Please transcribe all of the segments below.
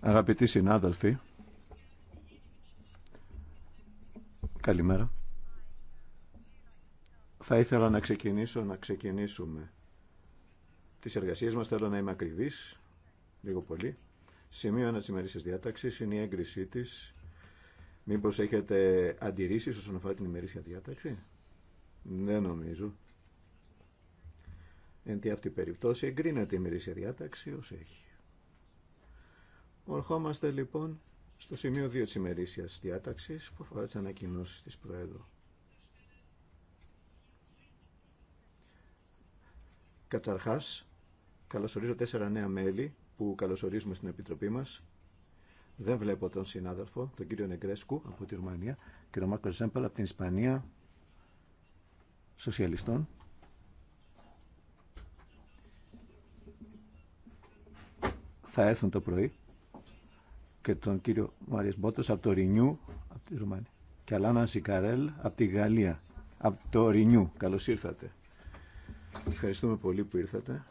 Αγαπητοί συνάδελφοι, καλημέρα. Θα ήθελα να ξεκινήσω, να ξεκινήσουμε τις εργασίες μας. Θέλω να είμαι ακριβής, λίγο πολύ. Σημείο ένα τη διάταξης είναι η έγκρισή της. Μήπως έχετε αντιρρήσεις όσον αφορά την ημερήσια διάταξη. Δεν νομίζω. Εν τη αυτή περιπτώσει εγκρίνεται η μυρίσια διάταξη ως έχει. Ορχόμαστε λοιπόν στο σημείο 2 της ημερήσιας διάταξης που αφορά τις ανακοινώσεις της Προέδρου. Καταρχάς, καλωσορίζω τέσσερα νέα μέλη που καλωσορίζουμε στην Επιτροπή μας. Δεν βλέπω τον συνάδελφο, τον κύριο Νεγκρέσκου από τη Ρουμανία και τον Μάρκο Ζέμπελ από την Ισπανία, σοσιαλιστών. θα έρθουν το πρωί και τον κύριο Μαρίες Μπότος από το Ρινιού, από τη Ρουμάνια. Και Αλάνα Σικαρέλ από τη Γαλλία, από το Ρινιού. Καλώς ήρθατε. Ευχαριστούμε πολύ που ήρθατε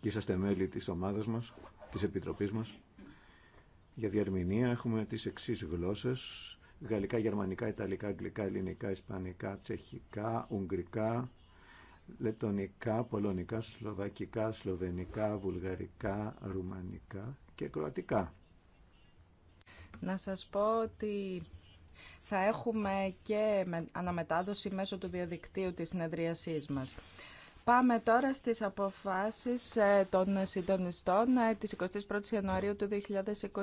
και είσαστε μέλη της ομάδας μας, της Επιτροπής μας. Για διαρμηνία έχουμε τις εξή γλώσσες. Γαλλικά, γερμανικά, ιταλικά, αγγλικά, ελληνικά, ισπανικά, τσεχικά, ουγγρικά, λετονικά, πολωνικά, σλοβακικά, σλοβενικά, βουλγαρικά, ρουμανικά και κροατικά. Να σας πω ότι θα έχουμε και αναμετάδοση μέσω του διαδικτύου της συνεδρίασής μας. Πάμε τώρα στις αποφάσεις ε, των συντονιστών ε, της 21ης Ιανουαρίου του 2021.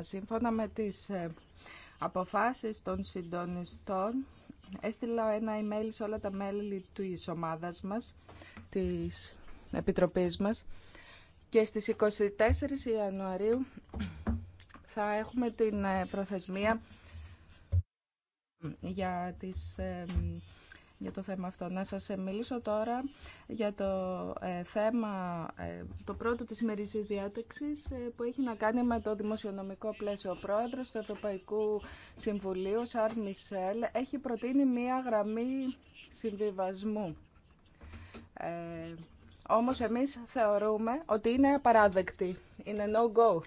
Σύμφωνα με τις ε, αποφάσεις των συντονιστών, Έστειλα ένα email σε όλα τα μέλη της ομάδας μας, της Επιτροπής μας και στις 24 Ιανουαρίου θα έχουμε την ε, προθεσμία για τις ε, για το θέμα αυτό. Να σας ε, μιλήσω τώρα για το ε, θέμα, ε, το πρώτο της μερισσής διάταξης που έχει να κάνει με το δημοσιονομικό πλαίσιο. Ο πρόεδρος του Ευρωπαϊκού Συμβουλίου, Σαρ Μισελ, έχει προτείνει μία γραμμή συμβιβασμού. Ε, όμως εμείς θεωρούμε ότι είναι απαράδεκτη, είναι no-go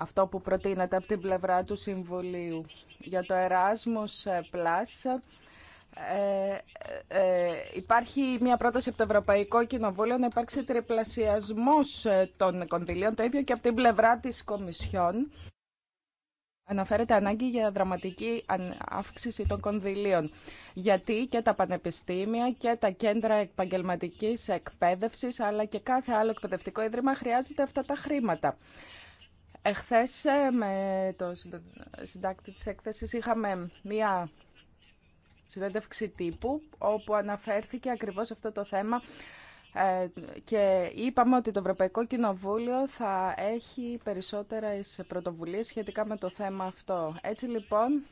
αυτό που προτείνεται από την πλευρά του Συμβουλίου. Για το Erasmus Plus ε, ε, ε, υπάρχει μια πρόταση από το Ευρωπαϊκό Κοινοβούλιο να υπάρξει τριπλασιασμός των κονδυλίων, το ίδιο και από την πλευρά της Κομισιόν. Αναφέρεται ανάγκη για δραματική αύξηση των κονδυλίων, γιατί και τα πανεπιστήμια και τα κέντρα επαγγελματικής εκπαίδευσης, αλλά και κάθε άλλο εκπαιδευτικό ίδρυμα χρειάζεται αυτά τα χρήματα. Εχθές με το συντάκτη της έκθεσης είχαμε μια συνέντευξη τύπου όπου αναφέρθηκε ακριβώς αυτό το θέμα ε, και είπαμε ότι το Ευρωπαϊκό Κοινοβούλιο θα έχει περισσότερες πρωτοβουλίες σχετικά με το θέμα αυτό. Έτσι λοιπόν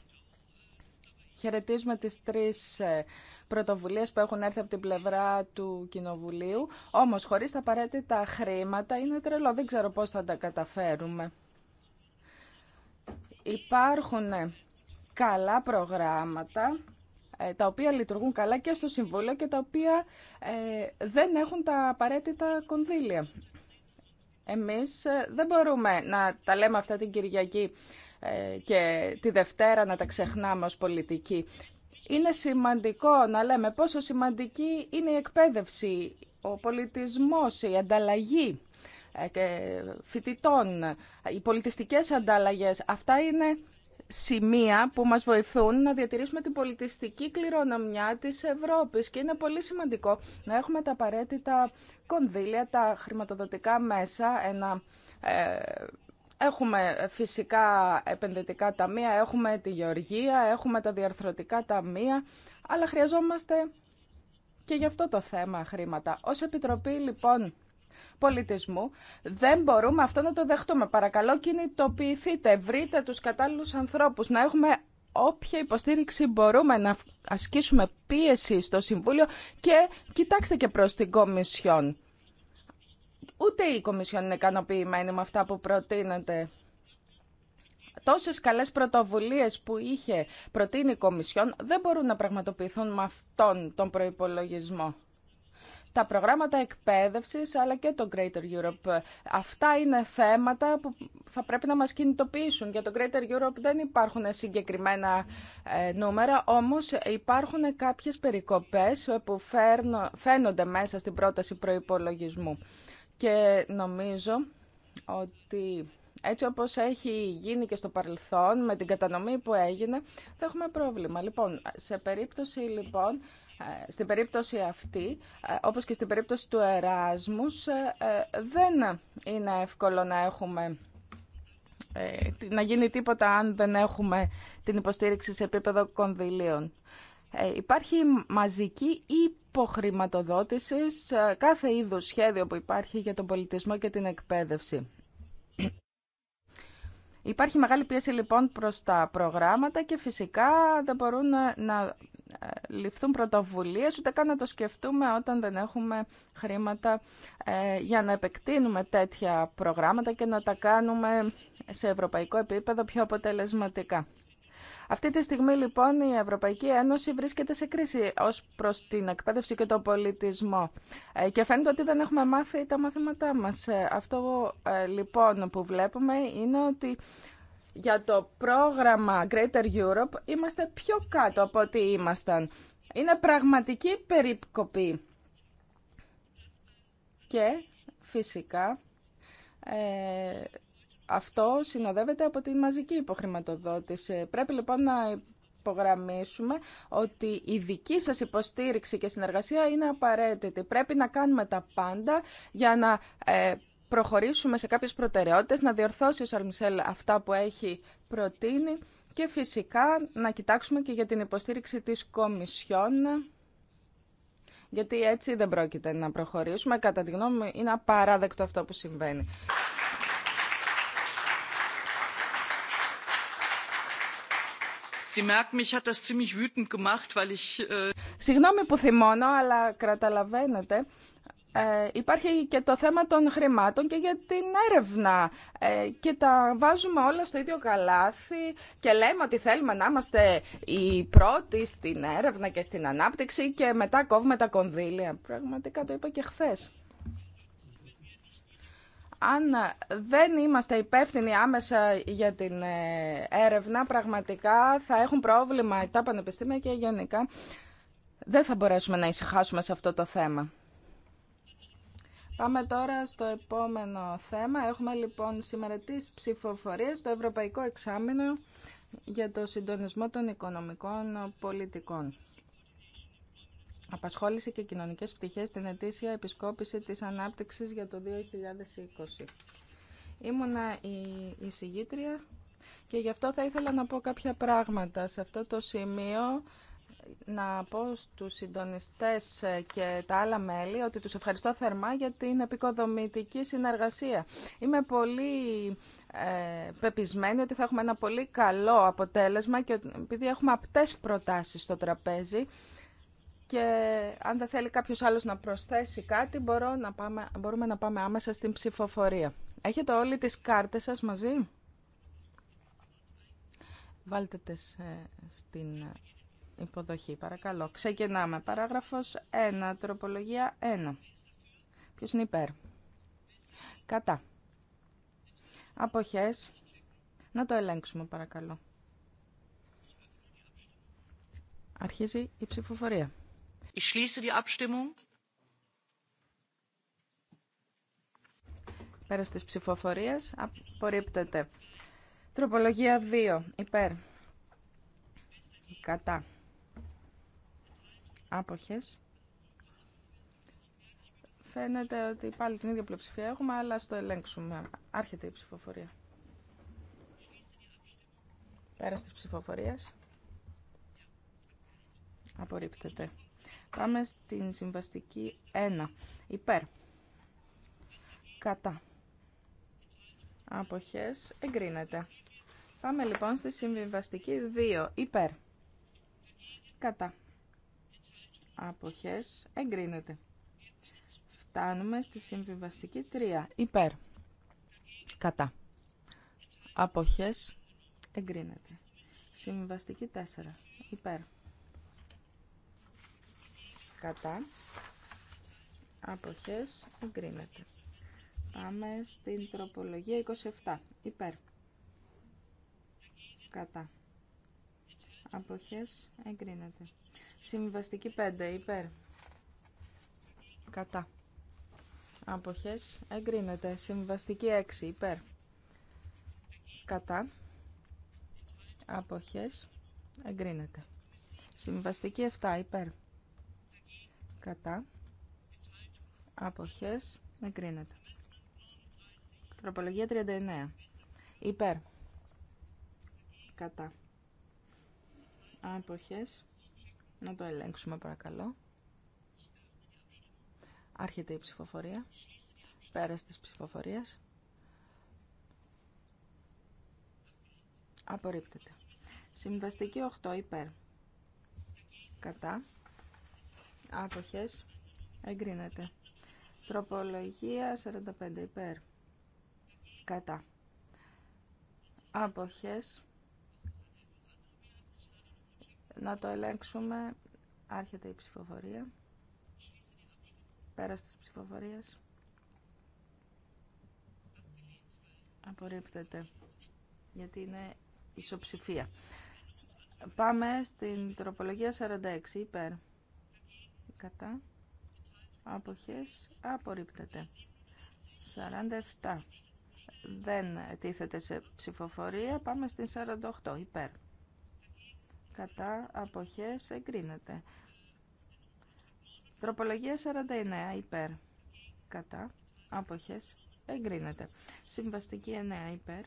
χαιρετίζουμε τις τρεις ε, πρωτοβουλίες που έχουν έρθει από την πλευρά του Κοινοβουλίου, όμως χωρίς τα απαραίτητα χρήματα είναι τρελό, δεν ξέρω πώς θα τα καταφέρουμε. Υπάρχουν καλά προγράμματα ε, τα οποία λειτουργούν καλά και στο Συμβούλιο και τα οποία ε, δεν έχουν τα απαραίτητα κονδύλια. Εμείς ε, δεν μπορούμε να τα λέμε αυτά την Κυριακή και τη Δευτέρα να τα ξεχνάμε ως πολιτικοί. Είναι σημαντικό να λέμε πόσο σημαντική είναι η εκπαίδευση, ο πολιτισμός, η ανταλλαγή φοιτητών, οι πολιτιστικές ανταλλαγές. Αυτά είναι σημεία που μας βοηθούν να διατηρήσουμε την πολιτιστική κληρονομιά της Ευρώπης και είναι πολύ σημαντικό να έχουμε τα απαραίτητα κονδύλια, τα χρηματοδοτικά μέσα, ένα... Ε, έχουμε φυσικά επενδυτικά ταμεία, έχουμε τη γεωργία, έχουμε τα διαρθρωτικά ταμεία, αλλά χρειαζόμαστε και γι' αυτό το θέμα χρήματα. Ως Επιτροπή, λοιπόν, πολιτισμού. Δεν μπορούμε αυτό να το δεχτούμε. Παρακαλώ κινητοποιηθείτε, βρείτε τους κατάλληλους ανθρώπους, να έχουμε όποια υποστήριξη μπορούμε να ασκήσουμε πίεση στο Συμβούλιο και κοιτάξτε και προς την Κομισιόν. Ούτε η Κομισιόν είναι ικανοποιημένη με αυτά που προτείνεται. Τόσες καλές πρωτοβουλίες που είχε προτείνει η Κομισιόν δεν μπορούν να πραγματοποιηθούν με αυτόν τον προϋπολογισμό τα προγράμματα εκπαίδευσης αλλά και το Greater Europe. Αυτά είναι θέματα που θα πρέπει να μας κινητοποιήσουν. Για το Greater Europe δεν υπάρχουν συγκεκριμένα ε, νούμερα, όμως υπάρχουν κάποιες περικοπές που φαίνονται μέσα στην πρόταση προϋπολογισμού. Και νομίζω ότι έτσι όπως έχει γίνει και στο παρελθόν, με την κατανομή που έγινε, θα έχουμε πρόβλημα. Λοιπόν, σε περίπτωση λοιπόν ε, στην περίπτωση αυτή, ε, όπως και στην περίπτωση του Εράσμους, ε, δεν είναι εύκολο να έχουμε να γίνει τίποτα αν δεν έχουμε την υποστήριξη σε επίπεδο κονδυλίων. Υπάρχει μαζική υποχρηματοδότηση σε κάθε είδους σχέδιο που υπάρχει για τον πολιτισμό και την εκπαίδευση. Υπάρχει μεγάλη πίεση λοιπόν προς τα προγράμματα και φυσικά δεν μπορούν να ληφθούν πρωτοβουλίες, ούτε καν να το σκεφτούμε όταν δεν έχουμε χρήματα ε, για να επεκτείνουμε τέτοια προγράμματα και να τα κάνουμε σε ευρωπαϊκό επίπεδο πιο αποτελεσματικά. Αυτή τη στιγμή λοιπόν η Ευρωπαϊκή Ένωση βρίσκεται σε κρίση ως προς την εκπαίδευση και τον πολιτισμό ε, και φαίνεται ότι δεν έχουμε μάθει τα μαθήματά μας. Ε, αυτό λοιπόν που βλέπουμε είναι ότι για το πρόγραμμα Greater Europe είμαστε πιο κάτω από ό,τι ήμασταν. Είναι πραγματική περίπκοπη. Και φυσικά ε, αυτό συνοδεύεται από τη μαζική υποχρηματοδότηση. Πρέπει λοιπόν να υπογραμμίσουμε ότι η δική σας υποστήριξη και συνεργασία είναι απαραίτητη. Πρέπει να κάνουμε τα πάντα για να ε, προχωρήσουμε σε κάποιες προτεραιότητες, να διορθώσει ο Σαλμισελ αυτά που έχει προτείνει και φυσικά να κοιτάξουμε και για την υποστήριξη της Κομισιόν, γιατί έτσι δεν πρόκειται να προχωρήσουμε. Κατά τη γνώμη μου είναι απαράδεκτο αυτό που συμβαίνει. Äh Συγγνώμη που θυμώνω, αλλά καταλαβαίνετε ε, υπάρχει και το θέμα των χρημάτων και για την έρευνα ε, και τα βάζουμε όλα στο ίδιο καλάθι και λέμε ότι θέλουμε να είμαστε οι πρώτοι στην έρευνα και στην ανάπτυξη και μετά κόβουμε τα κονδύλια. Πραγματικά το είπα και χθε. Αν δεν είμαστε υπεύθυνοι άμεσα για την ε, έρευνα, πραγματικά θα έχουν πρόβλημα τα πανεπιστήμια και γενικά δεν θα μπορέσουμε να ησυχάσουμε σε αυτό το θέμα. Πάμε τώρα στο επόμενο θέμα. Έχουμε λοιπόν σήμερα τις ψηφοφορίες στο Ευρωπαϊκό Εξάμεινο για το συντονισμό των οικονομικών πολιτικών. Απασχόληση και κοινωνικές πτυχές στην ετήσια επισκόπηση της ανάπτυξης για το 2020. Ήμουνα η εισηγήτρια και γι' αυτό θα ήθελα να πω κάποια πράγματα. Σε αυτό το σημείο να πω στους συντονιστές και τα άλλα μέλη ότι τους ευχαριστώ θερμά για την επικοδομητική συνεργασία. Είμαι πολύ ε, πεπισμένη ότι θα έχουμε ένα πολύ καλό αποτέλεσμα και επειδή έχουμε απτές προτάσεις στο τραπέζι και αν δεν θέλει κάποιος άλλος να προσθέσει κάτι μπορώ να πάμε, μπορούμε να πάμε άμεσα στην ψηφοφορία. Έχετε όλοι τις κάρτες σας μαζί. Βάλτε ε, στην υποδοχή. Παρακαλώ. Ξεκινάμε. Παράγραφος 1. Τροπολογία 1. Ποιος είναι υπέρ. Κατά. Αποχές. Να το ελέγξουμε παρακαλώ. Αρχίζει η ψηφοφορία. Ich schließe die Abstimmung. απορρίπτεται. Τροπολογία 2. Υπέρ. Κατά. Άποχες. Φαίνεται ότι πάλι την ίδια πλειοψηφία έχουμε, αλλά στο ελέγξουμε. Άρχεται η ψηφοφορία. Πέρα της ψηφοφορίας. Απορρίπτεται. Πάμε στην συμβαστική 1. Υπέρ. Κατά. Αποχές. Εγκρίνεται. Πάμε λοιπόν στη συμβιβαστική 2. Υπέρ. Κατά αποχές εγκρίνεται. Φτάνουμε στη συμβιβαστική 3. Υπέρ. Κατά. Αποχές εγκρίνεται. Συμβιβαστική 4. Υπέρ. Κατά. Αποχές εγκρίνεται. Πάμε στην τροπολογία 27. Υπέρ. Κατά. Αποχές εγκρίνεται. Συμβαστική 5 υπέρ. Κατά. Αποχές εγκρίνεται. Συμβαστική 6 υπέρ. Κατά. Αποχές εγκρίνεται. Συμβαστική 7 υπέρ. Κατά. Αποχές εγκρίνεται. Τροπολογία 39. Υπέρ. Κατά. Αποχές να το ελέγξουμε παρακαλώ. Άρχεται η ψηφοφορία. Πέρας της ψηφοφορίας. Απορρίπτεται. Συμβαστική 8 υπέρ. Κατά. Άποχες. Εγκρίνεται. Τροπολογία 45 υπέρ. Κατά. Άποχες. Να το ελέγξουμε. Άρχεται η ψηφοφορία. πέρα της ψηφοφορίας. Απορρίπτεται. Γιατί είναι ισοψηφία. Πάμε στην τροπολογία 46. Υπέρ. Κατά. Αποχές. Απορρίπτεται. 47. Δεν τίθεται σε ψηφοφορία. Πάμε στην 48. Υπέρ κατά αποχές εγκρίνεται. Τροπολογία 49 υπέρ κατά αποχές εγκρίνεται. Συμβαστική 9 υπέρ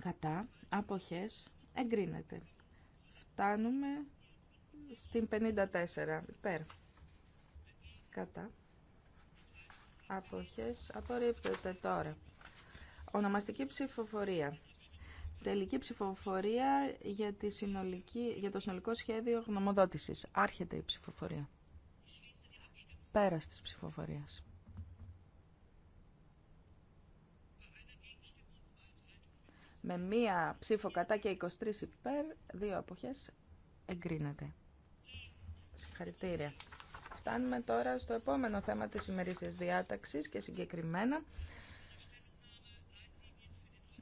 κατά αποχές εγκρίνεται. Φτάνουμε στην 54 υπέρ κατά αποχές απορρίπτεται τώρα. Ονομαστική ψηφοφορία τελική ψηφοφορία για, τη συνολική, για το συνολικό σχέδιο γνωμοδότησης. Άρχεται η ψηφοφορία. Πέρας της ψηφοφορίας. Με μία ψήφο κατά και 23 υπέρ, δύο αποχές εγκρίνεται. Συγχαρητήρια. Φτάνουμε τώρα στο επόμενο θέμα της ημερήσιας διάταξης και συγκεκριμένα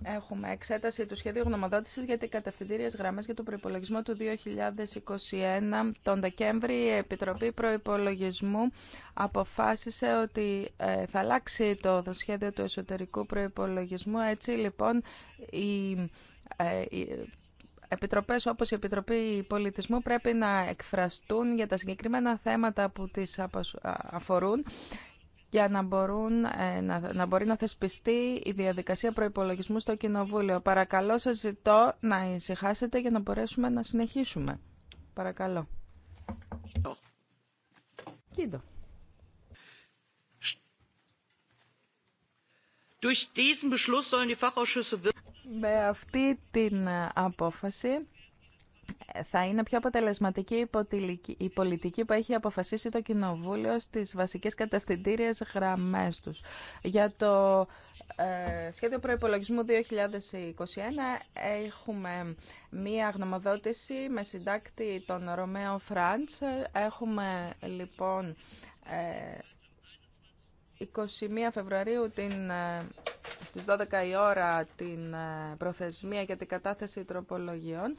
Έχουμε εξέταση του σχεδίου γνωμοδότηση για τι κατευθυντήριε γραμμέ για τον προπολογισμό του 2021. Τον Δεκέμβρη η Επιτροπή Προπολογισμού αποφάσισε ότι ε, θα αλλάξει το σχέδιο του εσωτερικού προπολογισμού. Έτσι λοιπόν ε, η επιτροπές όπως η Επιτροπή Πολιτισμού πρέπει να εκφραστούν για τα συγκεκριμένα θέματα που τις αφορούν για να, μπορούν, ε, να, μπορεί να θεσπιστεί η διαδικασία προϋπολογισμού στο Κοινοβούλιο. Παρακαλώ σας ζητώ να ησυχάσετε για να μπορέσουμε να συνεχίσουμε. Παρακαλώ. Κίντο. Με αυτή την ε, απόφαση θα είναι πιο αποτελεσματική η πολιτική που έχει αποφασίσει το Κοινοβούλιο στις βασικές κατευθυντήριες γραμμές τους. Για το ε, σχέδιο προϋπολογισμού 2021 έχουμε μία γνωμοδότηση με συντάκτη τον Ρωμαίο Φραντς. Έχουμε λοιπόν 21 ε, Φεβρουαρίου την, ε, στις 12 η ώρα την προθεσμία για την κατάθεση τροπολογιών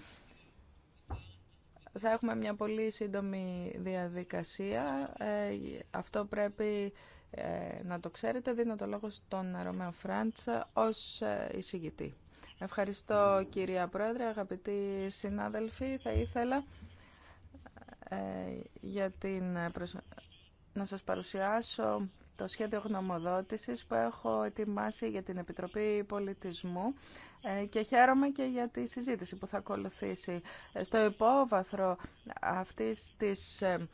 θα έχουμε μια πολύ σύντομη διαδικασία. Ε, αυτό πρέπει ε, να το ξέρετε. Δίνω το λόγο στον Ρωμαίο Φράντς ως ε, εισηγητή. Ευχαριστώ κυρία Πρόεδρε, αγαπητοί συνάδελφοι. Θα ήθελα για την να σας παρουσιάσω το σχέδιο γνωμοδότησης που έχω ετοιμάσει για την Επιτροπή Πολιτισμού ε, και χαίρομαι και για τη συζήτηση που θα ακολουθήσει. Ε, στο υπόβαθρο αυτής της ε,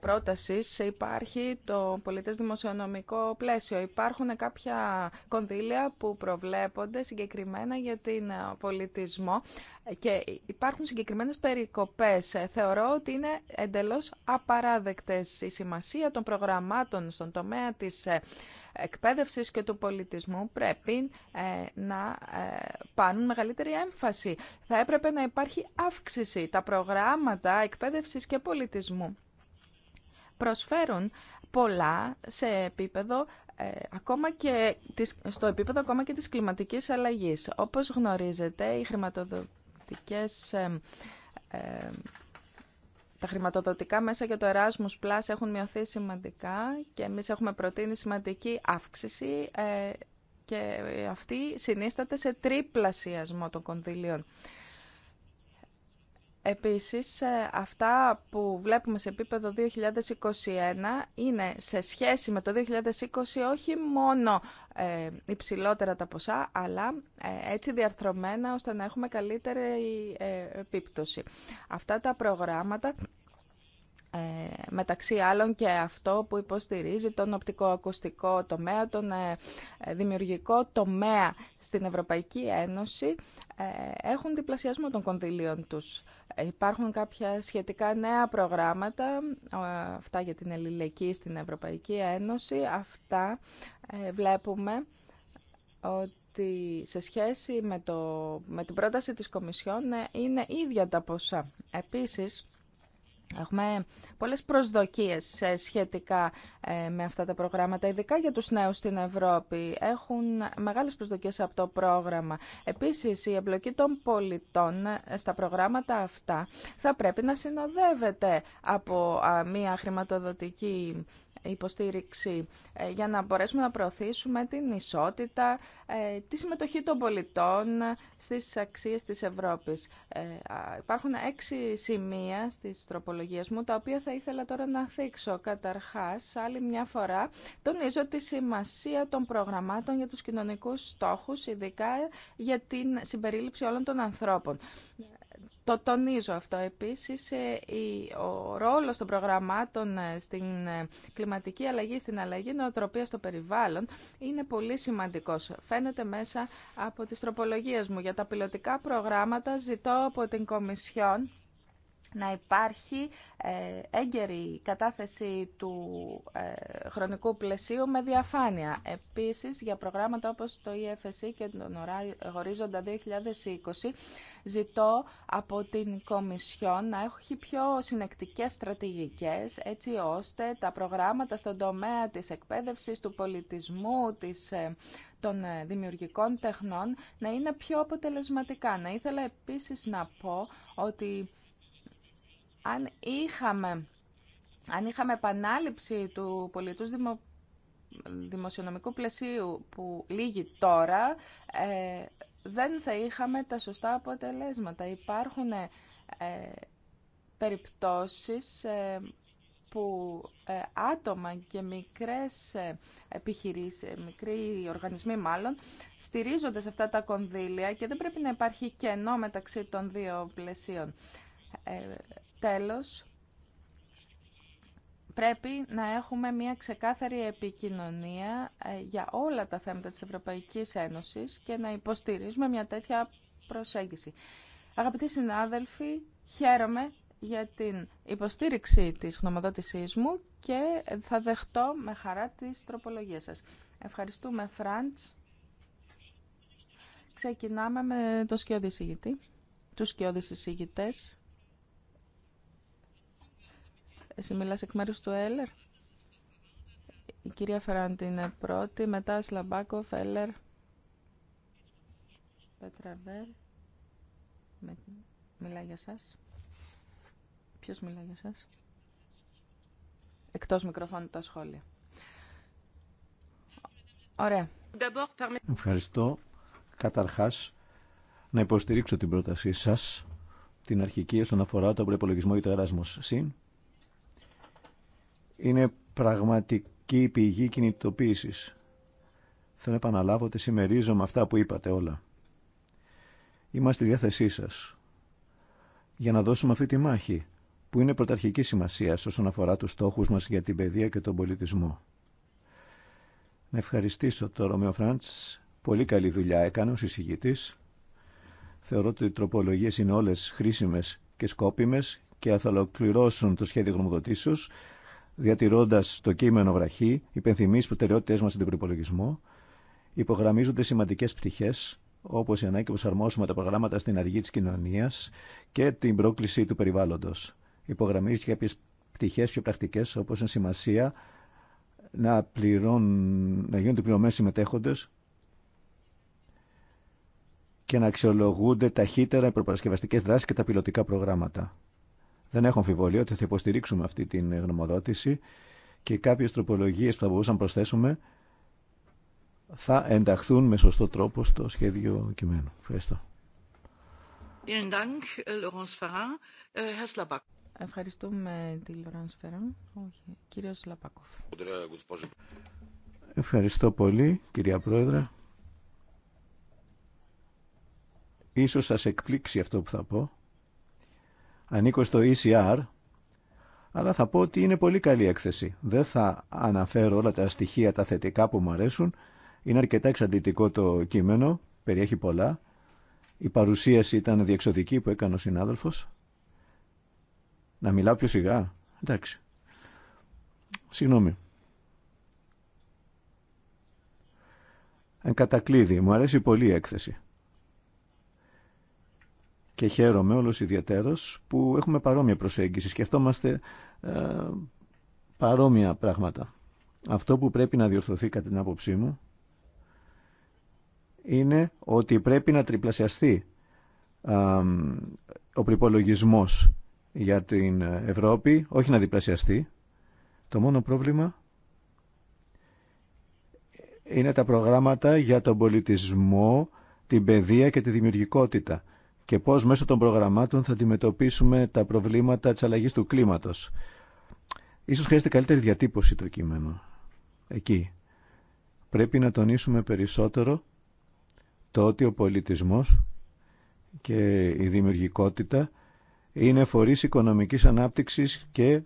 πρότασης υπάρχει το πολιτές δημοσιονομικό πλαίσιο. Υπάρχουν κάποια κονδύλια που προβλέπονται συγκεκριμένα για την ε, πολιτισμό και υπάρχουν συγκεκριμένες περικοπές. Θεωρώ ότι είναι εντελώς απαράδεκτες η σημασία των προγραμμάτων στον τομέα της ε, εκπαίδευσης και του πολιτισμού πρέπει ε, να πάνουν μεγαλύτερη έμφαση. Θα έπρεπε να υπάρχει αύξηση τα προγράμματα εκπαίδευσης και πολιτισμού προσφέρουν πολλά σε επίπεδο ε, ακόμα και της, στο επίπεδο ακόμα και της κλιματικής αλλαγής. Όπως γνωρίζετε, οι χρηματοδοτικές ε, ε, τα χρηματοδοτικά μέσα για το Erasmus Plus έχουν μειωθεί σημαντικά και εμείς έχουμε προτείνει σημαντική αύξηση και αυτή συνίσταται σε τρίπλασιασμό των κονδυλίων. Επίσης, ε, αυτά που βλέπουμε σε επίπεδο 2021 είναι σε σχέση με το 2020 όχι μόνο ε, υψηλότερα τα ποσά, αλλά ε, έτσι διαρθρωμένα ώστε να έχουμε καλύτερη επίπτωση. Αυτά τα προγράμματα ε, μεταξύ άλλων και αυτό που υποστηρίζει τον οπτικοακουστικό τομέα, τον ε, ε, δημιουργικό τομέα στην Ευρωπαϊκή Ένωση, έχουν διπλασιασμό των κονδυλίων τους. Υπάρχουν κάποια σχετικά νέα προγράμματα, αυτά για την ελληνική στην Ευρωπαϊκή Ένωση. Αυτά βλέπουμε ότι σε σχέση με, το, με την πρόταση της Κομισιόν είναι ίδια τα ποσά. Επίσης, Έχουμε πολλές προσδοκίες ε, σχετικά ε, με αυτά τα προγράμματα, ειδικά για τους νέους στην Ευρώπη. Έχουν μεγάλες προσδοκίες από το πρόγραμμα. Επίσης, η εμπλοκή των πολιτών ε, στα προγράμματα αυτά θα πρέπει να συνοδεύεται από μια χρηματοδοτική υποστήριξη ε, για να μπορέσουμε να προωθήσουμε την ισότητα, ε, τη συμμετοχή των πολιτών ε, στις αξίες της Ευρώπης. Υπάρχουν έξι σημεία στις τροπολογίες μου, τα οποία θα ήθελα τώρα να θίξω. Καταρχάς, άλλη μια φορά, τονίζω τη σημασία των προγραμμάτων για τους κοινωνικούς στόχους, ειδικά για την συμπερίληψη όλων των ανθρώπων. Το τονίζω αυτό. Επίσης, ε, ο ρόλος των προγραμμάτων ε, στην ε, κλιματική αλλαγή, στην αλλαγή νοοτροπία στο περιβάλλον είναι πολύ σημαντικός. Φαίνεται μέσα από τις τροπολογίες μου. Για τα πιλωτικά προγράμματα ζητώ από την Κομισιόν να υπάρχει ε, έγκαιρη κατάθεση του ε, χρονικού πλαισίου με διαφάνεια. Επίσης, για προγράμματα όπως το EFSE και τον Ορίζοντα 2020, ζητώ από την Κομισιόν να έχει πιο συνεκτικές στρατηγικές, έτσι ώστε τα προγράμματα στον τομέα της εκπαίδευσης, του πολιτισμού, της, ε, των δημιουργικών τεχνών να είναι πιο αποτελεσματικά. Να ήθελα επίσης να πω ότι αν είχαμε, αν είχαμε επανάληψη του πολιτούς δημο, δημοσιονομικού πλαισίου που λύγει τώρα, ε, δεν θα είχαμε τα σωστά αποτελέσματα. Υπάρχουν ε, περιπτώσεις ε, που ε, άτομα και μικρές επιχειρήσεις, μικροί οργανισμοί μάλλον, στηρίζονται σε αυτά τα κονδύλια και δεν πρέπει να υπάρχει κενό μεταξύ των δύο πλαισίων. Τέλος, πρέπει να έχουμε μια ξεκάθαρη επικοινωνία ε, για όλα τα θέματα της Ευρωπαϊκής Ένωσης και να υποστηρίζουμε μια τέτοια προσέγγιση. Αγαπητοί συνάδελφοι, χαίρομαι για την υποστήριξη της γνωμοδότησής μου και θα δεχτώ με χαρά τις τροπολογίες σας. Ευχαριστούμε, Φραντς. Ξεκινάμε με το σκιώδη συγητή, τους σκιώδης εισηγητές. Εσύ μιλάς εκ μέρους του Έλερ. Η κυρία Φεράντη είναι πρώτη, μετά Σλαμπάκοφ, Έλερ, Πετραβέρ. Μιλάει για σας. Ποιος μιλάει για σας. Εκτός μικροφώνου τα σχόλια. Ωραία. Ευχαριστώ. Καταρχάς, να υποστηρίξω την πρότασή σας, την αρχική όσον αφορά το προπολογισμό για το ΣΥΝ είναι πραγματική πηγή κινητοποίησης. Θέλω να επαναλάβω ότι συμμερίζομαι αυτά που είπατε όλα. Είμαστε στη διάθεσή σας για να δώσουμε αυτή τη μάχη που είναι πρωταρχική σημασία όσον αφορά τους στόχους μας για την παιδεία και τον πολιτισμό. Να ευχαριστήσω τον Ρωμαίο Φραντς. Πολύ καλή δουλειά έκανε ως εισηγητής. Θεωρώ ότι οι τροπολογίες είναι όλες χρήσιμες και σκόπιμες και θα ολοκληρώσουν το σχέδιο γνωμοδοτήσεως διατηρώντα το κείμενο βραχή, υπενθυμεί τι προτεραιότητέ μα στον προπολογισμό, υπογραμμίζονται σημαντικέ πτυχέ, όπω η ανάγκη που προσαρμόσουμε τα προγράμματα στην αργή τη κοινωνία και την πρόκληση του περιβάλλοντο. Υπογραμμίζει και κάποιε πτυχέ πιο πρακτικέ, όπω είναι σημασία να, πληρών, να γίνονται πληρωμένε συμμετέχοντε και να αξιολογούνται ταχύτερα οι προπαρασκευαστικέ δράσει και τα πιλωτικά προγράμματα. Δεν έχω αμφιβολία ότι θα υποστηρίξουμε αυτή την γνωμοδότηση και κάποιες τροπολογίες που θα μπορούσαμε να προσθέσουμε θα ενταχθούν με σωστό τρόπο στο σχέδιο κειμένου. Ευχαριστώ. Äh, äh, Ευχαριστούμε τη Λοράνς Φεράν. Κύριος Λαπάκοφ. Ευχαριστώ πολύ, κυρία Πρόεδρε. Ίσως σας εκπλήξει αυτό που θα πω ανήκω στο ECR, αλλά θα πω ότι είναι πολύ καλή έκθεση. Δεν θα αναφέρω όλα τα στοιχεία τα θετικά που μου αρέσουν. Είναι αρκετά εξαντλητικό το κείμενο, περιέχει πολλά. Η παρουσίαση ήταν διεξοδική που έκανε ο συνάδελφος. Να μιλάω πιο σιγά. Εντάξει. Συγγνώμη. Εν κατακλείδη, μου αρέσει πολύ η έκθεση και χαίρομαι όλος ιδιαίτερος που έχουμε παρόμοια προσέγγιση. Σκεφτόμαστε ε, παρόμοια πράγματα. Αυτό που πρέπει να διορθωθεί κατά την άποψή μου είναι ότι πρέπει να τριπλασιαστεί ο προπολογισμό για την Ευρώπη, όχι να διπλασιαστεί. Το μόνο πρόβλημα είναι τα προγράμματα για τον πολιτισμό, την παιδεία και τη δημιουργικότητα και πώς μέσω των προγραμμάτων θα αντιμετωπίσουμε τα προβλήματα της αλλαγής του κλίματος. Ίσως χρειάζεται καλύτερη διατύπωση το κείμενο. Εκεί. Πρέπει να τονίσουμε περισσότερο το ότι ο πολιτισμός και η δημιουργικότητα είναι φορείς οικονομικής ανάπτυξης και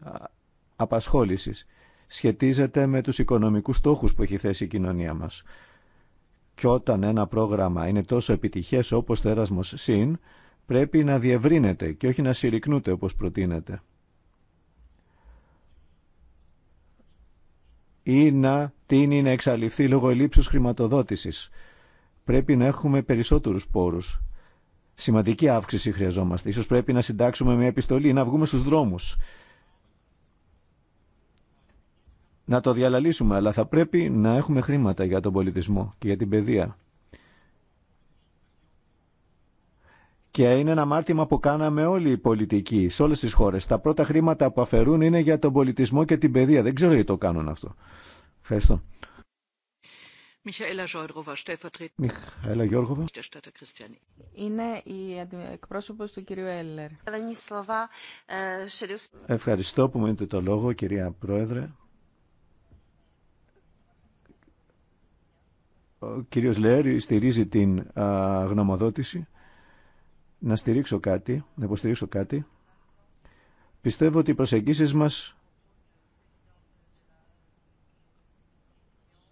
απασχόλησης. Σχετίζεται με τους οικονομικούς στόχους που έχει θέσει η κοινωνία μας. Και όταν ένα πρόγραμμα είναι τόσο επιτυχές όπως το Erasmus ΣΥΝ, πρέπει να διευρύνεται και όχι να συρρυκνούται όπως προτείνεται. Ή να τίνει να εξαλειφθεί λόγω ελλείψους χρηματοδότησης. Πρέπει να έχουμε περισσότερους πόρους. Σημαντική αύξηση χρειαζόμαστε. Ίσως πρέπει να συντάξουμε μια επιστολή ή να βγούμε στους δρόμους να το διαλαλήσουμε, αλλά θα πρέπει να έχουμε χρήματα για τον πολιτισμό και για την παιδεία. Και είναι ένα μάρτυμα που κάναμε όλοι οι πολιτικοί, σε όλες τις χώρες. Τα πρώτα χρήματα που αφαιρούν είναι για τον πολιτισμό και την παιδεία. Δεν ξέρω γιατί το κάνουν αυτό. Ευχαριστώ. Μιχαήλα Γιώργοβα. Είναι η εκπρόσωπο του κυρίου Έλλερ. Ε, Ευχαριστώ που μου δίνετε το λόγο, κυρία Πρόεδρε. Ο κύριος Λέερ στηρίζει την α, γνωμοδότηση. Να στηρίξω κάτι, να υποστηρίξω κάτι. Πιστεύω ότι οι προσεγγίσεις μας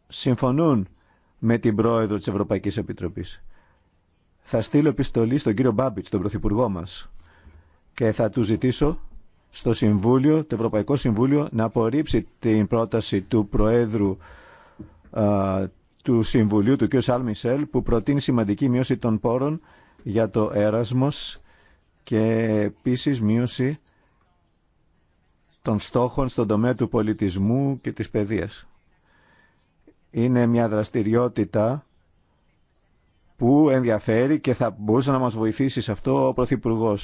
συμφωνούν με την πρόεδρο της Ευρωπαϊκής Επιτροπής. Θα στείλω επιστολή στον κύριο Μπάμπιτς, τον πρωθυπουργό μας, και θα του ζητήσω στο Συμβούλιο, το Ευρωπαϊκό Συμβούλιο, να απορρίψει την πρόταση του Προέδρου α, του Συμβουλίου του κ. Σαλμισελ που προτείνει σημαντική μείωση των πόρων για το έρασμος και επίση μείωση των στόχων στον τομέα του πολιτισμού και της παιδείας. Είναι μια δραστηριότητα που ενδιαφέρει και θα μπορούσε να μας βοηθήσει σε αυτό ο Πρωθυπουργό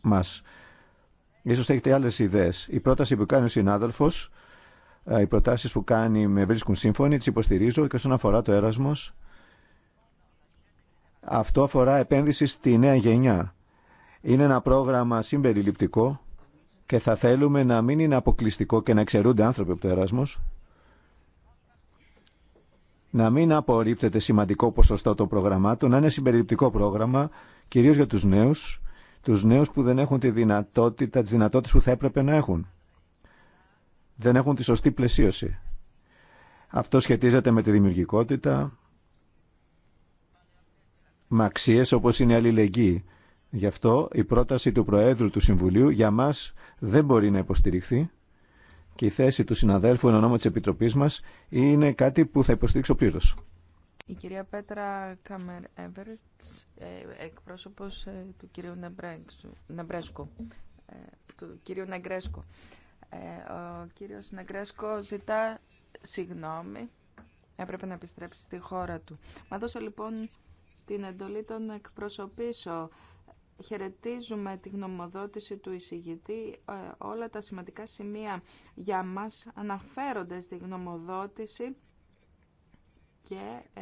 μας. Ίσως έχετε άλλες ιδέες. Η πρόταση που κάνει ο συνάδελφος ε, οι προτάσεις που κάνει με βρίσκουν σύμφωνοι, τις υποστηρίζω και όσον αφορά το έρασμος, αυτό αφορά επένδυση στη νέα γενιά. Είναι ένα πρόγραμμα συμπεριληπτικό και θα θέλουμε να μην είναι αποκλειστικό και να εξαιρούνται άνθρωποι από το Εράσμος. Να μην απορρίπτεται σημαντικό ποσοστό των προγραμμάτων, να είναι συμπεριληπτικό πρόγραμμα, κυρίως για τους νέους, τους νέους που δεν έχουν τη δυνατότητα, τις δυνατότητες που θα έπρεπε να έχουν δεν έχουν τη σωστή πλαισίωση. Αυτό σχετίζεται με τη δημιουργικότητα, με αξίε όπως είναι η αλληλεγγύη. Γι' αυτό η πρόταση του Προέδρου του Συμβουλίου για μας δεν μπορεί να υποστηριχθεί και η θέση του συναδέλφου εν ονόμα της Επιτροπής μας είναι κάτι που θα υποστηρίξω πλήρως. Η κυρία Πέτρα Κάμερ Εβερτς, ε, εκπρόσωπος ε, του κυρίου Νεμπρέσκου, ε, του κυρίου ε, ο κύριος Νεκρέσκο ζητά συγγνώμη. Έπρεπε να επιστρέψει στη χώρα του. Μα δώσω λοιπόν την εντολή των εκπροσωπήσω. Χαιρετίζουμε τη γνωμοδότηση του εισηγητή. Ε, όλα τα σημαντικά σημεία για μας αναφέρονται στη γνωμοδότηση και ε,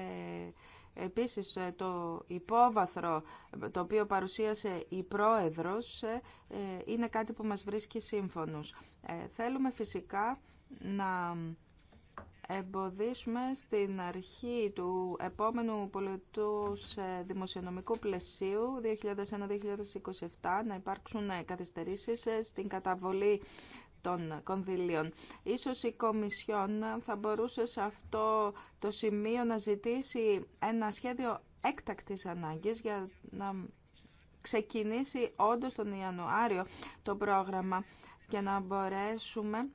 Επίσης ε, το υπόβαθρο ε, το οποίο παρουσίασε η Πρόεδρος ε, είναι κάτι που μας βρίσκει σύμφωνους. Θέλουμε φυσικά να εμποδίσουμε στην αρχή του επόμενου πολιτού δημοσιονομικού πλαισίου 2001-2027 να υπάρξουν καθυστερήσεις στην καταβολή των κονδυλίων. Ίσως η Κομισιόν θα μπορούσε σε αυτό το σημείο να ζητήσει ένα σχέδιο έκτακτης ανάγκης για να ξεκινήσει όντως τον Ιανουάριο το πρόγραμμα και να μπορέσουμε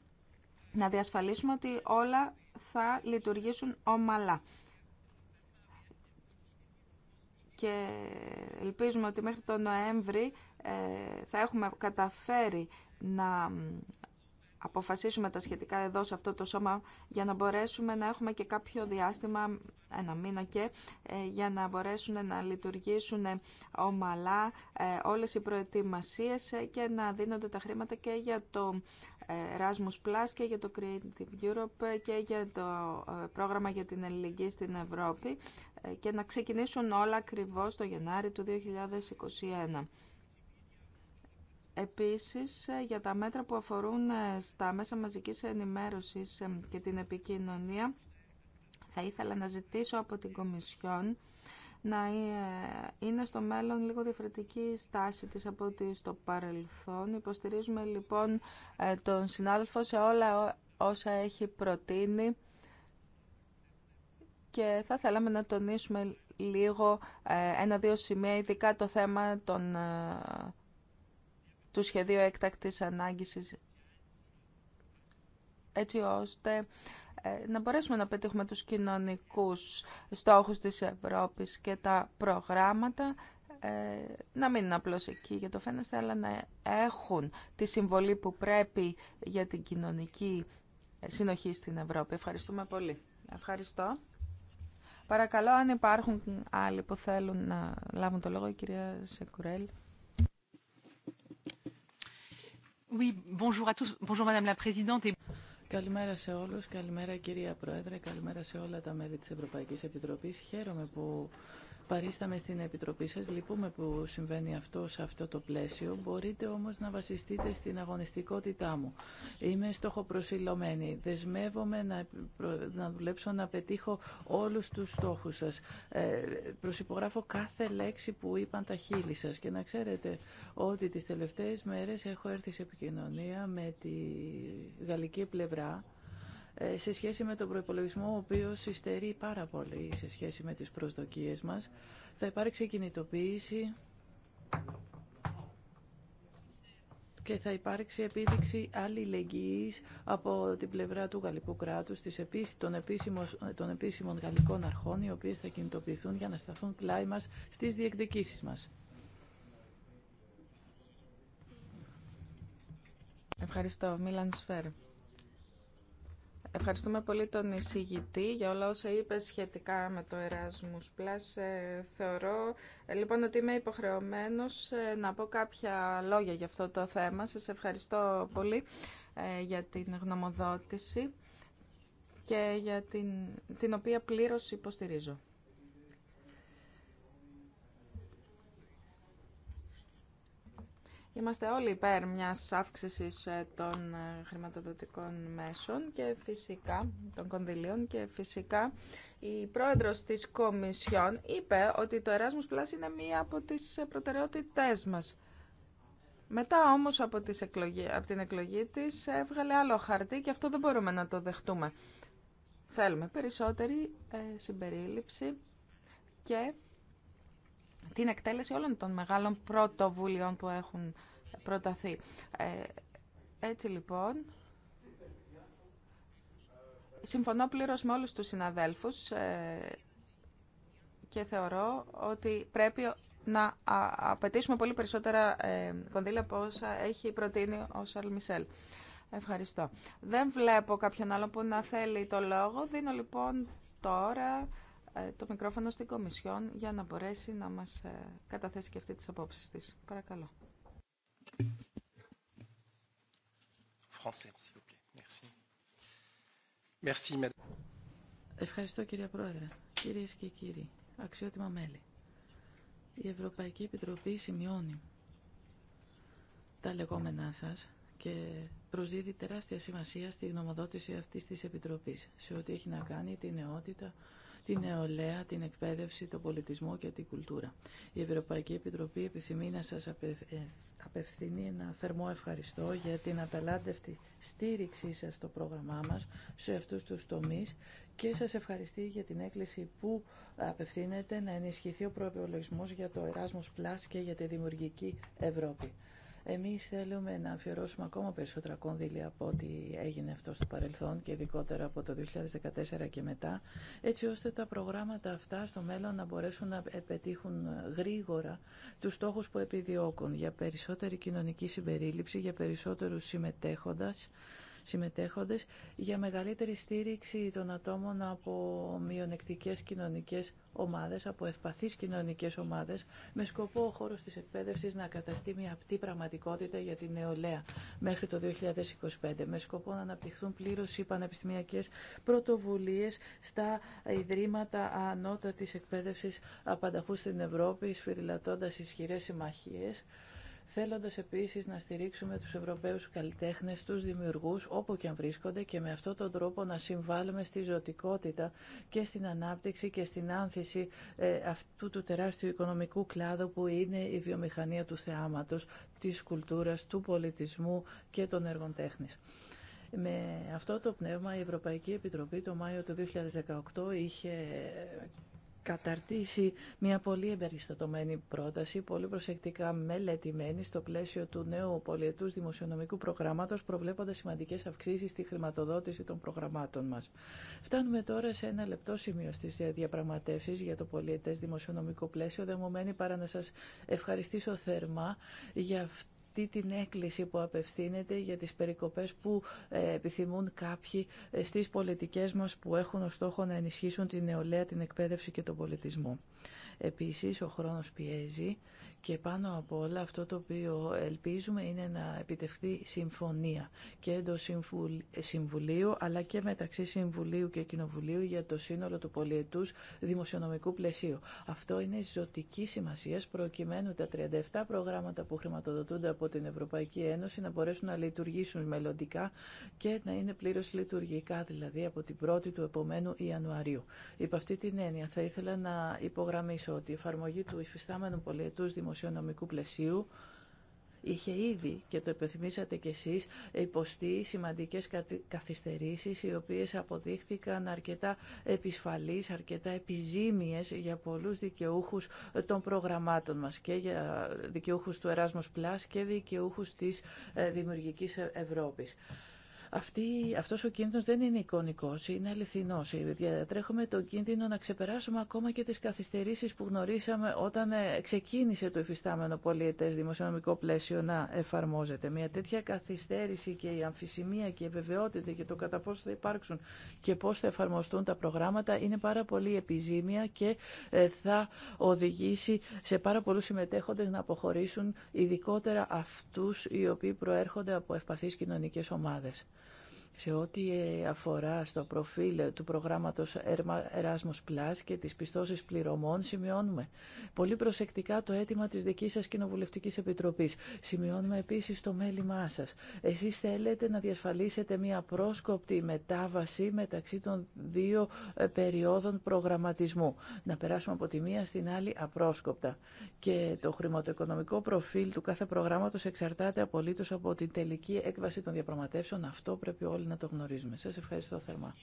να διασφαλίσουμε ότι όλα θα λειτουργήσουν ομαλά. Και ελπίζουμε ότι μέχρι τον Νοέμβρη ε, θα έχουμε καταφέρει να αποφασίσουμε τα σχετικά εδώ σε αυτό το σώμα για να μπορέσουμε να έχουμε και κάποιο διάστημα, ένα μήνα και, ε, για να μπορέσουν να λειτουργήσουν ομαλά ε, όλες οι προετοιμασίες ε, και να δίνονται τα χρήματα και για το Erasmus Plus και για το Creative Europe και για το πρόγραμμα για την ελληνική στην Ευρώπη και να ξεκινήσουν όλα ακριβώς το Γενάρη του 2021. Επίσης, ε, για τα μέτρα που αφορούν ε, στα μέσα μαζικής ενημέρωσης ε, και την επικοινωνία, θα ήθελα να ζητήσω από την Κομισιόν να είναι στο μέλλον λίγο διαφορετική η στάση της από ότι στο παρελθόν. Υποστηρίζουμε λοιπόν τον συνάδελφο σε όλα όσα έχει προτείνει και θα θέλαμε να τονίσουμε λίγο ένα-δύο σημεία, ειδικά το θέμα των του σχεδίου έκτακτης ανάγκησης έτσι ώστε ε, να μπορέσουμε να πετύχουμε τους κοινωνικούς στόχους της Ευρώπης και τα προγράμματα ε, να μην είναι απλώς εκεί για το φαίνεστε, αλλά να έχουν τη συμβολή που πρέπει για την κοινωνική συνοχή στην Ευρώπη. Ευχαριστούμε πολύ. Ευχαριστώ. Παρακαλώ, αν υπάρχουν άλλοι που θέλουν να λάβουν το λόγο, η κυρία Σεκουρέλη. Καλημέρα σε όλους, καλημέρα κυρία Πρόεδρε, καλημέρα σε όλα τα μέλη της Ευρωπαϊκής Επιτροπής. Χαίρομαι που Παρίσταμε στην Επιτροπή σας, λυπούμε που συμβαίνει αυτό σε αυτό το πλαίσιο. Μπορείτε όμως να βασιστείτε στην αγωνιστικότητά μου. Είμαι στοχοπροσιλωμένη. Δεσμεύομαι να, να δουλέψω να πετύχω όλους τους στόχους σας. Ε, προσυπογράφω κάθε λέξη που είπαν τα χείλη σας. Και να ξέρετε ότι τις τελευταίες μέρες έχω έρθει σε επικοινωνία με τη γαλλική πλευρά ε, σε σχέση με τον προπολογισμό, ο οποίος υστερεί πάρα πολύ σε σχέση με τις προσδοκίες μας. Θα υπάρξει κινητοποίηση και θα υπάρξει επίδειξη αλληλεγγύης από την πλευρά του γαλλικού κράτους, των, των επίσημων γαλλικών αρχών, οι οποίες θα κινητοποιηθούν για να σταθούν πλάι μας στις διεκδικήσεις μας. Ευχαριστώ. Μίλαν Σφέρ. Ευχαριστούμε πολύ τον εισηγητή για όλα όσα είπε σχετικά με το Erasmus Plus. Ε, θεωρώ ε, λοιπόν ότι είμαι υποχρεωμένος ε, να πω κάποια λόγια για αυτό το θέμα. Σας ευχαριστώ πολύ για την γνωμοδότηση και για την, την οποία πλήρως υποστηρίζω. Είμαστε όλοι υπέρ μιας αύξησης ε, των ε, χρηματοδοτικών μέσων και φυσικά των κονδυλίων και φυσικά η πρόεδρος της Κομισιόν είπε ότι το Erasmus Plus είναι μία από τις προτεραιότητές μας. Μετά όμως από, τις την εκλογή της έβγαλε άλλο χαρτί και αυτό δεν μπορούμε να το δεχτούμε. Θέλουμε περισσότερη ε, συμπερίληψη και την εκτέλεση όλων των μεγάλων πρωτοβουλειών που έχουν προταθεί. Ε, έτσι λοιπόν, συμφωνώ πλήρως με όλους τους συναδέλφους ε, και θεωρώ ότι πρέπει να απαιτήσουμε πολύ περισσότερα ε, κονδύλια από όσα έχει προτείνει ο Σαρλ Μισελ. Ευχαριστώ. Δεν βλέπω κάποιον άλλο που να θέλει το λόγο. Δίνω λοιπόν τώρα ε, το μικρόφωνο στην Κομισιόν για να μπορέσει να μας ε, καταθέσει και αυτή τις απόψεις της. Παρακαλώ. Ευχαριστώ κύριε Πρόεδρε, κυρίες και κύριοι, αξιότιμα μέλη. Η Ευρωπαϊκή Επιτροπή σημειώνει τα λεγόμενά σας και προσδίδει τεράστια σημασία στη γνωμοδότηση αυτής της Επιτροπής σε ό,τι έχει να κάνει την νεότητα, την νεολαία, την εκπαίδευση, τον πολιτισμό και την κουλτούρα. Η Ευρωπαϊκή Επιτροπή επιθυμεί να σας ε, απευθύνει ένα θερμό ευχαριστώ για την αταλάντευτη στήριξή σας στο πρόγραμμά μας σε αυτούς τους τομείς και σας ευχαριστεί για την έκκληση που απευθύνεται να ενισχυθεί ο προεπιολογισμός για το Erasmus Plus και για τη Δημιουργική Ευρώπη. Εμείς θέλουμε να αφιερώσουμε ακόμα περισσότερα κονδύλια από ό,τι έγινε αυτό στο παρελθόν και ειδικότερα από το 2014 και μετά, έτσι ώστε τα προγράμματα αυτά στο μέλλον να μπορέσουν να πετύχουν γρήγορα τους στόχους που επιδιώκουν για περισσότερη κοινωνική συμπερίληψη, για περισσότερους συμμετέχοντα συμμετέχοντες για μεγαλύτερη στήριξη των ατόμων από μειονεκτικές κοινωνικές ομάδες, από ευπαθείς κοινωνικές ομάδες, με σκοπό ο χώρος της εκπαίδευσης να καταστεί μια απτή πραγματικότητα για την νεολαία μέχρι το 2025, με σκοπό να αναπτυχθούν πλήρως οι πανεπιστημιακές πρωτοβουλίες στα ιδρύματα ανώτατης εκπαίδευσης απανταχού στην Ευρώπη, σφυριλατώντας ισχυρές συμμαχίες, θέλοντας επίσης να στηρίξουμε τους Ευρωπαίους καλλιτέχνες, τους δημιουργούς, όπου και αν βρίσκονται και με αυτόν τον τρόπο να συμβάλλουμε στη ζωτικότητα και στην ανάπτυξη και στην άνθηση ε, αυτού του τεράστιου οικονομικού κλάδου που είναι η βιομηχανία του θεάματος, της κουλτούρας, του πολιτισμού και των έργων Με αυτό το πνεύμα η Ευρωπαϊκή Επιτροπή το Μάιο του 2018 είχε καταρτήσει μια πολύ εμπεριστατωμένη πρόταση, πολύ προσεκτικά μελετημένη στο πλαίσιο του νέου πολιετούς δημοσιονομικού προγράμματος, προβλέποντας σημαντικές αυξήσεις στη χρηματοδότηση των προγραμμάτων μας. Φτάνουμε τώρα σε ένα λεπτό σημείο στις διαπραγματεύσεις για το πολιετές δημοσιονομικό πλαίσιο. δε μου μένει παρά να σας ευχαριστήσω θερμά για αυτό αυτή την έκκληση που απευθύνεται για τις περικοπές που ε, επιθυμούν κάποιοι ε, στις πολιτικές μας που έχουν ως στόχο να ενισχύσουν την νεολαία, την εκπαίδευση και τον πολιτισμό. Επίσης, ο χρόνος πιέζει. Και πάνω από όλα αυτό το οποίο ελπίζουμε είναι να επιτευχθεί συμφωνία και εντός Συμβουλίου αλλά και μεταξύ Συμβουλίου και Κοινοβουλίου για το σύνολο του πολιετούς δημοσιονομικού πλαισίου. Αυτό είναι ζωτική σημασία προκειμένου τα 37 προγράμματα που χρηματοδοτούνται από την Ευρωπαϊκή Ένωση να μπορέσουν να λειτουργήσουν μελλοντικά και να είναι πλήρω λειτουργικά δηλαδή από την 1η του επομένου Ιανουαρίου. Υπ' αυτή την έννοια θα ήθελα να υπογραμμίσω ότι η εφαρμογή του υφιστάμενου πολιετούς δημοσιονομικού δημοσιονομικού πλαισίου είχε ήδη, και το επιθυμήσατε κι εσείς, υποστεί σημαντικές καθυστερήσεις οι οποίες αποδείχθηκαν αρκετά επισφαλείς, αρκετά επιζήμιες για πολλούς δικαιούχους των προγραμμάτων μας και για δικαιούχους του Erasmus Plus και δικαιούχους της ε, Δημιουργικής Ευρώπης αυτή, αυτός ο κίνδυνος δεν είναι εικονικός, είναι αληθινός. Διατρέχουμε τον κίνδυνο να ξεπεράσουμε ακόμα και τις καθυστερήσεις που γνωρίσαμε όταν ε, ξεκίνησε το υφιστάμενο πολιετές δημοσιονομικό πλαίσιο να εφαρμόζεται. Μια τέτοια καθυστέρηση και η αμφισημία και η βεβαιότητα και το κατά πόσο θα υπάρξουν και πώς θα εφαρμοστούν τα προγράμματα είναι πάρα πολύ επιζήμια και ε, θα οδηγήσει σε πάρα πολλούς συμμετέχοντες να αποχωρήσουν, ειδικότερα αυτούς οι οποίοι προέρχονται από ευπαθείς κοινωνικές ομάδες σε ό,τι ε, αφορά στο προφίλ του προγράμματος Erasmus Plus και τις πιστώσεις πληρωμών σημειώνουμε πολύ προσεκτικά το αίτημα της δικής σας Κοινοβουλευτικής Επιτροπής. Σημειώνουμε επίσης το μέλημά σας. Εσείς θέλετε να διασφαλίσετε μια πρόσκοπτη μετάβαση μεταξύ των δύο ε, περιόδων προγραμματισμού. Να περάσουμε από τη μία στην άλλη απρόσκοπτα. Και το χρηματοοικονομικό προφίλ του κάθε προγράμματος εξαρτάται απολύτως από την τελική έκβαση των διαπραγματεύσεων. Αυτό πρέπει όλοι να το γνωρίζουμε. Σας ευχαριστώ θερμά.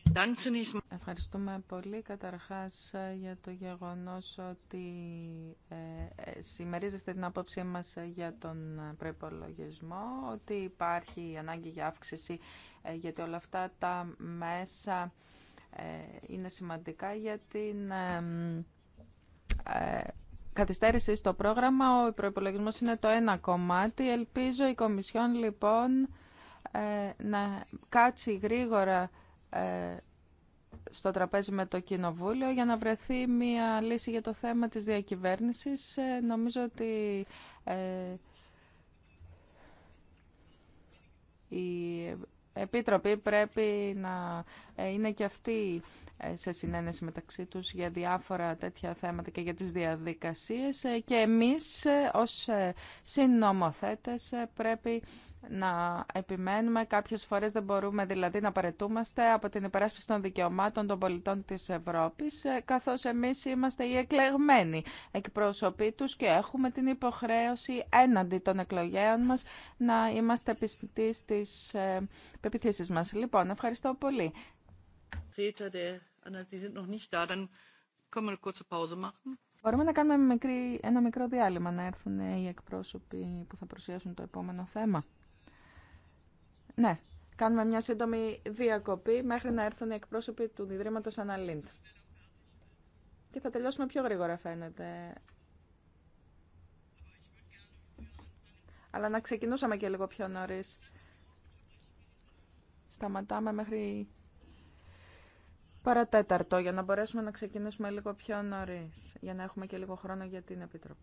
Ευχαριστούμε πολύ καταρχάς ε, για το γεγονός ότι ε, ε συμμερίζεστε την απόψή μας ε, για τον προπολογισμό, ότι υπάρχει ανάγκη για αύξηση, γιατί όλα αυτά τα μέσα είναι σημαντικά για την... Ε, καθυστέρηση στο πρόγραμμα, ο προπολογισμό είναι το ένα κομμάτι. Ελπίζω η Κομισιόν λοιπόν ε, να κάτσει γρήγορα ε, στο τραπέζι με το Κοινοβούλιο για να βρεθεί μια λύση για το θέμα της διακυβέρνησης. Ε, νομίζω ότι η επίτροποι πρέπει να ε, είναι και αυτοί ε, σε συνένεση μεταξύ τους για διάφορα τέτοια θέματα και για τις διαδικασίες ε, και εμείς ως συνομοθέτες πρέπει να επιμένουμε. Κάποιες φορές δεν μπορούμε δηλαδή να παρετούμαστε από την υπεράσπιση των δικαιωμάτων των πολιτών της Ευρώπης καθώς εμείς είμαστε οι εκλεγμένοι εκπρόσωποι τους και έχουμε την υποχρέωση έναντι των εκλογέων μας να είμαστε πιστοί στις Λοιπόν, ευχαριστώ πολύ. Μπορούμε να κάνουμε μικρή, ένα μικρό διάλειμμα να έρθουν οι εκπρόσωποι που θα προσιάσουν το επόμενο θέμα. Ναι, κάνουμε μια σύντομη διακοπή μέχρι να έρθουν οι εκπρόσωποι του Ιδρύματος Αναλίντ. Και θα τελειώσουμε πιο γρήγορα φαίνεται. Αλλά να ξεκινούσαμε και λίγο πιο νωρίς. Σταματάμε μέχρι παρατέταρτο για να μπορέσουμε να ξεκινήσουμε λίγο πιο νωρίς, για να έχουμε και λίγο χρόνο για την επιτροπή.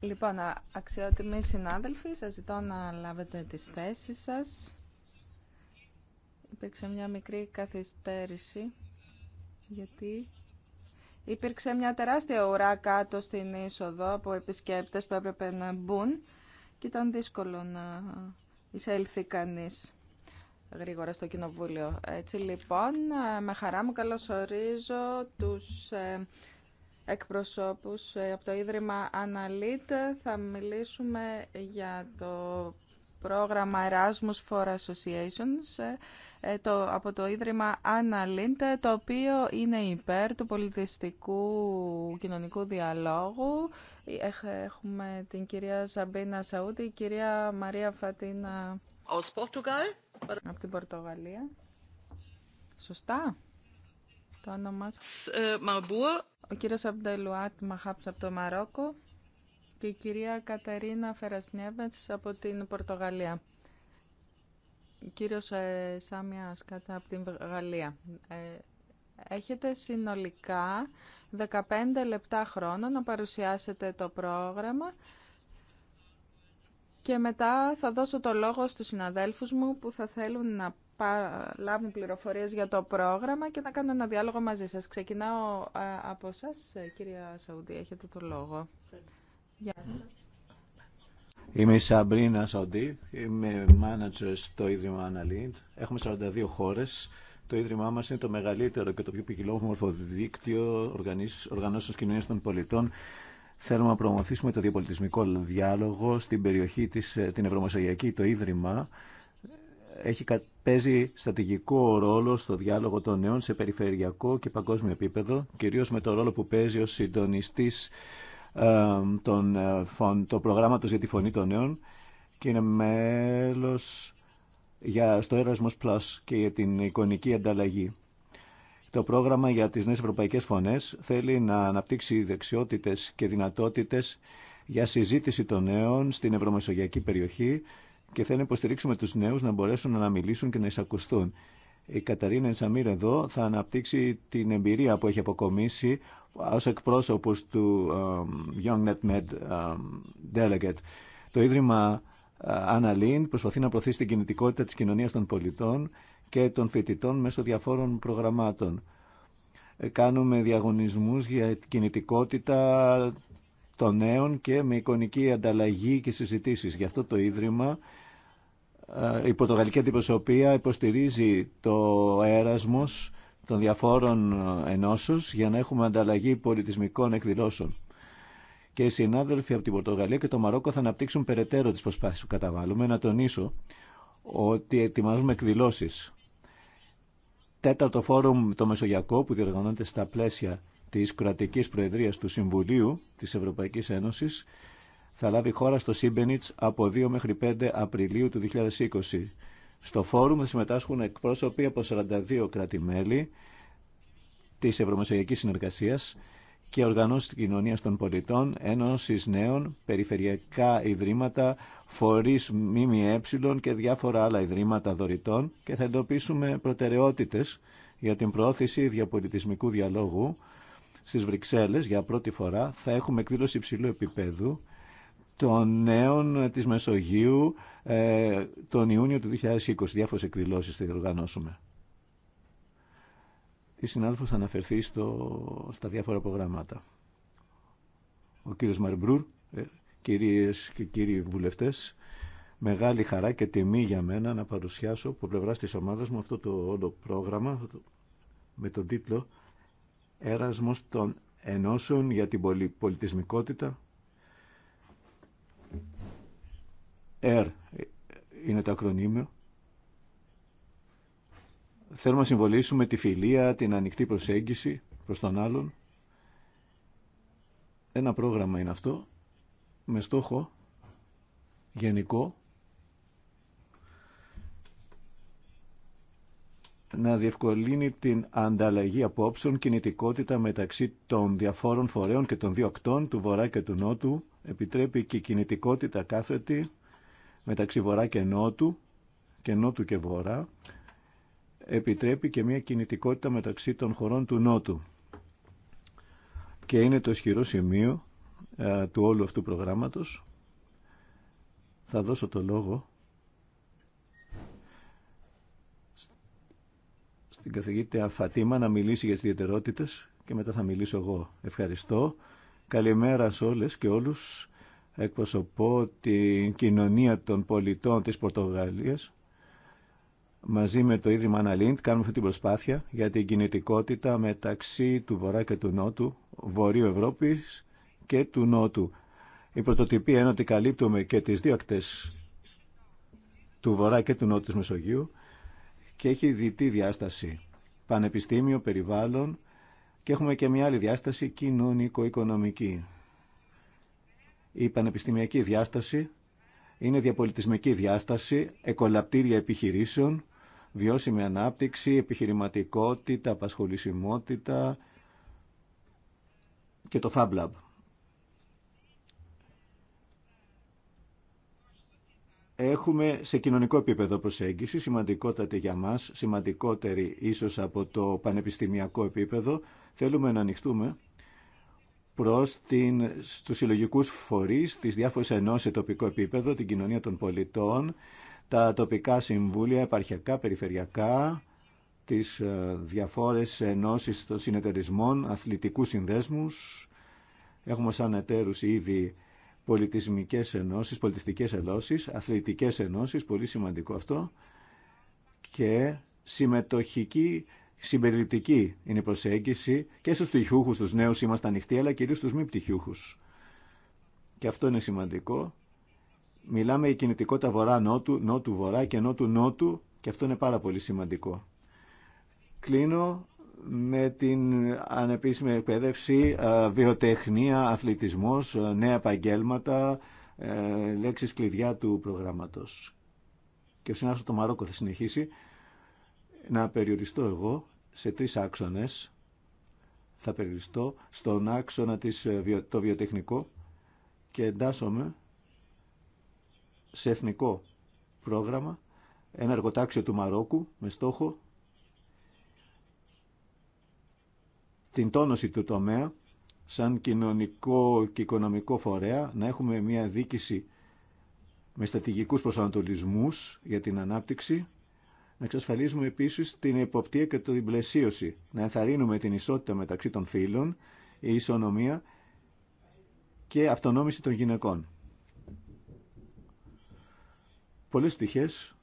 Λοιπόν, αξιότιμοι συνάδελφοι, σας ζητώ να λάβετε τις θέσεις σας. Υπήρξε μια μικρή καθυστέρηση, γιατί υπήρξε μια τεράστια ουρά κάτω στην είσοδο από επισκέπτες που έπρεπε να μπουν και ήταν δύσκολο να εισέλθει κανείς γρήγορα στο Κοινοβούλιο. Έτσι λοιπόν, ε, με χαρά μου καλωσορίζω τους ε, εκπροσώπους ε, από το Ίδρυμα Αναλύτ. Θα μιλήσουμε για το πρόγραμμα Erasmus for Associations ε, ε, το, από το Ίδρυμα Αναλύτ, το οποίο είναι υπέρ του πολιτιστικού κοινωνικού διαλόγου. Έχουμε την κυρία Ζαμπίνα Σαούτη, η κυρία Μαρία Φατίνα από την Πορτογαλία. Σωστά το όνομά ε, Ο κύριος Αμπτελουάτ Μαχάπς από το Μαρόκο και η κυρία Καταρίνα Φερασνιέβετς από την Πορτογαλία. Κύριος ε, Σάμια από την Γαλλία. Ε, έχετε συνολικά 15 λεπτά χρόνο να παρουσιάσετε το πρόγραμμα και μετά θα δώσω το λόγο στους συναδέλφους μου που θα θέλουν να λάβουν πληροφορίες για το πρόγραμμα και να κάνουν ένα διάλογο μαζί σας. Ξεκινάω ε, από σας, ε, κυρία Σαουντή, έχετε το λόγο. Γεια σας. Είμαι η Σαμπρίνα Σαουντή, είμαι manager στο Ίδρυμα Αναλίντ. Έχουμε 42 χώρες. Το Ίδρυμά μας είναι το μεγαλύτερο και το πιο ποικιλόμορφο δίκτυο οργανώσεων κοινωνίας των πολιτών θέλουμε να προωθήσουμε το διαπολιτισμικό διάλογο στην περιοχή της, ε, την Ευρωμεσογειακή, το Ίδρυμα έχει, παίζει στρατηγικό ρόλο στο διάλογο των νέων σε περιφερειακό και παγκόσμιο επίπεδο, κυρίως με το ρόλο που παίζει ως συντονιστής των, ε, το προγράμματος για τη φωνή των νέων και είναι μέλος για, στο Erasmus Plus και για την εικονική ανταλλαγή. Το πρόγραμμα για τις νέες ευρωπαϊκές φωνές θέλει να αναπτύξει δεξιότητες και δυνατότητες για συζήτηση των νέων στην ευρωμεσογειακή περιοχή και θέλει να υποστηρίξουμε τους νέους να μπορέσουν να μιλήσουν και να εισακουστούν. Η Καταρίνα Ενσαμίρ εδώ θα αναπτύξει την εμπειρία που έχει αποκομίσει ως εκπρόσωπος του Young NetMed Delegate. Το Ίδρυμα Αναλίν ε, προσπαθεί να προωθήσει την κινητικότητα της κοινωνίας των πολιτών και των φοιτητών μέσω διαφόρων προγραμμάτων. Ε, κάνουμε διαγωνισμούς για κινητικότητα των νέων και με εικονική ανταλλαγή και συζητήσεις. Γι' αυτό το Ίδρυμα ε, η Πορτογαλική Αντιπροσωπεία υποστηρίζει το έρασμος των διαφόρων ενώσεως για να έχουμε ανταλλαγή πολιτισμικών εκδηλώσεων. Και οι συνάδελφοι από την Πορτογαλία και το Μαρόκο θα αναπτύξουν περαιτέρω τις προσπάθειες που καταβάλουμε. Να τονίσω ότι ετοιμάζουμε εκδηλώσεις. Τέταρτο φόρουμ το Μεσογειακό που διοργανώνεται στα πλαίσια της κρατικής προεδρίας του Συμβουλίου της Ευρωπαϊκής Ένωσης θα λάβει χώρα στο Σίμπενιτς από 2 μέχρι 5 Απριλίου του 2020. Στο φόρουμ θα συμμετάσχουν εκπρόσωποι από 42 κράτη-μέλη της Ευρωμεσογειακής Συνεργασίας και οργανώσεις της κοινωνίας των πολιτών, ένωσης νέων, περιφερειακά ιδρύματα, φορείς ΜΜΕ και διάφορα άλλα ιδρύματα δωρητών και θα εντοπίσουμε προτεραιότητες για την προώθηση διαπολιτισμικού διαλόγου στις Βρυξέλλες για πρώτη φορά θα έχουμε εκδήλωση υψηλού επίπεδου των νέων ε, της Μεσογείου ε, τον Ιούνιο του 2020. Διάφορες εκδηλώσεις θα διοργανώσουμε. Η συνάδελφος θα αναφερθεί στο, στα διάφορα προγράμματα. Ο κύριος Μαρμπρούρ, ε, κυρίες και κύριοι βουλευτές, μεγάλη χαρά και τιμή για μένα να παρουσιάσω από πλευρά της ομάδας μου αυτό το όλο πρόγραμμα με τον τίτλο έρασμος των ενώσεων για την πολιτισμικότητα. ΕΡ είναι το ακρονίμιο. Θέλουμε να συμβολήσουμε τη φιλία, την ανοιχτή προσέγγιση προς τον άλλον. Ένα πρόγραμμα είναι αυτό, με στόχο γενικό να διευκολύνει την ανταλλαγή απόψεων κινητικότητα μεταξύ των διαφόρων φορέων και των δύο ακτών του Βορρά και του Νότου, επιτρέπει και κινητικότητα κάθετη μεταξύ Βορρά και Νότου και Νότου και Βορρά, επιτρέπει και μια κινητικότητα μεταξύ των χωρών του Νότου. Και είναι το ισχυρό σημείο ε, του όλου αυτού προγράμματος. Θα δώσω το λόγο την καθηγήτρια Φατίμα να μιλήσει για τι ιδιαιτερότητε και μετά θα μιλήσω εγώ. Ευχαριστώ. Καλημέρα σε όλες και όλους. Εκπροσωπώ την κοινωνία των πολιτών της Πορτογαλίας. Μαζί με το Ίδρυμα Αναλίντ κάνουμε αυτή την προσπάθεια για την κινητικότητα μεταξύ του Βορρά και του Νότου, Βορείου Ευρώπης και του Νότου. Η πρωτοτυπία είναι ότι καλύπτουμε και τις δύο ακτές του Βορρά και του Νότου της Μεσογείου και έχει διτή διάσταση. Πανεπιστήμιο, περιβάλλον και έχουμε και μια άλλη διάσταση κοινωνικο-οικονομική. Η πανεπιστημιακή διάσταση είναι διαπολιτισμική διάσταση, εκολαπτήρια επιχειρήσεων, βιώσιμη ανάπτυξη, επιχειρηματικότητα, απασχολησιμότητα και το Fab Έχουμε σε κοινωνικό επίπεδο προσέγγιση, σημαντικότατη για μας, σημαντικότερη ίσως από το πανεπιστημιακό επίπεδο. Θέλουμε να ανοιχτούμε προς την, στους συλλογικούς φορείς, τις διάφορες ενώσεις σε τοπικό επίπεδο, την κοινωνία των πολιτών, τα τοπικά συμβούλια, επαρχιακά, περιφερειακά, τις ε, διαφόρες ενώσεις των συνεταιρισμών, αθλητικούς συνδέσμους. Έχουμε σαν εταίρους ήδη πολιτισμικές ενώσεις, πολιτιστικές ενώσεις, αθλητικές ενώσεις, πολύ σημαντικό αυτό, και συμμετοχική, συμπεριληπτική είναι η προσέγγιση και στους πτυχιούχους, τους νέους είμαστε ανοιχτοί, αλλά κυρίως στους μη πτυχιούχους. Και αυτό είναι σημαντικό. Μιλάμε η κινητικότητα βορρά-νότου, νότου-βορρά και νότου-νότου και αυτό είναι πάρα πολύ σημαντικό. Κλείνω με την ανεπίσημη εκπαίδευση, βιοτεχνία, αθλητισμός, νέα επαγγέλματα, λέξεις κλειδιά του προγράμματος. Και ο συνάδελφος το Μαρόκο θα συνεχίσει να περιοριστώ εγώ σε τρεις άξονες. Θα περιοριστώ στον άξονα της, ε, το βιοτεχνικό και εντάσσομαι σε εθνικό πρόγραμμα ένα εργοτάξιο του Μαρόκου με στόχο την τόνωση του τομέα σαν κοινωνικό και οικονομικό φορέα, να έχουμε μια δίκηση με στατηγικούς προσανατολισμούς για την ανάπτυξη, να εξασφαλίζουμε επίσης την υποπτία και την πλαισίωση, να ενθαρρύνουμε την ισότητα μεταξύ των φύλων, η ισονομία και αυτονόμηση των γυναικών. Πολλές πτυχές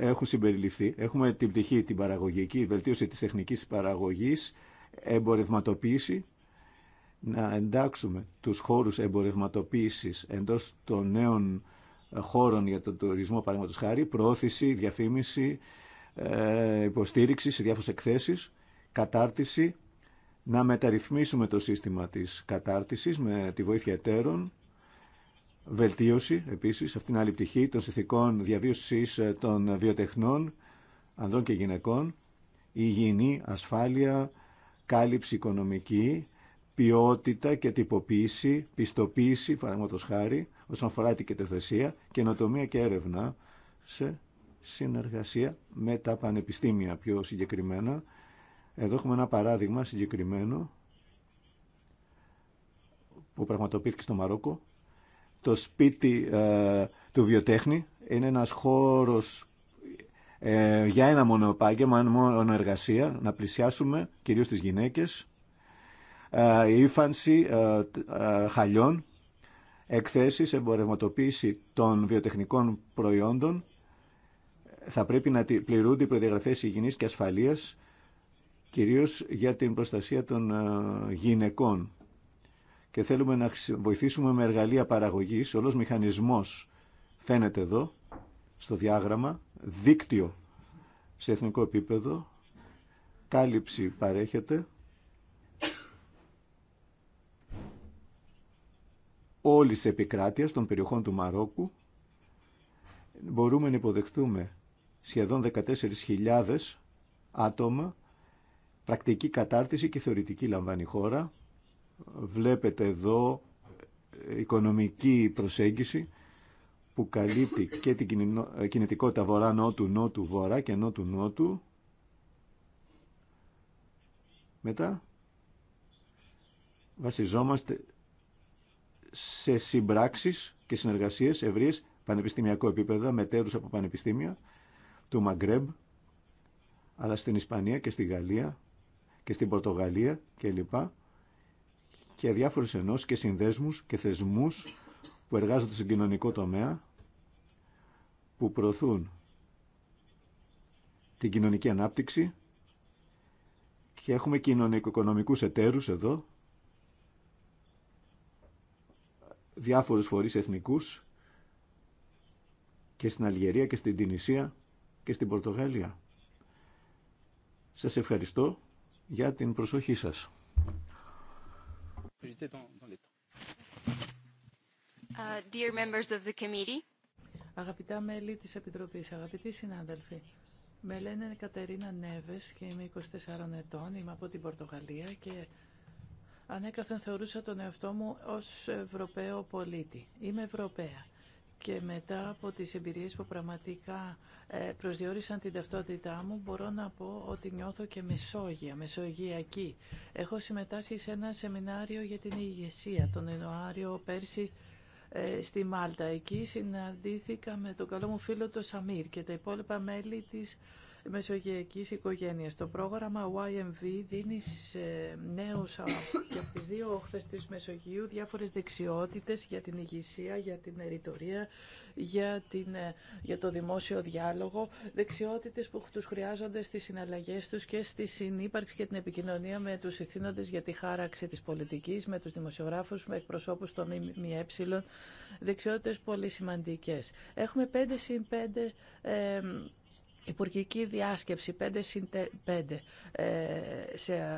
έχουν συμπεριληφθεί. Έχουμε την πτυχή την παραγωγική, η βελτίωση της τεχνικής παραγωγής, εμπορευματοποίηση, να εντάξουμε τους χώρους εμπορευματοποίησης εντός των νέων χώρων για τον τουρισμό, παραδείγματος χάρη, προώθηση, διαφήμιση, ε, υποστήριξη σε διάφορες εκθέσεις, κατάρτιση, να μεταρρυθμίσουμε το σύστημα της κατάρτισης με τη βοήθεια εταίρων, Βελτίωση επίσης αυτήν την άλλη πτυχή των συνθηκών διαβίωσης ε, των βιοτεχνών, ανδρών και γυναικών, υγιεινή, ασφάλεια, κάλυψη οικονομική, ποιότητα και τυποποίηση, πιστοποίηση, παραδείγματο χάρη, όσον αφορά την κετοθεσία, καινοτομία και έρευνα σε συνεργασία με τα πανεπιστήμια πιο συγκεκριμένα. Εδώ έχουμε ένα παράδειγμα συγκεκριμένο που πραγματοποιήθηκε στο Μαρόκο το σπίτι ε, του βιοτέχνη είναι ένας χώρος ε, για ένα μόνο επάγγελμα, μόνο εργασία, να πλησιάσουμε κυρίως τις γυναίκες. Ε, η ύφανση ε, χαλιών, εκθέσεις, εμπορευματοποίηση των βιοτεχνικών προϊόντων. Θα πρέπει να πληρούνται οι προδιαγραφές υγιεινής και ασφαλείας, κυρίως για την προστασία των γυναικών και θέλουμε να βοηθήσουμε με εργαλεία παραγωγής. Όλος μηχανισμός φαίνεται εδώ, στο διάγραμμα, δίκτυο σε εθνικό επίπεδο, κάλυψη παρέχεται, όλης της επικράτειας των περιοχών του Μαρόκου, μπορούμε να υποδεχτούμε σχεδόν 14.000 άτομα, πρακτική κατάρτιση και θεωρητική λαμβάνει η χώρα, Βλέπετε εδώ οικονομική προσέγγιση που καλύπτει και την ε, κινητικότητα βορρά-νότου-νότου-βορρά και νότου-νότου. Μετά βασιζόμαστε σε συμπράξεις και συνεργασίες ευρείες πανεπιστημιακό επίπεδο με από πανεπιστήμια του Μαγκρέμπ αλλά στην Ισπανία και στη Γαλλία και στην Πορτογαλία κλπ και διάφορες ενώσεις και συνδέσμους και θεσμούς που εργάζονται στον κοινωνικό τομέα που προωθούν την κοινωνική ανάπτυξη και έχουμε κοινωνικο-οικονομικούς εταίρους εδώ διάφορους φορείς εθνικούς και στην Αλγερία και στην Τινησία και στην Πορτογαλία. Σας ευχαριστώ για την προσοχή σας. Αγαπητά μέλη της Επιτροπής, αγαπητοί συνάδελφοι, με λένε Κατερίνα Νέβες και είμαι 24 ετών, είμαι από την Πορτογαλία και ανέκαθεν θεωρούσα τον εαυτό μου ως Ευρωπαίο πολίτη. Είμαι Ευρωπαία και μετά από τις εμπειρίες που πραγματικά ε, προσδιορίσαν την ταυτότητά μου, μπορώ να πω ότι νιώθω και μεσόγεια, μεσογειακή. Έχω συμμετάσχει σε ένα σεμινάριο για την ηγεσία τον Ιανουάριο πέρσι ε, στη Μάλτα. Εκεί συναντήθηκα με τον καλό μου φίλο τον Σαμίρ και τα υπόλοιπα μέλη της μεσογειακής οικογένειας. Το πρόγραμμα YMV δίνει σε νέους και από τις δύο όχθες της Μεσογείου διάφορες δεξιότητες για την ηγησία, για την ερητορία, για, την, ε, για το δημόσιο διάλογο, δεξιότητες που τους χρειάζονται στις συναλλαγές τους και στη συνύπαρξη και την επικοινωνία με τους ηθήνοντες για τη χάραξη της πολιτικής, με τους δημοσιογράφους, με εκπροσώπους των ΜΜΕ, δεξιότητες πολύ σημαντικές. Έχουμε 5 συν 5 Υπουργική διάσκεψη 5 συν 5 ε,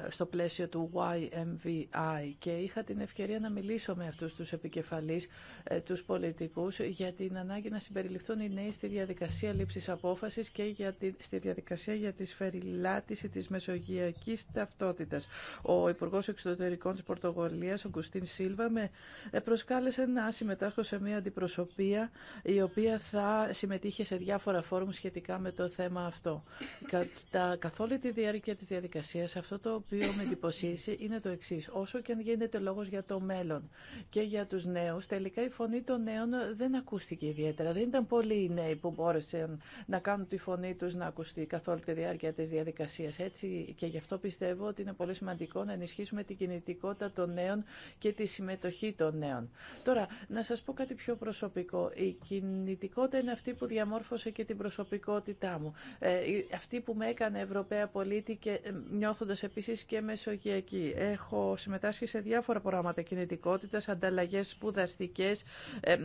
στο πλαίσιο του YMVI και είχα την ευκαιρία να μιλήσω με αυτούς τους επικεφαλείς, ε, τους πολιτικούς, για την ανάγκη να συμπεριληφθούν οι νέοι στη διαδικασία λήψης απόφασης και για στη διαδικασία για τη σφαιριλάτηση της μεσογειακής ταυτότητας. Ο Υπουργό Εξωτερικών της Πορτογαλίας, ο Κουστίν Σίλβα, με ε, προσκάλεσε να συμμετάσχω σε μια αντιπροσωπεία η οποία θα συμμετείχε σε διάφορα φόρουμ σχετικά με το θέμα αυτό. Κατά, καθ' όλη τη διάρκεια τη διαδικασία, αυτό το οποίο με εντυπωσίασε είναι το εξή. Όσο και αν γίνεται λόγο για το μέλλον και για του νέου. τελικά η φωνή των νέων δεν ακούστηκε ιδιαίτερα. Δεν ήταν πολλοί οι νέοι που μπόρεσαν να κάνουν τη φωνή του να ακουστεί καθ' όλη τη διάρκεια τη διαδικασία. Έτσι και γι' αυτό πιστεύω ότι είναι πολύ σημαντικό να ενισχύσουμε την κινητικότητα των νέων και τη συμμετοχή των νέων. Τώρα, να σα πω κάτι πιο προσωπικό. Η κινητικότητα είναι αυτή που διαμόρφωσε και την προσωπικότητά μου. Ε, αυτή που με έκανε Ευρωπαία πολίτη και ε, νιώθοντας επίσης και μεσογειακή. Έχω συμμετάσχει σε διάφορα προγράμματα κινητικότητας, ανταλλαγές σπουδαστικές, ε,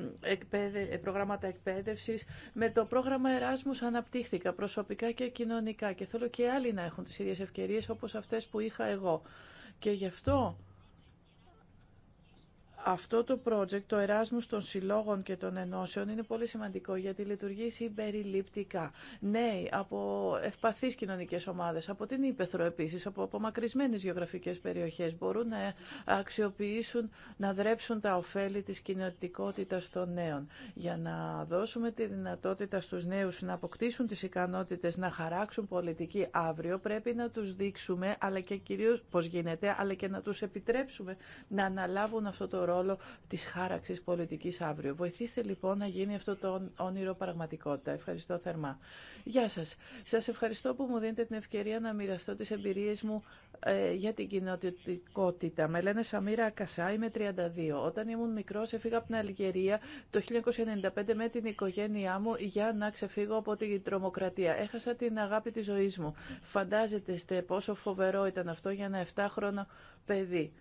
προγράμματα εκπαίδευση. Με το πρόγραμμα Εράσμου αναπτύχθηκα προσωπικά και κοινωνικά και θέλω και άλλοι να έχουν τις ίδιες ευκαιρίες όπως αυτές που είχα εγώ. Και γι' αυτό αυτό το project, το Εράσμου των Συλλόγων και των Ενώσεων, είναι πολύ σημαντικό γιατί λειτουργεί συμπεριληπτικά. Νέοι από ευπαθεί κοινωνικέ ομάδε, από την Ήπεθρο επίση, από απομακρυσμένε γεωγραφικέ περιοχέ, μπορούν να αξιοποιήσουν, να δρέψουν τα ωφέλη τη κοινωτικότητα των νέων. Για να δώσουμε τη δυνατότητα στου νέου να αποκτήσουν τι ικανότητε, να χαράξουν πολιτική αύριο, πρέπει να του δείξουμε, αλλά και κυρίω πώ γίνεται, αλλά και να του επιτρέψουμε να αναλάβουν αυτό το ρόλο τη χάραξη πολιτική αύριο. Βοηθήστε λοιπόν να γίνει αυτό το όνειρο πραγματικότητα. Ευχαριστώ θερμά. Γεια σα. Σα ευχαριστώ που μου δίνετε την ευκαιρία να μοιραστώ τι εμπειρίε μου ε, για την κοινοτικότητα. Με λένε Σαμίρα Κασά, είμαι 32. Όταν ήμουν μικρό, έφυγα από την Αλγερία το 1995 με την οικογένειά μου για να ξεφύγω από την τρομοκρατία. Έχασα την αγάπη τη ζωή μου. Φαντάζεστε πόσο φοβερό ήταν αυτό για ένα 7χρονο παιδί.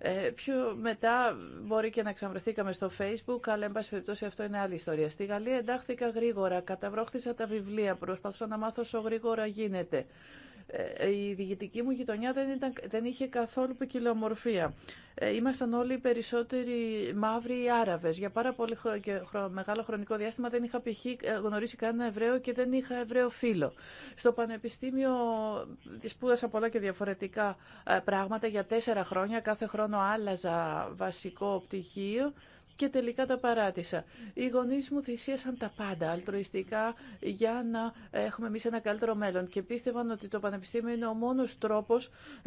Ε, πιο μετά μπορεί και να ξαναβρεθήκαμε στο facebook, αλλά εν πάση περιπτώσει αυτό είναι άλλη ιστορία. Στη Γαλλία εντάχθηκα γρήγορα, καταβρόχθησα τα βιβλία, προσπαθούσα να μάθω όσο γρήγορα γίνεται. Ε, ε, η διηγητική μου γειτονιά δεν, ήταν, δεν είχε καθόλου ποικιλομορφία. Ε, ήμασταν όλοι περισσότεροι μαύροι Άραβες. Για πάρα πολύ μεγάλο χρονικό διάστημα δεν είχα π.χ. γνωρίσει κανένα Εβραίο και δεν είχα Εβραίο φίλο. Στο Πανεπιστήμιο σπούδασα πολλά και διαφορετικά πράγματα για τέσσερα χρόνια. Κάθε χρόνο άλλαζα βασικό πτυχίο και τελικά τα παράτησα. Οι γονεί μου θυσίασαν τα πάντα αλτροιστικά για να έχουμε εμεί ένα καλύτερο μέλλον και πίστευαν ότι το πανεπιστήμιο είναι ο μόνο τρόπο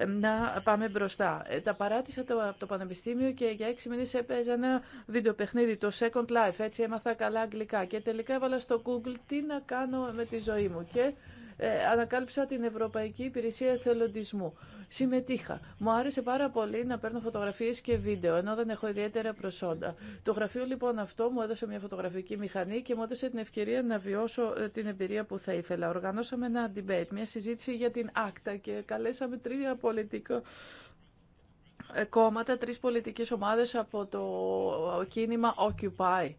να πάμε μπροστά. Ε, τα παράτησα από το πανεπιστήμιο και για έξι μήνε έπαιζα ένα βιντεοπαιχνίδι, το Second Life. Έτσι έμαθα καλά αγγλικά και τελικά έβαλα στο Google τι να κάνω με τη ζωή μου. Και ε, ανακάλυψα την Ευρωπαϊκή Υπηρεσία Εθελοντισμού. Συμμετείχα. Μου άρεσε πάρα πολύ να παίρνω φωτογραφίες και βίντεο, ενώ δεν έχω ιδιαίτερα προσόντα. Το γραφείο λοιπόν αυτό μου έδωσε μια φωτογραφική μηχανή και μου έδωσε την ευκαιρία να βιώσω ε, την εμπειρία που θα ήθελα. Οργανώσαμε ένα debate, μια συζήτηση για την άκτα και καλέσαμε τρία πολιτικά ε, κόμματα, τρεις πολιτικές ομάδες από το κίνημα Occupy.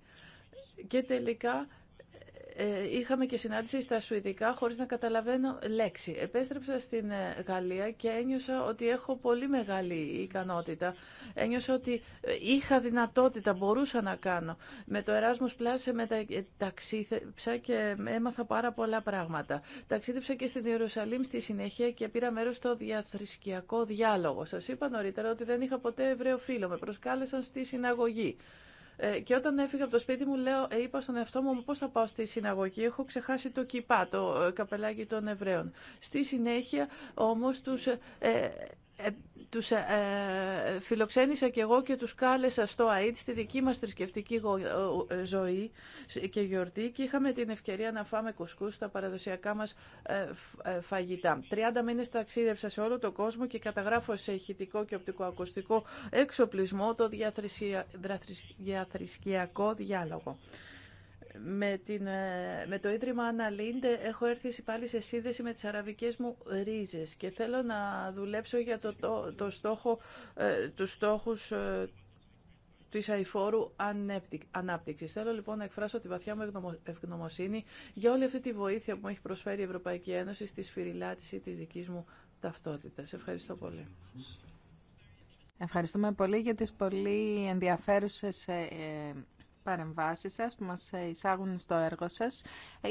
Και τελικά ε, είχαμε και συνάντηση στα Σουηδικά χωρίς να καταλαβαίνω λέξη. Επέστρεψα στην ε, Γαλλία και ένιωσα ότι έχω πολύ μεγάλη ικανότητα. Ένιωσα ότι ε, είχα δυνατότητα, μπορούσα να κάνω. Με το Erasmus Plus ταξίδεψα και έμαθα πάρα πολλά πράγματα. Ταξίδεψα και στην Ιερουσαλήμ στη συνέχεια και πήρα μέρος στο διαθρησκιακό διάλογο. Σας είπα νωρίτερα ότι δεν είχα ποτέ Εβραίο φίλο. Με προσκάλεσαν στη συναγωγή. Ε, και όταν έφυγα από το σπίτι μου, λέω, ε, είπα στον εαυτό μου πώς θα πάω στη συναγωγή. Έχω ξεχάσει το κυπά, το ε, καπελάκι των Εβραίων. Στη συνέχεια όμως τους ε, ε, τους ε, ε, φιλοξένησα και εγώ και τους κάλεσα στο ΑΕΤ στη δική μας θρησκευτική ζωή και γιορτή και είχαμε την ευκαιρία να φάμε κουσκούς στα παραδοσιακά μας φαγητά. 30 μήνες ταξίδευσα σε όλο τον κόσμο και καταγράφω σε ηχητικό και οπτικοακουστικό εξοπλισμό το διαθρησκιακό διάλογο με, την, ε, με το Ίδρυμα Αναλίντε έχω έρθει πάλι σε σύνδεση με τις αραβικές μου ρίζες και θέλω να δουλέψω για το, το, το στόχο, ε, τους στόχους ε, της αηφόρου ανάπτυξης. Θέλω λοιπόν να εκφράσω τη βαθιά μου ευγνωμοσύνη για όλη αυτή τη βοήθεια που μου έχει προσφέρει η Ευρωπαϊκή Ένωση στη σφυριλάτηση της δικής μου ταυτότητας. Ευχαριστώ πολύ. Ευχαριστούμε πολύ για τις πολύ ενδιαφέρουσες ε, παρεμβάσεις σας που μας εισάγουν στο έργο σας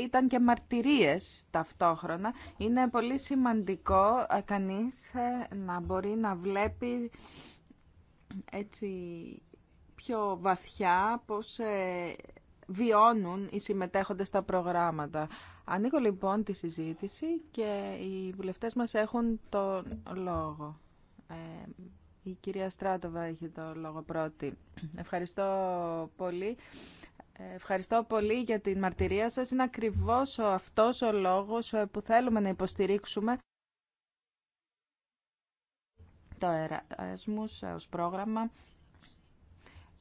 ήταν και μαρτυρίες ταυτόχρονα. Είναι πολύ σημαντικό ε, κανείς ε, να μπορεί να βλέπει έτσι πιο βαθιά πώς ε, βιώνουν οι συμμετέχοντες στα προγράμματα. Ανοίγω λοιπόν τη συζήτηση και οι βουλευτές μας έχουν τον λόγο. Η κυρία Στράτοβα έχει το λόγο πρώτη. Ευχαριστώ πολύ. Ευχαριστώ πολύ για την μαρτυρία σας. Είναι ακριβώς αυτός ο λόγος που θέλουμε να υποστηρίξουμε το Εράσμους ως πρόγραμμα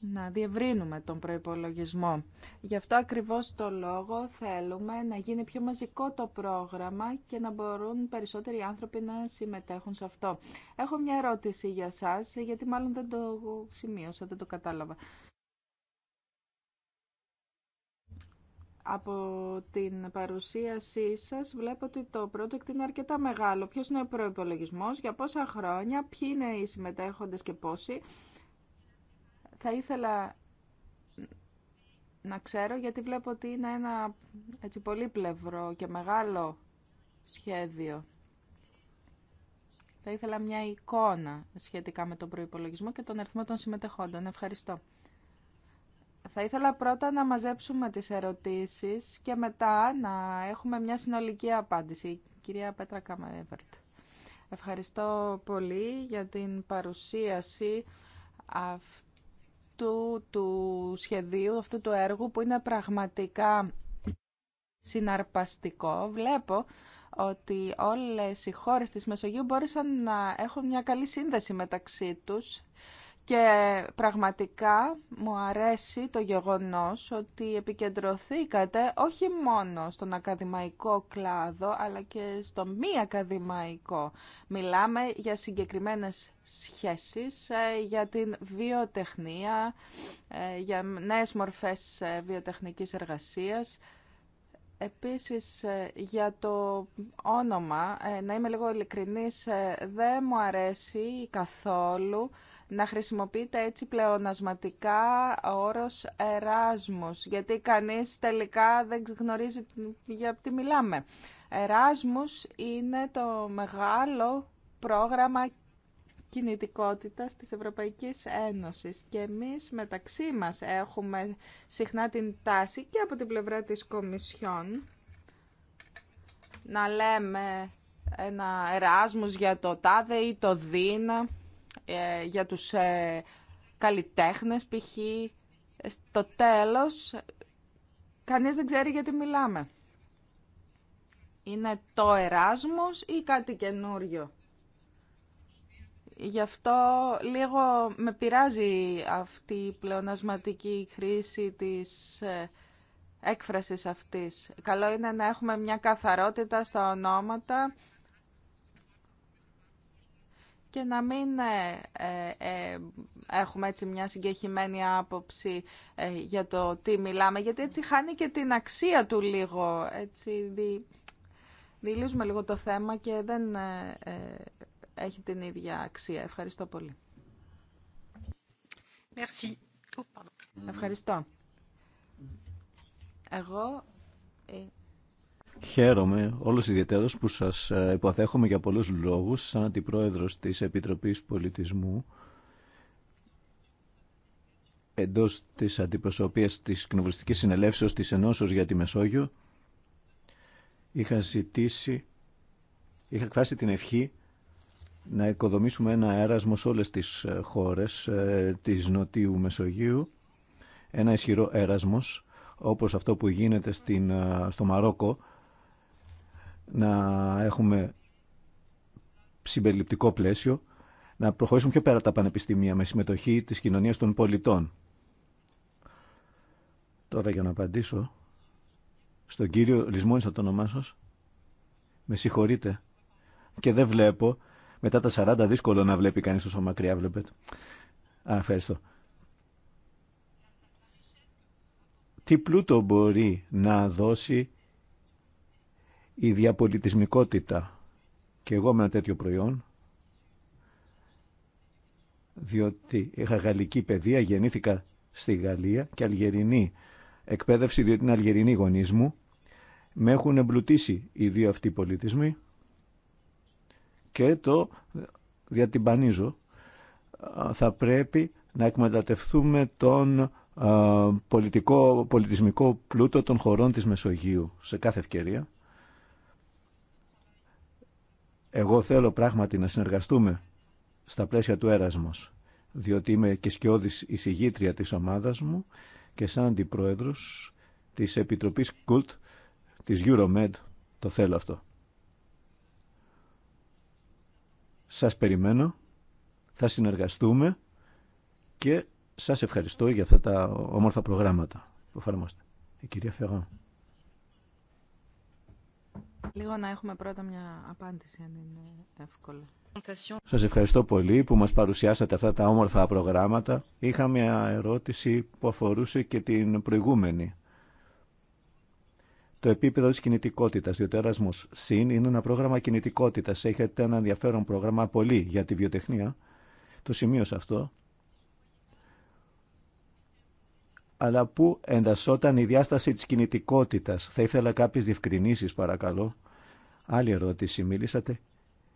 να διευρύνουμε τον προϋπολογισμό. Γι' αυτό ακριβώς το λόγο θέλουμε να γίνει πιο μαζικό το πρόγραμμα και να μπορούν περισσότεροι άνθρωποι να συμμετέχουν σε αυτό. Έχω μια ερώτηση για σας, γιατί μάλλον δεν το σημείωσα, δεν το κατάλαβα. Από την παρουσίασή σας βλέπω ότι το project είναι αρκετά μεγάλο. Ποιος είναι ο προϋπολογισμός, για πόσα χρόνια, ποιοι είναι οι συμμετέχοντες και πόσοι. Θα ήθελα να ξέρω γιατί βλέπω ότι είναι ένα έτσι πολύπλευρο και μεγάλο σχέδιο. Θα ήθελα μια εικόνα σχετικά με τον προϋπολογισμό και τον αριθμό των συμμετεχόντων. Ευχαριστώ. Θα ήθελα πρώτα να μαζέψουμε τις ερωτήσεις και μετά να έχουμε μια συνολική απάντηση. κυρία Πέτρα Καμαέβερτ. Ευχαριστώ πολύ για την παρουσίαση αυτή του σχεδίου, αυτού του έργου που είναι πραγματικά συναρπαστικό. Βλέπω ότι όλες οι χώρες της Μεσογείου μπόρεσαν να έχουν μια καλή σύνδεση μεταξύ τους και πραγματικά μου αρέσει το γεγονός ότι επικεντρωθήκατε όχι μόνο στον ακαδημαϊκό κλάδο, αλλά και στο μη ακαδημαϊκό. Μιλάμε για συγκεκριμένες σχέσεις, ε, για την βιοτεχνία, ε, για νέες μορφές ε, βιοτεχνικής εργασίας. Επίσης για το όνομα, να είμαι λίγο ειλικρινής, δεν μου αρέσει καθόλου να χρησιμοποιείται έτσι πλεονασματικά ο όρος Εράσμους, γιατί κανείς τελικά δεν γνωρίζει για τι μιλάμε. Εράσμους είναι το μεγάλο πρόγραμμα κινητικότητας της Ευρωπαϊκής Ένωσης και εμείς μεταξύ μας έχουμε συχνά την τάση και από την πλευρά της Κομισιόν να λέμε ένα «εράσμος» για το τάδε ή το δίνα ε, για τους ε, καλλιτέχνες π.χ. Στο τέλος, κανείς δεν ξέρει γιατί μιλάμε. Είναι το Εράσμος ή κάτι καινούριο. Γι' αυτό λίγο με πειράζει αυτή η πλεονασματική χρήση της ε, έκφρασης αυτής. Καλό είναι να έχουμε μια καθαρότητα στα ονόματα και να μην ε, ε, ε, έχουμε έτσι μια συγκεχημένη άποψη ε, για το τι μιλάμε, γιατί έτσι χάνει και την αξία του λίγο. Έτσι, δι, λίγο το θέμα και δεν ε, έχει την ίδια αξία. Ευχαριστώ πολύ. Merci. Oh, Ευχαριστώ. Εγώ Χαίρομαι όλους ιδιαίτερος που σας ε, υποθέχομαι για πολλούς λόγους σαν αντιπρόεδρος της Επιτροπής Πολιτισμού εντός της αντιπροσωπείας της Κοινοβουλευτικής Συνελεύσεως της Ενώσεως για τη Μεσόγειο είχα ζητήσει, είχα εκφράσει την ευχή να οικοδομήσουμε ένα έρασμο σε όλες τις ε, χώρες ε, της Νοτιού Μεσογείου, ένα ισχυρό έρασμος, όπως αυτό που γίνεται στην, στο Μαρόκο, να έχουμε συμπεριληπτικό πλαίσιο, να προχωρήσουμε πιο πέρα τα πανεπιστήμια με συμμετοχή της κοινωνίας των πολιτών. Τώρα για να απαντήσω στον κύριο Λυσμόνης το όνομά σας. Με συγχωρείτε και δεν βλέπω. Μετά τα 40 δύσκολο να βλέπει κανείς τόσο μακριά βλέπετε. Α, ευχαριστώ. Τι πλούτο μπορεί να δώσει η διαπολιτισμικότητα και εγώ με ένα τέτοιο προϊόν διότι είχα γαλλική παιδεία, γεννήθηκα στη Γαλλία και αλγερινή εκπαίδευση διότι είναι αλγερινή γονείς μου με έχουν εμπλουτίσει οι δύο αυτοί πολιτισμοί και το διατυμπανίζω θα πρέπει να εκμετατευτούμε τον πολιτικό, πολιτισμικό πλούτο των χωρών της Μεσογείου σε κάθε ευκαιρία εγώ θέλω πράγματι να συνεργαστούμε στα πλαίσια του έρασμος, διότι είμαι και σκιώδης εισηγήτρια της ομάδας μου και σαν αντιπρόεδρος της Επιτροπής Κουλτ της Euromed το θέλω αυτό. Σας περιμένω, θα συνεργαστούμε και σας ευχαριστώ για αυτά τα όμορφα προγράμματα που εφαρμόστε. Η κυρία Λίγο να έχουμε πρώτα μια απάντηση, αν είναι εύκολο. Σα ευχαριστώ πολύ που μας παρουσιάσατε αυτά τα όμορφα προγράμματα. Είχα μια ερώτηση που αφορούσε και την προηγούμενη. Το επίπεδο τη κινητικότητας, διότι ο Erasmus ΣΥΝ είναι ένα πρόγραμμα κινητικότητας. Έχετε ένα ενδιαφέρον πρόγραμμα πολύ για τη βιοτεχνία. Το σε αυτό. αλλά πού εντασσόταν η διάσταση της κινητικότητας. Θα ήθελα κάποιες διευκρινήσεις παρακαλώ. Άλλη ερώτηση. Μίλησατε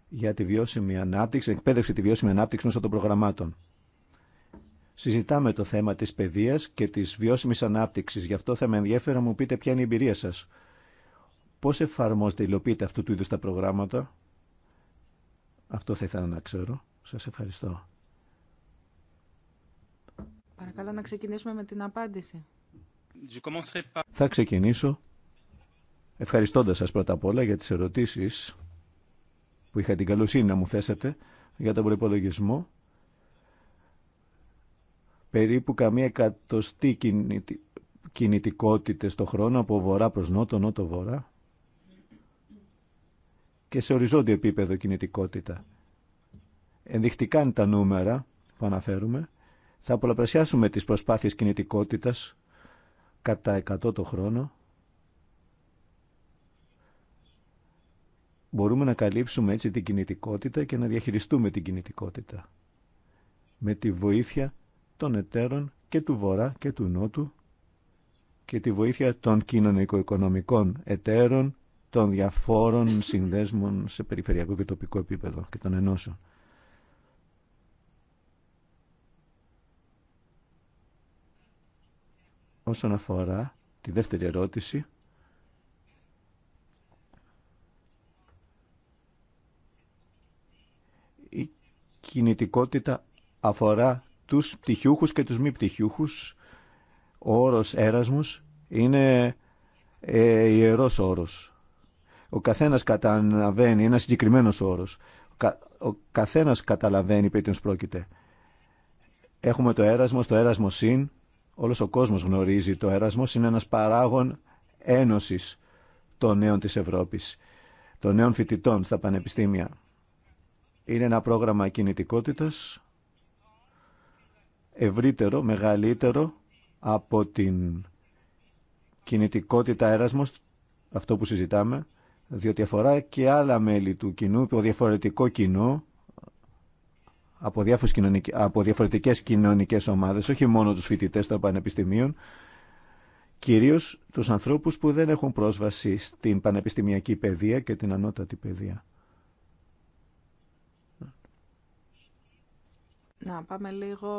για τη βιώσιμη ανάπτυξη, εκπαίδευση τη βιώσιμη ανάπτυξη μέσω των προγραμμάτων. Συζητάμε το θέμα της παιδείας και της βιώσιμης ανάπτυξης. Γι' αυτό θα με ενδιαφέρει να μου πείτε ποια είναι η εμπειρία σας. Πώς εφαρμόζετε, υλοποιείτε αυτού του είδους τα προγράμματα. Αυτό θα ήθελα να ξέρω. Σας ευχαριστώ. Παρακαλώ να ξεκινήσουμε με την απάντηση. Θα ξεκινήσω ευχαριστώντας σας πρώτα απ' όλα για τις ερωτήσεις που είχα την καλοσύνη να μου θέσατε για τον προπολογισμό. Περίπου καμία εκατοστή κινητικότητα στο χρόνο από βορρά προς νότο, νότο βορρά και σε οριζόντιο επίπεδο κινητικότητα. Ενδεικτικά είναι τα νούμερα που αναφέρουμε θα πολλαπλασιάσουμε τις προσπάθειες κινητικότητας κατά 100 το χρόνο. Μπορούμε να καλύψουμε έτσι την κινητικότητα και να διαχειριστούμε την κινητικότητα. Με τη βοήθεια των εταίρων και του Βορρά και του Νότου και τη βοήθεια των κοινωνικο-οικονομικών εταίρων των διαφόρων συνδέσμων σε περιφερειακό και τοπικό επίπεδο και των ενώσεων. Όσον αφορά τη δεύτερη ερώτηση, η κινητικότητα αφορά τους πτυχιούχους και τους μη πτυχιούχους. Ο όρος έρασμος είναι ε, ιερός όρος. Ο καθένας καταλαβαίνει, ένα συγκεκριμένος όρος. Ο, κα, καθένας καταλαβαίνει περί πρόκειται. Έχουμε το έρασμος, το έρασμο συν, Όλος ο κόσμος γνωρίζει το Εράσμος είναι ένας παράγων ένωσης των νέων της Ευρώπης, των νέων φοιτητών στα πανεπιστήμια. Είναι ένα πρόγραμμα κινητικότητας ευρύτερο, μεγαλύτερο από την κινητικότητα Εράσμος, αυτό που συζητάμε, διότι αφορά και άλλα μέλη του κοινού, το διαφορετικό κοινό, από, κοινωνικ... από διαφορετικές κοινωνικές ομάδες, όχι μόνο τους φοιτητές των πανεπιστημίων, κυρίως τους ανθρώπους που δεν έχουν πρόσβαση στην πανεπιστημιακή παιδεία και την ανώτατη παιδεία. Να πάμε λίγο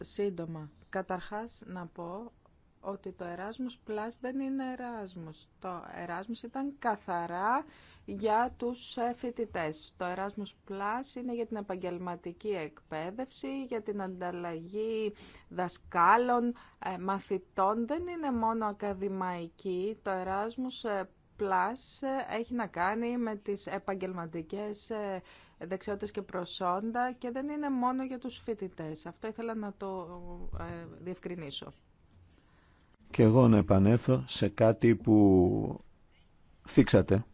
σύντομα. Καταρχάς να πω ότι το Erasmus Plus δεν είναι Erasmus. Το Erasmus ήταν καθαρά για τους ε, φοιτητέ. Το Erasmus Plus είναι για την επαγγελματική εκπαίδευση, για την ανταλλαγή δασκάλων, ε, μαθητών. Δεν είναι μόνο ακαδημαϊκή. Το Erasmus ε, Plus έχει να κάνει με τις επαγγελματικές δεξιότητες και προσόντα και δεν είναι μόνο για τους φοιτητές. Αυτό ήθελα να το διευκρινίσω και εγώ να επανέλθω σε κάτι που θίξατε.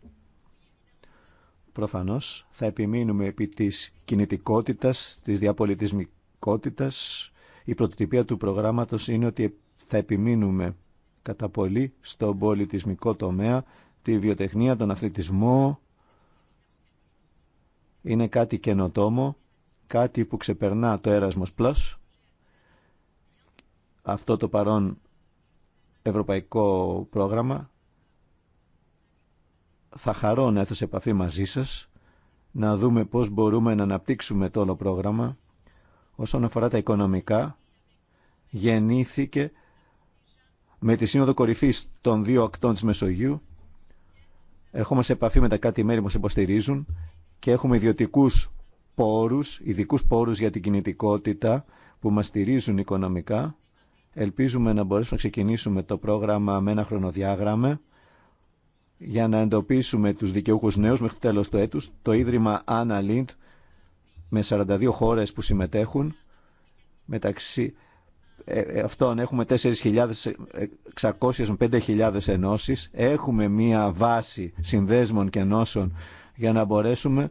Προφανώς θα επιμείνουμε επί της κινητικότητας, της διαπολιτισμικότητας. Η πρωτοτυπία του προγράμματος είναι ότι θα επιμείνουμε κατά πολύ στον πολιτισμικό τομέα, τη βιοτεχνία, τον αθλητισμό. Είναι κάτι καινοτόμο, κάτι που ξεπερνά το Erasmus Αυτό το παρόν ευρωπαϊκό πρόγραμμα. Θα χαρώ να έρθω σε επαφή μαζί σας, να δούμε πώς μπορούμε να αναπτύξουμε το όλο πρόγραμμα. Όσον αφορά τα οικονομικά, γεννήθηκε με τη Σύνοδο Κορυφής των δύο ακτών της Μεσογείου. Έχουμε σε επαφή με τα κάτι μέρη που μας υποστηρίζουν και έχουμε ιδιωτικού πόρους, ειδικού πόρους για την κινητικότητα που μας στηρίζουν οικονομικά Ελπίζουμε να μπορέσουμε να ξεκινήσουμε το πρόγραμμα με ένα χρονοδιάγραμμα για να εντοπίσουμε τους δικαιούχους νέους μέχρι το τέλος του έτους. Το Ίδρυμα Άννα με 42 χώρες που συμμετέχουν. Μεταξύ ε, ε αυτών έχουμε 4.600 με 5.000 ενώσεις. Έχουμε μία βάση συνδέσμων και ενώσεων για να μπορέσουμε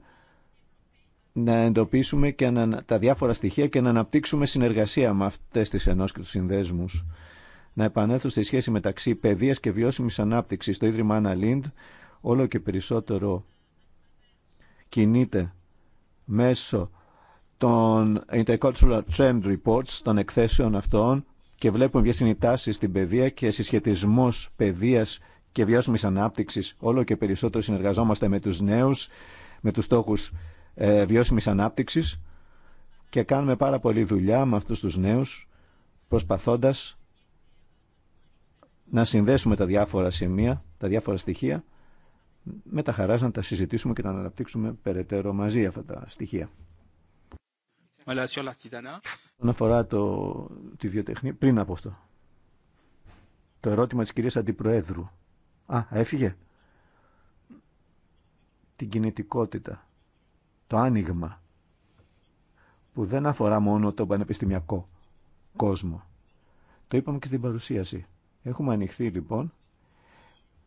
να εντοπίσουμε και τα διάφορα στοιχεία και να αναπτύξουμε συνεργασία με αυτές τις ενός και τους συνδέσμους. Να επανέλθω στη σχέση μεταξύ παιδείας και βιώσιμης ανάπτυξης. Το Ίδρυμα Αναλίντ. όλο και περισσότερο κινείται μέσω των Intercultural Trend Reports, των εκθέσεων αυτών και βλέπουμε ποιες είναι οι τάσεις στην παιδεία και συσχετισμός παιδείας και βιώσιμης ανάπτυξης. Όλο και περισσότερο συνεργαζόμαστε με τους νέους, με τους στόχους ε, βιώσιμης ανάπτυξης και κάνουμε πάρα πολλή δουλειά με αυτούς τους νέους προσπαθώντας να συνδέσουμε τα διάφορα σημεία, τα διάφορα στοιχεία με τα χαράς να τα συζητήσουμε και να αναπτύξουμε περαιτέρω μαζί αυτά τα στοιχεία. Όσον αφορά το, τη βιοτεχνία, πριν από αυτό. Το ερώτημα της κυρίας Αντιπροέδρου. Α, έφυγε. Την κινητικότητα το άνοιγμα που δεν αφορά μόνο τον πανεπιστημιακό κόσμο. Το είπαμε και στην παρουσίαση. Έχουμε ανοιχθεί λοιπόν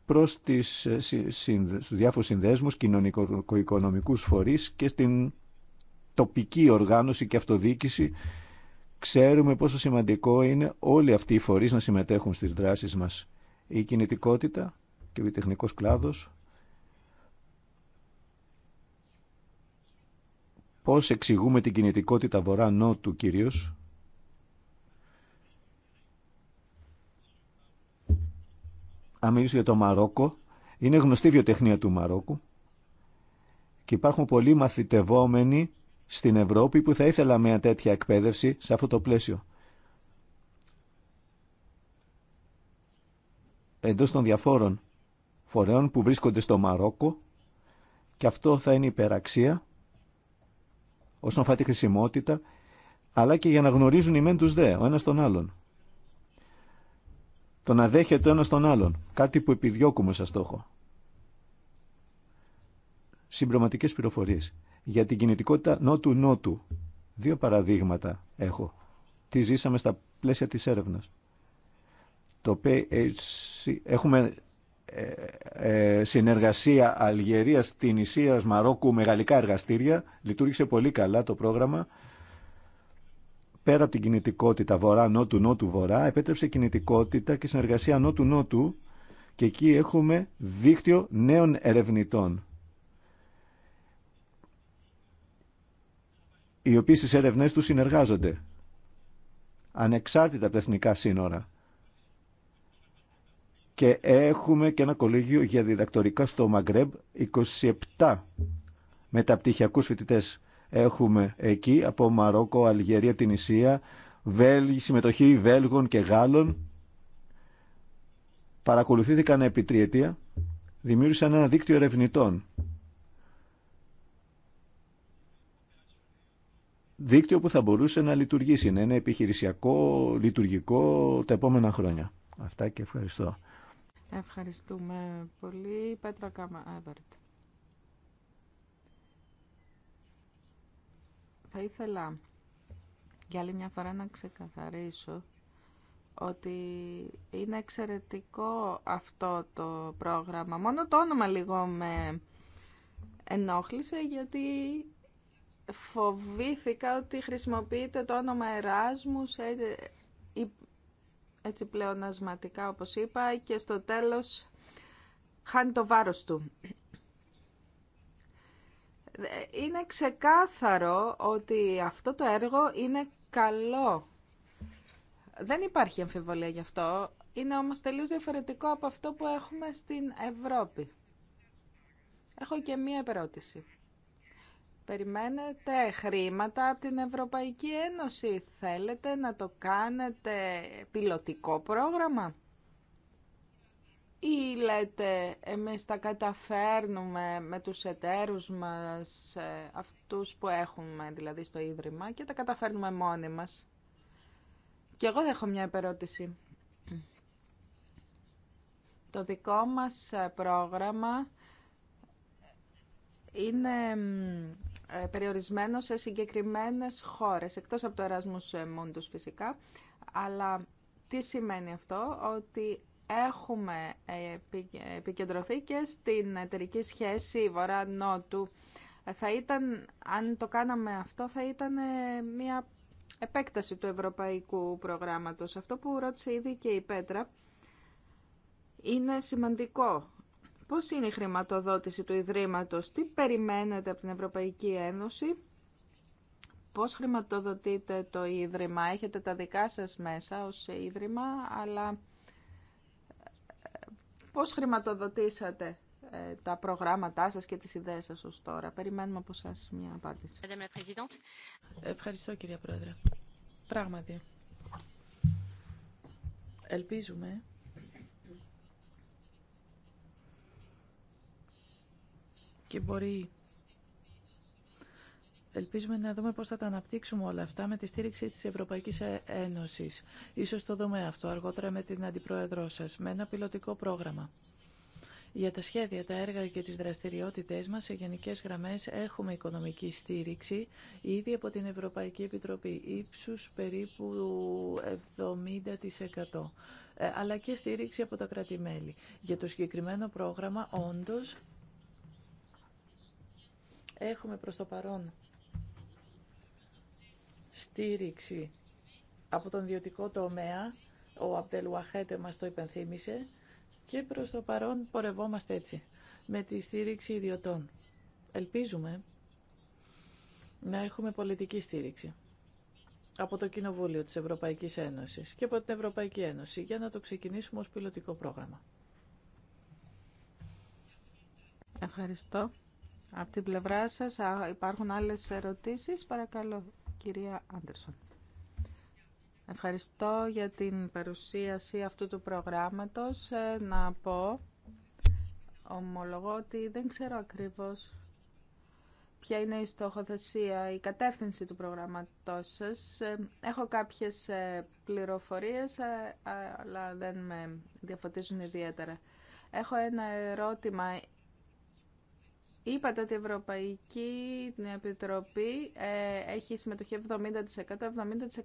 προς τις, ε, στους διάφορους συνδέσμους κοινωνικο-οικονομικούς φορείς και στην τοπική οργάνωση και αυτοδίκηση. ξέρουμε πόσο σημαντικό είναι όλοι αυτοί οι φορείς να συμμετέχουν στις δράσεις μας. Η κινητικότητα και ο τεχνικός κλάδος Πώς εξηγούμε την κινητικότητα βορρά-νότου κυρίως. Αν μιλήσω για το Μαρόκο, είναι γνωστή βιοτεχνία του Μαρόκου και υπάρχουν πολλοί μαθητευόμενοι στην Ευρώπη που θα ήθελα μια τέτοια εκπαίδευση σε αυτό το πλαίσιο. Εντός των διαφόρων φορέων που βρίσκονται στο Μαρόκο και αυτό θα είναι υπεραξία όσον αφορά τη χρησιμότητα, αλλά και για να γνωρίζουν οι μεν τους δε, ο ένας τον άλλον. Το να δέχεται ο ένας τον άλλον, κάτι που επιδιώκουμε σαν στόχο. Συμπροματικές πληροφορίες για την κινητικότητα νότου-νότου. Δύο παραδείγματα έχω. Τι ζήσαμε στα πλαίσια της έρευνας. Το PHC, έχουμε ε, ε, συνεργασία Αλγερίας, Τινησίας, Μαρόκου με γαλλικά εργαστήρια. Λειτουργήσε πολύ καλά το πρόγραμμα. Πέρα από την κινητικότητα βορρά-νότου-νότου-βορρά, επέτρεψε κινητικότητα και συνεργασία νότου-νότου και εκεί έχουμε δίκτυο νέων ερευνητών. οι οποίοι στις έρευνές του συνεργάζονται, ανεξάρτητα από τα εθνικά σύνορα και έχουμε και ένα κολέγιο για διδακτορικά στο Μαγκρέμπ, 27 μεταπτυχιακούς φοιτητέ. έχουμε εκεί από Μαρόκο, Αλγερία, την Ισία, Βέλγη, συμμετοχή Βέλγων και Γάλλων. Παρακολουθήθηκαν επί τριετία, δημιούργησαν ένα δίκτυο ερευνητών. Δίκτυο που θα μπορούσε να λειτουργήσει, να είναι επιχειρησιακό, λειτουργικό τα επόμενα χρόνια. Αυτά και ευχαριστώ. Ευχαριστούμε πολύ. Πέτρα Κάμα Έβερτ. Θα ήθελα για άλλη μια φορά να ξεκαθαρίσω ότι είναι εξαιρετικό αυτό το πρόγραμμα. Μόνο το όνομα λίγο με ενόχλησε γιατί φοβήθηκα ότι χρησιμοποιείται το όνομα Εράσμους έτσι πλεονασματικά όπως είπα και στο τέλος χάνει το βάρος του. Είναι ξεκάθαρο ότι αυτό το έργο είναι καλό. Δεν υπάρχει αμφιβολία γι' αυτό. Είναι όμως τελείως διαφορετικό από αυτό που έχουμε στην Ευρώπη. Έχω και μία ερώτηση. Περιμένετε χρήματα από την Ευρωπαϊκή Ένωση. Θέλετε να το κάνετε πιλωτικό πρόγραμμα. Ή λέτε εμείς τα καταφέρνουμε με τους εταίρους μας, ε, αυτούς που έχουμε δηλαδή στο Ίδρυμα και τα καταφέρνουμε μόνοι μας. Και εγώ έχω μια επερώτηση. Το δικό μας ε, πρόγραμμα είναι ε, περιορισμένο σε συγκεκριμένες χώρες, εκτός από το Erasmus Mundus φυσικά. Αλλά τι σημαίνει αυτό, ότι έχουμε ε, επικεντρωθεί και στην εταιρική σχέση βορρά-νότου. Ε, θα ήταν, αν το κάναμε αυτό, θα ήταν μια επέκταση του ευρωπαϊκού προγράμματος. Αυτό που ρώτησε ήδη και η Πέτρα είναι σημαντικό Πώς είναι η χρηματοδότηση του Ιδρύματος, τι περιμένετε από την Ευρωπαϊκή Ένωση, πώς χρηματοδοτείτε το Ίδρυμα, έχετε τα δικά σας μέσα ως Ίδρυμα, αλλά ε, πώς χρηματοδοτήσατε ε, τα προγράμματά σας και τις ιδέες σας ως τώρα. Περιμένουμε από σας μια απάντηση. Ευχαριστώ κυρία Πρόεδρε. Πράγματι. Ελπίζουμε και μπορεί Ελπίζουμε να δούμε πώς θα τα αναπτύξουμε όλα αυτά με τη στήριξη της Ευρωπαϊκής ε- Ένωσης. Ίσως το δούμε αυτό αργότερα με την Αντιπρόεδρό σας, με ένα πιλωτικό πρόγραμμα. Για τα σχέδια, τα έργα και τις δραστηριότητές μας σε γενικές γραμμές έχουμε οικονομική στήριξη ήδη από την Ευρωπαϊκή Επιτροπή ύψους περίπου 70% ε, αλλά και στήριξη από τα κράτη-μέλη. Για το συγκεκριμένο πρόγραμμα, όντως, Έχουμε προς το παρόν στήριξη από τον ιδιωτικό τομέα, ο Απτελουαχέτε μας το υπενθύμησε, και προς το παρόν πορευόμαστε έτσι, με τη στήριξη ιδιωτών. Ελπίζουμε να έχουμε πολιτική στήριξη από το Κοινοβούλιο της Ευρωπαϊκής Ένωσης και από την Ευρωπαϊκή Ένωση για να το ξεκινήσουμε ως πιλωτικό πρόγραμμα. Ευχαριστώ. Από την πλευρά σας υπάρχουν άλλες ερωτήσεις. Παρακαλώ, κυρία Άντερσον. Ευχαριστώ για την παρουσίαση αυτού του προγράμματος. Ε, να πω, ομολογώ ότι δεν ξέρω ακριβώς ποια είναι η στόχοθεσία, η κατεύθυνση του προγραμματός σας. Ε, έχω κάποιες ε, πληροφορίες, αλλά δεν με διαφωτίζουν ιδιαίτερα. Έχω ένα ερώτημα. Είπατε ότι η Ευρωπαϊκή την Επιτροπή ε, έχει συμμετοχή 70%.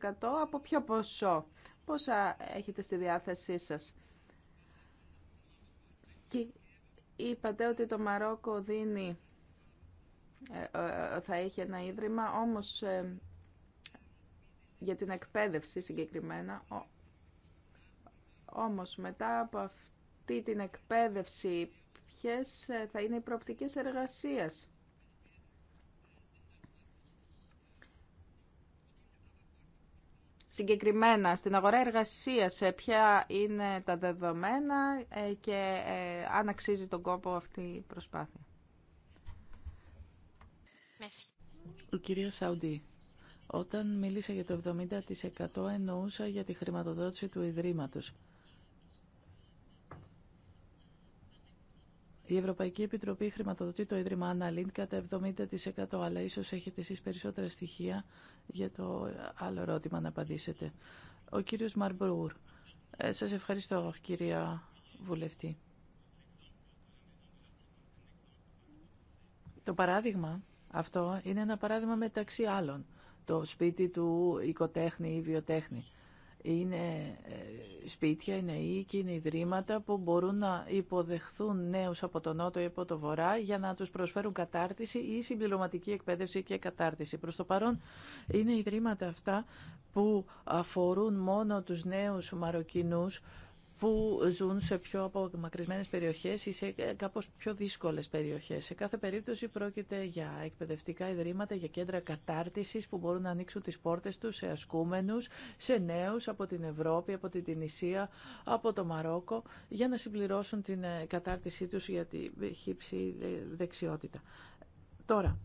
70% από ποιο ποσό. Πόσα έχετε στη διάθεσή σας. Και είπατε ότι το Μαρόκο δίνει, ε, ε, θα έχει ένα ίδρυμα, όμως για την εκπαίδευση συγκεκριμένα. Όμως μετά από αυτή την εκπαίδευση ποιες ε, θα είναι οι προοπτικές εργασίας. Συγκεκριμένα στην αγορά εργασίας ε, ποια είναι τα δεδομένα ε, και αν αξίζει τον κόπο αυτή η προσπάθεια. κυρία Σαουντή, όταν μίλησα για το 70% εννοούσα για τη χρηματοδότηση του Ιδρύματος. Η Ευρωπαϊκή Επιτροπή χρηματοδοτεί το Ίδρυμα Αναλίντ κατά 70%, αλλά ίσως έχετε εσείς περισσότερα στοιχεία για το άλλο ερώτημα να απαντήσετε. Ο κύριος Μαρμπρούρ. Ε, σας ευχαριστώ, κυρία Βουλευτή. Το παράδειγμα αυτό είναι ένα παράδειγμα μεταξύ άλλων. Το σπίτι του οικοτέχνη ή βιοτέχνη είναι ε, σπίτια, είναι οίκοι, είναι ιδρύματα που μπορούν να υποδεχθούν νέους από τον Νότο ή από το Βορρά για να τους προσφέρουν κατάρτιση ή συμπληρωματική εκπαίδευση και κατάρτιση. Προς το παρόν είναι ιδρύματα αυτά που αφορούν μόνο τους νέους Μαροκινούς που ζουν σε πιο απομακρυσμένες περιοχές ή σε κάπως πιο δύσκολες περιοχές. Σε κάθε περίπτωση πρόκειται για εκπαιδευτικά ιδρύματα, για κέντρα κατάρτισης που μπορούν να ανοίξουν τις πόρτες τους σε ασκούμενους, σε νέους από την Ευρώπη, από την Τινησία, από το Μαρόκο, για να συμπληρώσουν την ε, κατάρτισή τους για τη χύψη ε, δεξιότητα. Τώρα,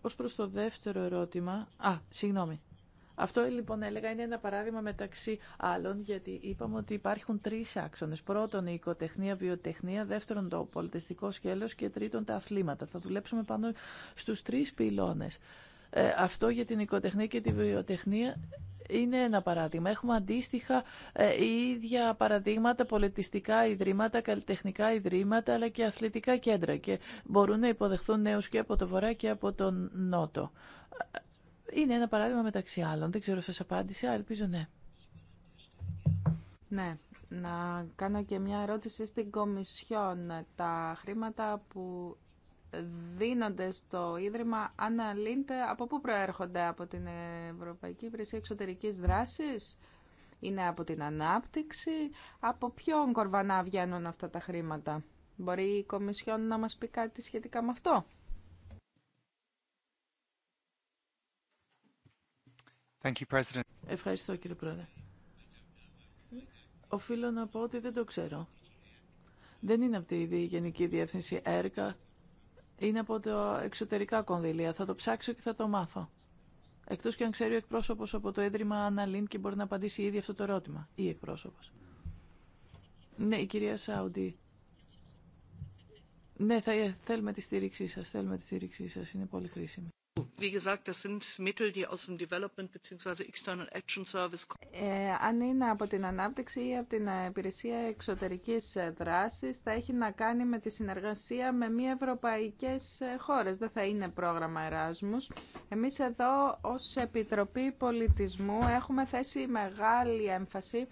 ως προς το δεύτερο ερώτημα... Α, συγγνώμη. Αυτό λοιπόν έλεγα είναι ένα παράδειγμα μεταξύ άλλων, γιατί είπαμε ότι υπάρχουν τρει άξονε. Πρώτον, η οικοτεχνία, βιοτεχνία. Δεύτερον, το πολιτιστικό σκέλο. Και τρίτον, τα αθλήματα. Θα δουλέψουμε πάνω στου τρει πυλώνε. Ε, αυτό για την οικοτεχνία και τη βιοτεχνία είναι ένα παράδειγμα. Έχουμε αντίστοιχα ε, ίδια παραδείγματα, πολιτιστικά ιδρύματα, καλλιτεχνικά ιδρύματα, αλλά και αθλητικά κέντρα και μπορούν να υποδεχθούν νέου και από το βορρά και από τον νότο. Είναι ένα παράδειγμα μεταξύ άλλων. Δεν ξέρω σας απάντησα, ελπίζω ναι. Ναι, να κάνω και μια ερώτηση στην Κομισιόν. Τα χρήματα που δίνονται στο Ίδρυμα αναλύνται από πού προέρχονται, από την Ευρωπαϊκή Υπηρεσία Εξωτερικής Δράσης, είναι από την ανάπτυξη, από ποιον κορβανά βγαίνουν αυτά τα χρήματα. Μπορεί η Κομισιόν να μας πει κάτι σχετικά με αυτό. Thank you, President. Ευχαριστώ κύριε Πρόεδρε. Οφείλω να πω ότι δεν το ξέρω. Δεν είναι από τη Γενική Διεύθυνση έργα. Είναι από τα εξωτερικά κονδυλία. Θα το ψάξω και θα το μάθω. Εκτός και αν ξέρει ο εκπρόσωπος από το Ίδρυμα Αναλίν και μπορεί να απαντήσει ήδη αυτό το ερώτημα. Ή εκπρόσωπος. Ναι, η κυρία Σάουντι. Ναι, θα θέλουμε τη στήριξή σας. Θέλουμε τη στήριξή σας. Είναι πολύ χρήσιμη. Wie gesagt, Development ε, αν είναι από την ανάπτυξη ή από την ε, υπηρεσία εξωτερικής ε, δράσης, θα έχει να κάνει με τη συνεργασία με μη ευρωπαϊκές χώρες. Δεν θα είναι πρόγραμμα Εράσμους. Εμείς εδώ ως Επιτροπή Πολιτισμού έχουμε θέσει μεγάλη έμφαση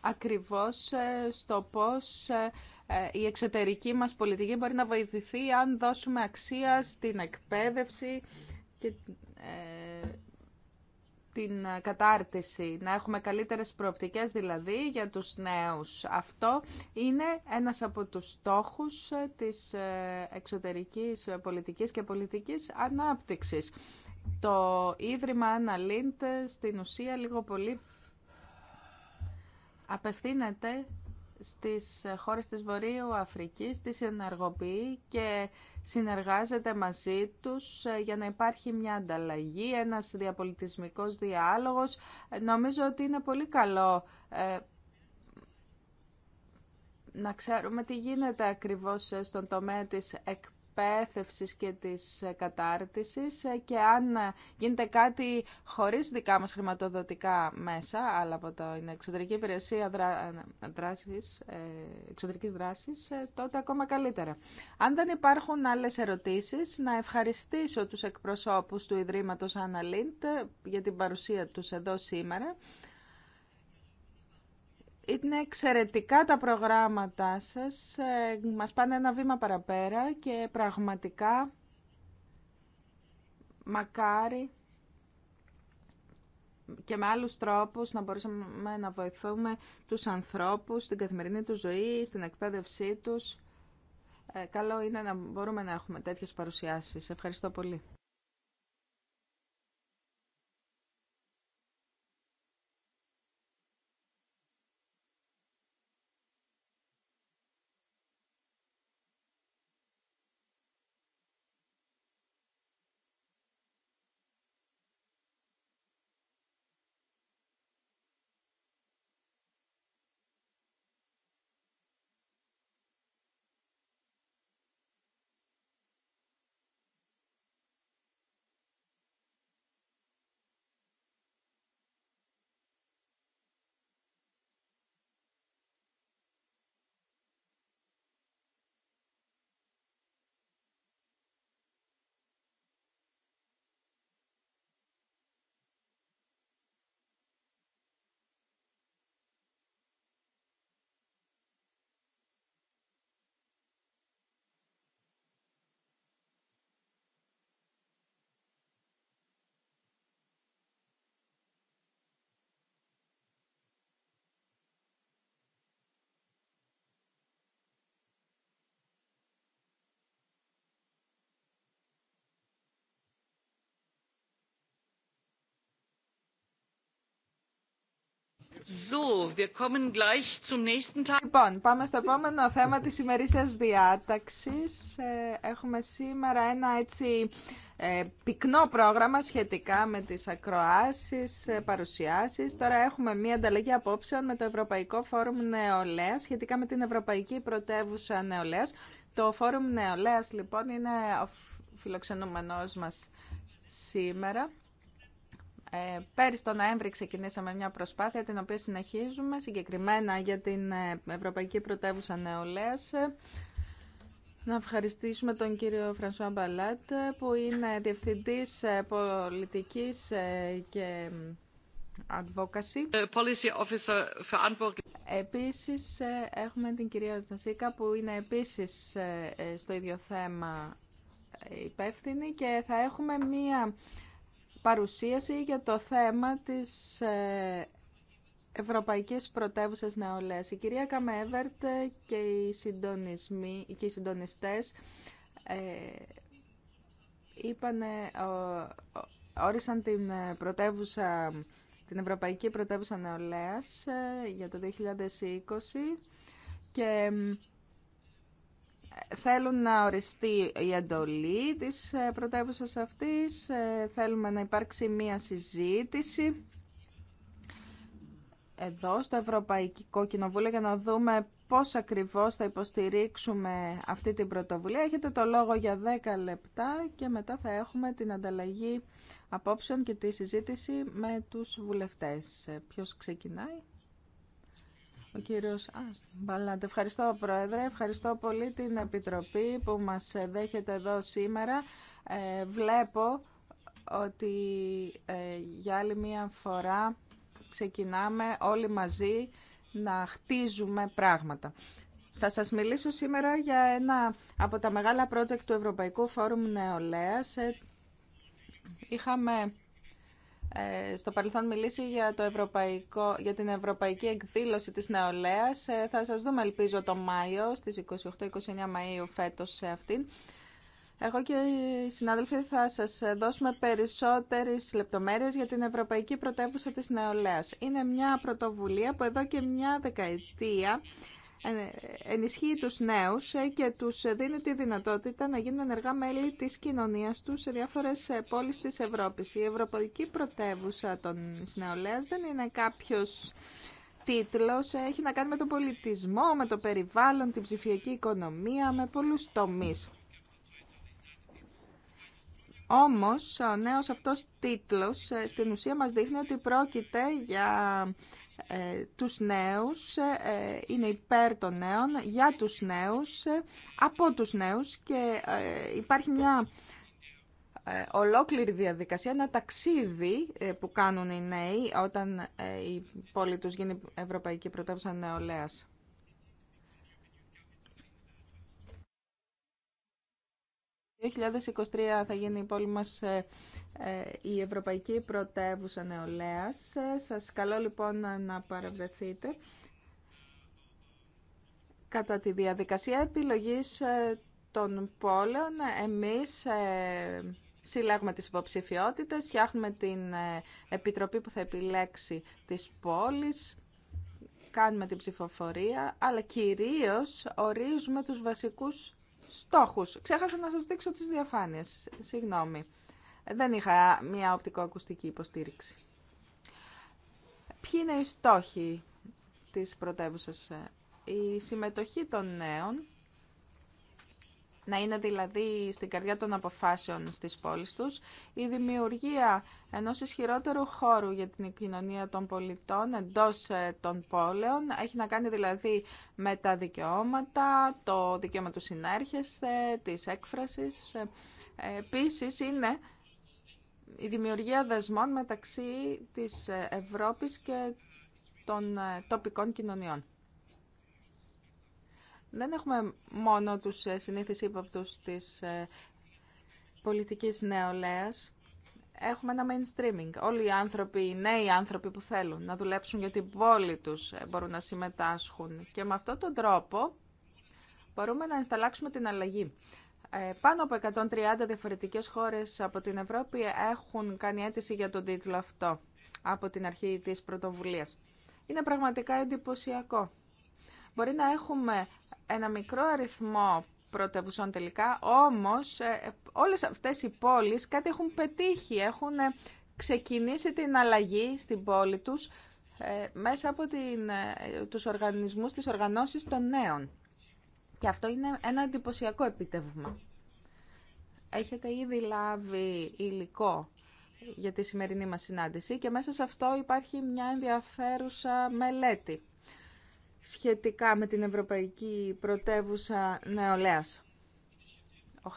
ακριβώς στο πώς η εξωτερική μας πολιτική μπορεί να βοηθηθεί αν δώσουμε αξία στην εκπαίδευση, και ε, την ε, κατάρτιση, να έχουμε καλύτερες προοπτικές δηλαδή για τους νέους. Αυτό είναι ένας από τους στόχους ε, της εξωτερικής πολιτικής και πολιτικής ανάπτυξης. Το Ίδρυμα Αναλίντ στην ουσία λίγο πολύ απευθύνεται στις χώρες της Βορείου Αφρικής, τις ενεργοποιεί και συνεργάζεται μαζί τους ε, για να υπάρχει μια ανταλλαγή, ένας διαπολιτισμικός διάλογος. Ε, νομίζω ότι είναι πολύ καλό ε, να ξέρουμε τι γίνεται ακριβώς στον τομέα της εκπαίδευσης και της κατάρτισης και αν γίνεται κάτι χωρίς δικά μας χρηματοδοτικά μέσα, αλλά από την εξωτερική υπηρεσία δράσης, ε, εξωτερικής δράσης, ε, τότε ακόμα καλύτερα. Αν δεν υπάρχουν άλλες ερωτήσεις, να ευχαριστήσω τους εκπροσώπους του Ιδρύματος Αναλίντ για την παρουσία τους εδώ σήμερα είναι εξαιρετικά τα προγράμματά σας, ε, μας πάνε ένα βήμα παραπέρα και πραγματικά μακάρι και με άλλους τρόπους να μπορούσαμε να βοηθούμε τους ανθρώπους στην καθημερινή του ζωή, στην εκπαίδευσή τους. Ε, καλό είναι να μπορούμε να έχουμε τέτοιες παρουσιάσεις. Ευχαριστώ πολύ. Λοιπόν, πάμε στο επόμενο θέμα της ημερήσιας διάταξης. Ε, έχουμε σήμερα ένα έτσι ε, πυκνό πρόγραμμα σχετικά με τις ακροάσεις, ε, παρουσιάσεις. Τώρα έχουμε μία ανταλλαγή απόψεων με το Ευρωπαϊκό Φόρουμ Νεολαίας σχετικά με την Ευρωπαϊκή Πρωτεύουσα Νεολαίας. Το Φόρουμ Νεολαίας λοιπόν είναι ο φιλοξενούμενός μας σήμερα. Ε, πέρυσι το Νοέμβρη ξεκινήσαμε μια προσπάθεια την οποία συνεχίζουμε συγκεκριμένα για την ε, Ευρωπαϊκή Πρωτεύουσα νεολαία. Να ευχαριστήσουμε τον κύριο Φρανσουά Μπαλάτ που είναι Διευθυντής ε, Πολιτικής και Advocacy. Policy Officer επίσης έχουμε την κυρία Τσασίκα που είναι επίσης στο ίδιο θέμα υπεύθυνη και θα έχουμε μία παρουσίαση για το θέμα της ε, Ευρωπαϊκής Πρωτεύουσας Νεολαίας. Η κυρία Καμέβερτ και οι, συντονισμοί, και οι συντονιστές ε, είπανε, όρισαν την ε, πρωτεύουσα την Ευρωπαϊκή Πρωτεύουσα Νεολαίας ε, για το 2020 και Θέλουν να οριστεί η εντολή της ε, πρωτεύουσα αυτής, ε, θέλουμε να υπάρξει μία συζήτηση εδώ στο Ευρωπαϊκό Κοινοβούλιο για να δούμε πώς ακριβώς θα υποστηρίξουμε αυτή την πρωτοβουλία. Έχετε το λόγο για 10 λεπτά και μετά θα έχουμε την ανταλλαγή απόψεων και τη συζήτηση με τους βουλευτές. Ε, ποιος ξεκινάει? Ο κύριος Μπαλάντε. Ευχαριστώ, Πρόεδρε. Ευχαριστώ πολύ την Επιτροπή που μας δέχεται εδώ σήμερα. Ε, βλέπω ότι ε, για άλλη μία φορά ξεκινάμε όλοι μαζί να χτίζουμε πράγματα. Θα σας μιλήσω σήμερα για ένα από τα μεγάλα project του Ευρωπαϊκού Φόρουμ Νεολαίας. Ε, είχαμε ε, στο παρελθόν μιλήσει για, το ευρωπαϊκό, για την ευρωπαϊκή εκδήλωση της νεολαίας. Ε, θα σας δούμε, ελπίζω, το Μάιο, στις 28-29 Μαΐου φέτος σε αυτήν. Εγώ και οι συνάδελφοι θα σας δώσουμε περισσότερες λεπτομέρειες για την Ευρωπαϊκή Πρωτεύουσα της Νεολαίας. Είναι μια πρωτοβουλία που εδώ και μια δεκαετία ενισχύει τους νέους ε, και τους δίνει τη δυνατότητα να γίνουν ενεργά μέλη της κοινωνίας τους σε διάφορες ε, πόλεις της Ευρώπης. Η Ευρωπαϊκή Πρωτεύουσα των Νεολαίας δεν είναι κάποιος τίτλος, έχει να κάνει με τον πολιτισμό, με το περιβάλλον, την ψηφιακή οικονομία, με πολλούς τομείς. Όμως, ο νέος αυτός τίτλος ε, στην ουσία μας δείχνει ότι πρόκειται για ε, τους νέους, ε, είναι υπέρ των νέων, για τους νέους, ε, από τους νέους και υπάρχει μια ολόκληρη διαδικασία, ένα ταξίδι που κάνουν οι νέοι όταν η πόλη τους γίνει Ευρωπαϊκή Πρωτεύουσα Νεολαίας. 2023 θα γίνει η πόλη μας ε, ε, η Ευρωπαϊκή Πρωτεύουσα Νεολαίας. Ε, σας καλώ λοιπόν να παρευρεθείτε κατά τη διαδικασία επιλογής των πόλεων. Εμείς συλλέγουμε τις υποψηφιότητες, φτιάχνουμε την επιτροπή που θα επιλέξει τις πόλεις, κάνουμε την ψηφοφορία, αλλά κυρίως ορίζουμε τους βασικούς Στόχου. Ξέχασα να σας δείξω τις διαφάνειε. Συγγνώμη. Δεν είχα μια οπτικοακουστική υποστήριξη. Ποιοι είναι οι στόχοι της πρωτεύουσα. Η συμμετοχή των νέων να είναι δηλαδή στην καρδιά των αποφάσεων στις πόλεις τους, η δημιουργία ενός ισχυρότερου χώρου για την κοινωνία των πολιτών εντός ε, των πόλεων έχει να κάνει δηλαδή με τα δικαιώματα, το δικαίωμα του συνέρχεσθε, της έκφρασης. Ε, επίσης είναι η δημιουργία δεσμών μεταξύ της ε, Ευρώπης και των τοπικών κοινωνιών δεν έχουμε μόνο τους ε, συνήθεις ύποπτους της ε, πολιτικής νεολαίας. Έχουμε ένα mainstreaming. Όλοι οι άνθρωποι, οι νέοι άνθρωποι που θέλουν να δουλέψουν για την πόλη τους ε, μπορούν να συμμετάσχουν. Και με αυτόν τον τρόπο μπορούμε να ενσταλάξουμε την αλλαγή. Πάνω από 130 διαφορετικές χώρες από την Ευρώπη έχουν κάνει αίτηση για τον τίτλο αυτό από την αρχή της πρωτοβουλίας. Είναι πραγματικά εντυπωσιακό. Μπορεί να έχουμε ένα μικρό αριθμό πρωτεύουσων τελικά, όμως ε, ε, όλες αυτές οι πόλεις κάτι έχουν πετύχει, έχουν ε, ξεκινήσει την αλλαγή στην πόλη τους μέσα από την, τους οργανισμούς τις οργανώσεις των νέων. Και αυτό είναι ένα εντυπωσιακό επιτεύγμα. Έχετε ήδη λάβει υλικό για τη σημερινή μας συνάντηση και μέσα σε αυτό υπάρχει μια ενδιαφέρουσα μελέτη σχετικά με την Ευρωπαϊκή Πρωτεύουσα Νεολαίας. 8.000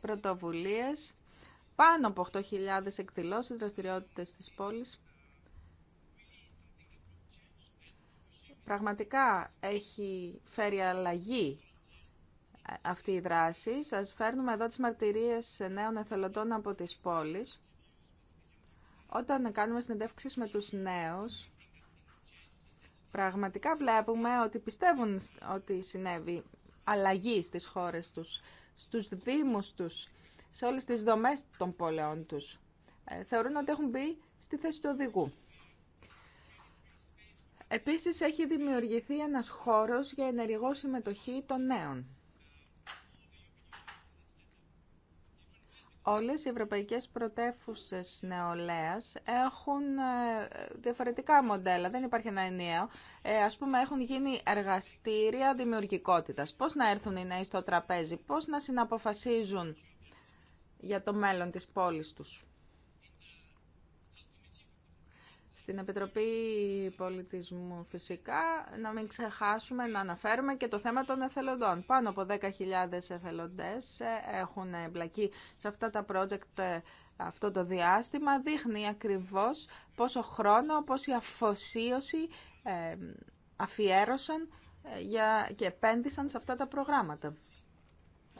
πρωτοβουλίες, πάνω από 8.000 εκδηλώσεις, δραστηριότητες της πόλης. Πραγματικά έχει φέρει αλλαγή αυτή η δράση. Σας φέρνουμε εδώ τις μαρτυρίες νέων εθελοντών από τις πόλεις. Όταν κάνουμε συνεντεύξεις με τους νέους, Πραγματικά βλέπουμε ότι πιστεύουν ότι συνέβη αλλαγή στις χώρες τους, στους δήμους τους, σε όλες τις δομές των πόλεων τους. Ε, θεωρούν ότι έχουν μπει στη θέση του οδηγού. Επίσης έχει δημιουργηθεί ένας χώρος για ενεργό συμμετοχή των νέων. Όλες οι ευρωπαϊκές πρωτεύουσες νεολαίας έχουν ε, διαφορετικά μοντέλα, δεν υπάρχει ένα ενιαίο. Ε, ας πούμε έχουν γίνει εργαστήρια δημιουργικότητας. Πώς να έρθουν οι νέοι στο τραπέζι, πώς να συναποφασίζουν για το μέλλον της πόλης τους. στην Επιτροπή Πολιτισμού φυσικά να μην ξεχάσουμε να αναφέρουμε και το θέμα των εθελοντών. Πάνω από 10.000 εθελοντές ε, έχουν εμπλακεί σε αυτά τα project ε, αυτό το διάστημα. Δείχνει ακριβώς πόσο χρόνο, πόση αφοσίωση ε, αφιέρωσαν και επένδυσαν σε αυτά τα προγράμματα.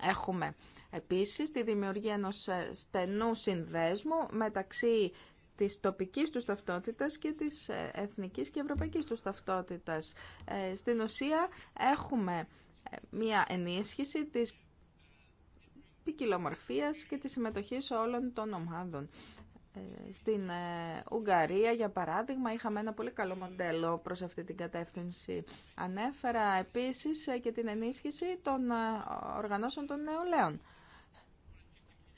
Έχουμε επίσης τη δημιουργία ενός στενού συνδέσμου μεταξύ της τοπικής τους ταυτότητας και της ε, εθνικής και ευρωπαϊκής τους ταυτότητας. Ε, στην ουσία έχουμε ε, μία ενίσχυση της ποικιλομορφίας και της συμμετοχής όλων των ομάδων. Στην Ουγγαρία, για παράδειγμα, είχαμε ένα πολύ καλό μοντέλο προς αυτή την κατεύθυνση. Ανέφερα επίσης και την ενίσχυση των οργανώσεων των νεολαίων.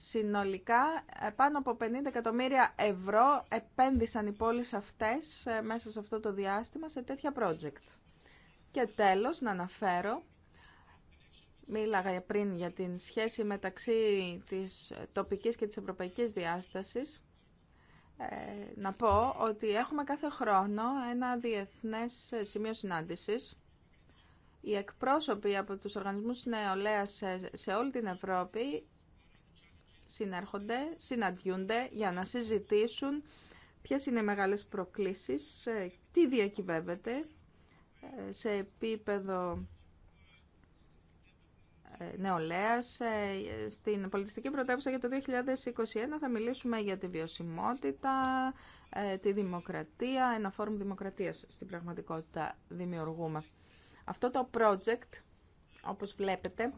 Συνολικά ε, πάνω από 50 εκατομμύρια ευρώ επένδυσαν οι πόλεις αυτές ε, μέσα σε αυτό το διάστημα σε τέτοια project. Και τέλος να αναφέρω, μίλαγα πριν για την σχέση μεταξύ της τοπικής και της ευρωπαϊκής διάστασης, ε, να πω ότι έχουμε κάθε χρόνο ένα διεθνές σημείο συνάντησης. Οι εκπρόσωποι από τους οργανισμούς νεολαίας σε όλη την Ευρώπη συνέρχονται, συναντιούνται για να συζητήσουν ποιες είναι οι μεγάλες προκλήσεις, τι διακυβεύεται σε επίπεδο ε, νεολαίας. Ε, στην πολιτιστική πρωτεύουσα για το 2021 θα μιλήσουμε για τη βιωσιμότητα, ε, τη δημοκρατία, ένα φόρουμ δημοκρατίας στην πραγματικότητα δημιουργούμε. Αυτό το project, όπως βλέπετε,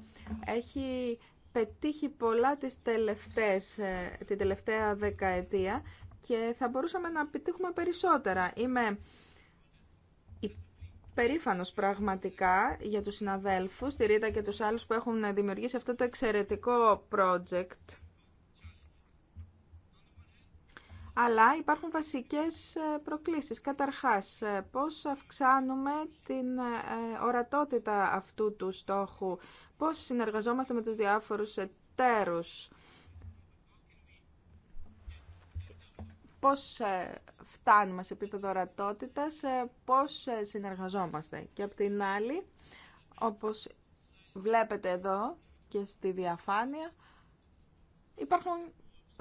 έχει πετύχει πολλά τις τελευταίες, ε, την τελευταία δεκαετία και θα μπορούσαμε να πετύχουμε περισσότερα. Είμαι περήφανος πραγματικά για τους συναδέλφους, τη Ρίτα και τους άλλους που έχουν δημιουργήσει αυτό το εξαιρετικό project Αλλά υπάρχουν βασικές ε, προκλήσεις. Καταρχάς, ε, πώς αυξάνουμε την ε, ορατότητα αυτού του στόχου, πώς συνεργαζόμαστε με τους διάφορους εταίρους, πώς φτάνουμε σε επίπεδο ορατότητας, πώς συνεργαζόμαστε. Και από την άλλη, όπως βλέπετε εδώ και στη διαφάνεια, υπάρχουν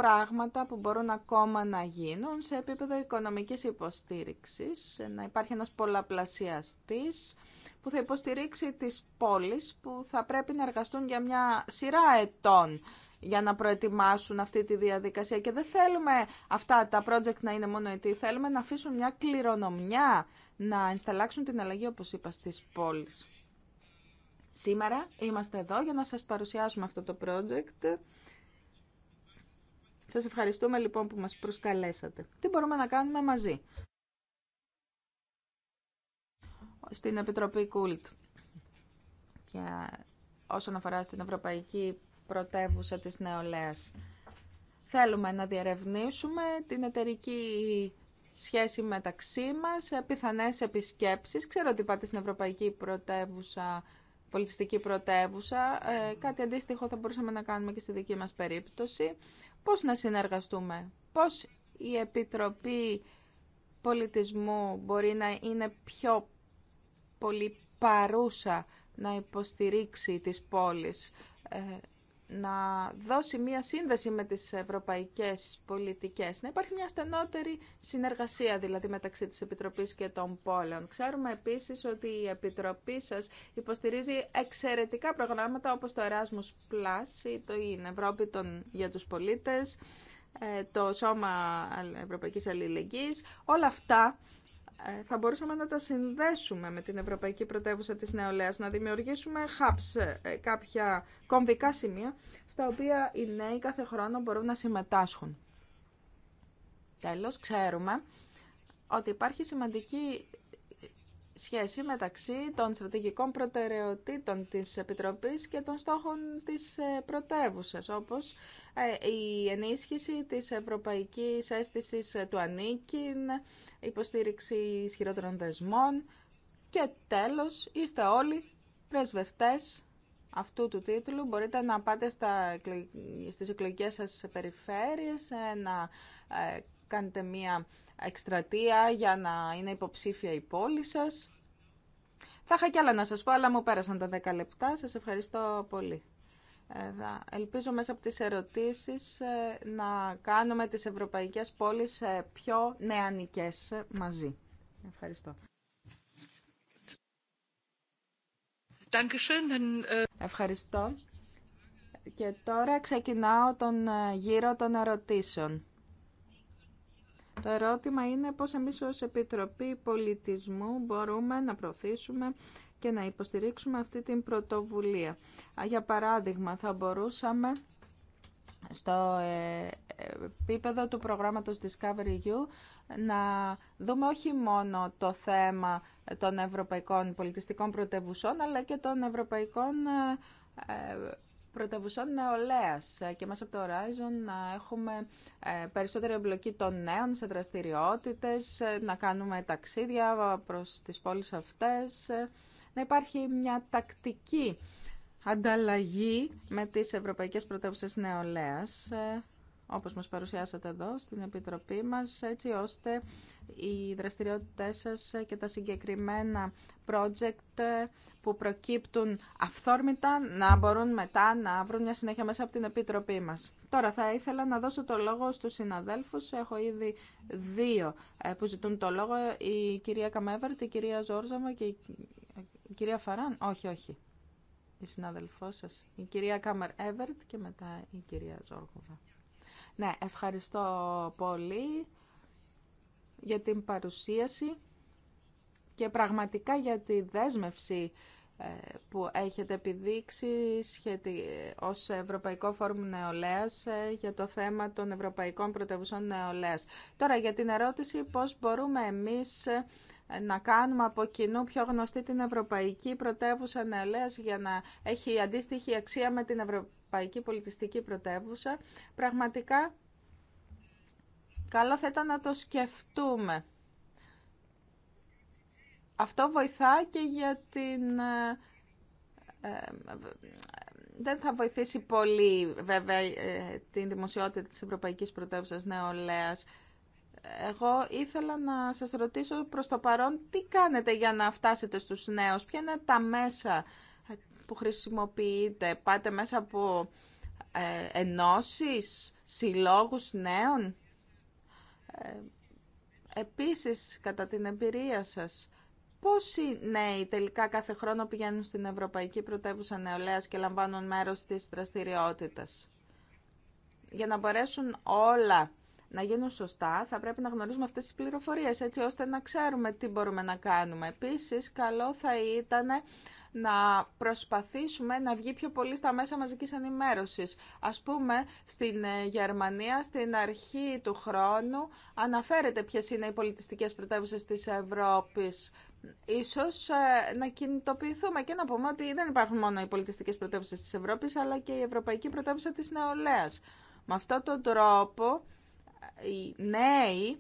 πράγματα που μπορούν ακόμα να γίνουν σε επίπεδο οικονομικής υποστήριξης, να υπάρχει ένας πολλαπλασιαστής που θα υποστηρίξει τις πόλεις που θα πρέπει να εργαστούν για μια σειρά ετών για να προετοιμάσουν αυτή τη διαδικασία και δεν θέλουμε αυτά τα project να είναι μόνο ετή, θέλουμε να αφήσουν μια κληρονομιά, να ενσταλάξουν την αλλαγή όπως είπα στις πόλεις. Σήμερα είμαστε εδώ για να σας παρουσιάσουμε αυτό το project σας ευχαριστούμε λοιπόν που μας προσκαλέσατε. Τι μπορούμε να κάνουμε μαζί. Στην Επιτροπή Κούλτ. Και όσον αφορά στην Ευρωπαϊκή Πρωτεύουσα της Νεολαίας. Θέλουμε να διαρευνήσουμε την εταιρική σχέση μεταξύ μας, πιθανές επισκέψεις. Ξέρω ότι πάτε στην Ευρωπαϊκή Πρωτεύουσα, Πολιτιστική Πρωτεύουσα. Ε, κάτι αντίστοιχο θα μπορούσαμε να κάνουμε και στη δική μας περίπτωση πώς να συνεργαστούμε, πώς η Επιτροπή Πολιτισμού μπορεί να είναι πιο πολύ παρούσα να υποστηρίξει τις πόλεις ε, να δώσει μία σύνδεση με τις ευρωπαϊκές πολιτικές, να υπάρχει μια στενότερη συνεργασία δηλαδή μεταξύ της Επιτροπής και των πόλεων. Ξέρουμε επίσης ότι η Επιτροπή σας υποστηρίζει εξαιρετικά προγράμματα όπως το Erasmus Plus το Ευρώπη των, για τους πολίτες, ε, το Σώμα Ευρωπαϊκής Αλληλεγγύης, όλα αυτά θα μπορούσαμε να τα συνδέσουμε με την Ευρωπαϊκή Πρωτεύουσα της Νεολαίας, να δημιουργήσουμε hubs, ε, κάποια κομβικά σημεία, στα οποία οι νέοι κάθε χρόνο μπορούν να συμμετάσχουν. Τέλος, ξέρουμε ότι υπάρχει σημαντική σχέση μεταξύ των στρατηγικών προτεραιοτήτων της Επιτροπής και των στόχων της ε, πρωτεύουσας, όπως ε, η ενίσχυση της ευρωπαϊκής αίσθησης του ανήκειν, υποστήριξη ισχυρότερων δεσμών και τέλος είστε όλοι πρεσβευτές αυτού του τίτλου. Μπορείτε να πάτε στα, στις εκλογικές σας περιφέρειες, ε, να ε, κάνετε μία εκστρατεία για να είναι υποψήφια η πόλη σας. Θα είχα κι άλλα να σας πω, αλλά μου πέρασαν τα 10 λεπτά. Σας ευχαριστώ πολύ. Ελπίζω μέσα από τις ερωτήσεις ε, να κάνουμε τις ευρωπαϊκές πόλεις ε, πιο νεανικές μαζί. Ευχαριστώ. Ε, Ευχαριστώ. Και τώρα ξεκινάω τον γύρο των ερωτήσεων. Το ερώτημα είναι πώς εμείς ως Επιτροπή Πολιτισμού μπορούμε να προωθήσουμε και να υποστηρίξουμε αυτή την πρωτοβουλία. Για παράδειγμα, θα μπορούσαμε στο ε, επίπεδο του προγράμματος Discovery U να δούμε όχι μόνο το θέμα των ευρωπαϊκών πολιτιστικών πρωτεύουσών, αλλά και των ευρωπαϊκών ε, ε, πρωτεύουσών νεολαίας. Και μέσα από το Horizon να έχουμε περισσότερη εμπλοκή των νέων σε δραστηριότητες, να κάνουμε ταξίδια προς τις πόλεις αυτές να υπάρχει μια τακτική ανταλλαγή με τις Ευρωπαϊκές Πρωτεύουσες Νεολαίας ε, όπως μας παρουσιάσατε εδώ στην Επιτροπή μας, έτσι ώστε οι δραστηριότητές σας και τα συγκεκριμένα project ε, που προκύπτουν αυθόρμητα να μπορούν μετά να βρουν μια συνέχεια μέσα από την Επιτροπή μας. Τώρα θα ήθελα να δώσω το λόγο στους συναδέλφους. Έχω ήδη δύο ε, που ζητούν το λόγο, η κυρία Καμέβερτ, η κυρία Ζόρζαμα και κυρία Φαράν, όχι, όχι. Η συνάδελφό σα. Η κυρία Κάμερ Έβερτ και μετά η κυρία Ζόρκοβα. Ναι, ευχαριστώ πολύ για την παρουσίαση και πραγματικά για τη δέσμευση ε, που έχετε επιδείξει σχετι... ως Ευρωπαϊκό Φόρουμ Νεολαίας ε, για το θέμα των Ευρωπαϊκών Πρωτεύουσων Νεολαίας. Τώρα για την ερώτηση πώς μπορούμε εμείς ε, να κάνουμε από κοινού πιο γνωστή την Ευρωπαϊκή Πρωτεύουσα Νεολαίας για να έχει αντίστοιχη αξία με την Ευρωπαϊκή Πολιτιστική Πρωτεύουσα. Πραγματικά, καλό θα ήταν να το σκεφτούμε. Αυτό βοηθά και για την... Ε, ε, δεν θα βοηθήσει πολύ, βέβαια, ε, την δημοσιότητα της Ευρωπαϊκής Πρωτεύουσας Νεολαίας εγώ ήθελα να σας ρωτήσω προς το παρόν τι κάνετε για να φτάσετε στους νέους, ποια είναι τα μέσα που χρησιμοποιείτε, πάτε μέσα από ε, ενώσεις, συλλόγους νέων. Ε, επίσης, κατά την εμπειρία σας, πόσοι νέοι τελικά κάθε χρόνο πηγαίνουν στην Ευρωπαϊκή Πρωτεύουσα Νεολαίας και λαμβάνουν μέρος της δραστηριότητας, για να μπορέσουν όλα να γίνουν σωστά, θα πρέπει να γνωρίζουμε αυτές τις πληροφορίες, έτσι ώστε να ξέρουμε τι μπορούμε να κάνουμε. Επίσης, καλό θα ήταν να προσπαθήσουμε να βγει πιο πολύ στα μέσα μαζικής ενημέρωσης. Ας πούμε, στην ε, Γερμανία, στην αρχή του χρόνου, αναφέρεται ποιες είναι οι πολιτιστικές πρωτεύουσες της Ευρώπης. Ίσως ε, να κινητοποιηθούμε και να πούμε ότι δεν υπάρχουν μόνο οι πολιτιστικές πρωτεύουσες της Ευρώπης, αλλά και η Ευρωπαϊκή Πρωτεύουσα της Νεολαίας. Με αυτόν τον τρόπο οι νέοι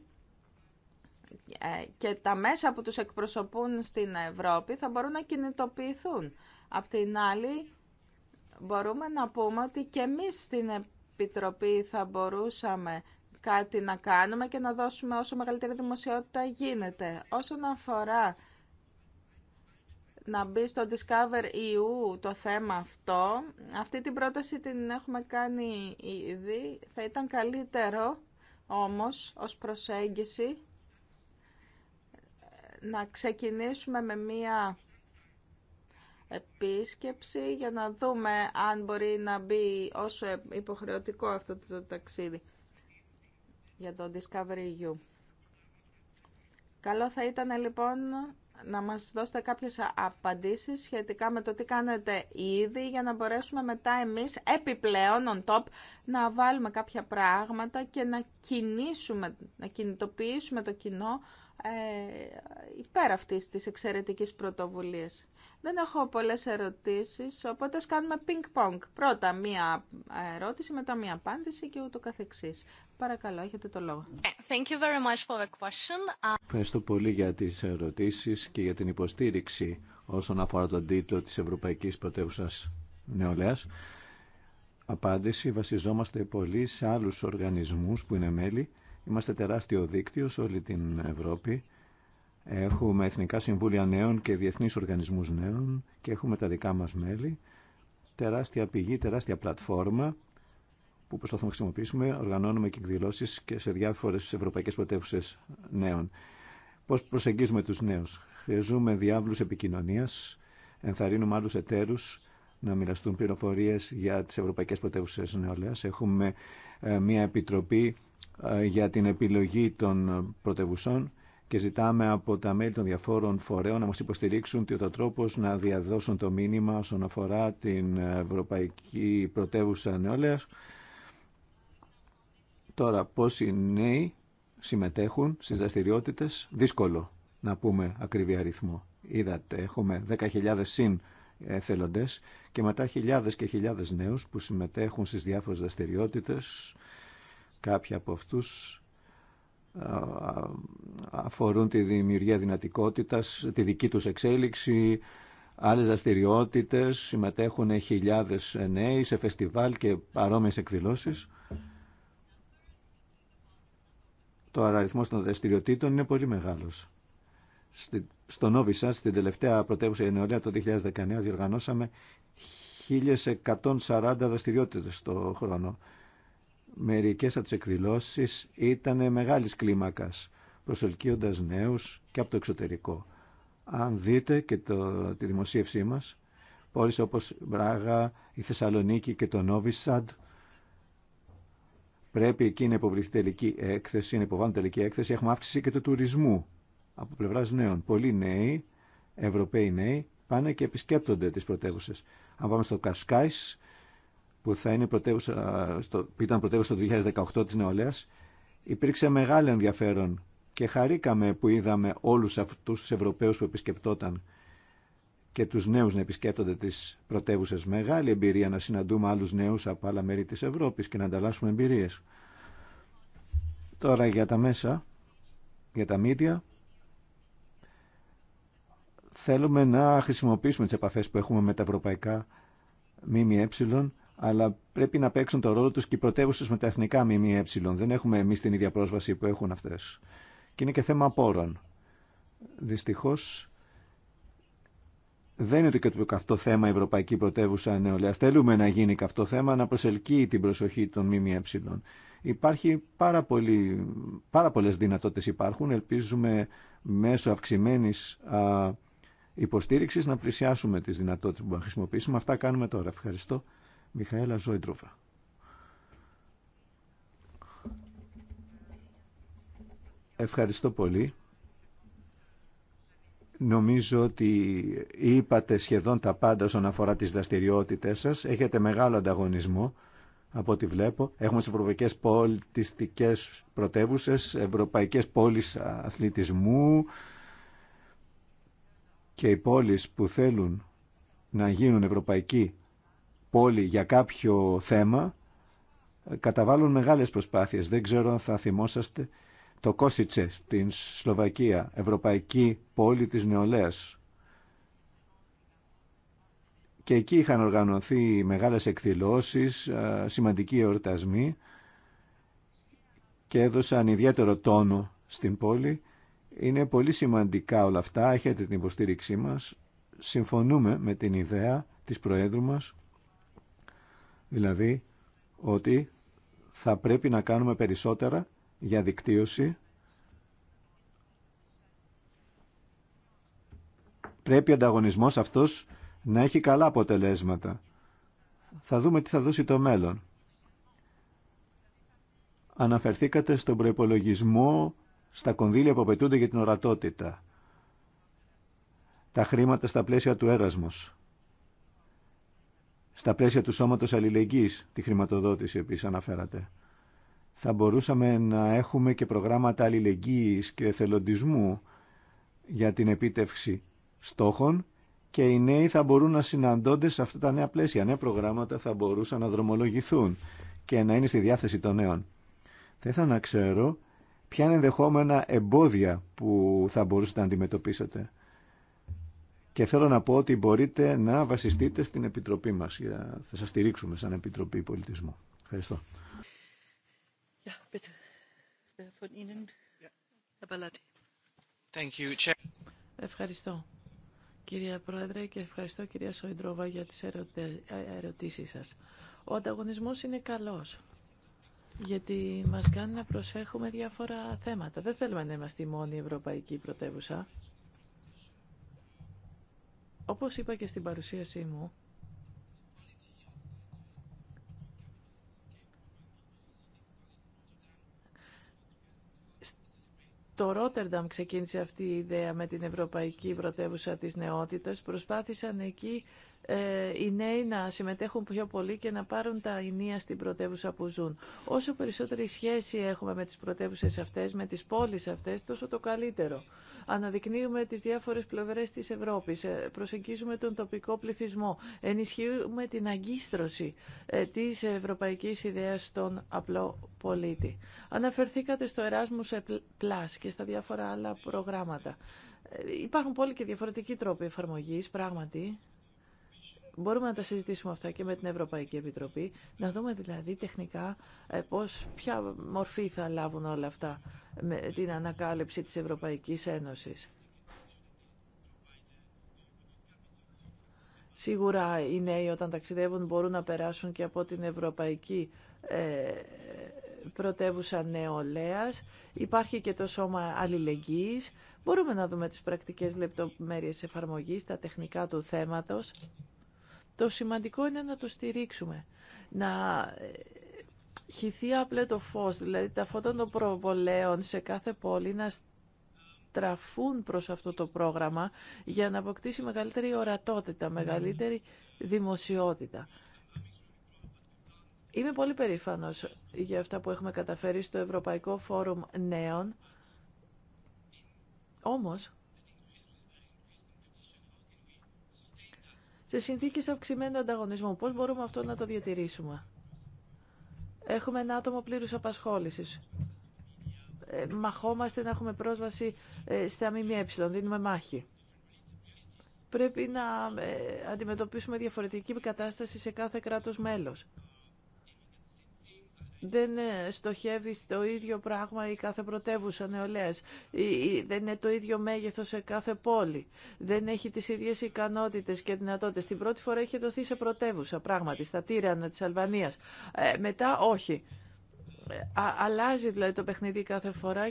ε, και τα μέσα που τους εκπροσωπούν στην Ευρώπη θα μπορούν να κινητοποιηθούν. Απ' την άλλη, μπορούμε να πούμε ότι και εμείς στην Επιτροπή θα μπορούσαμε κάτι να κάνουμε και να δώσουμε όσο μεγαλύτερη δημοσιότητα γίνεται. Όσον αφορά να μπει στο Discover EU το θέμα αυτό, αυτή την πρόταση την έχουμε κάνει ήδη, θα ήταν καλύτερο όμως ως προσέγγιση να ξεκινήσουμε με μία επίσκεψη για να δούμε αν μπορεί να μπει όσο υποχρεωτικό αυτό το ταξίδι για το Discovery U. Καλό θα ήταν λοιπόν να μας δώσετε κάποιες απαντήσεις σχετικά με το τι κάνετε ήδη για να μπορέσουμε μετά εμείς επιπλέον on top να βάλουμε κάποια πράγματα και να κινήσουμε, να κινητοποιήσουμε το κοινό ε, υπέρ αυτής της εξαιρετικής πρωτοβουλίας. Δεν έχω πολλές ερωτήσεις, οπότε κάνουμε ping-pong. Πρώτα μία ερώτηση, μετά μία απάντηση και ούτω καθεξής. Παρακαλώ, έχετε το λόγο. Thank you very much for the question. Uh, Ευχαριστώ πολύ για τις ερωτήσεις και για την υποστήριξη όσον αφορά τον τίτλο της Ευρωπαϊκής Πρωτεύουσα Νεολαίας. Απάντηση, βασιζόμαστε πολύ σε άλλους οργανισμούς που είναι μέλη. Είμαστε τεράστιο δίκτυο σε όλη την Ευρώπη. Έχουμε Εθνικά Συμβούλια Νέων και Διεθνείς Οργανισμούς Νέων και έχουμε τα δικά μας μέλη. Τεράστια πηγή, τεράστια πλατφόρμα που προσπαθούμε να χρησιμοποιήσουμε. Οργανώνουμε και εκδηλώσει και σε διάφορε ευρωπαϊκέ πρωτεύουσε νέων. Πώ προσεγγίζουμε του νέου. Χρειαζούμε διάβλου επικοινωνία, ενθαρρύνουμε άλλου εταίρου να μοιραστούν πληροφορίε για τι ευρωπαϊκέ πρωτεύουσε νεολαία. Έχουμε ε, μια επιτροπή ε, για την επιλογή των πρωτεύουσών και ζητάμε από τα μέλη των διαφόρων φορέων να μας υποστηρίξουν ότι ο τρόπος να διαδώσουν το μήνυμα όσον αφορά την Ευρωπαϊκή Πρωτεύουσα Νεόλεας Τώρα, πόσοι νέοι συμμετέχουν στις δραστηριότητε δύσκολο να πούμε ακριβή αριθμό. Είδατε, έχουμε 10.000 συν εθελοντέ και μετά χιλιάδε και χιλιάδες νέους που συμμετέχουν στις διάφορες δραστηριότητε. Κάποιοι από αυτούς αφορούν τη δημιουργία δυνατικότητας, τη δική τους εξέλιξη, άλλες δραστηριότητε συμμετέχουν χιλιάδες νέοι σε φεστιβάλ και παρόμοιες εκδηλώσεις. το αριθμό των δραστηριοτήτων είναι πολύ μεγάλος. Στο Νόβι στην τελευταία πρωτεύουσα Ιανουαρία το 2019, διοργανώσαμε 1.140 δραστηριότητε το χρόνο. Μερικές από τι εκδηλώσεις ήταν μεγάλη κλίμακα, προσελκύοντα νέου και από το εξωτερικό. Αν δείτε και το, τη δημοσίευσή μας, όπω όπως Μπράγα, η Θεσσαλονίκη και το Νόβι Πρέπει εκεί να υποβληθεί τελική έκθεση, να υποβάλουν τελική έκθεση. Έχουμε αύξηση και του τουρισμού από πλευρά νέων. Πολλοί νέοι, Ευρωπαίοι νέοι, πάνε και επισκέπτονται τι πρωτεύουσε. Αν πάμε στο Κασκάι, που θα είναι πρωτεύουσα, στο, ήταν πρωτεύουσα το 2018 τη νεολαία, υπήρξε μεγάλο ενδιαφέρον και χαρήκαμε που είδαμε όλου αυτού του Ευρωπαίου που επισκεπτόταν και τους νέους να επισκέπτονται τις πρωτεύουσε Μεγάλη εμπειρία να συναντούμε άλλους νέους από άλλα μέρη της Ευρώπης και να ανταλλάσσουμε εμπειρίες. Τώρα για τα μέσα, για τα μίδια, θέλουμε να χρησιμοποιήσουμε τις επαφές που έχουμε με τα ευρωπαϊκά ΜΜΕ, αλλά πρέπει να παίξουν το ρόλο τους και οι πρωτεύουσε με τα εθνικά ΜΜΕ. Δεν έχουμε εμείς την ίδια πρόσβαση που έχουν αυτές. Και είναι και θέμα πόρων. Δυστυχώς, δεν είναι το καυτό θέμα η Ευρωπαϊκή Πρωτεύουσα Νεολαία. Θέλουμε να γίνει καυτό θέμα, να προσελκύει την προσοχή των ΜΜΕ. Υπάρχει πάρα, πολύ, πάρα πολλές δυνατότητες υπάρχουν. Ελπίζουμε μέσω αυξημένης υποστήριξη υποστήριξης να πλησιάσουμε τις δυνατότητες που να χρησιμοποιήσουμε. Αυτά κάνουμε τώρα. Ευχαριστώ. Μιχαέλα Ζόιντροφα. Ευχαριστώ πολύ. Νομίζω ότι είπατε σχεδόν τα πάντα όσον αφορά τις δραστηριότητες σας. Έχετε μεγάλο ανταγωνισμό από ό,τι βλέπω. Έχουμε στις ευρωπαϊκές πολιτιστικές πρωτεύουσες, ευρωπαϊκές πόλεις αθλητισμού και οι πόλεις που θέλουν να γίνουν ευρωπαϊκή πόλη για κάποιο θέμα καταβάλουν μεγάλες προσπάθειες. Δεν ξέρω αν θα θυμόσαστε το Κόσιτσε στην Σλοβακία, Ευρωπαϊκή Πόλη της Νεολαίας. Και εκεί είχαν οργανωθεί μεγάλες εκδηλώσεις, σημαντικοί εορτασμοί και έδωσαν ιδιαίτερο τόνο στην πόλη. Είναι πολύ σημαντικά όλα αυτά, έχετε την υποστήριξή μας. Συμφωνούμε με την ιδέα της Προέδρου μας, δηλαδή ότι θα πρέπει να κάνουμε περισσότερα για δικτύωση πρέπει ο ανταγωνισμός αυτός να έχει καλά αποτελέσματα. Θα δούμε τι θα δώσει το μέλλον. Αναφερθήκατε στον προϋπολογισμό στα κονδύλια που απαιτούνται για την ορατότητα. Τα χρήματα στα πλαίσια του έρασμος. Στα πλαίσια του σώματος αλληλεγγύης τη χρηματοδότηση επίσης αναφέρατε θα μπορούσαμε να έχουμε και προγράμματα αλληλεγγύης και εθελοντισμού για την επίτευξη στόχων και οι νέοι θα μπορούν να συναντώνται σε αυτά τα νέα πλαίσια. Νέα προγράμματα θα μπορούσαν να δρομολογηθούν και να είναι στη διάθεση των νέων. Θα ήθελα να ξέρω ποια είναι ενδεχόμενα εμπόδια που θα μπορούσατε να αντιμετωπίσετε. Και θέλω να πω ότι μπορείτε να βασιστείτε στην Επιτροπή μας. Θα σας στηρίξουμε σαν Επιτροπή Πολιτισμού. Ευχαριστώ. Ευχαριστώ. Κυρία Πρόεδρε και ευχαριστώ κυρία Σοϊντρόβα για τις ε, ε, ερωτήσεις σας. Ο ανταγωνισμός είναι καλός γιατί μας κάνει να προσέχουμε διάφορα θέματα. Δεν θέλουμε να είμαστε η μόνη ευρωπαϊκή πρωτεύουσα. Όπως είπα και στην παρουσίασή μου, το Ρότερνταμ ξεκίνησε αυτή η ιδέα με την Ευρωπαϊκή Πρωτεύουσα της Νεότητας. Προσπάθησαν εκεί ε, οι νέοι να συμμετέχουν πιο πολύ και να πάρουν τα ενία στην πρωτεύουσα που ζουν. Όσο περισσότερη σχέση έχουμε με τις πρωτεύουσες αυτές, με τις πόλεις αυτές, τόσο το καλύτερο. Αναδεικνύουμε τις διάφορες πλευρές της Ευρώπης, ε, προσεγγίζουμε τον τοπικό πληθυσμό, ενισχύουμε την αγκίστρωση ε, της ευρωπαϊκής ιδέας στον απλό πολίτη. Αναφερθήκατε στο Erasmus Plus και στα διάφορα άλλα προγράμματα. Υπάρχουν πολλοί και διαφορετικοί τρόποι εφαρμογής, πράγματι. Μπορούμε να τα συζητήσουμε αυτά και με την Ευρωπαϊκή Επιτροπή, να δούμε δηλαδή τεχνικά ε, πώς, ποια μορφή θα λάβουν όλα αυτά με την ανακάλυψη της Ευρωπαϊκής Ένωσης. Σίγουρα οι νέοι όταν ταξιδεύουν μπορούν να περάσουν και από την Ευρωπαϊκή ε, Πρωτεύουσα Νεολαίας. Υπάρχει και το Σώμα Αλληλεγγύης. Μπορούμε να δούμε τις πρακτικές λεπτομέρειες εφαρμογής, τα τεχνικά του θέματος. Το σημαντικό είναι να το στηρίξουμε, να ε, χυθεί απλέ το φως, δηλαδή τα φώτα των προβολέων σε κάθε πόλη να στραφούν προς αυτό το πρόγραμμα για να αποκτήσει μεγαλύτερη ορατότητα, ναι. μεγαλύτερη δημοσιότητα. Είμαι πολύ περήφανος για αυτά που έχουμε καταφέρει στο Ευρωπαϊκό Φόρουμ Νέων. Όμως, σε συνθήκες αυξημένου ανταγωνισμού. Πώς μπορούμε αυτό να το διατηρήσουμε. Έχουμε ένα άτομο πλήρους απασχόλησης. Ε, μαχόμαστε να έχουμε πρόσβαση ε, στα ΜΜΕ, δίνουμε μάχη. Πρέπει να ε, αντιμετωπίσουμε διαφορετική κατάσταση σε κάθε κράτος μέλος δεν ε, στοχεύει στο ίδιο πράγμα η κάθε πρωτεύουσα νεολαία. Δεν είναι το ίδιο μέγεθο σε κάθε πόλη. Δεν έχει τι ίδιε ικανότητε και δυνατότητε. Την πρώτη φορά είχε δοθεί σε πρωτεύουσα, πράγματι, στα τύρανα τη Αλβανία. Ε, μετά όχι. Ε, αλλάζει δηλαδή το παιχνίδι κάθε φορά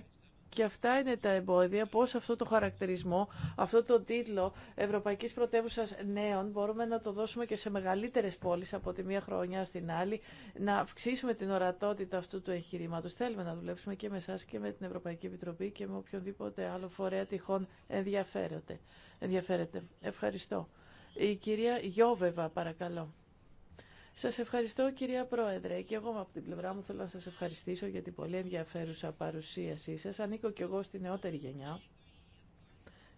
και αυτά είναι τα εμπόδια, πώς αυτό το χαρακτηρισμό, αυτό το τίτλο Ευρωπαϊκής Πρωτεύουσας Νέων μπορούμε να το δώσουμε και σε μεγαλύτερες πόλεις από τη μία χρονιά στην άλλη, να αυξήσουμε την ορατότητα αυτού του εγχειρήματος. Θέλουμε να δουλέψουμε και με εσά και με την Ευρωπαϊκή Επιτροπή και με οποιονδήποτε άλλο φορέα τυχόν ενδιαφέρεται. Ευχαριστώ. Η κυρία Γιώβεβα, παρακαλώ. Σας ευχαριστώ κυρία Πρόεδρε και εγώ από την πλευρά μου θέλω να σας ευχαριστήσω για την πολύ ενδιαφέρουσα παρουσίασή σας. Ανήκω και εγώ στη νεότερη γενιά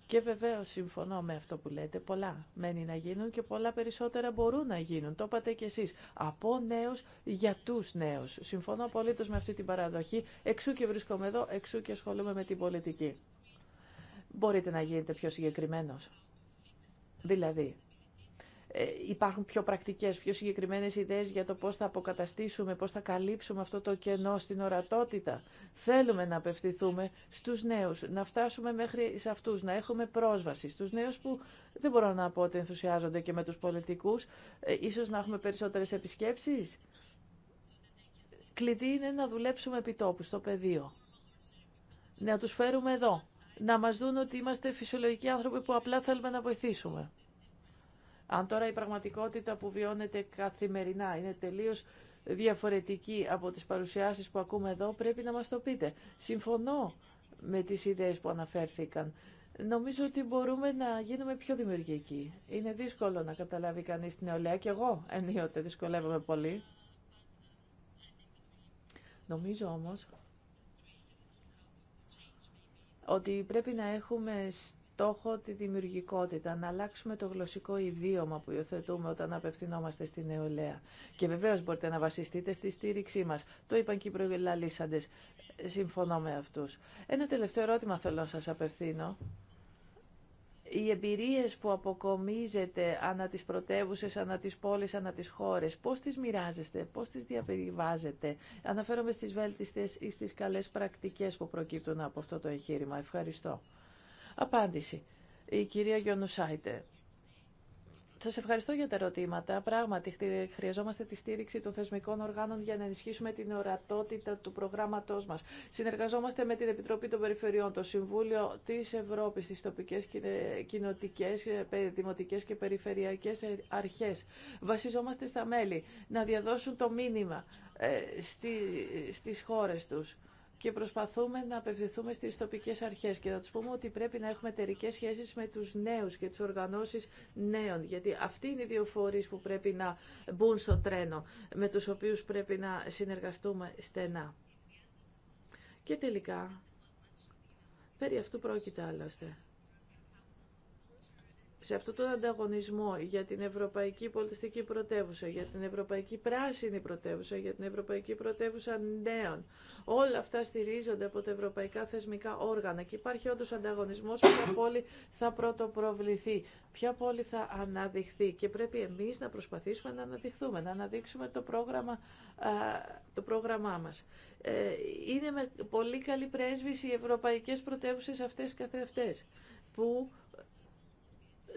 και βεβαίως συμφωνώ με αυτό που λέτε. Πολλά μένει να γίνουν και πολλά περισσότερα μπορούν να γίνουν. Το είπατε κι εσείς. Από νέους για τους νέους. Συμφωνώ απολύτως με αυτή την παραδοχή. Εξού και βρίσκομαι εδώ, εξού και ασχολούμαι με την πολιτική. Μπορείτε να γίνετε πιο συγκεκριμένος. Δηλαδή, ε, υπάρχουν πιο πρακτικές, πιο συγκεκριμένες ιδέες για το πώς θα αποκαταστήσουμε, πώς θα καλύψουμε αυτό το κενό στην ορατότητα. Θέλουμε να απευθυνθούμε στους νέους, να φτάσουμε μέχρι σε αυτούς, να έχουμε πρόσβαση στους νέους που δεν μπορώ να πω ότι ενθουσιάζονται και με τους πολιτικούς, ε, ίσως να έχουμε περισσότερες επισκέψεις. Κλειδί είναι να δουλέψουμε επιτόπου στο πεδίο. Να τους φέρουμε εδώ. Να μας δουν ότι είμαστε φυσιολογικοί άνθρωποι που απλά θέλουμε να βοηθήσουμε. Αν τώρα η πραγματικότητα που βιώνεται καθημερινά είναι τελείως διαφορετική από τις παρουσιάσεις που ακούμε εδώ, πρέπει να μας το πείτε. Συμφωνώ με τις ιδέες που αναφέρθηκαν. Νομίζω ότι μπορούμε να γίνουμε πιο δημιουργικοί. Είναι δύσκολο να καταλάβει κανείς την νεολαία και εγώ ενίοτε δυσκολεύομαι πολύ. Νομίζω όμως ότι πρέπει να έχουμε στόχο τη δημιουργικότητα, να αλλάξουμε το γλωσσικό ιδίωμα που υιοθετούμε όταν απευθυνόμαστε στη νεολαία. Και βεβαίω μπορείτε να βασιστείτε στη στήριξή μα. Το είπαν και οι προελαλήσαντε. Συμφωνώ με αυτού. Ένα τελευταίο ερώτημα θέλω να σα απευθύνω. Οι εμπειρίε που αποκομίζετε ανά τι χώρε. ανά τι πόλεις, ανά τι χωρε πω τι μοιράζεστε, πω τι διαπεριβάζετε. Αναφέρομαι στι βέλτιστες ή στι καλέ πρακτικέ που προκύπτουν από αυτό το εγχείρημα. Ευχαριστώ. Απάντηση. Η κυρία Γιονουσάιτε. Σας ευχαριστώ για τα ερωτήματα. Πράγματι, χρειαζόμαστε τη στήριξη των θεσμικών οργάνων για να ενισχύσουμε την ορατότητα του προγράμματός μας. Συνεργαζόμαστε με την Επιτροπή των Περιφερειών, το Συμβούλιο της Ευρώπης, τις τοπικές κοινοτικές, ε, δημοτικές και περιφερειακές ε, αρχές. Βασιζόμαστε στα μέλη να διαδώσουν το μήνυμα ε, στις χώρες τους και προσπαθούμε να απευθυνθούμε στις τοπικές αρχές και να τους πούμε ότι πρέπει να έχουμε εταιρικέ σχέσεις με τους νέους και τις οργανώσεις νέων, γιατί αυτοί είναι οι δύο φορείς που πρέπει να μπουν στο τρένο, με τους οποίους πρέπει να συνεργαστούμε στενά. Και τελικά, περί αυτού πρόκειται άλλωστε σε αυτόν τον ανταγωνισμό για την Ευρωπαϊκή Πολιτιστική Πρωτεύουσα, για την Ευρωπαϊκή Πράσινη Πρωτεύουσα, για την Ευρωπαϊκή Πρωτεύουσα Νέων. Όλα αυτά στηρίζονται από τα ευρωπαϊκά θεσμικά όργανα και υπάρχει όντω ανταγωνισμό ποια πόλη θα πρωτοπροβληθεί, ποια πόλη θα αναδειχθεί και πρέπει εμεί να προσπαθήσουμε να αναδειχθούμε, να αναδείξουμε το πρόγραμμα το πρόγραμμά μας. Ε, είναι με πολύ καλή πρέσβηση οι ευρωπαϊκές πρωτεύουσες αυτές καθεαυτές που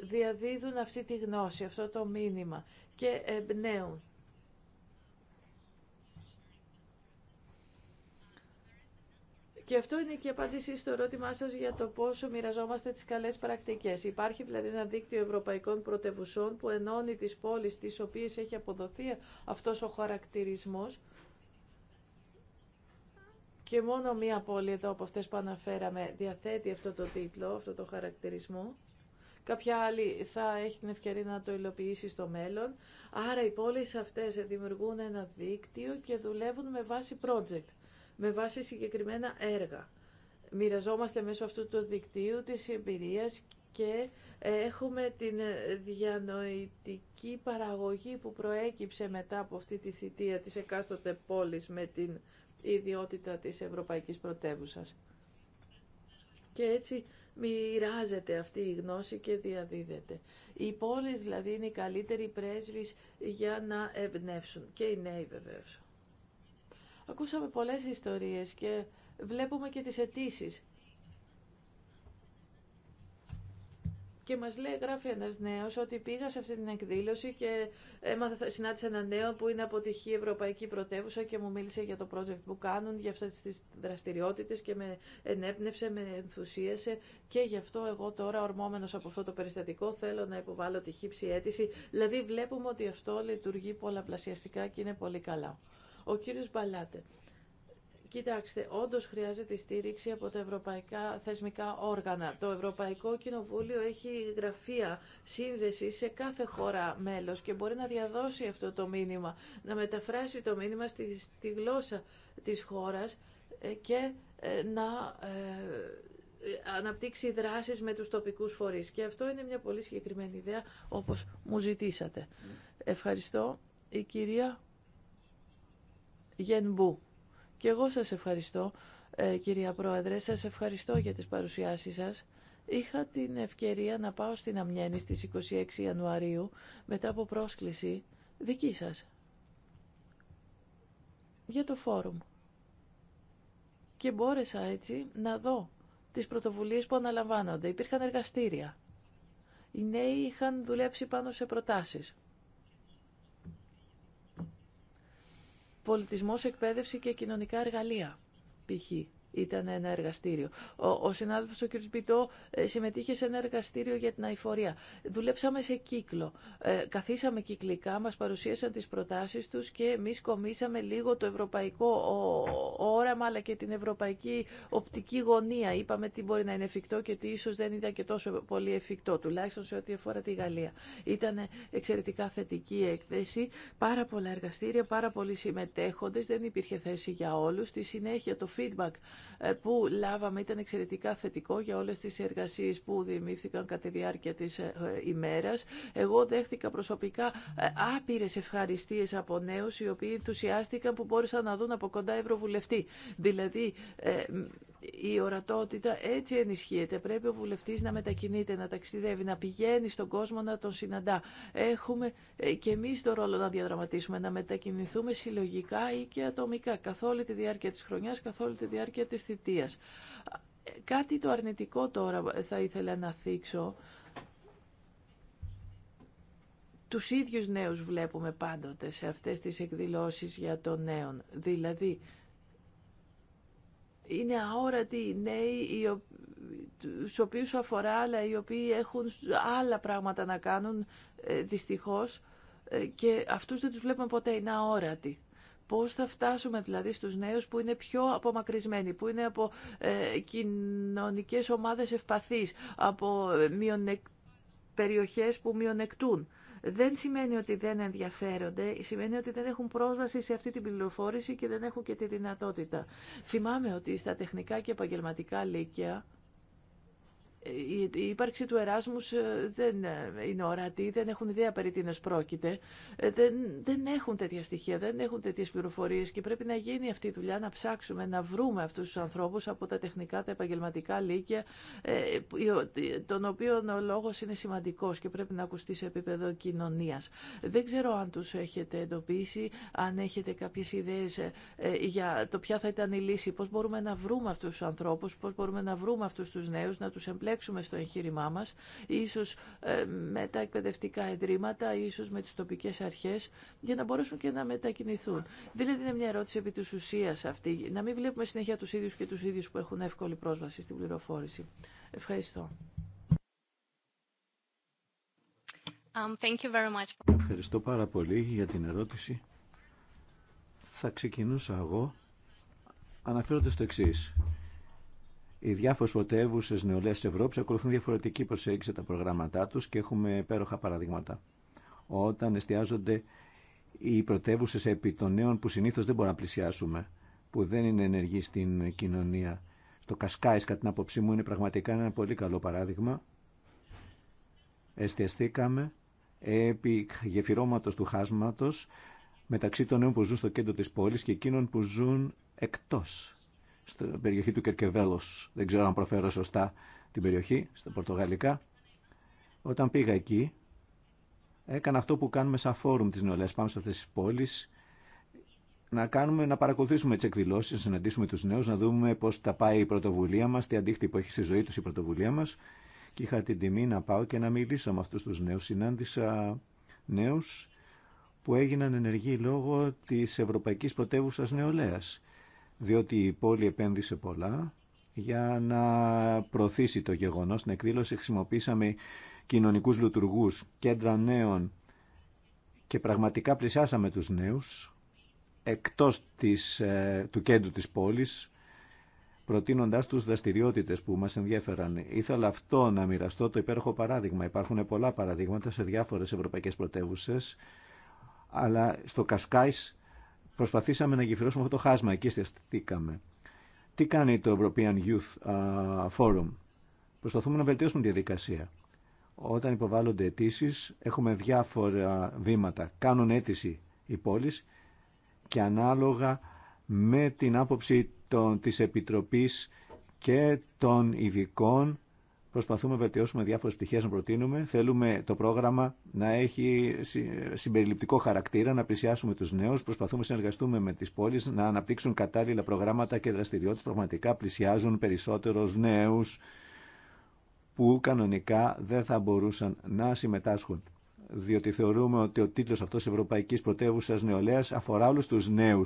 διαδίδουν αυτή τη γνώση, αυτό το μήνυμα και εμπνέουν. Και αυτό είναι και η απάντηση στο ερώτημά σα για το πόσο μοιραζόμαστε τι καλέ πρακτικέ. Υπάρχει δηλαδή ένα δίκτυο ευρωπαϊκών πρωτευουσών που ενώνει τι πόλει τι οποίε έχει αποδοθεί αυτό ο χαρακτηρισμό. Και μόνο μία πόλη εδώ από αυτές που αναφέραμε διαθέτει αυτό το τίτλο, αυτό το χαρακτηρισμό κάποια άλλη θα έχει την ευκαιρία να το υλοποιήσει στο μέλλον. Άρα οι πόλεις αυτές δημιουργούν ένα δίκτυο και δουλεύουν με βάση project, με βάση συγκεκριμένα έργα. Μοιραζόμαστε μέσω αυτού του δικτύου της εμπειρίας και ε, έχουμε την ε, διανοητική παραγωγή που προέκυψε μετά από αυτή τη θητεία της εκάστοτε πόλης με την ιδιότητα της Ευρωπαϊκής Πρωτεύουσας. Και έτσι μοιράζεται αυτή η γνώση και διαδίδεται. Οι πόλεις δηλαδή είναι οι καλύτεροι πρέσβεις για να εμπνεύσουν και οι νέοι βεβαίως. Ακούσαμε πολλές ιστορίες και βλέπουμε και τις αιτήσει Και μας λέει, γράφει ένας νέος, ότι πήγα σε αυτή την εκδήλωση και έμαθα, συνάντησα ένα νέο που είναι από τυχή Ευρωπαϊκή Πρωτεύουσα και μου μίλησε για το project που κάνουν, για αυτές τις δραστηριότητες και με ενέπνευσε, με ενθουσίασε και γι' αυτό εγώ τώρα ορμόμενος από αυτό το περιστατικό θέλω να υποβάλω τη χύψη αίτηση. Δηλαδή βλέπουμε ότι αυτό λειτουργεί πολλαπλασιαστικά και είναι πολύ καλά. Ο κύριος Μπαλάτε. Κοιτάξτε, όντω χρειάζεται στήριξη από τα ευρωπαϊκά θεσμικά όργανα. Το Ευρωπαϊκό Κοινοβούλιο έχει γραφεία σύνδεση σε κάθε χώρα μέλο και μπορεί να διαδώσει αυτό το μήνυμα, να μεταφράσει το μήνυμα στη, στη γλώσσα της χώρας ε, και ε, να ε, αναπτύξει δράσεις με τους τοπικούς φορείς. Και αυτό είναι μια πολύ συγκεκριμένη ιδέα, όπως μου ζητήσατε. Ευχαριστώ. Η κυρία Γενμπού. Και εγώ σας ευχαριστώ, ε, κυρία Πρόεδρε, σας ευχαριστώ για τις παρουσιάσεις σας. Είχα την ευκαιρία να πάω στην Αμιένη στις 26 Ιανουαρίου μετά από πρόσκληση δική σας για το φόρουμ. Και μπόρεσα έτσι να δω τις πρωτοβουλίες που αναλαμβάνονται. Υπήρχαν εργαστήρια. Οι νέοι είχαν δουλέψει πάνω σε προτάσεις. πολιτισμός, εκπαίδευση και κοινωνικά εργαλεία π.χ ήταν ένα εργαστήριο. Ο, ο συνάδελφος ο κ. Μπιτό ε, συμμετείχε σε ένα εργαστήριο για την αηφορία. Δουλέψαμε σε κύκλο. Ε, καθίσαμε κυκλικά, μας παρουσίασαν τις προτάσεις τους και εμείς κομίσαμε λίγο το ευρωπαϊκό όραμα αλλά και την ευρωπαϊκή οπτική γωνία. Είπαμε τι μπορεί να είναι εφικτό και τι ίσως δεν ήταν και τόσο πολύ εφικτό, τουλάχιστον σε ό,τι αφορά τη Γαλλία. Ήταν εξαιρετικά θετική έκθεση, πάρα πολλά εργαστήρια, πάρα πολλοί συμμετέχοντες, δεν υπήρχε θέση για όλους. Στη συνέχεια το feedback ε, που λάβαμε ήταν εξαιρετικά θετικό για όλες τις εργασίες που δημιουργήθηκαν κατά τη διάρκεια της ε, ε, ημέρας. Εγώ δέχτηκα προσωπικά άπειρες ευχαριστίες από νέους οι οποίοι ενθουσιάστηκαν που μπόρεσαν να δουν από κοντά ευρωβουλευτή. Δηλαδή η ορατότητα έτσι ενισχύεται. Πρέπει ο βουλευτής να μετακινείται, να ταξιδεύει, να πηγαίνει στον κόσμο να τον συναντά. Έχουμε ε, και εμείς το ρόλο να διαδραματίσουμε, να μετακινηθούμε συλλογικά ή και ατομικά, καθ' όλη τη διάρκεια της χρονιάς, καθ' όλη τη διάρκεια της θητείας. Κάτι το αρνητικό τώρα θα ήθελα να θίξω. Τους ίδιους νέους βλέπουμε πάντοτε σε αυτές τις εκδηλώσεις για τον νέον. Δηλαδή, είναι αόρατοι οι νέοι του οποίου αφορά, αλλά οι οποίοι έχουν άλλα πράγματα να κάνουν ε, δυστυχώς ε, και αυτούς δεν τους βλέπουμε ποτέ, είναι αόρατοι. Πώς θα φτάσουμε δηλαδή στους νέους που είναι πιο απομακρυσμένοι, που είναι από ε, κοινωνικές ομάδες ευπαθείς, από ε, μειονεκ... περιοχές που μειονεκτούν δεν σημαίνει ότι δεν ενδιαφέρονται, σημαίνει ότι δεν έχουν πρόσβαση σε αυτή την πληροφόρηση και δεν έχουν και τη δυνατότητα. Θυμάμαι ότι στα τεχνικά και επαγγελματικά λύκεια η ύπαρξη του Εράσμους ε, δεν ε, είναι ορατή, δεν έχουν ιδέα περί τίνος πρόκειται, ε, δεν, δεν έχουν τέτοια στοιχεία, δεν έχουν τέτοιες πληροφορίες και πρέπει να γίνει αυτή η δουλειά, να ψάξουμε, να βρούμε αυτούς τους ανθρώπους από τα τεχνικά, τα επαγγελματικά λύκεια, τον οποίο ο λόγος είναι σημαντικός και πρέπει να ακουστεί σε επίπεδο κοινωνίας. Δεν ξέρω αν τους έχετε εντοπίσει, αν έχετε κάποιες ιδέες για το ποια θα ήταν η λύση, πώς μπορούμε να βρούμε αυτούς τους ανθρώπους, πώς μπορούμε να βρούμε αυτούς τους νέους, να τους εμπλέξουμε επιλέξουμε στο εγχείρημά μας, ίσως ε, με τα εκπαιδευτικά ιδρύματα, ίσως με τις τοπικές αρχές, για να μπορέσουν και να μετακινηθούν. Δηλαδή είναι μια ερώτηση επί της ουσίας αυτή, να μην βλέπουμε συνέχεια τους ίδιους και τους ίδιους που έχουν εύκολη πρόσβαση στην πληροφόρηση. Ευχαριστώ. Um, thank you very much. Ευχαριστώ πάρα πολύ για την ερώτηση. Θα ξεκινούσα εγώ αναφέροντας το εξής. Οι διάφορε πρωτεύουσε νεολαίε τη Ευρώπη ακολουθούν διαφορετική προσέγγιση τα προγράμματά του και έχουμε υπέροχα παραδείγματα. Όταν εστιάζονται οι πρωτεύουσε επί των νέων που συνήθω δεν μπορούμε να πλησιάσουμε, που δεν είναι ενεργοί στην κοινωνία. Το Κασκάι, κατά την άποψή μου, είναι πραγματικά ένα πολύ καλό παράδειγμα. Εστιαστήκαμε επί γεφυρώματος του χάσματο μεταξύ των νέων που ζουν στο κέντρο τη πόλη και εκείνων που ζουν εκτός στην περιοχή του Κερκεβέλος. Δεν ξέρω αν προφέρω σωστά την περιοχή, στα πορτογαλικά. Όταν πήγα εκεί, έκανα αυτό που κάνουμε σαν φόρουμ της νεολαίας. Πάμε σε αυτές τις πόλεις να, κάνουμε, να παρακολουθήσουμε τις εκδηλώσεις, να συναντήσουμε τους νέους, να δούμε πώς τα πάει η πρωτοβουλία μας, τι αντίκτυπο έχει στη ζωή τους η πρωτοβουλία μας. Και είχα την τιμή να πάω και να μιλήσω με αυτούς τους νέους. Συνάντησα νέους που έγιναν ενεργοί λόγω της Ευρωπαϊκής Πρωτεύουσας νεολαία διότι η πόλη επένδυσε πολλά για να προωθήσει το γεγονός. Στην εκδήλωση χρησιμοποίησαμε κοινωνικούς λειτουργούς, κέντρα νέων και πραγματικά πλησιάσαμε τους νέους εκτός της, ε, του κέντρου της πόλης προτείνοντάς τους δραστηριότητες που μας ενδιέφεραν. Ήθελα αυτό να μοιραστώ το υπέροχο παράδειγμα. Υπάρχουν πολλά παραδείγματα σε διάφορες ευρωπαϊκές πρωτεύουσες αλλά στο Κασκάις προσπαθήσαμε να γεφυρώσουμε αυτό το χάσμα, εκεί εστιαστήκαμε. Τι κάνει το European Youth Forum. Προσπαθούμε να βελτιώσουμε τη διαδικασία. Όταν υποβάλλονται αιτήσει, έχουμε διάφορα βήματα. Κάνουν αίτηση οι πόλεις και ανάλογα με την άποψη των, της Επιτροπής και των ειδικών Προσπαθούμε να βελτιώσουμε διάφορε πτυχέ να προτείνουμε. Θέλουμε το πρόγραμμα να έχει συμπεριληπτικό χαρακτήρα, να πλησιάσουμε του νέου. Προσπαθούμε να συνεργαστούμε με τι πόλει να αναπτύξουν κατάλληλα προγράμματα και δραστηριότητε. Πραγματικά πλησιάζουν περισσότερου νέου που κανονικά δεν θα μπορούσαν να συμμετάσχουν. Διότι θεωρούμε ότι ο τίτλο αυτό Ευρωπαϊκή Πρωτεύουσα Νεολαία αφορά όλου του νέου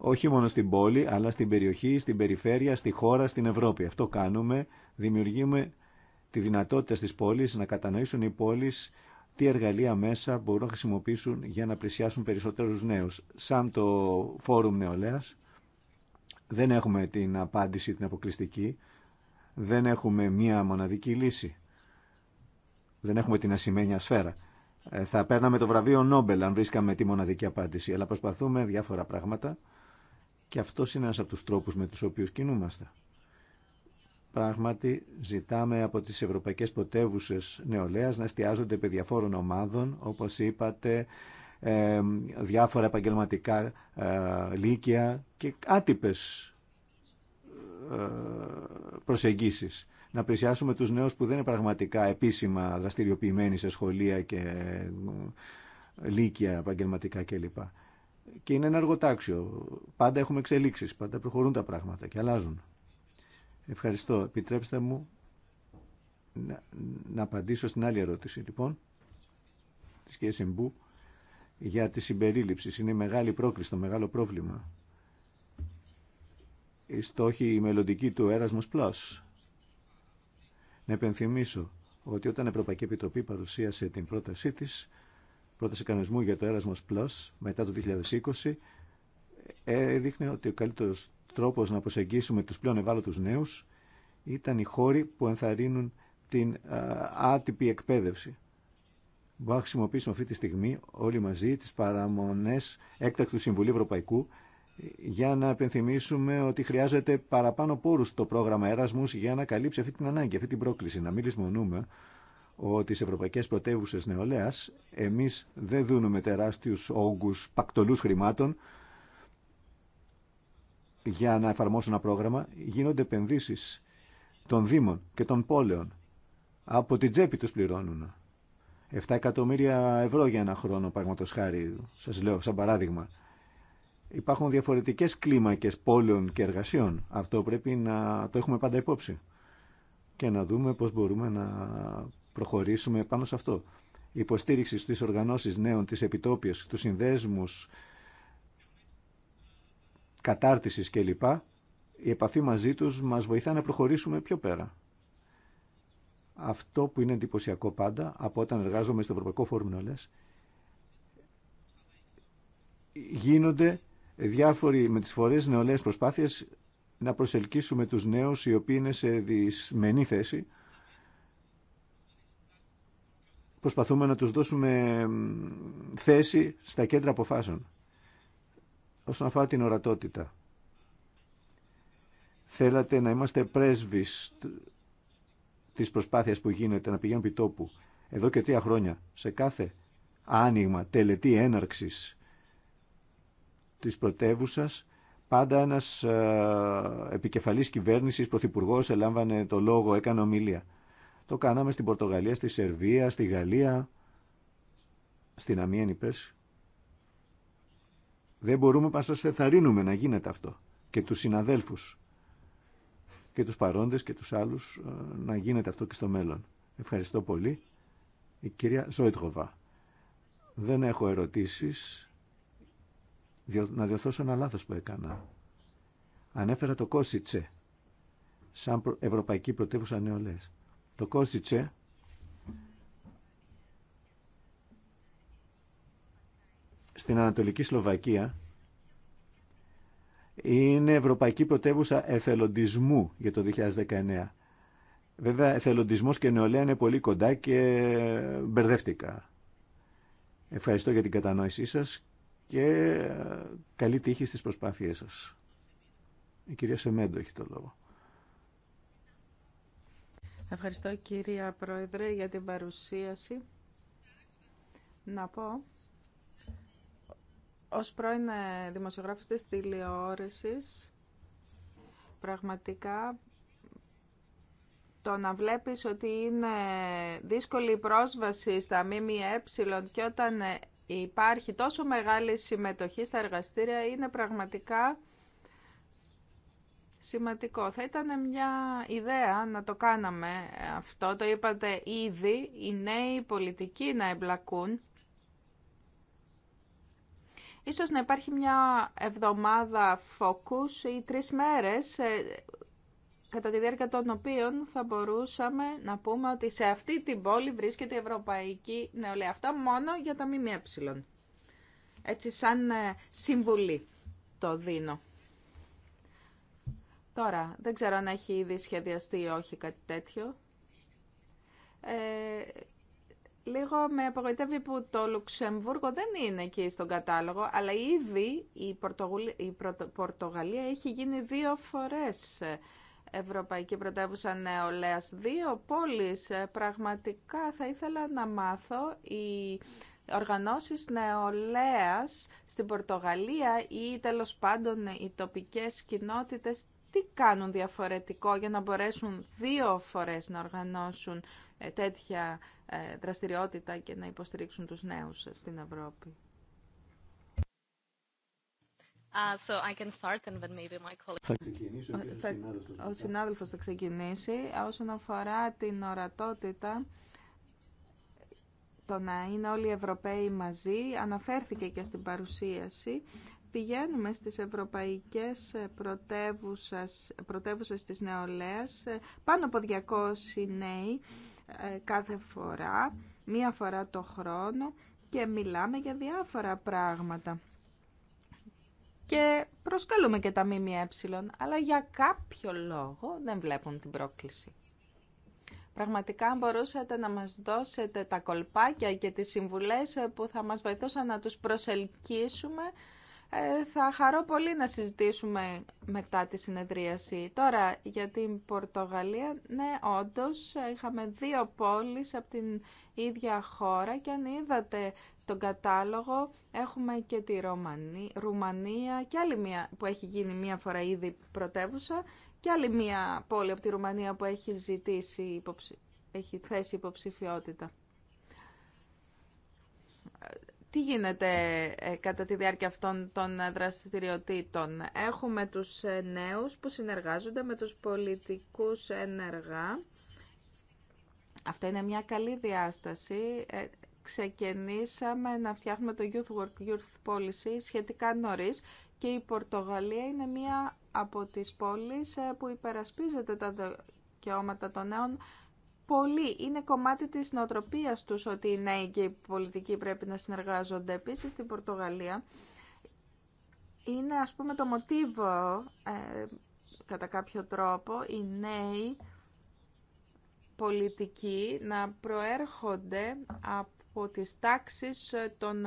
όχι μόνο στην πόλη, αλλά στην περιοχή, στην περιφέρεια, στη χώρα, στην Ευρώπη. Αυτό κάνουμε, δημιουργούμε τη δυνατότητα στις πόλεις να κατανοήσουν οι πόλεις τι εργαλεία μέσα μπορούν να χρησιμοποιήσουν για να πλησιάσουν περισσότερους νέους. Σαν το Φόρουμ Νεολαίας, δεν έχουμε την απάντηση την αποκλειστική, δεν έχουμε μία μοναδική λύση, δεν έχουμε την ασημένια σφαίρα. Ε, θα παίρναμε το βραβείο Νόμπελ αν βρίσκαμε τη μοναδική απάντηση, αλλά προσπαθούμε διάφορα πράγματα και αυτό είναι ένας από τους τρόπους με τους οποίους κινούμαστε. Πράγματι, ζητάμε από τις ευρωπαϊκές πρωτεύουσε νεολαίας να εστιάζονται επί διαφόρων ομάδων, όπως είπατε, ε, διάφορα επαγγελματικά ε, λύκεια και άτυπες ε, προσεγγίσεις. Να πλησιάσουμε τους νέους που δεν είναι πραγματικά επίσημα δραστηριοποιημένοι σε σχολεία και λύκεια επαγγελματικά κλπ και είναι ένα εργοτάξιο. Πάντα έχουμε εξελίξεις, πάντα προχωρούν τα πράγματα και αλλάζουν. Ευχαριστώ. Επιτρέψτε μου να, να απαντήσω στην άλλη ερώτηση, λοιπόν, της κ. για τη συμπερίληψη. Είναι μεγάλη πρόκληση, το μεγάλο πρόβλημα. Η στόχη η μελλοντική του Erasmus Plus. Να επενθυμίσω ότι όταν η Ευρωπαϊκή Επιτροπή παρουσίασε την πρότασή της, πρόταση κανονισμού για το Erasmus Plus μετά το 2020 ε, έδειχνε ότι ο καλύτερο τρόπο να προσεγγίσουμε του πλέον ευάλωτου νέου ήταν οι χώροι που ενθαρρύνουν την ε, άτυπη εκπαίδευση. Μπορούμε να χρησιμοποιήσουμε αυτή τη στιγμή όλοι μαζί τις παραμονές έκτακτου Συμβουλίου Ευρωπαϊκού για να επενθυμίσουμε ότι χρειάζεται παραπάνω πόρου στο πρόγραμμα Erasmus για να καλύψει αυτή την ανάγκη, αυτή την πρόκληση. Να μην λησμονούμε ότι σε ευρωπαϊκές πρωτεύουσες νεολαίας εμείς δεν δούμε τεράστιους όγκους πακτολούς χρημάτων για να εφαρμόσουν ένα πρόγραμμα. Γίνονται επενδύσεις των Δήμων και των πόλεων. Από την τσέπη τους πληρώνουν. 7 εκατομμύρια ευρώ για ένα χρόνο, παραγματος χάρη, σας λέω, σαν παράδειγμα. Υπάρχουν διαφορετικές κλίμακες πόλεων και εργασιών. Αυτό πρέπει να το έχουμε πάντα υπόψη και να δούμε πώς μπορούμε να προχωρήσουμε πάνω σε αυτό. Η υποστήριξη στις οργανώσεις νέων, τις επιτόπιες, τους συνδέσμους, κατάρτισης κλπ. Η επαφή μαζί τους μας βοηθά να προχωρήσουμε πιο πέρα. Αυτό που είναι εντυπωσιακό πάντα από όταν εργάζομαι στο Ευρωπαϊκό Φόρουμ γίνονται διάφοροι με τις φορές νεολαίες προσπάθειες να προσελκύσουμε τους νέους οι οποίοι είναι σε δυσμενή θέση προσπαθούμε να τους δώσουμε θέση στα κέντρα αποφάσεων όσον αφορά την ορατότητα. Θέλατε να είμαστε πρέσβεις της προσπάθειας που γίνεται να πηγαίνουν επιτόπου εδώ και τρία χρόνια σε κάθε άνοιγμα, τελετή έναρξης της πρωτεύουσα, πάντα ένας ε, επικεφαλής κυβέρνησης, πρωθυπουργός, ελάμβανε το λόγο, έκανε ομιλία. Το κάναμε στην Πορτογαλία, στη Σερβία, στη Γαλλία, στην Αμιένη πες. Δεν μπορούμε να σας εθαρρύνουμε να γίνεται αυτό. Και τους συναδέλφους και τους παρόντες και τους άλλους ε, να γίνεται αυτό και στο μέλλον. Ευχαριστώ πολύ. Η κυρία Ζόιτχοβα. Δεν έχω ερωτήσεις. Να διορθώσω ένα λάθος που έκανα. Ανέφερα το Κόσιτσε σαν Ευρωπαϊκή Πρωτεύουσα Νεολαίας. Το Κόζιτσε στην Ανατολική Σλοβακία είναι Ευρωπαϊκή Πρωτεύουσα Εθελοντισμού για το 2019. Βέβαια, εθελοντισμός και νεολαία είναι πολύ κοντά και μπερδεύτηκα. Ευχαριστώ για την κατανόησή σας και ε, καλή τύχη στις προσπάθειές σας. Η κυρία Σεμέντο έχει το λόγο. Ευχαριστώ κυρία Πρόεδρε για την παρουσίαση. Να πω, ως πρώην ε, δημοσιογράφος της τηλεόρασης, πραγματικά το να βλέπεις ότι είναι δύσκολη η πρόσβαση στα ΜΜΕ και όταν ε, υπάρχει τόσο μεγάλη συμμετοχή στα εργαστήρια είναι πραγματικά σημαντικό. Θα ήταν μια ιδέα να το κάναμε αυτό. Το είπατε ήδη, οι νέοι πολιτικοί να εμπλακούν. Ίσως να υπάρχει μια εβδομάδα focus ή τρεις μέρες, ε, κατά τη διάρκεια των οποίων θα μπορούσαμε να πούμε ότι σε αυτή την πόλη βρίσκεται η Ευρωπαϊκή Νεολαία. Αυτά μόνο για τα ΜΜΕ. Έτσι σαν ε, συμβουλή το δίνω. Τώρα, δεν ξέρω αν έχει ήδη σχεδιαστεί ή όχι κάτι τέτοιο. Ε, λίγο με απογοητεύει που το Λουξεμβούργο δεν είναι εκεί στον κατάλογο, αλλά ήδη η, Πορτογουλ... η Πορτογαλία έχει γίνει δύο φορές ε, Ευρωπαϊκή Πρωτεύουσα Νεολαίας. Δύο πόλεις. Ε, πραγματικά θα ήθελα να μάθω οι οργανώσεις νεολαίας στην Πορτογαλία ή τέλος πάντων οι τοπικές κοινότητες τι κάνουν διαφορετικό για να μπορέσουν δύο φορές να οργανώσουν ε, τέτοια ε, δραστηριότητα και να υποστηρίξουν τους νέους στην Ευρώπη. ο, θα, ο συνάδελφος θα ξεκινήσει. Όσον αφορά την ορατότητα, το να είναι όλοι οι Ευρωπαίοι μαζί αναφέρθηκε και στην παρουσίαση πηγαίνουμε στις ευρωπαϊκές πρωτεύουσες, πρωτεύουσες της νεολαίας, ε, πάνω από 200 νέοι ε, κάθε φορά, μία φορά το χρόνο και μιλάμε για διάφορα πράγματα. Και προσκαλούμε και τα ΜΜΕ, αλλά για κάποιο λόγο δεν βλέπουν την πρόκληση. Πραγματικά, αν μπορούσατε να μας δώσετε τα κολπάκια και τις συμβουλές που θα μας βοηθούσαν να τους προσελκύσουμε, ε, θα χαρώ πολύ να συζητήσουμε μετά τη συνεδρίαση. Τώρα για την Πορτογαλία, ναι όντως είχαμε δύο πόλεις από την ίδια χώρα και αν είδατε τον κατάλογο έχουμε και τη Ρουμανία και άλλη μια που έχει γίνει μια φορά ήδη πρωτεύουσα και άλλη μια πόλη από τη Ρουμανία που έχει ζητήσει, υποψη... έχει θέσει υποψηφιότητα τι γίνεται ε, κατά τη διάρκεια αυτών των δραστηριοτήτων. Έχουμε τους ε, νέους που συνεργάζονται με τους πολιτικούς ενεργά. Αυτά είναι μια καλή διάσταση. Ε, ξεκινήσαμε να φτιάχνουμε το Youth Work Youth Policy σχετικά νωρίς και η Πορτογαλία είναι μια από τις πόλεις που υπερασπίζεται τα δικαιώματα των νέων πολύ. Είναι κομμάτι της νοοτροπία τους ότι οι νέοι και οι πολιτικοί πρέπει να συνεργάζονται. επίση στην Πορτογαλία είναι ας πούμε το μοτίβο ε, κατά κάποιο τρόπο οι νέοι πολιτικοί να προέρχονται από τις τάξεις των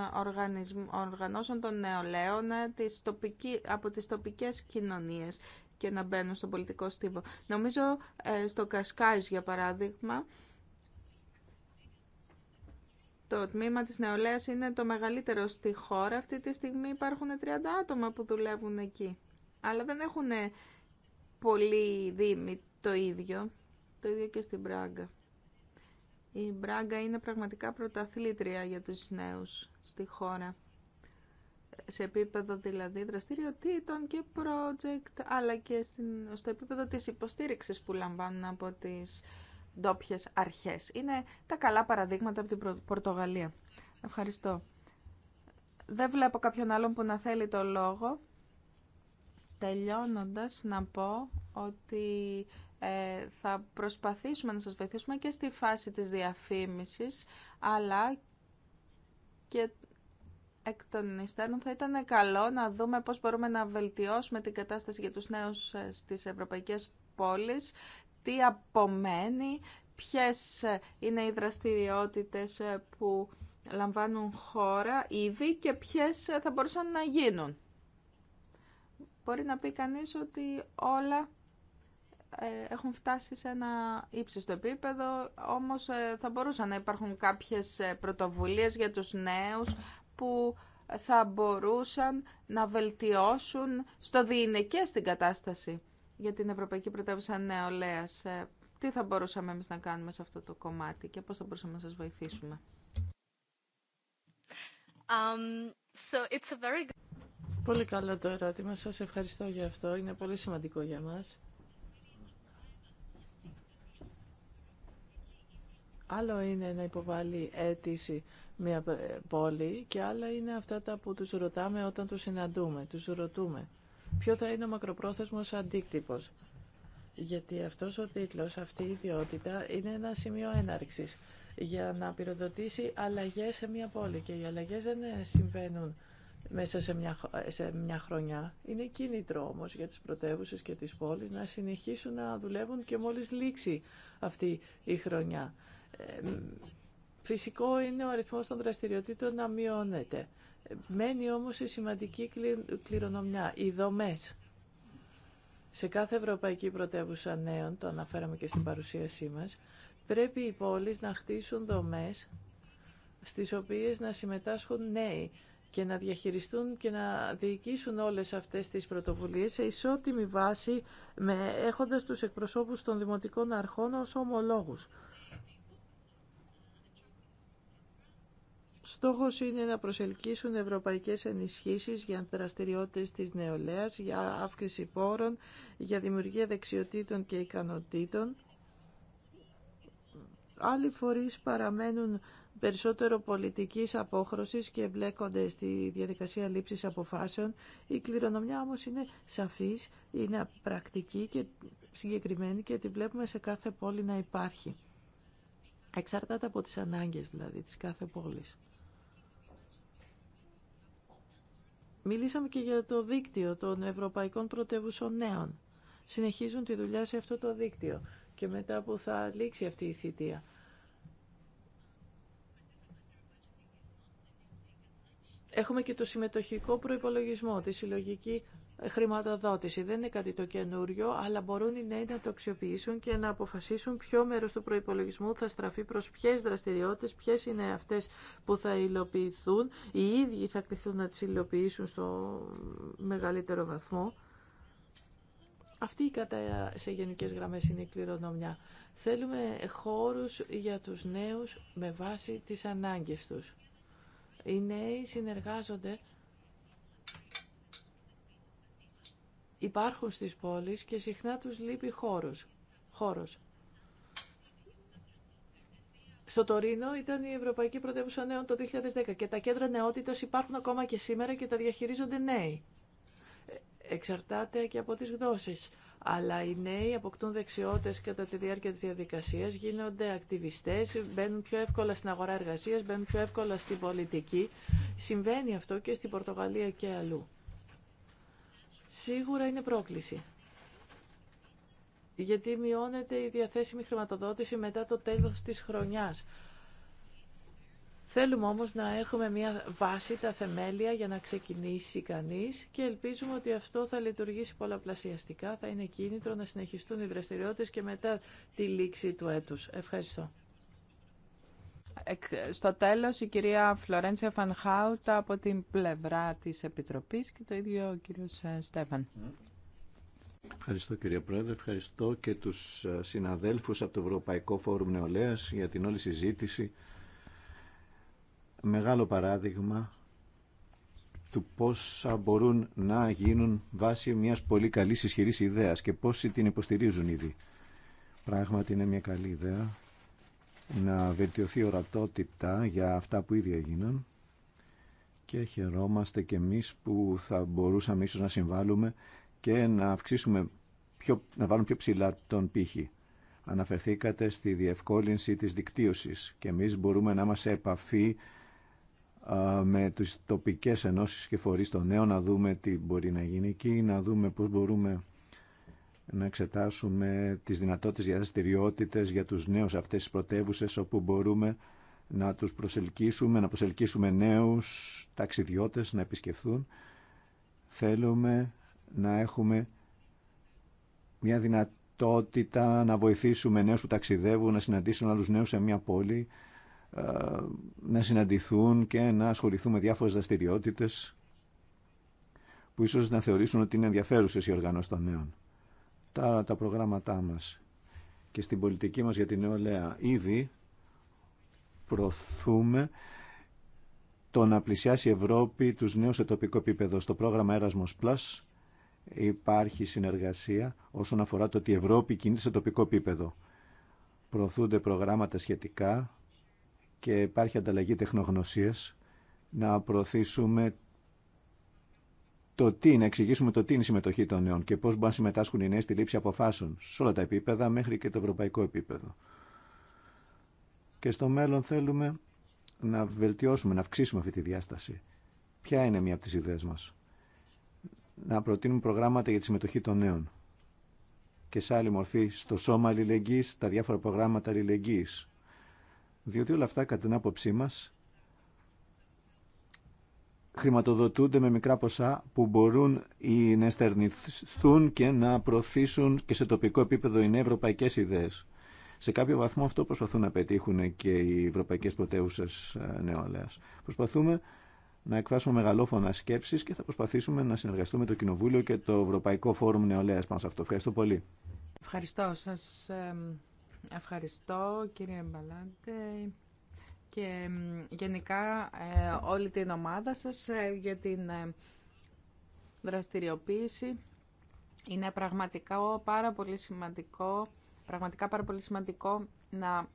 οργανώσεων των νεολαίων ε, από τις τοπικές κοινωνίες και να μπαίνουν στον πολιτικό στίβο. Νομίζω ε, στο Κασκάις, για παράδειγμα, το τμήμα της νεολαίας είναι το μεγαλύτερο στη χώρα. Αυτή τη στιγμή υπάρχουν 30 άτομα που δουλεύουν εκεί. Αλλά δεν έχουν πολύ δήμοι το ίδιο. Το ίδιο και στην Πράγκα. Η Μπράγκα είναι πραγματικά πρωταθλήτρια για τους νέους στη χώρα σε επίπεδο δηλαδή δραστηριοτήτων και project, αλλά και στο επίπεδο της υποστήριξης που λαμβάνουν από τις ντόπιε αρχές. Είναι τα καλά παραδείγματα από την Πορτογαλία. Ευχαριστώ. Δεν βλέπω κάποιον άλλον που να θέλει το λόγο. Τελειώνοντας να πω ότι ε, θα προσπαθήσουμε να σας βοηθήσουμε και στη φάση της διαφήμισης, αλλά και εκ των υστέρων θα ήταν καλό να δούμε πώς μπορούμε να βελτιώσουμε την κατάσταση για τους νέους ε, στις ευρωπαϊκές πόλεις, τι απομένει, ποιες ε, είναι οι δραστηριότητες ε, που λαμβάνουν χώρα ήδη και ποιες θα μπορούσαν να γίνουν. Μπορεί να πει κανείς ότι όλα έχουν φτάσει σε ένα ύψιστο επίπεδο, όμως θα μπορούσαν να υπάρχουν κάποιες πρωτοβουλίες για τους νέους που θα μπορούσαν να βελτιώσουν στο διηνεκέ στην κατάσταση για την Ευρωπαϊκή Πρωτεύουσα Νεολαία. Ε, τι θα μπορούσαμε εμείς να κάνουμε σε αυτό το κομμάτι και πώς θα μπορούσαμε να σας βοηθήσουμε. Um, so it's a very Πολύ καλό το ερώτημα. Σας ευχαριστώ για αυτό. Είναι πολύ σημαντικό για μας. Άλλο είναι να υποβάλει αίτηση μια πόλη και άλλα είναι αυτά τα που τους ρωτάμε όταν τους συναντούμε, τους ρωτούμε. Ποιο θα είναι ο μακροπρόθεσμος αντίκτυπος. Γιατί αυτός ο τίτλος, αυτή η ιδιότητα είναι ένα σημείο έναρξης για να πυροδοτήσει αλλαγές σε μια πόλη και οι αλλαγές δεν συμβαίνουν μέσα σε μια, σε μια χρονιά. Είναι κίνητρο όμω για τις πρωτεύουσε και τις πόλεις να συνεχίσουν να δουλεύουν και μόλις λήξει αυτή η χρονιά. Ε, Φυσικό είναι ο αριθμός των δραστηριοτήτων να μειώνεται. Μένει όμως η σημαντική κληρονομιά, οι δομές. Σε κάθε ευρωπαϊκή πρωτεύουσα νέων, το αναφέραμε και στην παρουσίασή μας, πρέπει οι πόλεις να χτίσουν δομές στις οποίες να συμμετάσχουν νέοι και να διαχειριστούν και να διοικήσουν όλες αυτές τις πρωτοβουλίες σε ισότιμη βάση με, έχοντας τους εκπροσώπους των δημοτικών αρχών ως ομολόγους. Στόχος είναι να προσελκύσουν ευρωπαϊκές ενισχύσεις για δραστηριότητες της νεολαίας, για αύξηση πόρων, για δημιουργία δεξιοτήτων και ικανοτήτων. Άλλοι φορείς παραμένουν περισσότερο πολιτικής απόχρωσης και εμπλέκονται στη διαδικασία λήψης αποφάσεων. Η κληρονομιά όμως είναι σαφής, είναι πρακτική και συγκεκριμένη και τη βλέπουμε σε κάθε πόλη να υπάρχει. Εξαρτάται από τις ανάγκες δηλαδή της κάθε πόλης. Μιλήσαμε και για το δίκτυο των Ευρωπαϊκών Πρωτεύουσων Νέων. Συνεχίζουν τη δουλειά σε αυτό το δίκτυο και μετά που θα λήξει αυτή η θητεία. Έχουμε και το συμμετοχικό προϋπολογισμό, τη συλλογική χρηματοδότηση. Δεν είναι κάτι το καινούριο, αλλά μπορούν οι νέοι να το αξιοποιήσουν και να αποφασίσουν ποιο μέρο του προπολογισμού θα στραφεί προς ποιες δραστηριότητες, ποιε είναι αυτές που θα υλοποιηθούν. Οι ίδιοι θα κληθούν να τι υλοποιήσουν στο μεγαλύτερο βαθμό. Αυτή η κατά σε γενικές γραμμές είναι η κληρονομιά. Θέλουμε χώρους για τους νέους με βάση τις ανάγκες τους. Οι νέοι συνεργάζονται υπάρχουν στις πόλεις και συχνά τους λείπει χώρος. χώρος. Στο Τωρίνο ήταν η Ευρωπαϊκή Πρωτεύουσα Νέων το 2010 και τα κέντρα νεότητας υπάρχουν ακόμα και σήμερα και τα διαχειρίζονται νέοι. Ε, εξαρτάται και από τις γνώσεις. Αλλά οι νέοι αποκτούν δεξιότητες κατά τη διάρκεια της διαδικασίας, γίνονται ακτιβιστές, μπαίνουν πιο εύκολα στην αγορά εργασίας, μπαίνουν πιο εύκολα στην πολιτική. Συμβαίνει αυτό και στην Πορτογαλία και αλλού σίγουρα είναι πρόκληση. Γιατί μειώνεται η διαθέσιμη χρηματοδότηση μετά το τέλος της χρονιάς. Θέλουμε όμως να έχουμε μια βάση, τα θεμέλια για να ξεκινήσει κανείς και ελπίζουμε ότι αυτό θα λειτουργήσει πολλαπλασιαστικά, θα είναι κίνητρο να συνεχιστούν οι δραστηριότητες και μετά τη λήξη του έτους. Ευχαριστώ. Στο τέλος η κυρία Φλωρένσια Φανχάουτα από την πλευρά της Επιτροπής και το ίδιο ο κύριος ε, Στέφαν. Ευχαριστώ κύριε Πρόεδρε, ευχαριστώ και τους ε, συναδέλφους από το Ευρωπαϊκό Φόρουμ Νεολαίας για την όλη συζήτηση. Μεγάλο παράδειγμα του πώς μπορούν να γίνουν βάσει μιας πολύ καλής ισχυρής ιδέας και πώς την υποστηρίζουν ήδη. Πράγματι είναι μια καλή ιδέα να βελτιωθεί ορατότητα για αυτά που ήδη έγιναν και χαιρόμαστε και εμείς που θα μπορούσαμε ίσως να συμβάλλουμε και να αυξήσουμε, πιο, να βάλουμε πιο ψηλά τον πύχη. Αναφερθήκατε στη διευκόλυνση της δικτύωσης και εμείς μπορούμε να είμαστε σε επαφή με τις τοπικές ενώσεις και φορείς των νέων, να δούμε τι μπορεί να γίνει εκεί, να δούμε πώς μπορούμε να εξετάσουμε τις δυνατότητες για δραστηριότητε για τους νέους αυτές τις πρωτεύουσε, όπου μπορούμε να τους προσελκύσουμε, να προσελκύσουμε νέους ταξιδιώτες να επισκεφθούν. Θέλουμε να έχουμε μια δυνατότητα να βοηθήσουμε νέους που ταξιδεύουν, να συναντήσουν άλλους νέους σε μια πόλη, ε, να συναντηθούν και να ασχοληθούν με διάφορες δραστηριότητε που ίσως να θεωρήσουν ότι είναι ενδιαφέρουσες οι οργανώσεις των νέων τα, τα προγράμματά μας και στην πολιτική μας για την νεολαία. Ήδη προωθούμε το να πλησιάσει η Ευρώπη τους νέους σε τοπικό επίπεδο. Στο πρόγραμμα Erasmus Plus υπάρχει συνεργασία όσον αφορά το ότι η Ευρώπη κινείται σε τοπικό επίπεδο. Προωθούνται προγράμματα σχετικά και υπάρχει ανταλλαγή τεχνογνωσίας να προωθήσουμε το τι, να εξηγήσουμε το τι είναι η συμμετοχή των νέων και πώ μπορούν να συμμετάσχουν οι νέοι στη λήψη αποφάσεων σε όλα τα επίπεδα μέχρι και το ευρωπαϊκό επίπεδο. Και στο μέλλον θέλουμε να βελτιώσουμε, να αυξήσουμε αυτή τη διάσταση. Ποια είναι μία από τι ιδέε μα, Να προτείνουμε προγράμματα για τη συμμετοχή των νέων και σε άλλη μορφή στο σώμα αλληλεγγύη, τα διάφορα προγράμματα αλληλεγγύη. Διότι όλα αυτά, κατά την άποψή μα, χρηματοδοτούνται με μικρά ποσά που μπορούν οι, να εστερνιστούν και να προωθήσουν και σε τοπικό επίπεδο οι ευρωπαϊκέ ιδέε. Σε κάποιο βαθμό αυτό προσπαθούν να πετύχουν και οι ευρωπαϊκές πρωτεύουσε ε, νεολαίας. Προσπαθούμε να εκφράσουμε μεγαλόφωνα σκέψεις και θα προσπαθήσουμε να συνεργαστούμε το Κοινοβούλιο και το Ευρωπαϊκό Φόρουμ Νεολαίας πάνω σε αυτό. Ευχαριστώ πολύ. Ευχαριστώ σας. Ευχαριστώ κύριε και γενικά ε, όλη την ομάδα σας ε, για την ε, δραστηριοποίηση. Είναι πραγματικά πάρα πολύ σημαντικό, πραγματικά πάρα πολύ σημαντικό να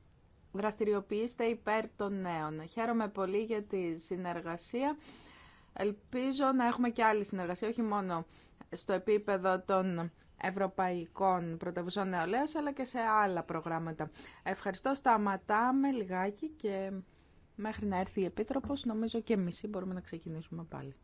δραστηριοποιήσετε υπέρ των νέων. Χαίρομαι πολύ για τη συνεργασία. Ελπίζω να έχουμε και άλλη συνεργασία, όχι μόνο στο επίπεδο των Ευρωπαϊκών Πρωτευουσών Νεολαίας αλλά και σε άλλα προγράμματα. Ευχαριστώ. Σταματάμε λιγάκι και μέχρι να έρθει η Επίτροπος νομίζω και εμείς μπορούμε να ξεκινήσουμε πάλι.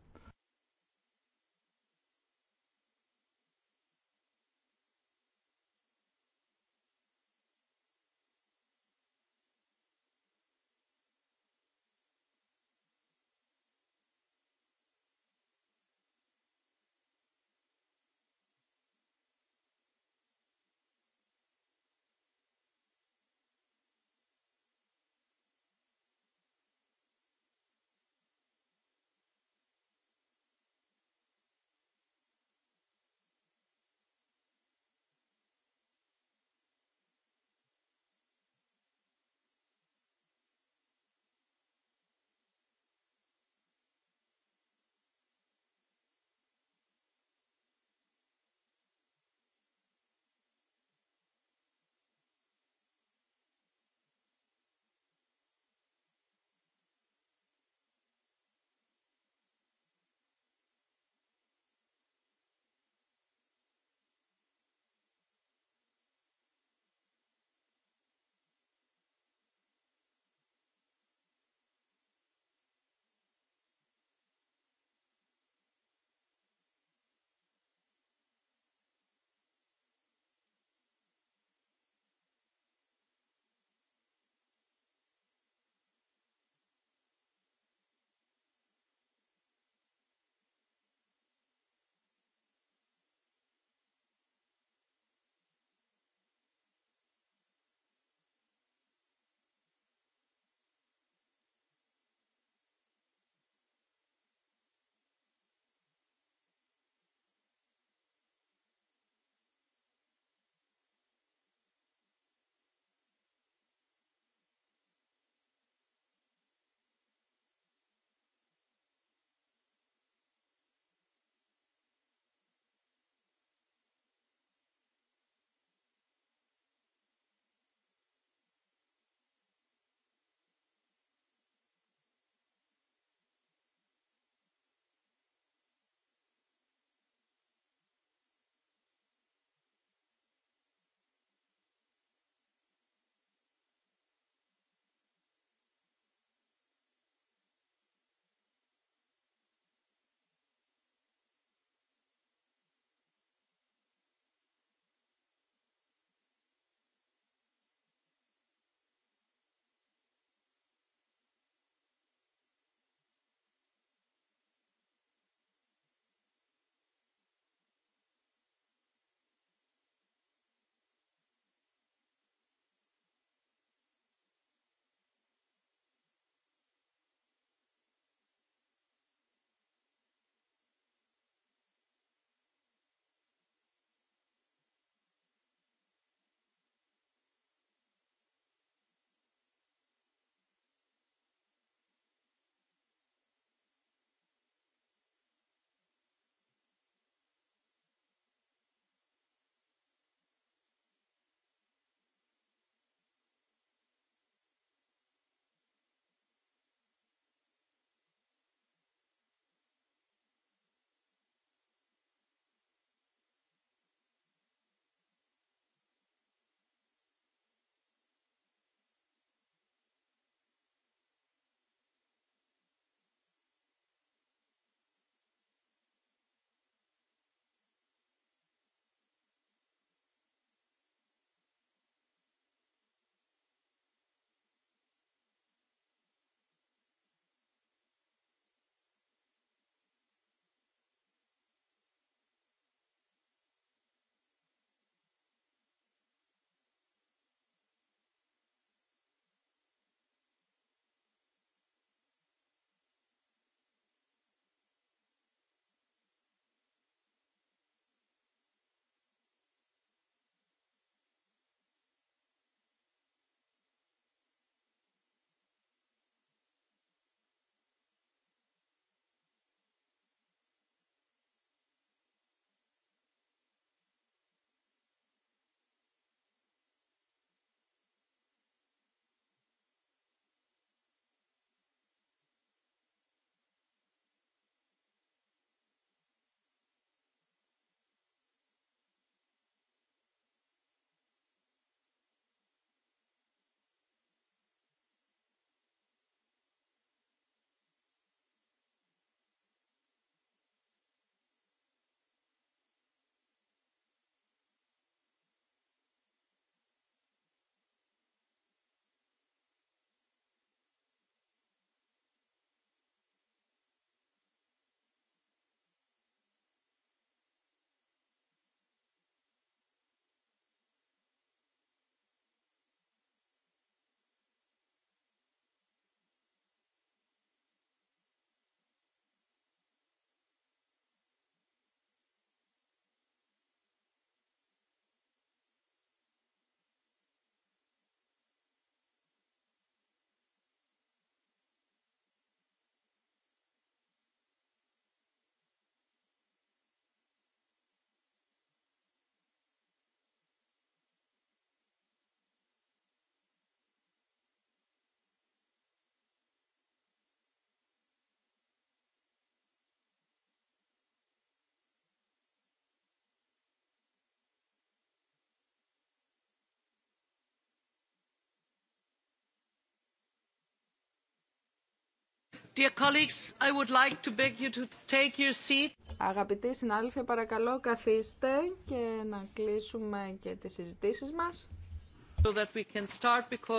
Αγαπητοί συνάδελφοι, παρακαλώ καθίστε και να κλείσουμε και τις συζητήσεις μας.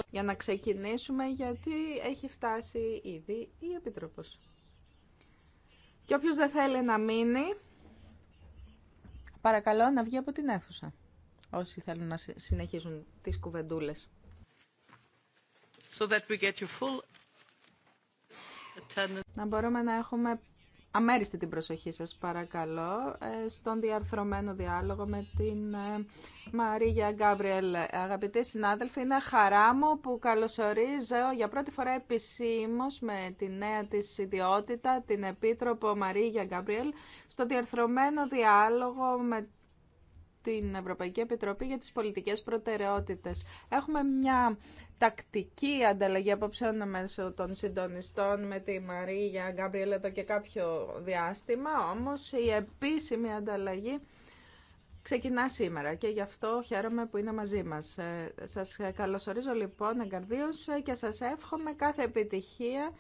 Για να ξεκινήσουμε γιατί έχει φτάσει ήδη η Επίτροπος. Και όποιος δεν θέλει να μείνει, παρακαλώ να βγει από την αίθουσα. Όσοι θέλουν να συνεχίζουν τις κουβεντούλες. Να μπορούμε να έχουμε αμέριστη την προσοχή σας παρακαλώ ε, στον διαρθρωμένο διάλογο με την ε, Μαρία Γκάμπριελ. Αγαπητοί συνάδελφοι, είναι χαρά μου που καλωσορίζω για πρώτη φορά επισήμως με τη νέα της ιδιότητα την Επίτροπο Μαρία Γκάμπριελ στο διαρθρωμένο διάλογο με την Ευρωπαϊκή Επιτροπή για τις πολιτικές προτεραιότητες. Έχουμε μια τακτική ανταλλαγή απόψεων μέσω των συντονιστών με τη Μαρία Γκάμπριελ εδώ και κάποιο διάστημα, όμως η επίσημη ανταλλαγή ξεκινά σήμερα και γι' αυτό χαίρομαι που είναι μαζί μας. Ε, σας καλωσορίζω λοιπόν εγκαρδίως και σας εύχομαι κάθε επιτυχία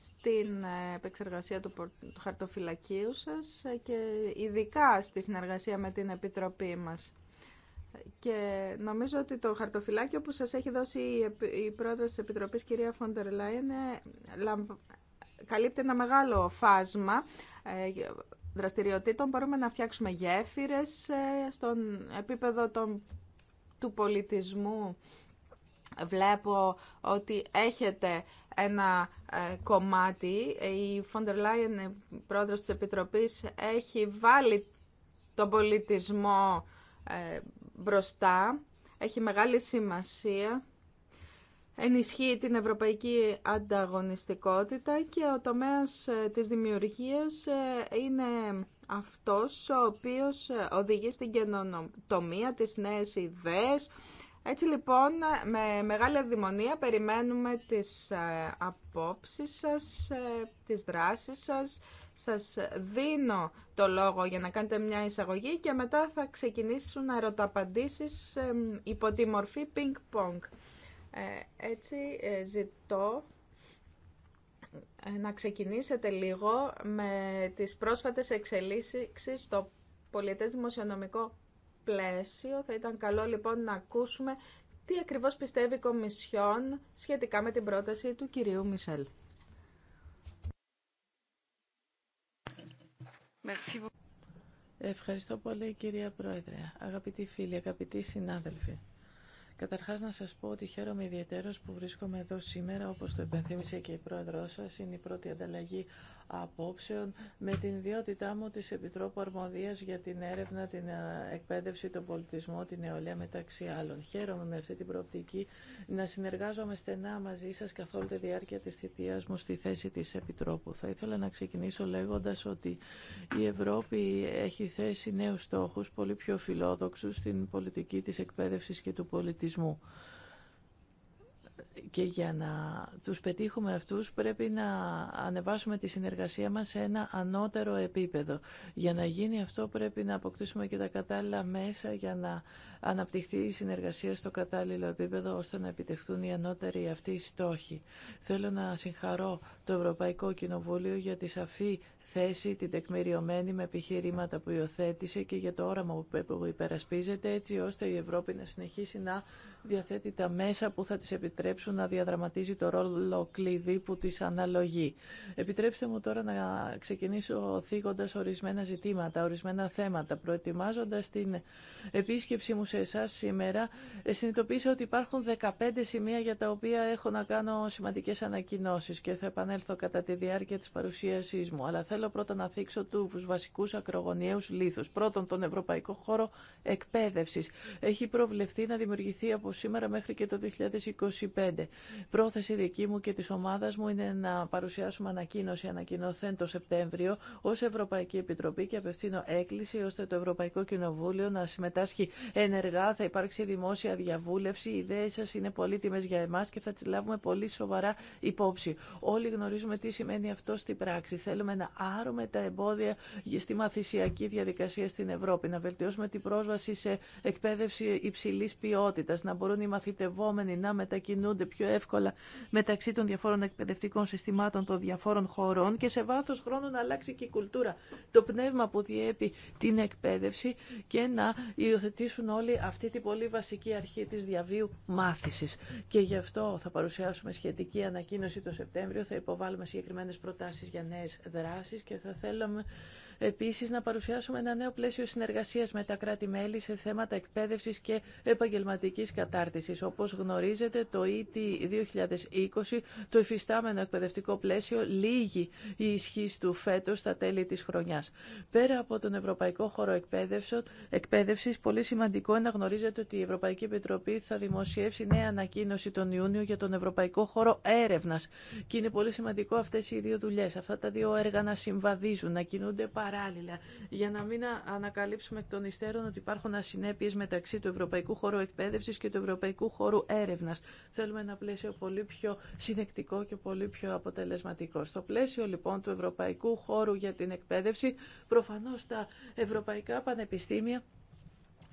στην επεξεργασία του χαρτοφυλακίου σας και ειδικά στη συνεργασία με την Επιτροπή μας. Και νομίζω ότι το χαρτοφυλάκιο που σας έχει δώσει η πρόεδρος της Επιτροπής, κυρία Φόντερ Λάιν, ε, καλύπτει ένα μεγάλο φάσμα ε, δραστηριοτήτων. Μπορούμε να φτιάξουμε γέφυρες ε, στον επίπεδο του πολιτισμού. Βλέπω ότι έχετε ένα ε, κομμάτι. Η Φόντερ Λάιεν, πρόεδρος της Επιτροπής, έχει βάλει τον πολιτισμό ε, μπροστά. Έχει μεγάλη σημασία. Ενισχύει την ευρωπαϊκή ανταγωνιστικότητα και ο τομέας ε, της δημιουργίας είναι αυτός ο οποίος οδηγεί στην καινοτομία, τις νέες ιδέες, έτσι λοιπόν, με μεγάλη αδημονία περιμένουμε τις ε, απόψεις σας, ε, τις δράσεις σας. Σας δίνω το λόγο για να κάνετε μια εισαγωγή και μετά θα ξεκινήσουν ερωταπαντήσεις υπό τη μορφή ping-pong. Ε, έτσι ζητώ να ξεκινήσετε λίγο με τις πρόσφατες εξελίξεις στο πολιτές δημοσιονομικό πλαίσιο. Θα ήταν καλό λοιπόν να ακούσουμε τι ακριβώς πιστεύει η Κομισιόν σχετικά με την πρόταση του κυρίου Μισελ. Ευχαριστώ πολύ κυρία Πρόεδρε, αγαπητοί φίλοι, αγαπητοί συνάδελφοι. Καταρχάς να σας πω ότι χαίρομαι ιδιαίτερος που βρίσκομαι εδώ σήμερα, όπως το υπενθύμησε και η πρόεδρό σας, είναι η πρώτη ανταλλαγή απόψεων με την ιδιότητά μου της Επιτρόπου Αρμοδίας για την έρευνα, την ε, εκπαίδευση, τον πολιτισμό, την νεολαία μεταξύ άλλων. Χαίρομαι με αυτή την προοπτική να συνεργάζομαι στενά μαζί σας καθ' όλη τη διάρκεια της θητείας μου στη θέση της Επιτρόπου. Θα ήθελα να ξεκινήσω λέγοντας ότι η Ευρώπη έχει θέσει νέους στόχους πολύ πιο φιλόδοξους στην πολιτική της εκπαίδευσης και του πολιτισμού. Και για να τους πετύχουμε αυτούς πρέπει να ανεβάσουμε τη συνεργασία μας σε ένα ανώτερο επίπεδο. Για να γίνει αυτό πρέπει να αποκτήσουμε και τα κατάλληλα μέσα για να αναπτυχθεί η συνεργασία στο κατάλληλο επίπεδο ώστε να επιτευχθούν οι ανώτεροι αυτοί οι στόχοι. Θέλω να συγχαρώ το Ευρωπαϊκό Κοινοβούλιο για τη σαφή θέση, την τεκμηριωμένη με επιχειρήματα που υιοθέτησε και για το όραμα που υπερασπίζεται έτσι ώστε η Ευρώπη να συνεχίσει να διαθέτει τα μέσα που θα της επιτρέψουν να διαδραματίζει το ρόλο κλειδί που της αναλογεί. Επιτρέψτε μου τώρα να ξεκινήσω θίγοντας ορισμένα ζητήματα, ορισμένα θέματα, προετοιμάζοντας την επίσκεψή μου σε σε εσά σήμερα, ε, συνειδητοποίησα ότι υπάρχουν 15 σημεία για τα οποία έχω να κάνω σημαντικέ ανακοινώσει και θα επανέλθω κατά τη διάρκεια τη παρουσίασή μου. Αλλά θέλω πρώτα να θίξω του βασικού ακρογωνιαίου λήθου. Πρώτον, τον Ευρωπαϊκό Χώρο Εκπαίδευση. Έχει προβλεφθεί να δημιουργηθεί από σήμερα μέχρι και το 2025. Πρόθεση δική μου και τη ομάδα μου είναι να παρουσιάσουμε ανακοίνωση ανακοινωθέν το Σεπτέμβριο ω Ευρωπαϊκή Επιτροπή και απευθύνω έκκληση ώστε το Ευρωπαϊκό Κοινοβούλιο να συμμετάσχει ενεργά, θα υπάρξει δημόσια διαβούλευση. Οι ιδέε σα είναι πολύτιμέ για εμά και θα τι λάβουμε πολύ σοβαρά υπόψη. Όλοι γνωρίζουμε τι σημαίνει αυτό στην πράξη. Θέλουμε να άρουμε τα εμπόδια στη μαθησιακή διαδικασία στην Ευρώπη, να βελτιώσουμε την πρόσβαση σε εκπαίδευση υψηλή ποιότητα, να μπορούν οι μαθητευόμενοι να μετακινούνται πιο εύκολα μεταξύ των διαφόρων εκπαιδευτικών συστημάτων των διαφόρων χωρών και σε βάθο χρόνου να αλλάξει και η κουλτούρα, το πνεύμα που διέπει την εκπαίδευση και να υιοθετήσουν όλοι αυτή την πολύ βασική αρχή της διαβίου μάθησης. Και γι' αυτό θα παρουσιάσουμε σχετική ανακοίνωση το Σεπτέμβριο, θα υποβάλουμε συγκεκριμένες προτάσεις για νέες δράσεις και θα θέλαμε Επίση, να παρουσιάσουμε ένα νέο πλαίσιο συνεργασία με τα κράτη-μέλη σε θέματα εκπαίδευση και επαγγελματική κατάρτιση. Όπω γνωρίζετε, το ET 2020, το εφιστάμενο εκπαιδευτικό πλαίσιο, λύγει η ισχύ του φέτο στα τέλη τη χρονιά. Πέρα από τον Ευρωπαϊκό Χώρο εκπαίδευση. πολύ σημαντικό είναι να γνωρίζετε ότι η Ευρωπαϊκή Επιτροπή θα δημοσιεύσει νέα ανακοίνωση τον Ιούνιο για τον Ευρωπαϊκό Χώρο Έρευνα. Και είναι πολύ σημαντικό αυτέ οι δύο δουλειέ, αυτά τα δύο έργα να συμβαδίζουν, να κινούνται πάρα παράλληλα για να μην ανακαλύψουμε εκ των υστέρων ότι υπάρχουν ασυνέπειες μεταξύ του Ευρωπαϊκού Χώρου Εκπαίδευσης και του Ευρωπαϊκού Χώρου Έρευνας. Θέλουμε ένα πλαίσιο πολύ πιο συνεκτικό και πολύ πιο αποτελεσματικό. Στο πλαίσιο λοιπόν του Ευρωπαϊκού Χώρου για την Εκπαίδευση προφανώς τα Ευρωπαϊκά Πανεπιστήμια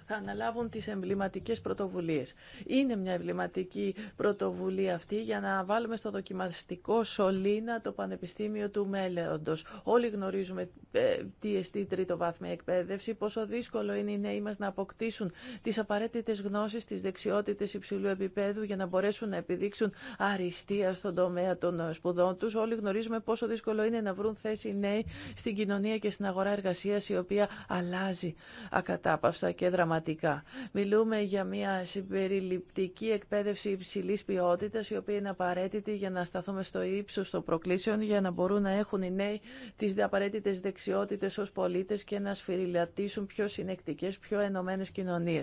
θα αναλάβουν τις εμβληματικές πρωτοβουλίες. Είναι μια εμβληματική πρωτοβουλία αυτή για να βάλουμε στο δοκιμαστικό σωλήνα το Πανεπιστήμιο του Μέλλοντος. Όλοι γνωρίζουμε ε, τι εστί τρίτο βάθμια εκπαίδευση, πόσο δύσκολο είναι οι νέοι μας να αποκτήσουν τις απαραίτητες γνώσεις, τις δεξιότητες υψηλού επίπεδου για να μπορέσουν να επιδείξουν αριστεία στον τομέα των σπουδών τους. Όλοι γνωρίζουμε πόσο δύσκολο είναι να βρουν θέση νέοι στην κοινωνία και στην αγορά εργασίας η οποία αλλάζει ακατάπαυστα και δραματικά πραγματικά. Μιλούμε για μια συμπεριληπτική εκπαίδευση υψηλή ποιότητα, η οποία είναι απαραίτητη για να σταθούμε στο ύψο των προκλήσεων, για να μπορούν να έχουν οι νέοι τι απαραίτητε δεξιότητε ω πολίτε και να σφυριλατήσουν πιο συνεκτικέ, πιο ενωμένε κοινωνίε.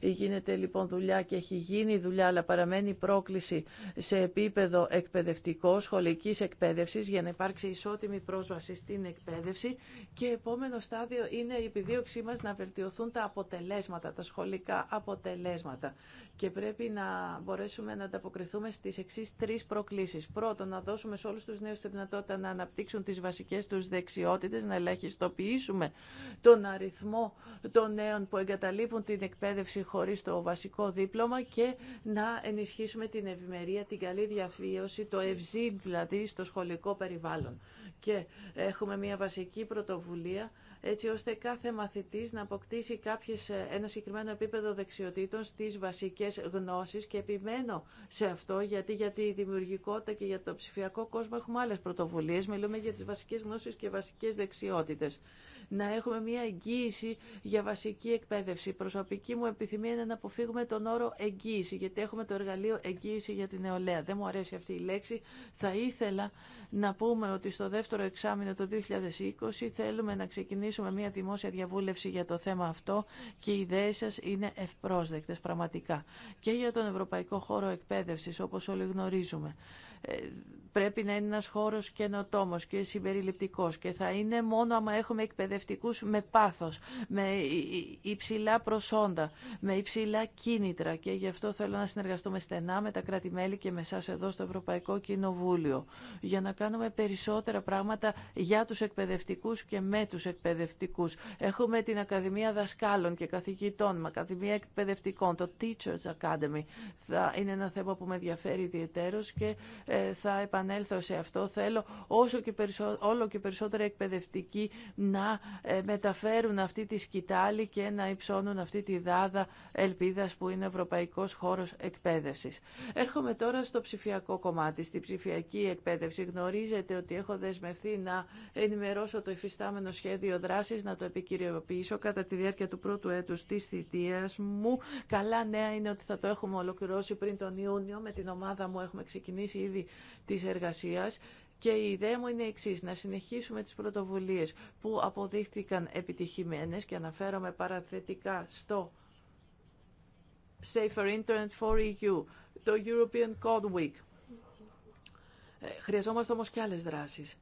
Γίνεται λοιπόν δουλειά και έχει γίνει δουλειά, αλλά παραμένει πρόκληση σε επίπεδο εκπαιδευτικό, σχολική εκπαίδευση για να υπάρξει ισότιμη πρόσβαση στην εκπαίδευση και επόμενο στάδιο είναι η επιδίωξή μα να βελτιωθούν τα αποτελέσματα τα σχολικά αποτελέσματα. Και πρέπει να μπορέσουμε να ανταποκριθούμε στις εξή τρει προκλήσεις. Πρώτον, να δώσουμε σε όλου τους νέους τη δυνατότητα να αναπτύξουν τις βασικές τους δεξιότητες, να ελαχιστοποιήσουμε τον αριθμό των νέων που εγκαταλείπουν την εκπαίδευση χωρίς το βασικό δίπλωμα και να ενισχύσουμε την ευημερία, την καλή διαφίωση, το ευζήν δηλαδή στο σχολικό περιβάλλον. Και έχουμε μια βασική πρωτοβουλία έτσι ώστε κάθε μαθητής να αποκτήσει κάποιες, ε, ένα συγκεκριμένο επίπεδο δεξιοτήτων στις βασικές γνώσεις και επιμένω σε αυτό γιατί για τη δημιουργικότητα και για το ψηφιακό κόσμο έχουμε άλλες πρωτοβουλίες. Μιλούμε για τις βασικές γνώσεις και βασικές δεξιότητες να έχουμε μια εγγύηση για βασική εκπαίδευση. Η προσωπική μου επιθυμία είναι να αποφύγουμε τον όρο εγγύηση, γιατί έχουμε το εργαλείο εγγύηση για την νεολαία. Δεν μου αρέσει αυτή η λέξη. Θα ήθελα να πούμε ότι στο δεύτερο εξάμεινο το 2020 θέλουμε να ξεκινήσουμε μια δημόσια διαβούλευση για το θέμα αυτό και οι ιδέε σα είναι ευπρόσδεκτε πραγματικά και για τον Ευρωπαϊκό Χώρο εκπαίδευση, όπω όλοι γνωρίζουμε πρέπει να είναι ένας χώρος καινοτόμο και συμπεριληπτικός και θα είναι μόνο άμα έχουμε εκπαιδευτικούς με πάθος, με υψηλά προσόντα, με υψηλά κίνητρα και γι' αυτό θέλω να συνεργαστούμε στενά με τα κράτη-μέλη και με εσάς εδώ στο Ευρωπαϊκό Κοινοβούλιο για να κάνουμε περισσότερα πράγματα για τους εκπαιδευτικούς και με τους εκπαιδευτικούς. Έχουμε την Ακαδημία Δασκάλων και Καθηγητών, Ακαδημία Εκπαιδευτικών, το Teachers Academy. Θα είναι ένα θέμα που με ενδιαφέρει ιδιαίτερω και ε, ε, θα επανέλθω σε αυτό. Θέλω όσο και περισσό, όλο και περισσότερο εκπαιδευτικοί να ε, μεταφέρουν αυτή τη σκητάλη και να υψώνουν αυτή τη δάδα ελπίδας που είναι ευρωπαϊκός χώρος εκπαίδευσης. Έρχομαι τώρα στο ψηφιακό κομμάτι, στη ψηφιακή εκπαίδευση. Γνωρίζετε ότι έχω δεσμευθεί να ενημερώσω το υφιστάμενο σχέδιο δράσης, να το επικυριοποιήσω κατά τη διάρκεια του πρώτου έτους της θητείας μου. Καλά νέα είναι ότι θα το έχουμε ολοκληρώσει πριν τον Ιούνιο. Με την ομάδα μου έχουμε ξεκινήσει ήδη της εργασίας και η ιδέα μου είναι εξή, να συνεχίσουμε τις πρωτοβουλίες που αποδείχθηκαν επιτυχημένες και αναφέρομαι παραθετικά στο Safer Internet for EU, το European Code Week. Ε, χρειαζόμαστε όμως και άλλες δράσεις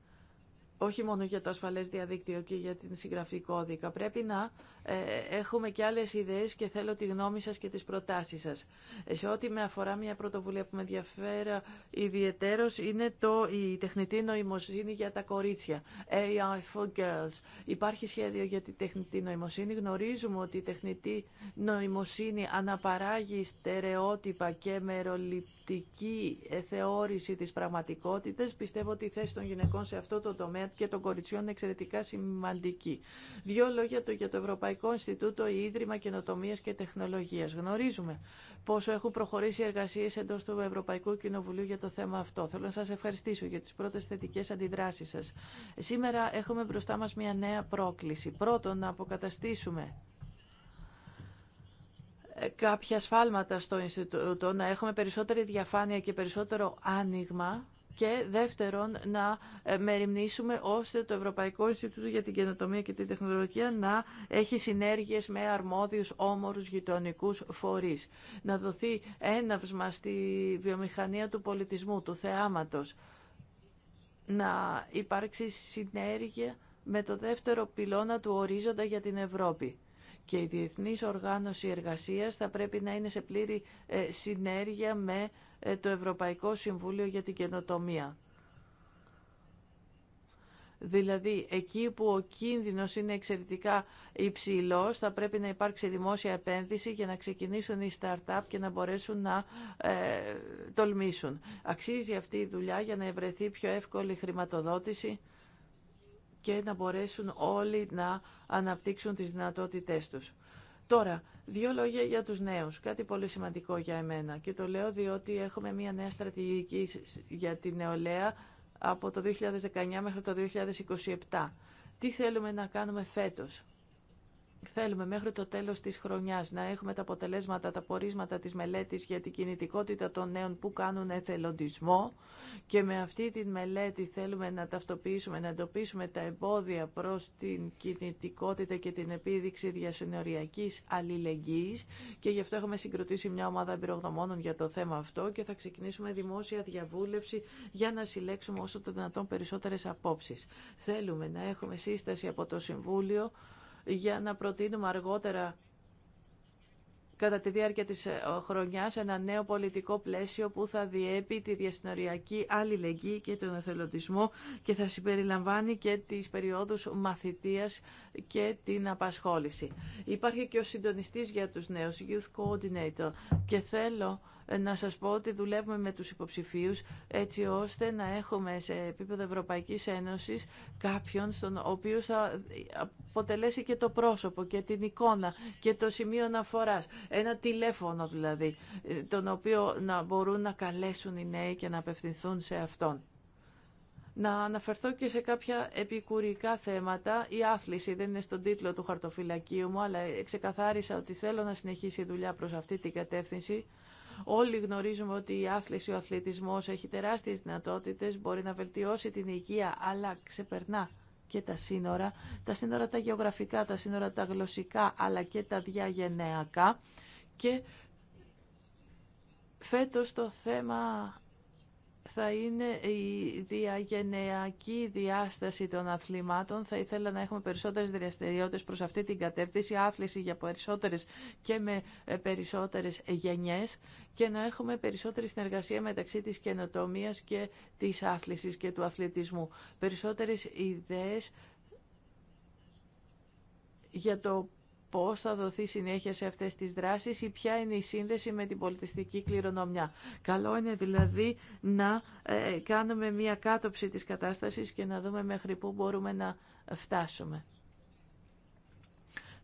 όχι μόνο για το ασφαλές διαδίκτυο και για την συγγραφή κώδικα. Πρέπει να ε, έχουμε και άλλες ιδέες και θέλω τη γνώμη σας και τις προτάσεις σας. Ε, σε ό,τι με αφορά μια πρωτοβουλία που με ενδιαφέρει ιδιαιτέρως είναι το, η τεχνητή νοημοσύνη για τα κορίτσια. AI for girls. Υπάρχει σχέδιο για τη τεχνητή νοημοσύνη. Γνωρίζουμε ότι η τεχνητή νοημοσύνη αναπαράγει στερεότυπα και μεροληπτικά οπτική θεώρηση της πραγματικότητας, πιστεύω ότι η θέση των γυναικών σε αυτό το τομέα και των κοριτσιών είναι εξαιρετικά σημαντική. Δύο λόγια το, για το Ευρωπαϊκό Ινστιτούτο Ίδρυμα Καινοτομία και Τεχνολογία. Γνωρίζουμε πόσο έχουν προχωρήσει οι εργασίε εντό του Ευρωπαϊκού Κοινοβουλίου για το θέμα αυτό. Θέλω να σα ευχαριστήσω για τι πρώτε θετικέ αντιδράσει σα. Σήμερα έχουμε μπροστά μα μια νέα πρόκληση. Πρώτον, να αποκαταστήσουμε κάποια σφάλματα στο Ινστιτούτο, να έχουμε περισσότερη διαφάνεια και περισσότερο άνοιγμα και δεύτερον να ε, μεριμνήσουμε ώστε το Ευρωπαϊκό Ινστιτούτο για την Καινοτομία και την Τεχνολογία να έχει συνέργειες με αρμόδιους όμορους γειτονικούς φορείς. Να δοθεί έναυσμα στη βιομηχανία του πολιτισμού, του θεάματος. Να υπάρξει συνέργεια με το δεύτερο πυλώνα του ορίζοντα για την Ευρώπη και η Διεθνής Οργάνωση Εργασίας θα πρέπει να είναι σε πλήρη ε, συνέργεια με ε, το Ευρωπαϊκό Συμβούλιο για την Καινοτομία. Δηλαδή, εκεί που ο κίνδυνος είναι εξαιρετικά υψηλός, θα πρέπει να υπάρξει δημόσια επένδυση για να ξεκινήσουν οι start και να μπορέσουν να ε, τολμήσουν. Αξίζει αυτή η δουλειά για να ευρεθεί πιο εύκολη χρηματοδότηση και να μπορέσουν όλοι να αναπτύξουν τις δυνατότητές τους. Τώρα, δύο λόγια για τους νέους. Κάτι πολύ σημαντικό για εμένα και το λέω διότι έχουμε μια νέα στρατηγική για τη νεολαία από το 2019 μέχρι το 2027. Τι θέλουμε να κάνουμε φέτος. Θέλουμε μέχρι το τέλος της χρονιάς να έχουμε τα αποτελέσματα, τα πορίσματα της μελέτης για την κινητικότητα των νέων που κάνουν εθελοντισμό και με αυτή τη μελέτη θέλουμε να ταυτοποιήσουμε, να εντοπίσουμε τα εμπόδια προς την κινητικότητα και την επίδειξη διασυνοριακής αλληλεγγύης και γι' αυτό έχουμε συγκροτήσει μια ομάδα εμπειρογνωμόνων για το θέμα αυτό και θα ξεκινήσουμε δημόσια διαβούλευση για να συλλέξουμε όσο το δυνατόν περισσότερες απόψεις. Θέλουμε να έχουμε σύσταση από το Συμβούλιο για να προτείνουμε αργότερα κατά τη διάρκεια της ε, χρονιάς ένα νέο πολιτικό πλαίσιο που θα διέπει τη διασυνοριακή αλληλεγγύη και τον εθελοντισμό και θα συμπεριλαμβάνει και τις περιόδους μαθητείας και την απασχόληση. Υπάρχει και ο συντονιστής για τους νέους, Youth Coordinator, και θέλω να σας πω ότι δουλεύουμε με τους υποψηφίους έτσι ώστε να έχουμε σε επίπεδο Ευρωπαϊκής Ένωσης κάποιον στον οποίο θα αποτελέσει και το πρόσωπο και την εικόνα και το σημείο αναφοράς. Ένα τηλέφωνο δηλαδή, τον οποίο να μπορούν να καλέσουν οι νέοι και να απευθυνθούν σε αυτόν. Να αναφερθώ και σε κάποια επικουρικά θέματα. Η άθληση δεν είναι στον τίτλο του χαρτοφυλακίου μου, αλλά ξεκαθάρισα ότι θέλω να συνεχίσει η δουλειά προς αυτή την κατεύθυνση. Όλοι γνωρίζουμε ότι η άθληση, ο αθλητισμός έχει τεράστιες δυνατότητες, μπορεί να βελτιώσει την υγεία, αλλά ξεπερνά και τα σύνορα, τα σύνορα τα γεωγραφικά, τα σύνορα τα γλωσσικά, αλλά και τα διαγενειακά. Και φέτος το θέμα θα είναι η διαγενειακή διάσταση των αθλημάτων. Θα ήθελα να έχουμε περισσότερες δραστηριότητες προς αυτή την κατεύθυνση, άθληση για περισσότερες και με ε, περισσότερες γενιέ, και να έχουμε περισσότερη συνεργασία μεταξύ της καινοτομία και της άθλησης και του αθλητισμού. Περισσότερες ιδέες για το πώς θα δοθεί συνέχεια σε αυτές τις δράσεις ή ποια είναι η σύνδεση με την πολιτιστική κληρονομιά. Καλό είναι δηλαδή να ε, κάνουμε μία κάτωψη της κατάστασης και να δούμε μέχρι πού μπορούμε να φτάσουμε.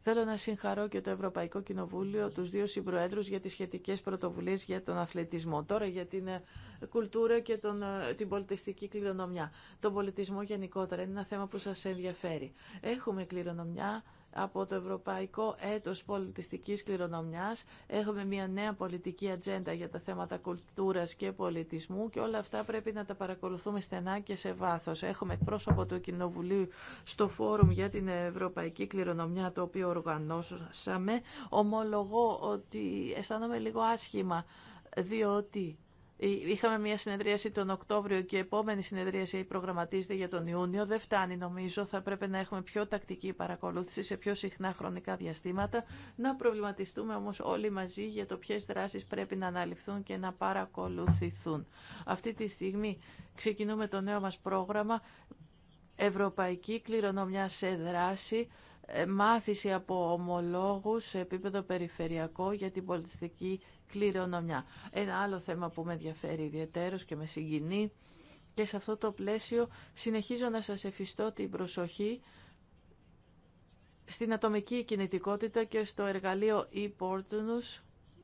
Θέλω να συγχαρώ και το Ευρωπαϊκό Κοινοβούλιο, τους δύο συμπροέδρους για τις σχετικές πρωτοβουλίες για τον αθλητισμό. Τώρα για την ε, κουλτούρα και τον, ε, την πολιτιστική κληρονομιά. Τον πολιτισμό γενικότερα είναι ένα θέμα που σας ενδιαφέρει. Έχουμε κληρονομιά, από το Ευρωπαϊκό Έτος Πολιτιστικής Κληρονομιάς. Έχουμε μια νέα πολιτική ατζέντα για τα θέματα κουλτούρας και πολιτισμού και όλα αυτά πρέπει να τα παρακολουθούμε στενά και σε βάθος. Έχουμε εκπρόσωπο του Κοινοβουλίου στο Φόρουμ για την Ευρωπαϊκή Κληρονομιά το οποίο οργανώσαμε. Ομολογώ ότι αισθάνομαι λίγο άσχημα διότι ε, είχαμε μια συνεδρίαση τον Οκτώβριο και η επόμενη συνεδρίαση προγραμματίζεται για τον Ιούνιο. Δεν φτάνει νομίζω, θα πρέπει να έχουμε πιο τακτική παρακολούθηση σε πιο συχνά χρονικά διαστήματα. Να προβληματιστούμε όμω όλοι μαζί για το ποιε δράσει πρέπει να αναλυφθούν και να παρακολουθηθούν. Αυτή τη στιγμή ξεκινούμε το νέο μα πρόγραμμα Ευρωπαϊκή Κληρονομιά σε Δράση ε, μάθηση από ομολόγους σε επίπεδο περιφερειακό για την πολιτιστική κληρονομιά. Ένα άλλο θέμα που με ενδιαφέρει ιδιαίτερος και με συγκινεί και σε αυτό το πλαίσιο συνεχίζω να σας εφιστώ την προσοχή στην ατομική κινητικότητα και στο εργαλείο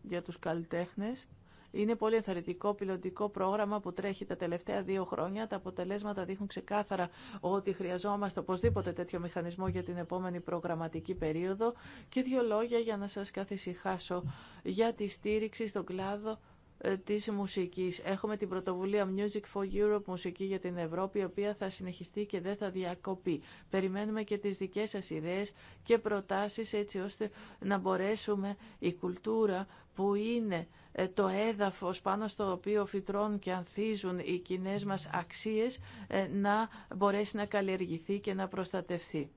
για τους καλλιτέχνες είναι πολύ ενθαρρυντικό πιλωτικό πρόγραμμα που τρέχει τα τελευταία δύο χρόνια. Τα αποτελέσματα δείχνουν ξεκάθαρα ότι χρειαζόμαστε οπωσδήποτε τέτοιο μηχανισμό για την επόμενη προγραμματική περίοδο. Και δύο λόγια για να σας καθησυχάσω για τη στήριξη στον κλάδο ε, της μουσικής. Έχουμε την πρωτοβουλία Music for Europe, μουσική για την Ευρώπη, η οποία θα συνεχιστεί και δεν θα διακοπεί. Περιμένουμε και τις δικές σας ιδέες και προτάσεις έτσι ώστε να μπορέσουμε η κουλτούρα που είναι ε, το έδαφος πάνω στο οποίο φυτρώνουν και ανθίζουν οι κοινέ μας αξίες ε, να μπορέσει να καλλιεργηθεί και να προστατευθεί.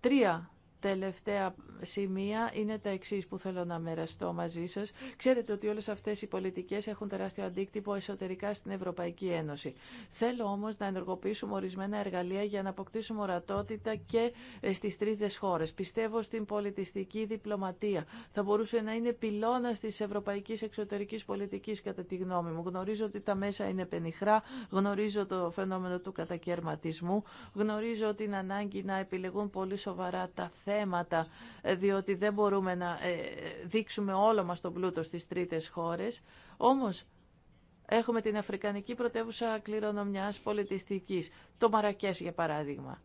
Τρία τελευταία σημεία είναι τα εξή που θέλω να μοιραστώ μαζί σα. Ξέρετε ότι όλε αυτέ οι πολιτικέ έχουν τεράστιο αντίκτυπο εσωτερικά στην Ευρωπαϊκή Ένωση. Θέλω όμω να ενεργοποιήσουμε ορισμένα εργαλεία για να αποκτήσουμε ορατότητα και ε, στι τρίτε χώρε. Πιστεύω στην πολιτιστική διπλωματία. Θα μπορούσε να είναι πυλώνα τη ευρωπαϊκή εξωτερική πολιτική, κατά τη γνώμη μου. Γνωρίζω ότι τα μέσα είναι πενιχρά, γνωρίζω το φαινόμενο του κατακαιρματισμού, γνωρίζω την ανάγκη να επιλεγούν πολύ σοβαρά τα θέματα θέματα, ε, διότι δεν μπορούμε να ε, δείξουμε όλο μας τον πλούτο στις τρίτες χώρες. Όμως, έχουμε την Αφρικανική πρωτεύουσα κληρονομιάς πολιτιστικής, το Μαρακές για παράδειγμα.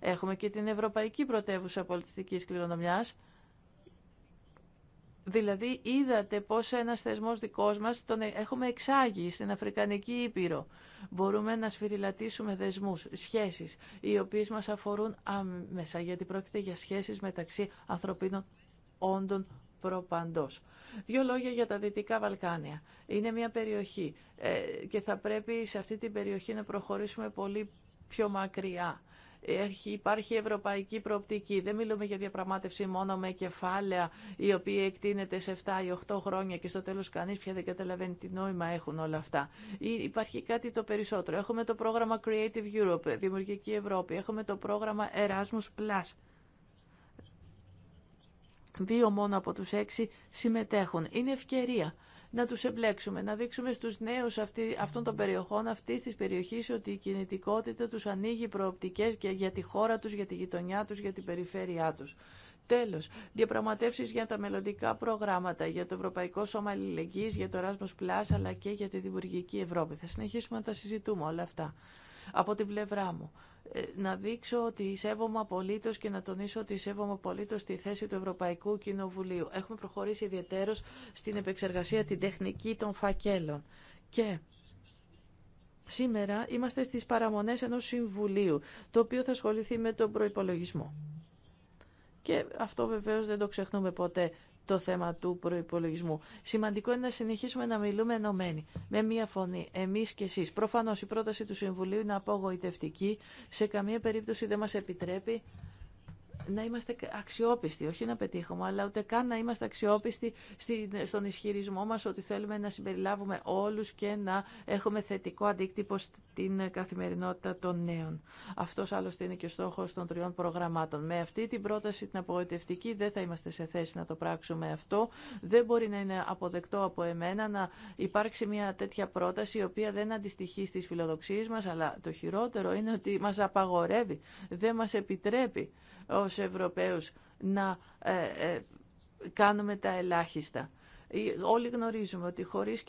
Έχουμε και την Ευρωπαϊκή πρωτεύουσα πολιτιστικής κληρονομιάς, Δηλαδή είδατε πώς ένας θεσμός δικός μας τον ε, έχουμε εξάγει στην Αφρικανική Ήπειρο. Μπορούμε να σφυριλατήσουμε δεσμούς, σχέσεις, οι οποίες μας αφορούν άμεσα, γιατί πρόκειται για σχέσεις μεταξύ ανθρωπίνων όντων προπαντός. Δύο λόγια για τα Δυτικά Βαλκάνια. Είναι μια περιοχή ε, και θα πρέπει σε αυτή την περιοχή να προχωρήσουμε πολύ πιο μακριά έχει, υπάρχει ευρωπαϊκή προοπτική. Δεν μιλούμε για διαπραγμάτευση μόνο με κεφάλαια η οποία εκτείνεται σε 7 ή 8 χρόνια και στο τέλος κανείς πια δεν καταλαβαίνει τι νόημα έχουν όλα αυτά. Υπάρχει κάτι το περισσότερο. Έχουμε το πρόγραμμα Creative Europe, Δημιουργική Ευρώπη. Έχουμε το πρόγραμμα Erasmus+. Plus. Δύο μόνο από τους έξι συμμετέχουν. Είναι ευκαιρία να τους εμπλέξουμε, να δείξουμε στους νέους αυτή, αυτών των περιοχών, αυτή της περιοχής, ότι η κινητικότητα τους ανοίγει προοπτικές και για τη χώρα τους, για τη γειτονιά τους, για την περιφέρειά τους. Τέλος, διαπραγματεύσεις για τα μελλοντικά προγράμματα, για το Ευρωπαϊκό Σώμα Αλληλεγγύης, για το Erasmus Plus, αλλά και για τη Δημιουργική Ευρώπη. Θα συνεχίσουμε να τα συζητούμε όλα αυτά από την πλευρά μου. Ε, να δείξω ότι σέβομαι απολύτω και να τονίσω ότι σέβομαι απολύτω τη θέση του Ευρωπαϊκού Κοινοβουλίου. Έχουμε προχωρήσει ιδιαίτερω στην επεξεργασία την τεχνική των φακέλων. Και σήμερα είμαστε στις παραμονές ενός συμβουλίου, το οποίο θα ασχοληθεί με τον προϋπολογισμό. Και αυτό βεβαίως δεν το ξεχνούμε ποτέ το θέμα του προπολογισμού. Σημαντικό είναι να συνεχίσουμε να μιλούμε ενωμένοι, με μία φωνή, εμείς και εσείς. Προφανώς η πρόταση του Συμβουλίου είναι απογοητευτική, σε καμία περίπτωση δεν μας επιτρέπει να είμαστε αξιόπιστοι, όχι να πετύχουμε, αλλά ούτε καν να είμαστε αξιόπιστοι στον ισχυρισμό μας ότι θέλουμε να συμπεριλάβουμε όλους και να έχουμε θετικό αντίκτυπο στην καθημερινότητα των νέων. Αυτός άλλωστε είναι και ο στόχος των τριών προγραμμάτων. Με αυτή την πρόταση την απογοητευτική δεν θα είμαστε σε θέση να το πράξουμε αυτό. Δεν μπορεί να είναι αποδεκτό από εμένα να υπάρξει μια τέτοια πρόταση η οποία δεν αντιστοιχεί στις φιλοδοξίες μας, αλλά το χειρότερο είναι ότι μας απαγορεύει, δεν μας επιτρέπει ως Ευρωπαίους να ε, ε, κάνουμε τα ελάχιστα. Όλοι γνωρίζουμε ότι χωρίς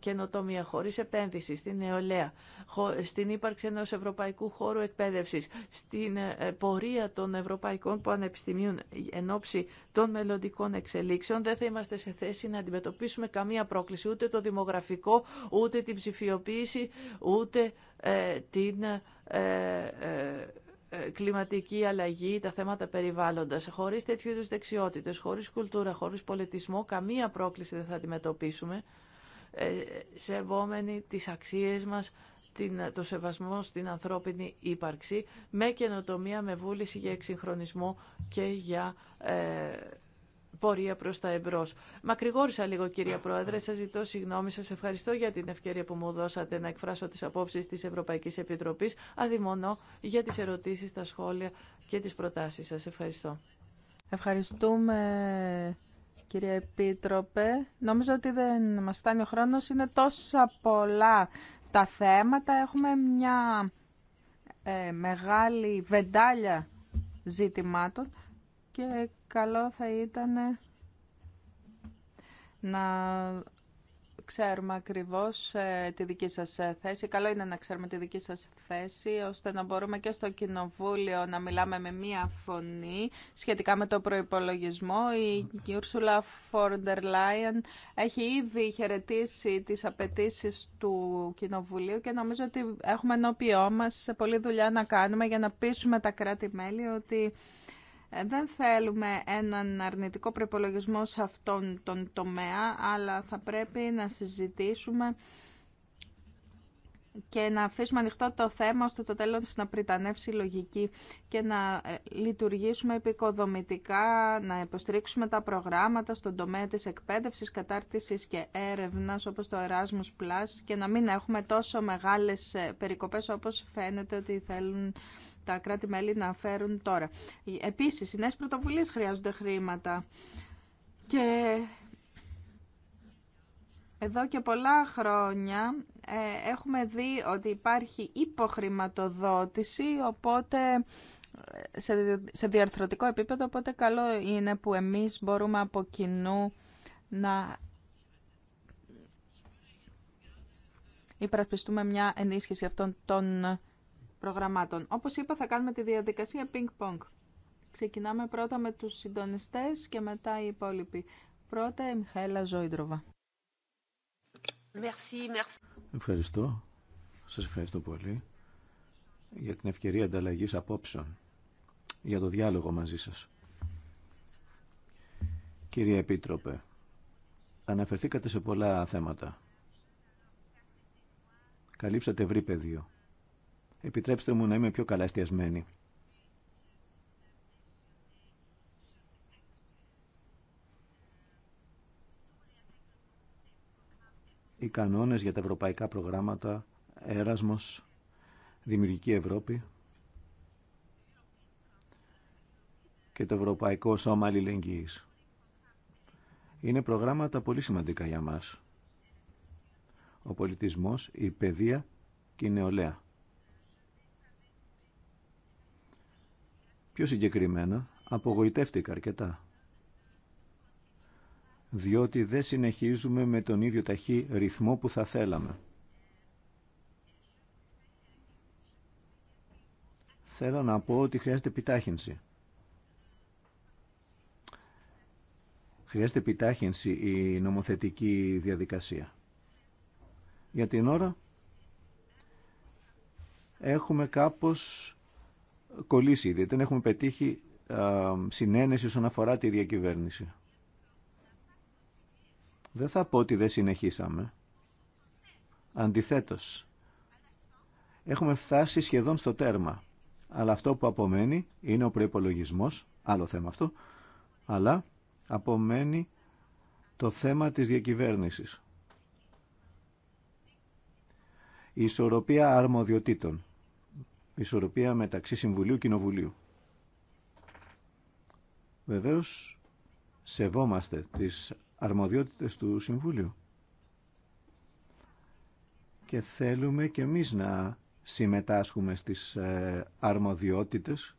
καινοτομία, χωρίς επένδυση στην νεολαία, στην ύπαρξη ενός ευρωπαϊκού χώρου εκπαίδευσης, στην ε, πορεία των ευρωπαϊκών πανεπιστημίων εν ώψη των μελλοντικών εξελίξεων, δεν θα είμαστε σε θέση να αντιμετωπίσουμε καμία πρόκληση, ούτε το δημογραφικό, ούτε την ψηφιοποίηση, ούτε την ε, κλιματική αλλαγή, τα θέματα περιβάλλοντας. Χωρίς τέτοιου είδους δεξιότητες, χωρίς κουλτούρα, χωρίς πολιτισμό, καμία πρόκληση δεν θα αντιμετωπίσουμε ε, σεβόμενοι τις αξίες μας, το σεβασμό στην ανθρώπινη ύπαρξη, με καινοτομία, με βούληση για εξυγχρονισμό και για ε, πορεία προς τα εμπρός. Μακρηγόρησα λίγο κυρία Πρόεδρε, Σα ζητώ συγγνώμη, σα ευχαριστώ για την ευκαιρία που μου δώσατε να εκφράσω τις απόψει της Ευρωπαϊκής Επιτροπής. Αδειμονώ για τις ερωτήσεις, τα σχόλια και τις προτάσεις Σα Ευχαριστώ. Ευχαριστούμε κύριε Επίτροπε. Νομίζω ότι δεν μας φτάνει ο χρόνος. Είναι τόσα πολλά τα θέματα. Έχουμε μια ε, μεγάλη βεντάλια ζητημάτων και καλό θα ήταν να ξέρουμε ακριβώς ε, τη δική σας ε, θέση. Καλό είναι να ξέρουμε τη δική σας θέση, ώστε να μπορούμε και στο Κοινοβούλιο να μιλάμε με μία φωνή σχετικά με το προϋπολογισμό. Η Ursula von der έχει ήδη χαιρετήσει τις απαιτήσει του Κοινοβουλίου και νομίζω ότι έχουμε ενώπιό μας πολλή δουλειά να κάνουμε για να πείσουμε τα κράτη-μέλη ότι ε, δεν θέλουμε έναν αρνητικό προπολογισμό σε αυτόν τον τομέα, αλλά θα πρέπει να συζητήσουμε και να αφήσουμε ανοιχτό το θέμα ώστε το τέλος να πριτανεύσει η λογική και να ε, λειτουργήσουμε επικοδομητικά, να υποστηρίξουμε τα προγράμματα στον τομέα της εκπαίδευσης, κατάρτισης και έρευνας όπως το Erasmus Plus και να μην έχουμε τόσο μεγάλες ε, περικοπές όπως φαίνεται ότι θέλουν τα κράτη-μέλη να φέρουν τώρα. Επίσης, οι νέες πρωτοβουλίες χρειάζονται χρήματα. Και εδώ και πολλά χρόνια ε, έχουμε δει ότι υπάρχει υποχρηματοδότηση, οπότε σε διαρθρωτικό επίπεδο, οπότε καλό είναι που εμείς μπορούμε από κοινού να υπερασπιστούμε μια ενίσχυση αυτών των προγραμμάτων. Όπως είπα, θα κάνουμε τη διαδικασία ping-pong. Ξεκινάμε πρώτα με τους συντονιστές και μετά οι υπόλοιποι. Πρώτα η Μιχαέλα Ζόιντροβα. Ευχαριστώ. Σας ευχαριστώ πολύ για την ευκαιρία ανταλλαγής απόψεων, για το διάλογο μαζί σας. Κύριε Επίτροπε, αναφερθήκατε σε πολλά θέματα. Καλύψατε ευρύ πεδίο. Επιτρέψτε μου να είμαι πιο καλά εστιασμένη. Οι κανόνες για τα ευρωπαϊκά προγράμματα, Έρασμος, Δημιουργική Ευρώπη και το Ευρωπαϊκό Σώμα Αλληλεγγύης. Είναι προγράμματα πολύ σημαντικά για μας. Ο πολιτισμός, η παιδεία και η νεολαία. Πιο συγκεκριμένα, απογοητεύτηκα αρκετά. Διότι δεν συνεχίζουμε με τον ίδιο ταχύ ρυθμό που θα θέλαμε. Θέλω να πω ότι χρειάζεται επιτάχυνση. Χρειάζεται επιτάχυνση η νομοθετική διαδικασία. Για την ώρα έχουμε κάπως κολλήσει ήδη. Δεν έχουμε πετύχει συνένεση όσον αφορά τη διακυβέρνηση. Δεν θα πω ότι δεν συνεχίσαμε. Αντιθέτως, έχουμε φτάσει σχεδόν στο τέρμα. Αλλά αυτό που απομένει είναι ο προπολογισμό, άλλο θέμα αυτό, αλλά απομένει το θέμα της διακυβέρνησης. Η ισορροπία αρμοδιοτήτων ισορροπία μεταξύ Συμβουλίου και Κοινοβουλίου. Βεβαίως, σεβόμαστε τις αρμοδιότητες του Συμβουλίου. Και θέλουμε και εμείς να συμμετάσχουμε στις ε, αρμοδιότητες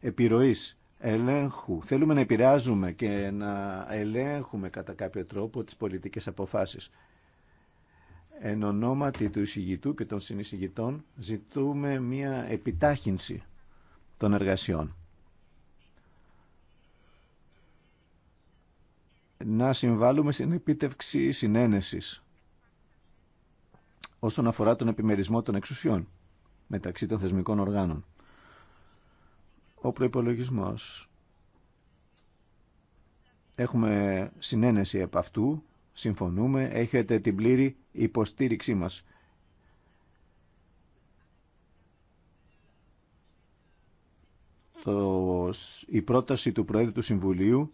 επιρροής, ελέγχου. Θέλουμε να επηρεάζουμε και να ελέγχουμε κατά κάποιο τρόπο τις πολιτικές αποφάσεις. Εν ονόματι του εισηγητού και των συνεισηγητών ζητούμε μία επιτάχυνση των εργασιών. Να συμβάλλουμε στην επίτευξη συνένεσης όσον αφορά τον επιμερισμό των εξουσιών μεταξύ των θεσμικών οργάνων. Ο προϋπολογισμός. Έχουμε συνένεση επ' αυτού Συμφωνούμε, έχετε την πλήρη υποστήριξή μας. Το, η πρόταση του Προέδρου του Συμβουλίου,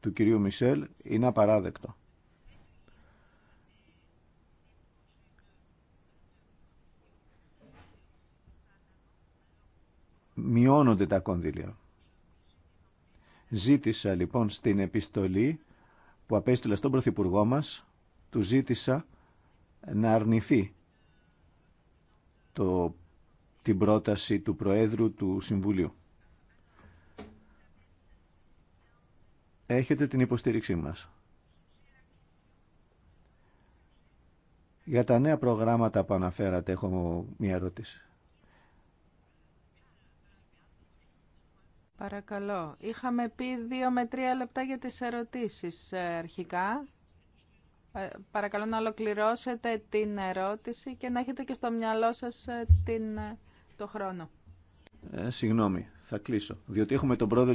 του κυρίου Μισελ, είναι απαράδεκτο. Μειώνονται τα κονδύλια. Ζήτησα λοιπόν στην επιστολή που απέστειλε στον Πρωθυπουργό μας, του ζήτησα να αρνηθεί το, την πρόταση του Προέδρου του Συμβουλίου. Έχετε την υποστήριξή μας. Για τα νέα προγράμματα που αναφέρατε έχω μία ερώτηση. Παρακαλώ. Είχαμε πει δύο με τρία λεπτά για τις ερωτήσεις ε, αρχικά. Ε, παρακαλώ να ολοκληρώσετε την ερώτηση και να έχετε και στο μυαλό σας ε, την, το χρόνο. Ε, συγγνώμη, θα κλείσω. Διότι έχουμε τον πρόεδρο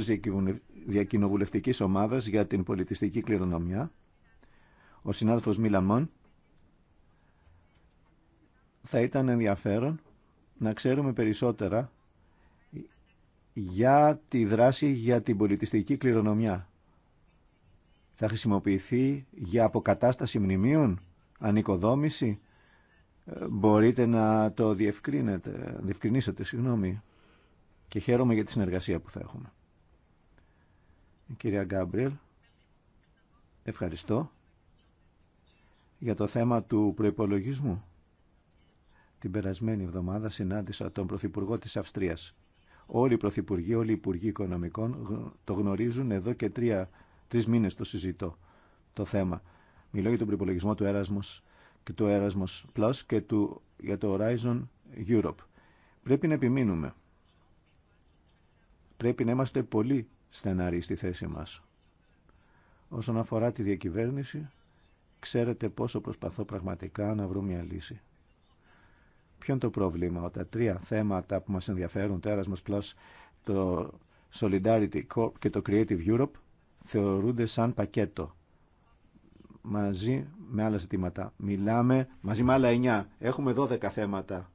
διακοινοβουλευτικής ομάδας για την πολιτιστική κληρονομιά, ο συνάδελφος Μιλαμόν. Θα ήταν ενδιαφέρον να ξέρουμε περισσότερα για τη δράση για την πολιτιστική κληρονομιά. Θα χρησιμοποιηθεί για αποκατάσταση μνημείων, ανοικοδόμηση. Ε, μπορείτε να το διευκρίνετε, διευκρινίσετε, συγγνώμη. Και χαίρομαι για τη συνεργασία που θα έχουμε. κυρία Γκάμπριελ, ευχαριστώ για το θέμα του προϋπολογισμού. Την περασμένη εβδομάδα συνάντησα τον Πρωθυπουργό της Αυστρίας Όλοι οι πρωθυπουργοί, όλοι οι υπουργοί οικονομικών το γνωρίζουν εδώ και τρία, τρεις μήνες το συζητώ το θέμα. Μιλώ για τον προπολογισμό του Erasmus και του Erasmus Plus και του, για το Horizon Europe. Πρέπει να επιμείνουμε. Πρέπει να είμαστε πολύ στεναροί στη θέση μας. Όσον αφορά τη διακυβέρνηση, ξέρετε πόσο προσπαθώ πραγματικά να βρω μια λύση. Ποιο είναι το πρόβλημα, τα τρία θέματα που μας ενδιαφέρουν, το Erasmus Plus, το Solidarity Corp και το Creative Europe, θεωρούνται σαν πακέτο μαζί με άλλα ζητήματα. Μιλάμε μαζί με άλλα εννιά. Έχουμε 12 θέματα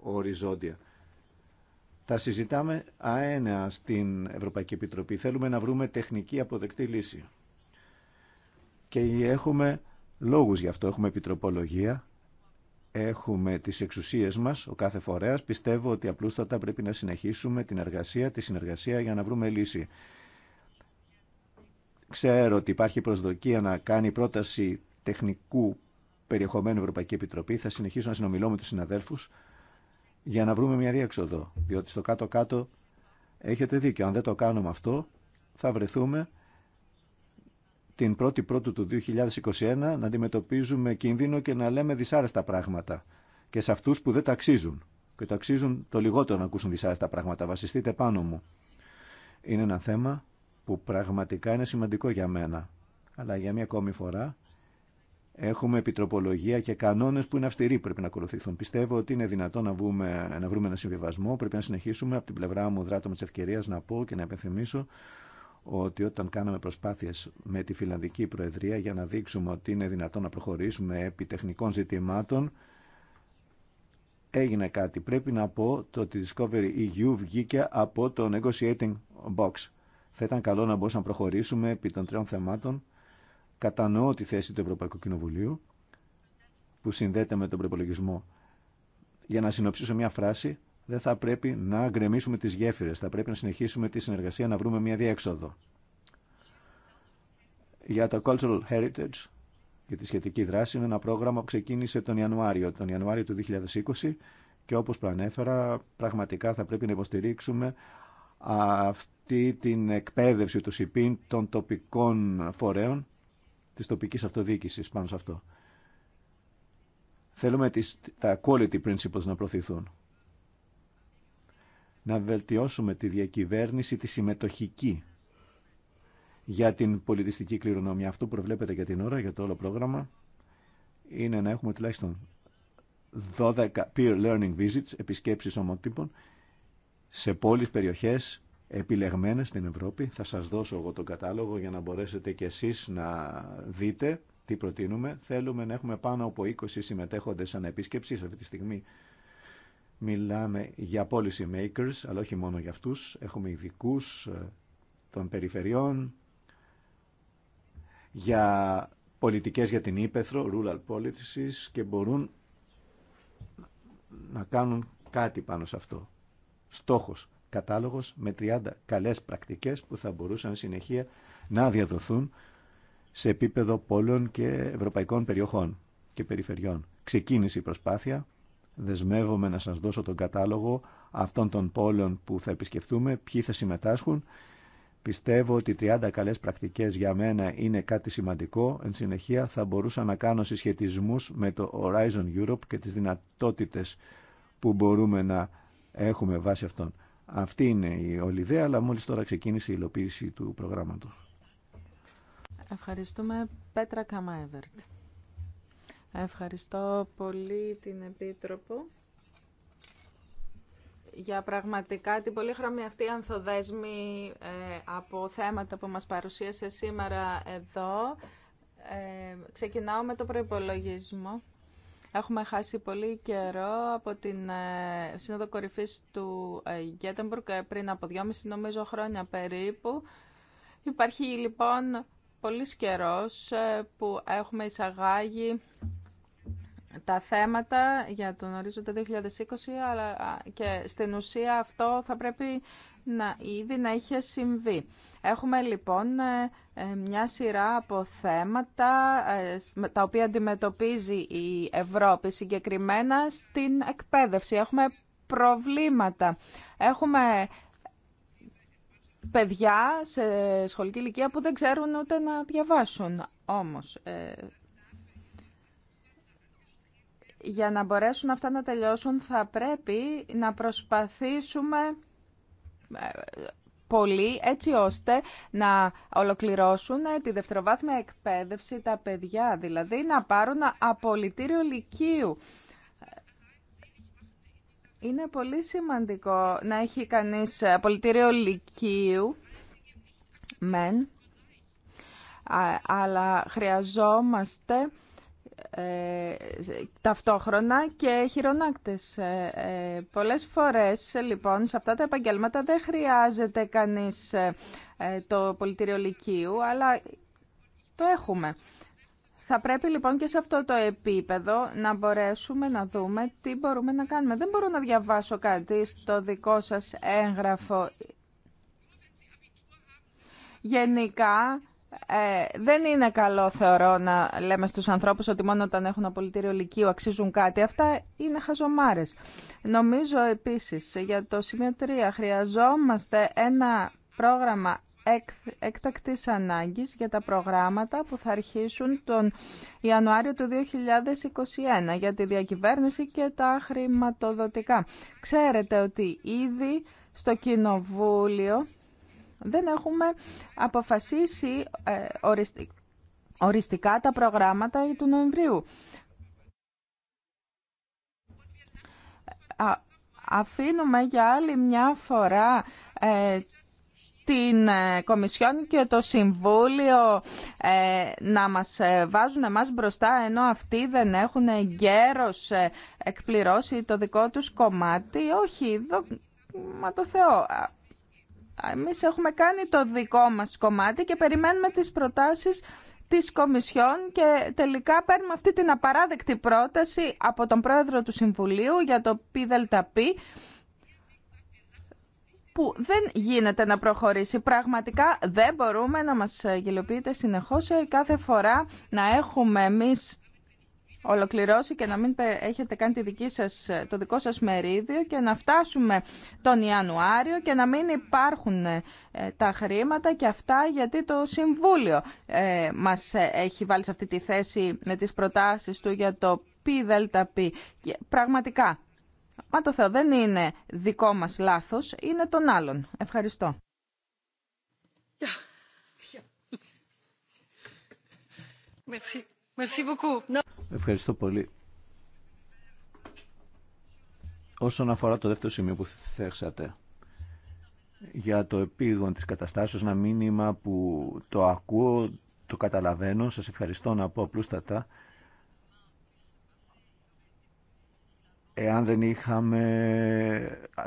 οριζόντια. Τα συζητάμε αένα στην Ευρωπαϊκή Επιτροπή. Θέλουμε να βρούμε τεχνική αποδεκτή λύση. Και έχουμε λόγους γι' αυτό. Έχουμε επιτροπολογία, έχουμε τις εξουσίες μας, ο κάθε φορέας, πιστεύω ότι απλούστατα πρέπει να συνεχίσουμε την εργασία, τη συνεργασία για να βρούμε λύση. Ξέρω ότι υπάρχει προσδοκία να κάνει πρόταση τεχνικού περιεχομένου Ευρωπαϊκή Επιτροπή. Θα συνεχίσω να συνομιλώ με τους συναδέλφους για να βρούμε μια διέξοδο. Διότι στο κάτω-κάτω έχετε δίκιο. Αν δεν το κάνουμε αυτό, θα βρεθούμε την 1η Πρώτου του 2021 να αντιμετωπίζουμε κίνδυνο και να λέμε δυσάρεστα πράγματα και σε αυτούς που δεν τα αξίζουν. Και το αξίζουν το λιγότερο να ακούσουν δυσάρεστα πράγματα. Βασιστείτε πάνω μου. Είναι ένα θέμα που πραγματικά είναι σημαντικό για μένα. Αλλά για μία ακόμη φορά έχουμε επιτροπολογία και κανόνε που είναι αυστηροί πρέπει να ακολουθηθούν. Πιστεύω ότι είναι δυνατό να, βούμε, να βρούμε ένα συμβιβασμό. Πρέπει να συνεχίσουμε. Από την πλευρά μου, δράτω με τη ευκαιρία να πω και να επενθυμίσω ότι όταν κάναμε προσπάθειες με τη Φιλανδική Προεδρία για να δείξουμε ότι είναι δυνατόν να προχωρήσουμε επί τεχνικών ζητημάτων, έγινε κάτι. Πρέπει να πω το ότι Discovery EU βγήκε από το Negotiating Box. Θα ήταν καλό να μπορούσαμε να προχωρήσουμε επί των τριών θεμάτων. Κατανοώ τη θέση του Ευρωπαϊκού Κοινοβουλίου που συνδέεται με τον προπολογισμό. Για να συνοψίσω μια φράση, δεν θα πρέπει να γκρεμίσουμε τις γέφυρες, θα πρέπει να συνεχίσουμε τη συνεργασία να βρούμε μια διέξοδο. Για το Cultural Heritage για τη σχετική δράση είναι ένα πρόγραμμα που ξεκίνησε τον Ιανουάριο, τον Ιανουάριο του 2020 και όπως προανέφερα πραγματικά θα πρέπει να υποστηρίξουμε αυτή την εκπαίδευση του ΣΥΠΗΝ των τοπικών φορέων της τοπικής αυτοδιοίκησης πάνω σε αυτό. Θέλουμε τις, τα quality principles να προωθηθούν να βελτιώσουμε τη διακυβέρνηση, τη συμμετοχική για την πολιτιστική κληρονομιά. Αυτό που προβλέπετε για την ώρα, για το όλο πρόγραμμα, είναι να έχουμε τουλάχιστον 12 peer learning visits, επισκέψεις ομοτύπων, σε πόλεις, περιοχές επιλεγμένες στην Ευρώπη. Θα σας δώσω εγώ τον κατάλογο για να μπορέσετε κι εσείς να δείτε τι προτείνουμε. Θέλουμε να έχουμε πάνω από 20 συμμετέχοντες ανεπίσκεψη. αυτή τη στιγμή Μιλάμε για policy makers, αλλά όχι μόνο για αυτούς. Έχουμε ειδικού ε, των περιφερειών, για πολιτικές για την Ήπεθρο, rural policies, και μπορούν να κάνουν κάτι πάνω σε αυτό. Στόχος, κατάλογος με 30 καλές πρακτικές που θα μπορούσαν συνεχεία να διαδοθούν σε επίπεδο πόλεων και ευρωπαϊκών περιοχών και περιφερειών. Ξεκίνησε η προσπάθεια Δεσμεύομαι να σας δώσω τον κατάλογο αυτών των πόλεων που θα επισκεφθούμε, ποιοι θα συμμετάσχουν. Πιστεύω ότι 30 καλές πρακτικές για μένα είναι κάτι σημαντικό. Εν συνεχεία θα μπορούσα να κάνω συσχετισμούς με το Horizon Europe και τις δυνατότητες που μπορούμε να έχουμε βάσει αυτών. Αυτή είναι η όλη ιδέα, αλλά μόλις τώρα ξεκίνησε η υλοποίηση του προγράμματος. Ευχαριστούμε. Πέτρα Καμάεβερτ. Ευχαριστώ πολύ την Επίτροπο για πραγματικά την πολύχρωμη αυτή ανθοδέσμη ε, από θέματα που μας παρουσίασε σήμερα εδώ. Ε, ξεκινάω με το προϋπολογισμό. Έχουμε χάσει πολύ καιρό από την ε, Σύνοδο Κορυφής του ε, πριν από δυόμιση νομίζω χρόνια περίπου. Υπάρχει λοιπόν πολύ καιρός που έχουμε εισαγάγει τα θέματα για τον ορίζοντα 2020 αλλά και στην ουσία αυτό θα πρέπει να, ήδη να είχε συμβεί. Έχουμε λοιπόν ε, ε, μια σειρά από θέματα ε, τα οποία αντιμετωπίζει η Ευρώπη συγκεκριμένα στην εκπαίδευση. Έχουμε προβλήματα. Έχουμε παιδιά σε σχολική ηλικία που δεν ξέρουν ούτε να διαβάσουν. Όμως, για να μπορέσουν αυτά να τελειώσουν θα πρέπει να προσπαθήσουμε ε, πολύ έτσι ώστε να ολοκληρώσουν τη δευτεροβάθμια εκπαίδευση τα παιδιά, δηλαδή να πάρουν απολυτήριο λυκείου. Είναι πολύ σημαντικό να έχει κανείς απολυτήριο λυκείου, μεν, αλλά χρειαζόμαστε ε, ταυτόχρονα και χειρονάκτες. Ε, ε, πολλές φορές, λοιπόν, σε αυτά τα επαγγέλματα δεν χρειάζεται κανείς το πολιτήριο αλλά το έχουμε. Θα πρέπει λοιπόν και σε αυτό το επίπεδο να μπορέσουμε να δούμε τι μπορούμε να κάνουμε. Δεν μπορώ να διαβάσω κάτι στο δικό σας έγγραφο. Γενικά, ε, δεν είναι καλό, θεωρώ, να λέμε στους ανθρώπους ότι μόνο όταν έχουν απολυτήριο λυκείου αξίζουν κάτι. Αυτά είναι χαζομάρες. Νομίζω επίσης, για το σημείο 3, χρειαζόμαστε ένα πρόγραμμα έκτακτης ανάγκης για τα προγράμματα που θα αρχίσουν τον Ιανουάριο του 2021 για τη διακυβέρνηση και τα χρηματοδοτικά. Ξέρετε ότι ήδη στο Κοινοβούλιο δεν έχουμε αποφασίσει ε, οριστικά τα προγράμματα του Νοεμβρίου. Αφήνουμε για άλλη μια φορά ε, την ε, Κομισιόν και το Συμβούλιο να μας βάζουν εμάς μπροστά ενώ αυτοί δεν έχουν γέρος εκπληρώσει το δικό τους κομμάτι. Όχι, μα το Θεό εμείς έχουμε κάνει το δικό μας κομμάτι και περιμένουμε τις προτάσεις της Κομισιόν και τελικά παίρνουμε αυτή την απαράδεκτη πρόταση από τον Πρόεδρο του Συμβουλίου για το ΠΔΠ που δεν γίνεται να προχωρήσει. Πραγματικά δεν μπορούμε να μας γελιοποιείτε συνεχώς ε, κάθε φορά να έχουμε εμείς ολοκληρώσει και να μην έχετε κάνει τη δική σας, το δικό σας μερίδιο και να φτάσουμε τον Ιανουάριο και να μην υπάρχουν ε, τα χρήματα και αυτά γιατί το Συμβούλιο ε, μας έχει βάλει σε αυτή τη θέση με τις προτάσεις του για το πι δελτα πι. Πραγματικά, μα το Θεό δεν είναι δικό μας λάθος, είναι τον άλλων. Ευχαριστώ. Merci. Merci beaucoup. Ευχαριστώ πολύ. Όσον αφορά το δεύτερο σημείο που θέσατε, για το επίγον της καταστάσεως, ένα μήνυμα που το ακούω, το καταλαβαίνω, σας ευχαριστώ να πω απλούστατα. Εάν δεν είχαμε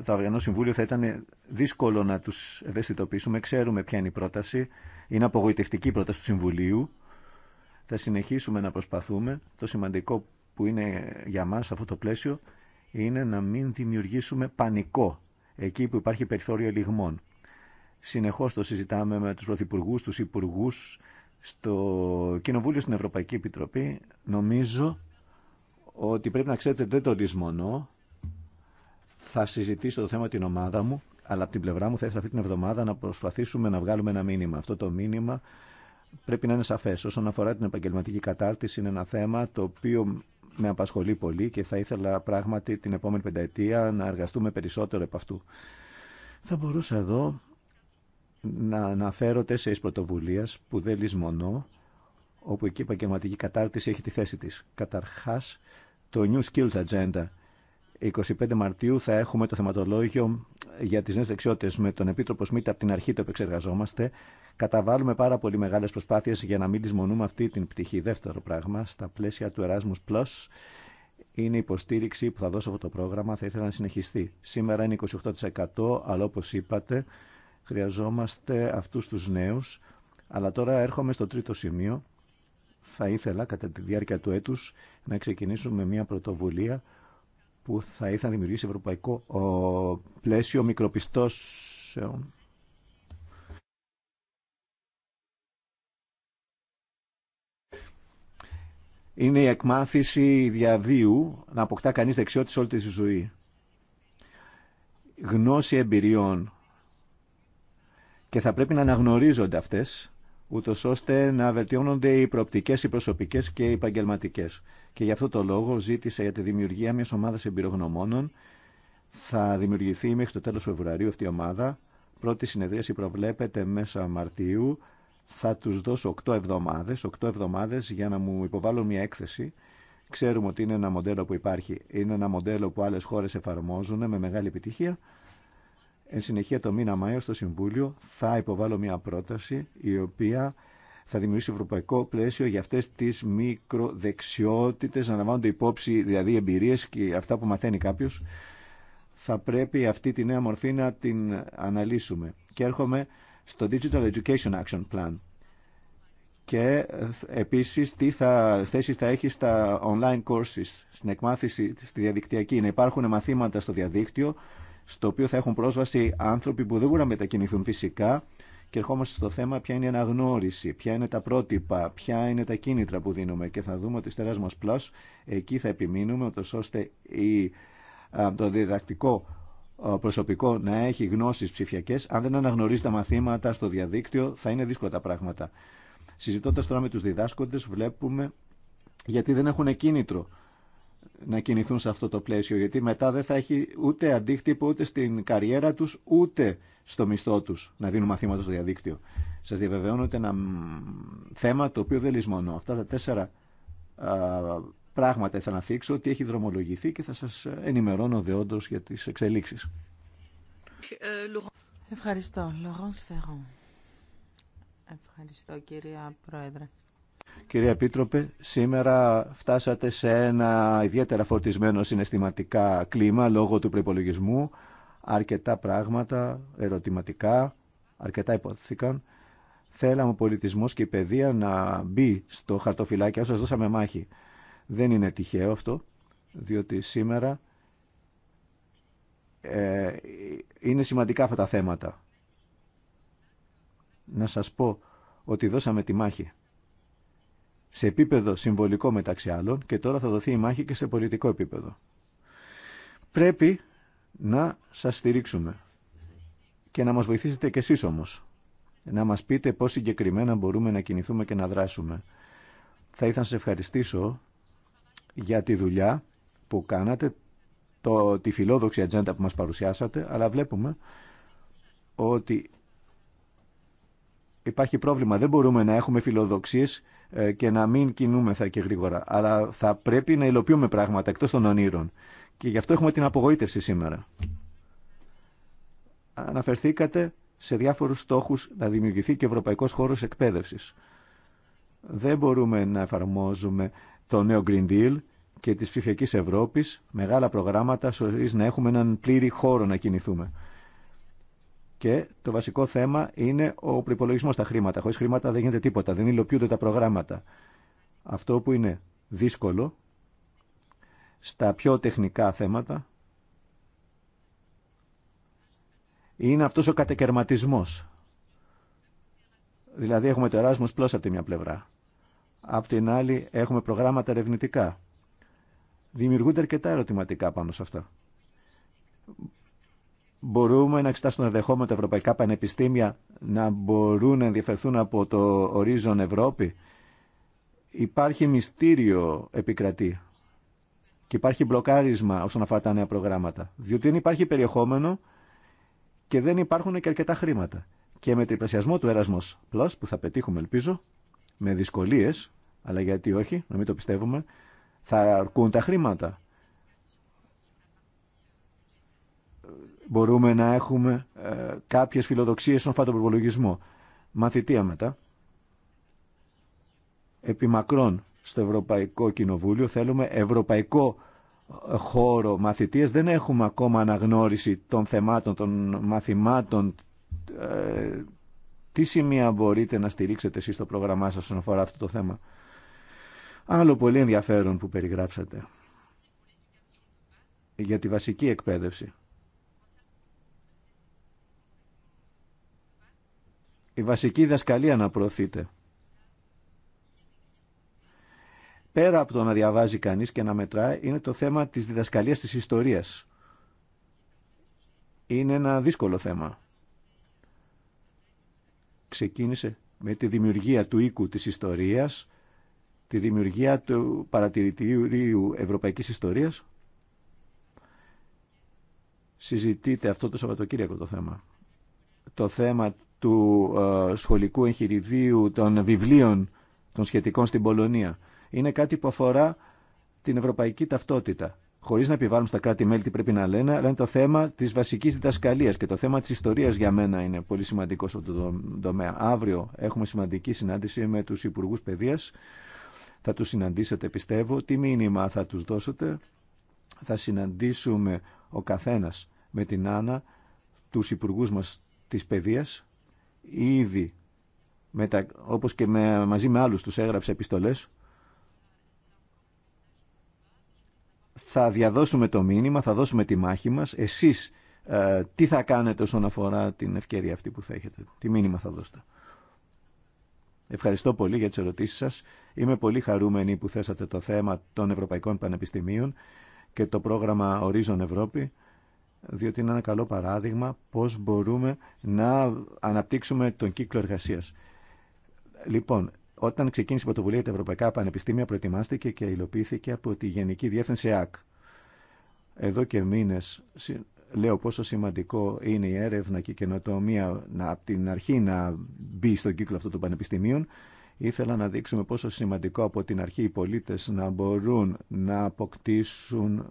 το Αυριανό Συμβούλιο θα ήταν δύσκολο να τους ευαισθητοποιήσουμε. Ξέρουμε ποια είναι η πρόταση. Είναι απογοητευτική η πρόταση του Συμβουλίου θα συνεχίσουμε να προσπαθούμε. Το σημαντικό που είναι για μας αυτό το πλαίσιο είναι να μην δημιουργήσουμε πανικό εκεί που υπάρχει περιθώριο λιγμών. Συνεχώς το συζητάμε με τους πρωθυπουργού, τους υπουργού, στο Κοινοβούλιο στην Ευρωπαϊκή Επιτροπή. Νομίζω ότι πρέπει να ξέρετε δεν το λησμονώ. Θα συζητήσω το θέμα την ομάδα μου, αλλά από την πλευρά μου θα ήθελα αυτή την εβδομάδα να προσπαθήσουμε να βγάλουμε ένα μήνυμα. Αυτό το μήνυμα πρέπει να είναι σαφέ Όσον αφορά την επαγγελματική κατάρτιση είναι ένα θέμα το οποίο με απασχολεί πολύ και θα ήθελα πράγματι την επόμενη πενταετία να εργαστούμε περισσότερο επ' αυτού. Θα μπορούσα εδώ να αναφέρω τέσσερι πρωτοβουλίε που δεν λησμονώ, όπου εκεί η επαγγελματική κατάρτιση έχει τη θέση τη. Καταρχά, το New Skills Agenda. 25 Μαρτίου θα έχουμε το θεματολόγιο για τις νέες δεξιότητες με τον Επίτροπο Σμίτ από την αρχή το επεξεργαζόμαστε καταβάλουμε πάρα πολύ μεγάλε προσπάθειε για να μην λησμονούμε αυτή την πτυχή. Δεύτερο πράγμα, στα πλαίσια του Erasmus Plus, είναι η υποστήριξη που θα δώσω αυτό το πρόγραμμα, θα ήθελα να συνεχιστεί. Σήμερα είναι 28%, αλλά όπω είπατε, χρειαζόμαστε αυτού του νέου, Αλλά τώρα έρχομαι στο τρίτο σημείο. Θα ήθελα, κατά τη διάρκεια του έτου, να ξεκινήσουμε μια πρωτοβουλία που θα ήθελα να δημιουργήσει ευρωπαϊκό πλαίσιο μικροπιστώσεων είναι η εκμάθηση διαβίου, να αποκτά κανείς δεξιότητες όλη τη ζωή. Γνώση εμπειριών. Και θα πρέπει να αναγνωρίζονται αυτές, ούτω ώστε να βελτιώνονται οι προοπτικές, οι προσωπικές και οι επαγγελματικέ. Και γι' αυτό το λόγο ζήτησα για τη δημιουργία μιας ομάδας εμπειρογνωμόνων. Θα δημιουργηθεί μέχρι το τέλος Φεβρουαρίου αυτή η ομάδα. Πρώτη συνεδρίαση προβλέπεται μέσα Μαρτίου θα τους δώσω 8 εβδομάδες, 8 εβδομάδες για να μου υποβάλουν μια έκθεση. Ξέρουμε ότι είναι ένα μοντέλο που υπάρχει, είναι ένα μοντέλο που άλλες χώρες εφαρμόζουν με μεγάλη επιτυχία. Εν συνεχεία το μήνα Μάιο στο Συμβούλιο θα υποβάλω μια πρόταση η οποία θα δημιουργήσει ευρωπαϊκό πλαίσιο για αυτές τις μικροδεξιότητες να λαμβάνονται υπόψη, δηλαδή εμπειρίες και αυτά που μαθαίνει κάποιος. Θα πρέπει αυτή τη νέα μορφή να την αναλύσουμε. Και έρχομαι στο Digital Education Action Plan και επίσης τι θα, θέσεις θα έχει στα online courses, στην εκμάθηση στη διαδικτυακή. Να υπάρχουν μαθήματα στο διαδίκτυο, στο οποίο θα έχουν πρόσβαση άνθρωποι που δεν μπορούν να μετακινηθούν φυσικά. Και ερχόμαστε στο θέμα ποια είναι η αναγνώριση, ποια είναι τα πρότυπα, ποια είναι τα κίνητρα που δίνουμε. Και θα δούμε ότι στο Erasmus Plus εκεί θα επιμείνουμε, ώστε η, το διδακτικό ε, προσωπικό να έχει γνώσεις ψηφιακές, αν δεν αναγνωρίζει τα μαθήματα στο διαδίκτυο, θα είναι δύσκολα τα πράγματα. Συζητώντα τώρα με τους διδάσκοντες, βλέπουμε γιατί δεν έχουν κίνητρο να κινηθούν σε αυτό το πλαίσιο, γιατί μετά δεν θα έχει ούτε αντίκτυπο ούτε στην καριέρα τους, ούτε στο μισθό τους να δίνουν μαθήματα στο διαδίκτυο. Σα διαβεβαιώνω ότι ένα θέμα το οποίο δεν λησμονώ. Αυτά τα τέσσερα πράγματα θα αναθίξω ότι έχει δρομολογηθεί και θα σας ενημερώνω δεόντως για τις εξελίξεις. Ευχαριστώ. Λογόν Σφερόν. Ευχαριστώ κυρία Πρόεδρε. Κυρία Επίτροπε, σήμερα φτάσατε σε ένα ιδιαίτερα φορτισμένο συναισθηματικά κλίμα λόγω του προπολογισμού. Αρκετά πράγματα, ερωτηματικά, αρκετά υπόθηκαν. Θέλαμε ο πολιτισμός και η παιδεία να μπει στο χαρτοφυλάκι, όσο σας δώσαμε μάχη. Δεν είναι τυχαίο αυτό, διότι σήμερα ε, είναι σημαντικά αυτά τα θέματα. Να σας πω ότι δώσαμε τη μάχη σε επίπεδο συμβολικό μεταξύ άλλων και τώρα θα δοθεί η μάχη και σε πολιτικό επίπεδο. Πρέπει να σας στηρίξουμε και να μας βοηθήσετε κι εσείς όμως. Να μας πείτε πώς συγκεκριμένα μπορούμε να κινηθούμε και να δράσουμε. Θα ήθελα να σας ευχαριστήσω για τη δουλειά που κάνατε, το, τη φιλόδοξη ατζέντα που μας παρουσιάσατε, αλλά βλέπουμε ότι υπάρχει πρόβλημα. Δεν μπορούμε να έχουμε φιλοδοξίες ε, και να μην κινούμεθα και γρήγορα. Αλλά θα πρέπει να υλοποιούμε πράγματα εκτός των ονείρων. Και γι' αυτό έχουμε την απογοήτευση σήμερα. Αναφερθήκατε σε διάφορους στόχους να δημιουργηθεί και ευρωπαϊκός χώρος εκπαίδευσης. Δεν μπορούμε να εφαρμόζουμε το νέο Green Deal και της ψηφιακής Ευρώπης μεγάλα προγράμματα χωρίς να έχουμε έναν πλήρη χώρο να κινηθούμε. Και το βασικό θέμα είναι ο προπολογισμό στα χρήματα. Χωρίς χρήματα δεν γίνεται τίποτα, δεν υλοποιούνται τα προγράμματα. Αυτό που είναι δύσκολο στα πιο τεχνικά θέματα είναι αυτός ο κατεκερματισμός. Δηλαδή έχουμε το Erasmus Plus από τη μια πλευρά. Απ' την άλλη έχουμε προγράμματα ερευνητικά Δημιουργούνται αρκετά ερωτηματικά πάνω σε αυτά. Μπορούμε να εξετάσουμε το δεχόμενο τα ευρωπαϊκά πανεπιστήμια να μπορούν να ενδιαφερθούν από το ορίζον Ευρώπη. Υπάρχει μυστήριο επικρατή και υπάρχει μπλοκάρισμα όσον αφορά τα νέα προγράμματα. Διότι δεν υπάρχει περιεχόμενο και δεν υπάρχουν και αρκετά χρήματα. Και με τριπλασιασμό του Erasmus Plus που θα πετύχουμε ελπίζω, με δυσκολίε, αλλά γιατί όχι, να μην το πιστεύουμε, θα αρκούν τα χρήματα. Μπορούμε να έχουμε ε, κάποιες φιλοδοξίες στον φατοπροπολογισμό. Μαθητεία μετά. Επιμακρών στο Ευρωπαϊκό Κοινοβούλιο θέλουμε ευρωπαϊκό ε, χώρο μαθητείας. Δεν έχουμε ακόμα αναγνώριση των θεμάτων, των μαθημάτων. Ε, τι σημεία μπορείτε να στηρίξετε εσείς στο πρόγραμμά σας όσον αφορά αυτό το θέμα. Άλλο πολύ ενδιαφέρον που περιγράψατε για τη βασική εκπαίδευση. Η βασική διδασκαλία να προωθείτε; Πέρα από το να διαβάζει κανείς και να μετράει, είναι το θέμα της διδασκαλίας της ιστορίας. Είναι ένα δύσκολο θέμα. Ξεκίνησε με τη δημιουργία του οίκου της ιστορίας, τη δημιουργία του παρατηρητηρίου Ευρωπαϊκής Ιστορίας. Συζητείται αυτό το Σαββατοκύριακο το θέμα. Το θέμα του ε, σχολικού εγχειριδίου των βιβλίων των σχετικών στην Πολωνία. Είναι κάτι που αφορά την ευρωπαϊκή ταυτότητα. Χωρί να επιβάλλουν στα κράτη-μέλη τι πρέπει να λένε, αλλά είναι το θέμα τη βασική διδασκαλία και το θέμα τη ιστορία για μένα είναι πολύ σημαντικό σε αυτό το τομέα. Αύριο έχουμε σημαντική συνάντηση με του Υπουργού Παιδεία θα τους συναντήσετε πιστεύω, τι μήνυμα θα τους δώσετε. Θα συναντήσουμε ο καθένας με την Άννα, τους υπουργούς μας της παιδείας, ήδη τα όπως και με... μαζί με άλλους τους έγραψε επιστολές. Θα διαδώσουμε το μήνυμα, θα δώσουμε τη μάχη μας. Εσείς ε, τι θα κάνετε όσον αφορά την ευκαιρία αυτή που θα έχετε, τι μήνυμα θα δώσετε. Ευχαριστώ πολύ για τι ερωτήσει σα. Είμαι πολύ χαρούμενη που θέσατε το θέμα των Ευρωπαϊκών Πανεπιστημίων και το πρόγραμμα Ορίζον Ευρώπη, διότι είναι ένα καλό παράδειγμα πώς μπορούμε να αναπτύξουμε τον κύκλο εργασία. Λοιπόν, όταν ξεκίνησε η πρωτοβουλία για τα Ευρωπαϊκά Πανεπιστήμια, προετοιμάστηκε και υλοποιήθηκε από τη Γενική Διεύθυνση ΑΚ. Εδώ και μήνε λέω πόσο σημαντικό είναι η έρευνα και η καινοτομία να, από την αρχή να μπει στον κύκλο αυτό των πανεπιστημίων. Ήθελα να δείξουμε πόσο σημαντικό από την αρχή οι πολίτες να μπορούν να αποκτήσουν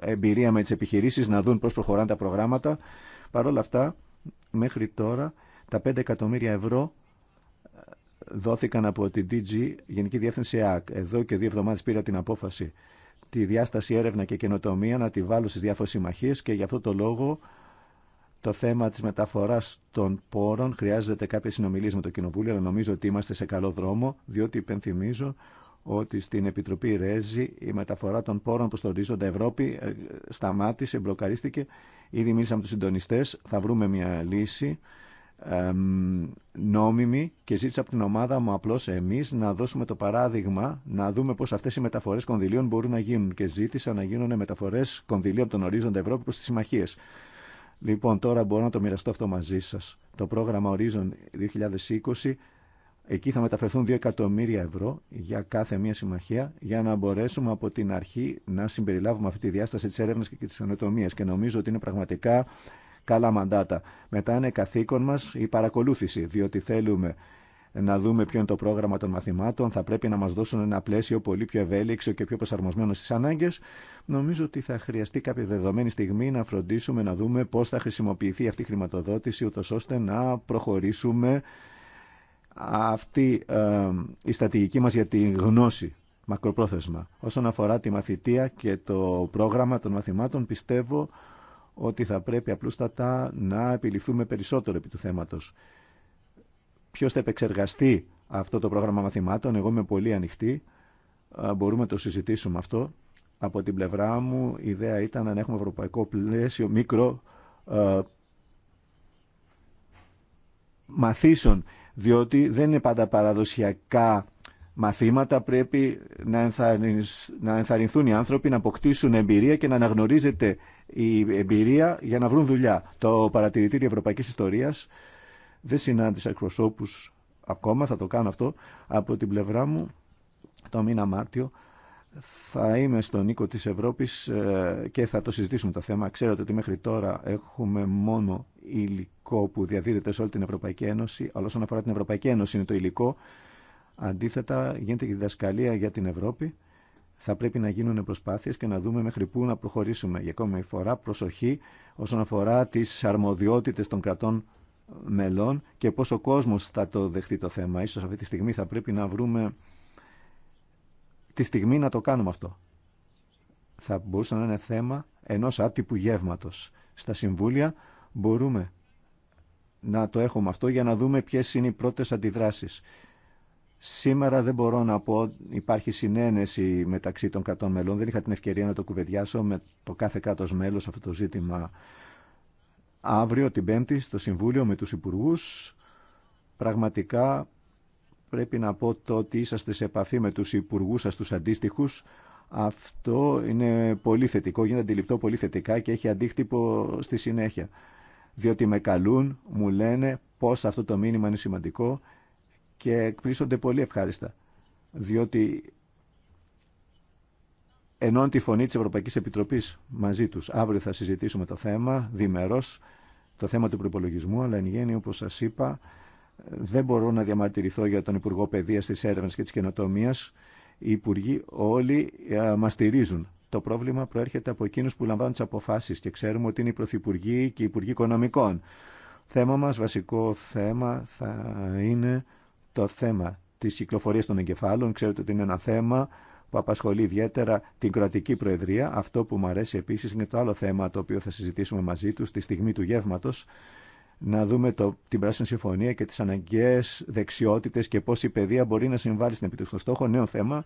εμπειρία με τις επιχειρήσεις, να δουν πώς προχωράνε τα προγράμματα. Παρ' όλα αυτά, μέχρι τώρα, τα 5 εκατομμύρια ευρώ ε, δόθηκαν από την DG Γενική Διεύθυνση ΑΚ. Εδώ και δύο εβδομάδες πήρα την απόφαση τη διάσταση έρευνα και καινοτομία να τη βάλουν στις διάφορες συμμαχίες και γι' αυτό το λόγο το θέμα της μεταφοράς των πόρων χρειάζεται κάποια συνομιλίες με το Κοινοβούλιο, αλλά νομίζω ότι είμαστε σε καλό δρόμο, διότι υπενθυμίζω ότι στην Επιτροπή Ρέζη η μεταφορά των πόρων που στορίζονται Ευρώπη ε, σταμάτησε, μπλοκαρίστηκε. Ήδη μίλησαμε με τους συντονιστές, θα βρούμε μια λύση νόμιμη και ζήτησα από την ομάδα μου απλώς εμείς να δώσουμε το παράδειγμα, να δούμε πώς αυτές οι μεταφορές κονδυλίων μπορούν να γίνουν και ζήτησα να γίνουν μεταφορές κονδυλίων από τον ορίζοντα Ευρώπη προς τις συμμαχίες. Λοιπόν, τώρα μπορώ να το μοιραστώ αυτό μαζί σας. Το πρόγραμμα Horizon 2020, εκεί θα μεταφερθούν 2 εκατομμύρια ευρώ για κάθε μία συμμαχία, για να μπορέσουμε από την αρχή να συμπεριλάβουμε αυτή τη διάσταση της έρευνα και της ενοτομίας. Και νομίζω ότι είναι πραγματικά καλά μαντάτα. Μετά είναι καθήκον μας η παρακολούθηση, διότι θέλουμε να δούμε ποιο είναι το πρόγραμμα των μαθημάτων, θα πρέπει να μας δώσουν ένα πλαίσιο πολύ πιο ευέλικτο και πιο προσαρμοσμένο στις ανάγκες. Νομίζω ότι θα χρειαστεί κάποια δεδομένη στιγμή να φροντίσουμε να δούμε πώς θα χρησιμοποιηθεί αυτή η χρηματοδότηση, ούτως ώστε να προχωρήσουμε αυτή η στατηγική μας για τη γνώση μακροπρόθεσμα. Όσον αφορά τη μαθητεία και το πρόγραμμα των μαθημάτων, πιστεύω ότι θα πρέπει απλούστατα να επιληφθούμε περισσότερο επί του θέματος. Ποιος θα επεξεργαστεί αυτό το πρόγραμμα μαθημάτων, εγώ είμαι πολύ ανοιχτή, μπορούμε να το συζητήσουμε αυτό. Από την πλευρά μου η ιδέα ήταν να έχουμε ευρωπαϊκό πλαίσιο μικρό μαθήσεων, διότι δεν είναι πάντα παραδοσιακά μαθήματα πρέπει να ενθαρρυνθούν οι άνθρωποι να αποκτήσουν εμπειρία και να αναγνωρίζεται η εμπειρία για να βρουν δουλειά. Το παρατηρητήριο Ευρωπαϊκής Ιστορίας δεν συνάντησε εκπροσώπους ακόμα, θα το κάνω αυτό, από την πλευρά μου το μήνα Μάρτιο θα είμαι στον οίκο της Ευρώπης ε, και θα το συζητήσουμε το θέμα. Ξέρετε ότι μέχρι τώρα έχουμε μόνο υλικό που διαδίδεται σε όλη την Ευρωπαϊκή Ένωση, αλλά όσον αφορά την Ευρωπαϊκή Ένωση είναι το υλικό Αντίθετα, γίνεται και διδασκαλία για την Ευρώπη. Θα πρέπει να γίνουν προσπάθειες και να δούμε μέχρι πού να προχωρήσουμε. Για ακόμη φορά, προσοχή όσον αφορά τις αρμοδιότητες των κρατών μελών και πόσο κόσμος θα το δεχτεί το θέμα. Ίσως αυτή τη στιγμή θα πρέπει να βρούμε τη στιγμή να το κάνουμε αυτό. Θα μπορούσε να είναι θέμα ενός άτυπου γεύματο. Στα συμβούλια μπορούμε να το έχουμε αυτό για να δούμε ποιες είναι οι πρώτες αντιδράσεις. Σήμερα δεν μπορώ να πω υπάρχει συνένεση μεταξύ των κρατών μελών. Δεν είχα την ευκαιρία να το κουβεντιάσω με το κάθε κάτω μέλο αυτό το ζήτημα. Αύριο την Πέμπτη στο Συμβούλιο με τους υπουργού. πραγματικά πρέπει να πω το ότι είσαστε σε επαφή με τους υπουργού σας τους αντίστοιχους. Αυτό είναι πολύ θετικό, γίνεται αντιληπτό πολύ θετικά και έχει αντίκτυπο στη συνέχεια. Διότι με καλούν, μου λένε πώς αυτό το μήνυμα είναι σημαντικό και εκπλήσονται πολύ ευχάριστα, διότι ενώνει τη φωνή της Ευρωπαϊκής Επιτροπής μαζί τους. Αύριο θα συζητήσουμε το θέμα, διμερός, το θέμα του προπολογισμού, αλλά εν γέννη, όπως σας είπα, δεν μπορώ να διαμαρτυρηθώ για τον Υπουργό Παιδείας της Έρευνας και της Καινοτομίας. Οι Υπουργοί όλοι ε, μας στηρίζουν. Το πρόβλημα προέρχεται από εκείνους που λαμβάνουν τις αποφάσεις και ξέρουμε ότι είναι οι Πρωθυπουργοί και οι Υπουργοί Οικονομικών. Θέμα μας, βασικό θέμα, θα είναι το θέμα της κυκλοφορίας των εγκεφάλων. Ξέρετε ότι είναι ένα θέμα που απασχολεί ιδιαίτερα την κρατική Προεδρία. Αυτό που μου αρέσει επίσης είναι το άλλο θέμα το οποίο θα συζητήσουμε μαζί του στη στιγμή του γεύματος. Να δούμε το, την Πράσινη Συμφωνία και τις αναγκαίες δεξιότητες και πώς η παιδεία μπορεί να συμβάλλει στην επιτυχία στόχο. Νέο θέμα,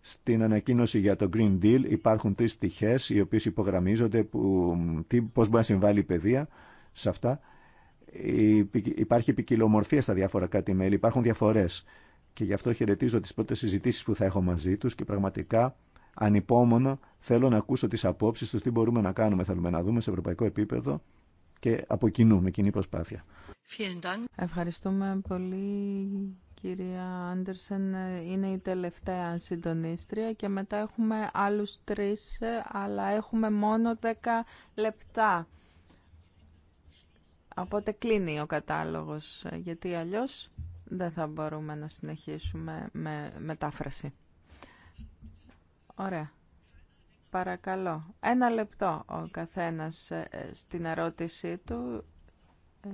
στην ανακοίνωση για το Green Deal υπάρχουν τρεις πτυχές οι οποίες υπογραμμίζονται πώ πώς μπορεί να συμβάλλει η παιδεία σε αυτά. Υπάρχει ποικιλομορφία στα διαφορα κάτι κράτη-μέλη, υπάρχουν διαφορέ. Και γι' αυτό χαιρετίζω τι πρώτε συζητήσει που θα έχω μαζί του και πραγματικά ανυπόμονα θέλω να ακούσω τι απόψει του, τι μπορούμε να κάνουμε, θέλουμε να δούμε σε ευρωπαϊκό επίπεδο και από κοινού, με κοινή προσπάθεια. Ευχαριστούμε πολύ, κυρία Άντερσεν. Είναι η τελευταία συντονίστρια και μετά έχουμε άλλους τρεις, αλλά έχουμε μόνο δέκα λεπτά. Οπότε κλείνει ο κατάλογος, ε, γιατί αλλιώς δεν θα μπορούμε να συνεχίσουμε με μετάφραση. Ωραία. Παρακαλώ. Ένα λεπτό ο καθένας ε, ε, στην ερώτησή του ε,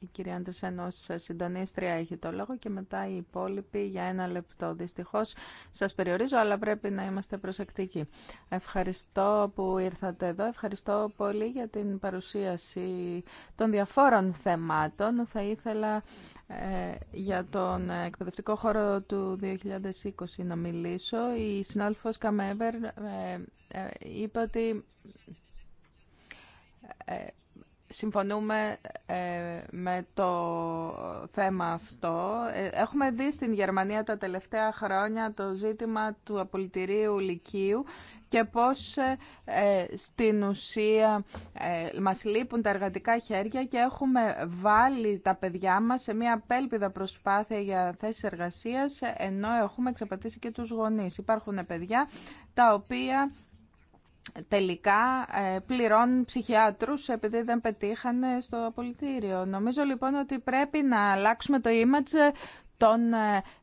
η κυρία Άντρουσεν συντονίστρια έχει το λόγο και μετά οι υπόλοιποι για ένα λεπτό. Δυστυχώς σας περιορίζω, αλλά πρέπει να είμαστε προσεκτικοί. Ευχαριστώ που ήρθατε εδώ. Ευχαριστώ πολύ για την παρουσίαση των διαφόρων θεμάτων. Θα ήθελα ε, για τον εκπαιδευτικό χώρο του 2020 να μιλήσω. Η συνάδελφος Καμέβερ ε, ε είπε ότι συμφωνούμε ε, με το θέμα αυτό. Ε, έχουμε δει στην Γερμανία τα τελευταία χρόνια το ζήτημα του απολυτηρίου λυκείου και πώς ε, στην ουσία μας λείπουν τα εργατικά χέρια και έχουμε βάλει τα παιδιά μας σε μια απέλπιδα προσπάθεια για θέσεις εργασίας ενώ έχουμε εξαπατήσει και τους γονείς. Υπάρχουν παιδιά τα οποία τελικά ε, πληρώνουν ψυχιάτρους επειδή δεν πετύχανε στο πολιτήριο. Νομίζω λοιπόν ότι πρέπει να αλλάξουμε το image των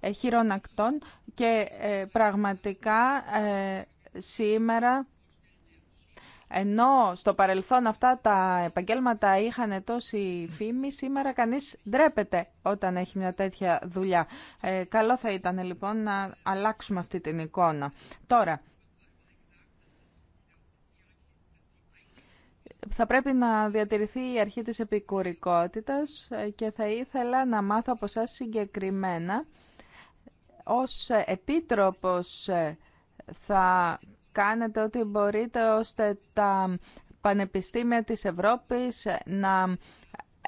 ε, χειρονακτών και ε, πραγματικά σήμερα ενώ στο παρελθόν αυτά τα επαγγέλματα είχαν τόση φήμη, σήμερα κανείς ντρέπεται όταν έχει μια τέτοια δουλειά. καλό θα ήταν λοιπόν να αλλάξουμε αυτή την εικόνα. Τώρα, Θα πρέπει να διατηρηθεί η αρχή της επικουρικότητας ε, και θα ήθελα να μάθω από σας συγκεκριμένα ως επίτροπος ε, θα κάνετε ό,τι μπορείτε ώστε τα πανεπιστήμια της Ευρώπης ε, να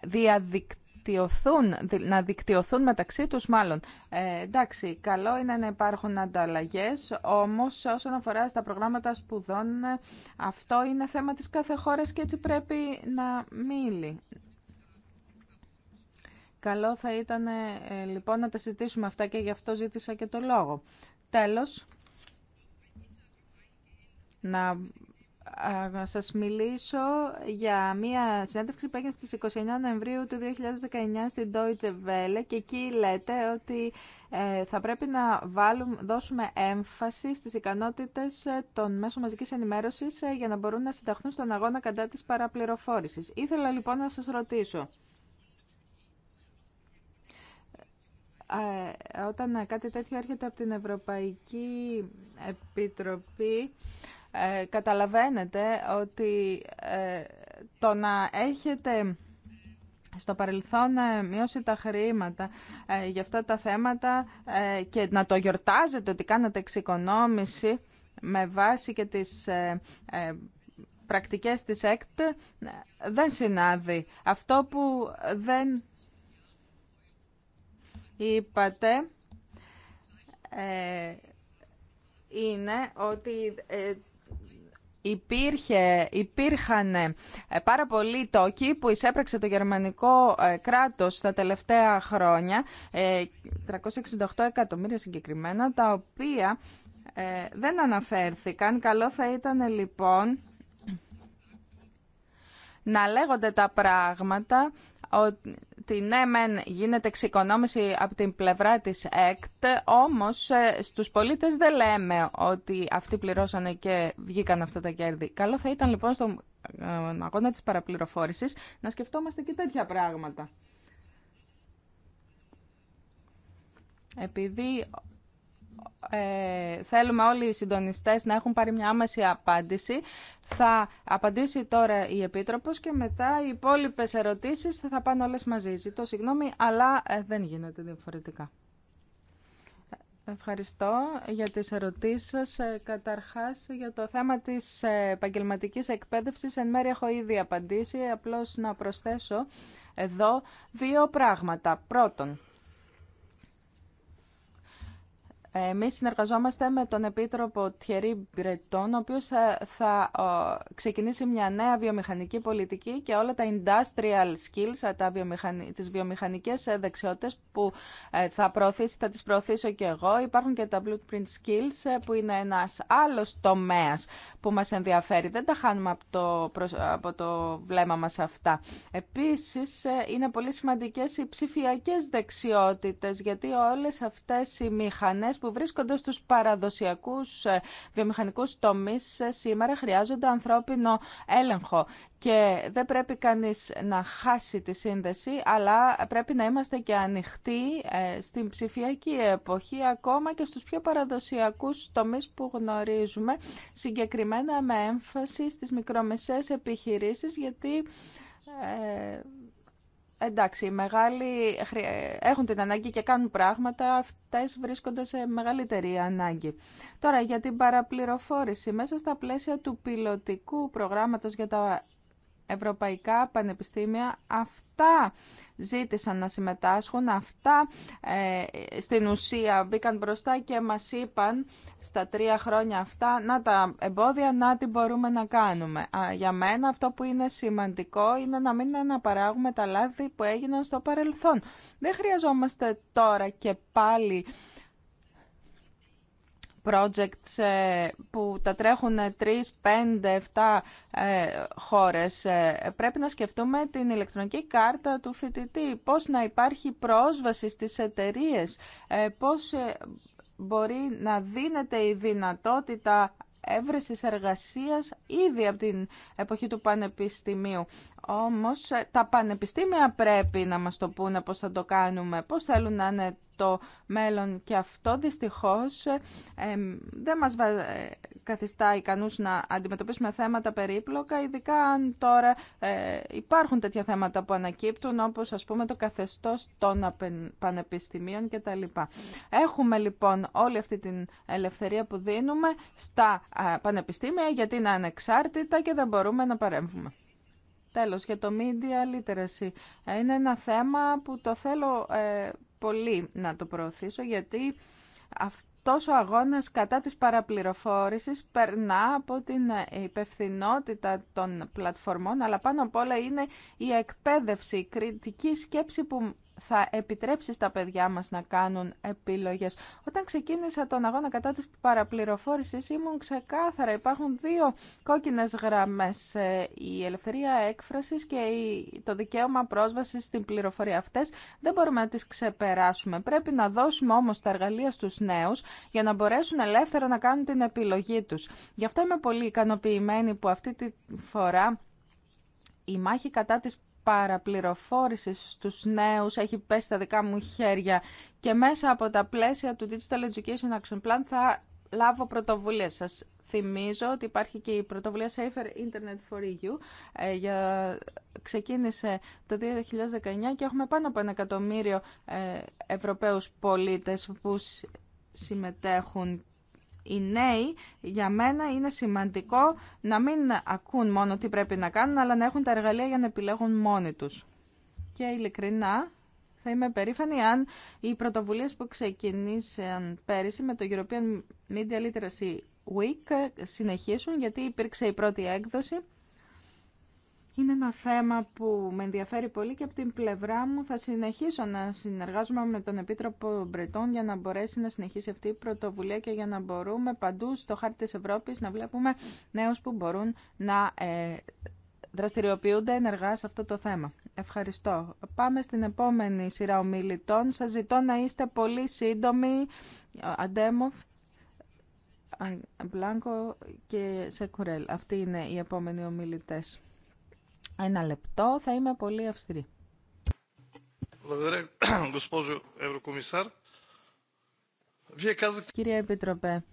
διαδικτύουν να δικτυωθούν μεταξύ τους μάλλον. Ε, εντάξει, καλό είναι να υπάρχουν ανταλλαγές, όμως όσον αφορά στα προγράμματα σπουδών, αυτό είναι θέμα της κάθε χώρας και έτσι πρέπει να μίλει. Καλό θα ήταν ε, λοιπόν να τα συζητήσουμε αυτά και γι' αυτό ζήτησα και το λόγο. Τέλος, να να σας μιλήσω για μία συνέντευξη που έγινε στις 29 Νοεμβρίου του 2019 στην Deutsche Welle και εκεί λέτε ότι ε, θα πρέπει να βάλουμε, δώσουμε έμφαση στις ικανότητες ε, των μέσων μαζικής ενημέρωσης ε, για να μπορούν να συνταχθούν στον αγώνα κατά της παραπληροφόρησης. Ήθελα λοιπόν να σας ρωτήσω. Όταν κάτι τέτοιο έρχεται από την Ευρωπαϊκή Επιτροπή, ε, καταλαβαίνετε ότι ε, το να έχετε στο παρελθόν ε, μειώσει τα χρήματα ε, για αυτά τα θέματα και να το γιορτάζετε ότι κάνατε εξοικονόμηση με βάση και τις πρακτικές της ΕΚΤ δεν συνάδει. Αυτό που δεν είπατε είναι ότι υπήρχε, υπήρχαν ε, πάρα πολλοί τόκοι που εισέπραξε το γερμανικό ε, κράτος τα τελευταία χρόνια, 368 ε, εκατομμύρια συγκεκριμένα, τα οποία δεν αναφέρθηκαν. Καλό θα ήταν λοιπόν να λέγονται τα πράγματα ότι ναι γίνεται εξοικονόμηση από την πλευρά της ΕΚΤ, όμως ε, στους πολίτες δεν λέμε ότι αυτοί πληρώσανε και βγήκαν αυτά τα κέρδη. Καλό θα ήταν λοιπόν στον ε, αγώνα της παραπληροφόρησης να σκεφτόμαστε και τέτοια πράγματα. Επειδή ε, θέλουμε όλοι οι συντονιστές να έχουν πάρει μια άμεση απάντηση. Θα απαντήσει τώρα η Επίτροπος και μετά οι υπόλοιπε ερωτήσεις θα πάνε όλες μαζί. Ζητώ συγγνώμη, αλλά ε, δεν γίνεται διαφορετικά. Ευχαριστώ για τις ερωτήσεις σας. Ε, καταρχάς, για το θέμα της επαγγελματική εκπαίδευσης, εν μέρει έχω ήδη απαντήσει, απλώς να προσθέσω εδώ δύο πράγματα. Πρώτον, Εμεί συνεργαζόμαστε με τον Επίτροπο Τιερή Μπρετών, ο οποίος ε, θα ξεκινήσει μια νέα βιομηχανική πολιτική και όλα τα industrial skills, τα βιομηχανι... τις βιομηχανικές ε, δεξιότητες που ε, θα, προωθήσει, θα τις προωθήσω και εγώ. Υπάρχουν και τα blueprint skills που είναι ένας άλλος τομέας που μας ενδιαφέρει. Δεν τα χάνουμε από το, από το βλέμμα μας αυτά. Επίσης, είναι πολύ σημαντικές οι ψηφιακές δεξιότητες, γιατί όλες αυτές οι μηχανές που βρίσκονται στους παραδοσιακούς ε, βιομηχανικούς τομείς ε, σήμερα χρειάζονται ανθρώπινο έλεγχο και δεν πρέπει κανείς να χάσει τη σύνδεση, αλλά πρέπει να είμαστε και ανοιχτοί ε, στην ψηφιακή εποχή, ακόμα και στους πιο παραδοσιακούς τομείς που γνωρίζουμε, συγκεκριμένα με έμφαση στις μικρομεσαίες επιχειρήσεις, γιατί εντάξει, οι μεγάλοι έχουν την ανάγκη και κάνουν πράγματα, αυτές βρίσκονται σε μεγαλύτερη ανάγκη. Τώρα, για την παραπληροφόρηση, μέσα στα πλαίσια του πιλωτικού προγράμματος για τα ευρωπαϊκά πανεπιστήμια. Αυτά ζήτησαν να συμμετάσχουν, αυτά ε, στην ουσία μπήκαν μπροστά και μας είπαν στα τρία χρόνια αυτά να τα εμπόδια να τι μπορούμε να κάνουμε. για μένα αυτό που είναι σημαντικό είναι να μην αναπαράγουμε τα λάθη που έγιναν στο παρελθόν. Δεν χρειαζόμαστε τώρα και πάλι projects ε, που τα τρέχουν 3, 5, 7 χώρες. Ε, πρέπει να σκεφτούμε την ηλεκτρονική κάρτα του φοιτητή, πώς να υπάρχει πρόσβαση στις εταιρείες, ε, πώς μπορεί να δίνεται η δυνατότητα Έβρεση εργασίας ήδη από την εποχή του πανεπιστημίου. Όμως τα πανεπιστήμια πρέπει να μας το πούνε πώς θα το κάνουμε, πώς θέλουν να είναι το μέλλον και αυτό δυστυχώς δεν μας ε, καθιστά ικανούς να αντιμετωπίσουμε θέματα περίπλοκα, ειδικά αν τώρα ε, υπάρχουν τέτοια θέματα που ανακύπτουν όπως ας πούμε το καθεστώς των πανεπιστημίων κτλ. Έχουμε λοιπόν όλη αυτή την ελευθερία που δίνουμε στα πανεπιστήμια γιατί είναι ανεξάρτητα και δεν μπορούμε να παρέμβουμε. Τέλος, για το media literacy. Ε, είναι ένα θέμα που το θέλω ε, πολύ να το προωθήσω γιατί αυτός ο αγώνας κατά της παραπληροφόρησης περνά από την υπευθυνότητα των πλατφορμών αλλά πάνω απ' όλα είναι η εκπαίδευση, η κριτική σκέψη που θα επιτρέψει στα παιδιά μας να κάνουν επιλογές. Όταν ξεκίνησα τον αγώνα κατά της παραπληροφόρησης ήμουν ξεκάθαρα. Υπάρχουν δύο κόκκινες γραμμές. Ε, η ελευθερία έκφρασης και το δικαίωμα πρόσβασης στην πληροφορία. Αυτές δεν μπορούμε να τις ξεπεράσουμε. Πρέπει να δώσουμε όμως τα εργαλεία στους νέους για να μπορέσουν ελεύθερα να κάνουν την επιλογή τους. Γι' αυτό είμαι πολύ ικανοποιημένη που αυτή τη φορά η μάχη κατά της παραπληροφόρηση στους νέους έχει πέσει στα δικά μου χέρια και μέσα από τα πλαίσια του Digital Education Action Plan θα λάβω πρωτοβουλία σας. Θυμίζω ότι υπάρχει και η πρωτοβουλία Safer Internet for EU. Ε, για... Ξεκίνησε το 2019 και έχουμε πάνω από ένα εκατομμύριο ε, Ευρωπαίους πολίτες που συμμετέχουν οι νέοι για μένα είναι σημαντικό να μην ακούν μόνο τι πρέπει να κάνουν, αλλά να έχουν τα εργαλεία για να επιλέγουν μόνοι τους. Και ειλικρινά θα είμαι περήφανη αν οι πρωτοβουλίες που ξεκινήσαν πέρυσι με το European Media Literacy Week συνεχίσουν, γιατί υπήρξε η πρώτη έκδοση είναι ένα θέμα που με ενδιαφέρει πολύ και από την πλευρά μου θα συνεχίσω να συνεργάζομαι με τον Επίτροπο Μπρετών για να μπορέσει να συνεχίσει αυτή η πρωτοβουλία και για να μπορούμε παντού στο χάρτη της Ευρώπης να βλέπουμε νέους που μπορούν να ε, δραστηριοποιούνται ενεργά σε αυτό το θέμα. Ευχαριστώ. Πάμε στην επόμενη σειρά ομιλητών. Σας ζητώ να είστε πολύ σύντομοι. Αντέμοφ, Μπλάνκο και Σεκουρέλ. Αυτοί είναι οι επόμενοι ομιλητές. Ένα λεπτό, θα είμαι πολύ αυστηρή. Κύριε Επιτροπέ,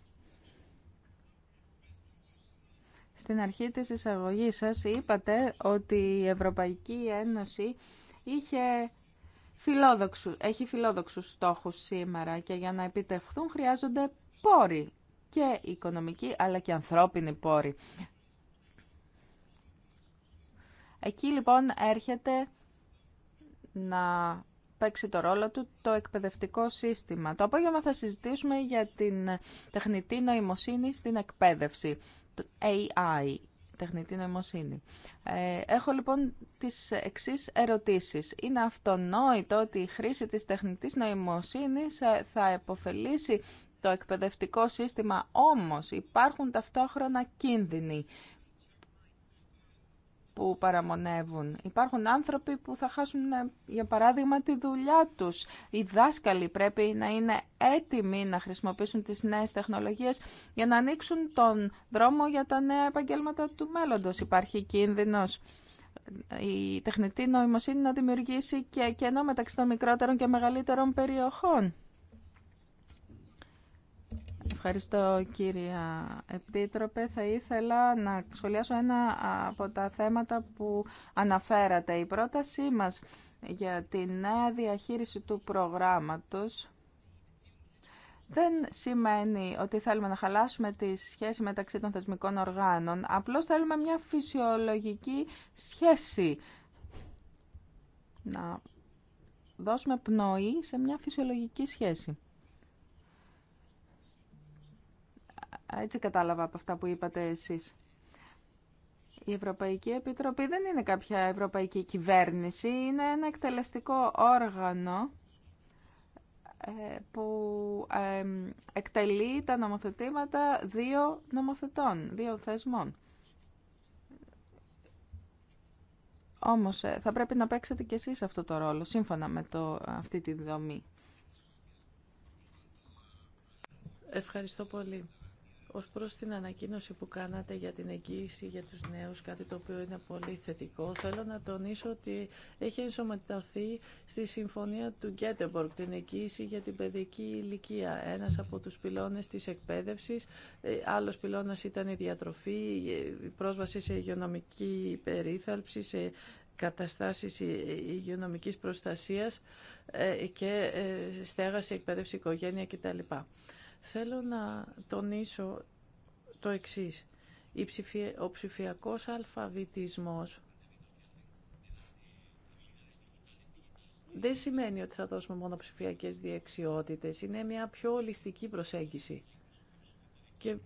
στην αρχή της εισαγωγής σας είπατε ότι η Ευρωπαϊκή Ένωση είχε φιλόδοξου, έχει φιλόδοξους στόχους σήμερα και για να επιτευχθούν χρειάζονται πόροι και οικονομικοί αλλά και ανθρώπινοι πόροι. Εκεί λοιπόν έρχεται να παίξει το ρόλο του το εκπαιδευτικό σύστημα. Το απόγευμα θα συζητήσουμε για την τεχνητή νοημοσύνη στην εκπαίδευση, το AI, τεχνητή νοημοσύνη. Ε, έχω λοιπόν τις εξής ερωτήσεις. Είναι αυτονόητο ότι η χρήση της τεχνητής νοημοσύνης ε, θα επωφελήσει το εκπαιδευτικό σύστημα, όμως υπάρχουν ταυτόχρονα κίνδυνοι που παραμονεύουν. Υπάρχουν άνθρωποι που θα χάσουν, ε, για παράδειγμα, τη δουλειά τους. Οι δάσκαλοι πρέπει να είναι έτοιμοι να χρησιμοποιήσουν τις νέες τεχνολογίες για να ανοίξουν τον δρόμο για τα νέα επαγγέλματα του μέλλοντος. Υπάρχει κίνδυνος η τεχνητή νοημοσύνη να δημιουργήσει και κενό μεταξύ των μικρότερων και μεγαλύτερων περιοχών. Ευχαριστώ κύρια Επίτροπε. Θα ήθελα να σχολιάσω ένα από τα θέματα που αναφέρατε. Η πρότασή μας για την νέα διαχείριση του προγράμματος δεν σημαίνει ότι θέλουμε να χαλάσουμε τη σχέση μεταξύ των θεσμικών οργάνων. Απλώς θέλουμε μια φυσιολογική σχέση. Να δώσουμε πνοή σε μια φυσιολογική σχέση. Έτσι κατάλαβα από αυτά που είπατε εσείς. Η Ευρωπαϊκή Επιτροπή δεν είναι κάποια ευρωπαϊκή κυβέρνηση, είναι ένα εκτελεστικό όργανο ε, που ε, εκτελεί τα νομοθετήματα δύο νομοθετών, δύο θεσμών. Όμως ε, θα πρέπει να παίξετε κι εσείς αυτό το ρόλο, σύμφωνα με το, αυτή τη δομή. Ευχαριστώ πολύ ως προς την ανακοίνωση που κάνατε για την εγγύηση για τους νέους, κάτι το οποίο είναι πολύ θετικό. Θέλω να τονίσω ότι έχει ενσωματωθεί στη Συμφωνία του Γκέτεμπορκ, την εγγύηση για την παιδική ηλικία. Ένας από τους πυλώνες της εκπαίδευσης, ε, άλλος πυλώνας ήταν η διατροφή, ε, η πρόσβαση σε υγειονομική περίθαλψη, σε καταστάσεις υγειονομικής προστασίας ε, και στέγαση, εκπαίδευση, οικογένεια κτλ. Θέλω να τονίσω το εξής. Ο ψηφιακός αλφαβητισμός δεν σημαίνει ότι θα δώσουμε μόνο ψηφιακές διεξιότητες. Είναι μια πιο ολιστική προσέγγιση και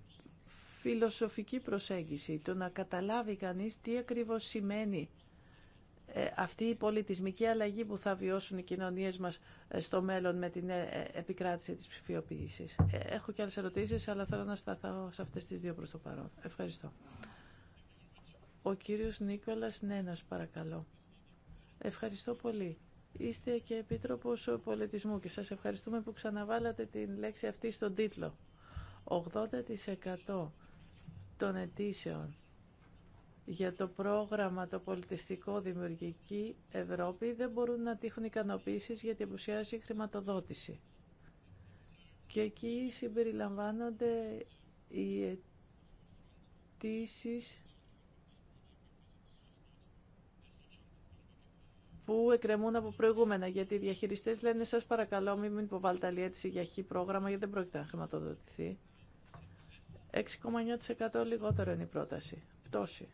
φιλοσοφική προσέγγιση. Το να καταλάβει κανείς τι ακριβώς σημαίνει ε, αυτή η πολιτισμική αλλαγή που θα βιώσουν οι κοινωνίες μας ε, στο μέλλον με την ε, επικράτηση της ψηφιοποίηση. Έχω και άλλες ερωτήσεις, αλλά θέλω να σταθώ σε αυτές τις δύο προς το παρόν. Ευχαριστώ. Ο κύριος Νίκολας Νένας, παρακαλώ. Ευχαριστώ πολύ. Είστε και Επίτροπος Πολιτισμού και σας ευχαριστούμε που ξαναβάλατε την λέξη αυτή στον τίτλο. 80% των αιτήσεων για το πρόγραμμα το πολιτιστικό δημιουργική Ευρώπη δεν μπορούν να τύχουν ικανοποίησεις γιατί απουσιάζει χρηματοδότηση. Και εκεί συμπεριλαμβάνονται οι αιτήσει που εκκρεμούν από προηγούμενα, γιατί οι διαχειριστές λένε σας παρακαλώ μην υποβάλλετε άλλη αίτηση για χ πρόγραμμα γιατί δεν πρόκειται να χρηματοδοτηθεί. 6,9% λιγότερο είναι η πρόταση. Πτώση.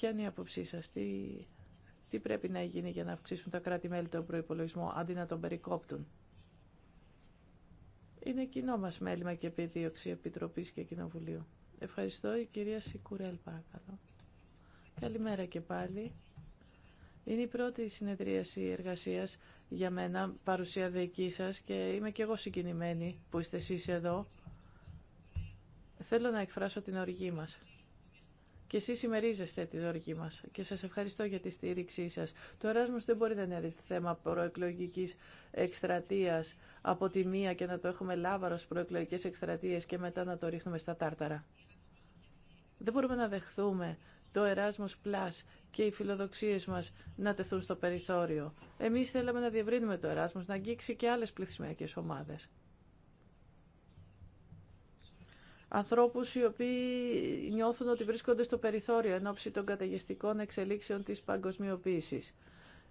Ποια είναι η άποψή σα, τι, πρέπει να γίνει για να αυξήσουν τα κράτη-μέλη τον προπολογισμό αντί να τον περικόπτουν. Είναι κοινό μα μέλημα και επιδίωξη Επιτροπή και Κοινοβουλίου. Ευχαριστώ. Η κυρία Σικουρέλ, παρακαλώ. Καλημέρα και πάλι. Είναι η πρώτη συνεδρίαση εργασία για μένα, παρουσία δική σα και είμαι και εγώ συγκινημένη που είστε εσεί εδώ. Θέλω να εκφράσω την οργή μας και εσείς ημερίζεστε την δωρική μας και σας ευχαριστώ για τη στήριξή σας. Το Εράσμος δεν μπορεί να είναι θέμα προεκλογικής εκστρατεία από τη μία και να το έχουμε λάβαρος προεκλογικές εκστρατείε και μετά να το ρίχνουμε στα τάρταρα. Δεν μπορούμε να δεχθούμε το Εράσμος Plus και οι φιλοδοξίες μας να τεθούν στο περιθώριο. Εμείς θέλαμε να διευρύνουμε το Εράσμος, να αγγίξει και άλλες πληθυσμιακές ομάδες ανθρώπους οι οποίοι νιώθουν ότι βρίσκονται στο περιθώριο εν ώψη των καταιγιστικών εξελίξεων της παγκοσμιοποίησης.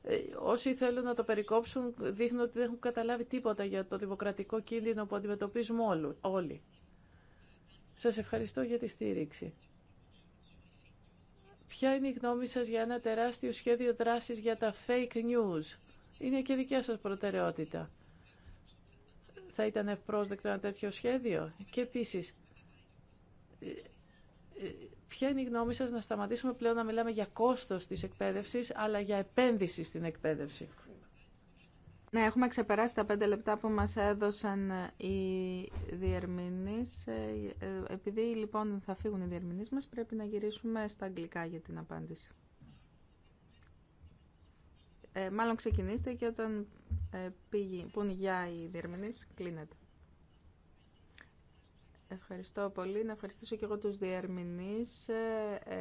Ε, όσοι θέλουν να το περικόψουν δείχνουν ότι δεν έχουν καταλάβει τίποτα για το δημοκρατικό κίνδυνο που αντιμετωπίζουμε όλοι. Σας ευχαριστώ για τη στήριξη. Ποια είναι η γνώμη σας για ένα τεράστιο σχέδιο δράσης για τα fake news. Είναι και δικιά σας προτεραιότητα. Θα ήταν ευπρόσδεκτο ένα τέτοιο σχέδιο. Και επίσης, Ποια είναι η γνώμη σας να σταματήσουμε πλέον να μιλάμε για κόστος της εκπαίδευσης, αλλά για επένδυση στην εκπαίδευση. Ναι, έχουμε ξεπεράσει τα πέντε λεπτά που μας έδωσαν οι διερμηνείς. Ε, επειδή λοιπόν θα φύγουν οι διερμηνείς μας, πρέπει να γυρίσουμε στα αγγλικά για την απάντηση. Ε, μάλλον ξεκινήστε και όταν ε, πούν για οι διερμηνείς, κλείνετε Ευχαριστώ πολύ. Να ευχαριστήσω και εγώ τους διερμηνείς. Ε, ε,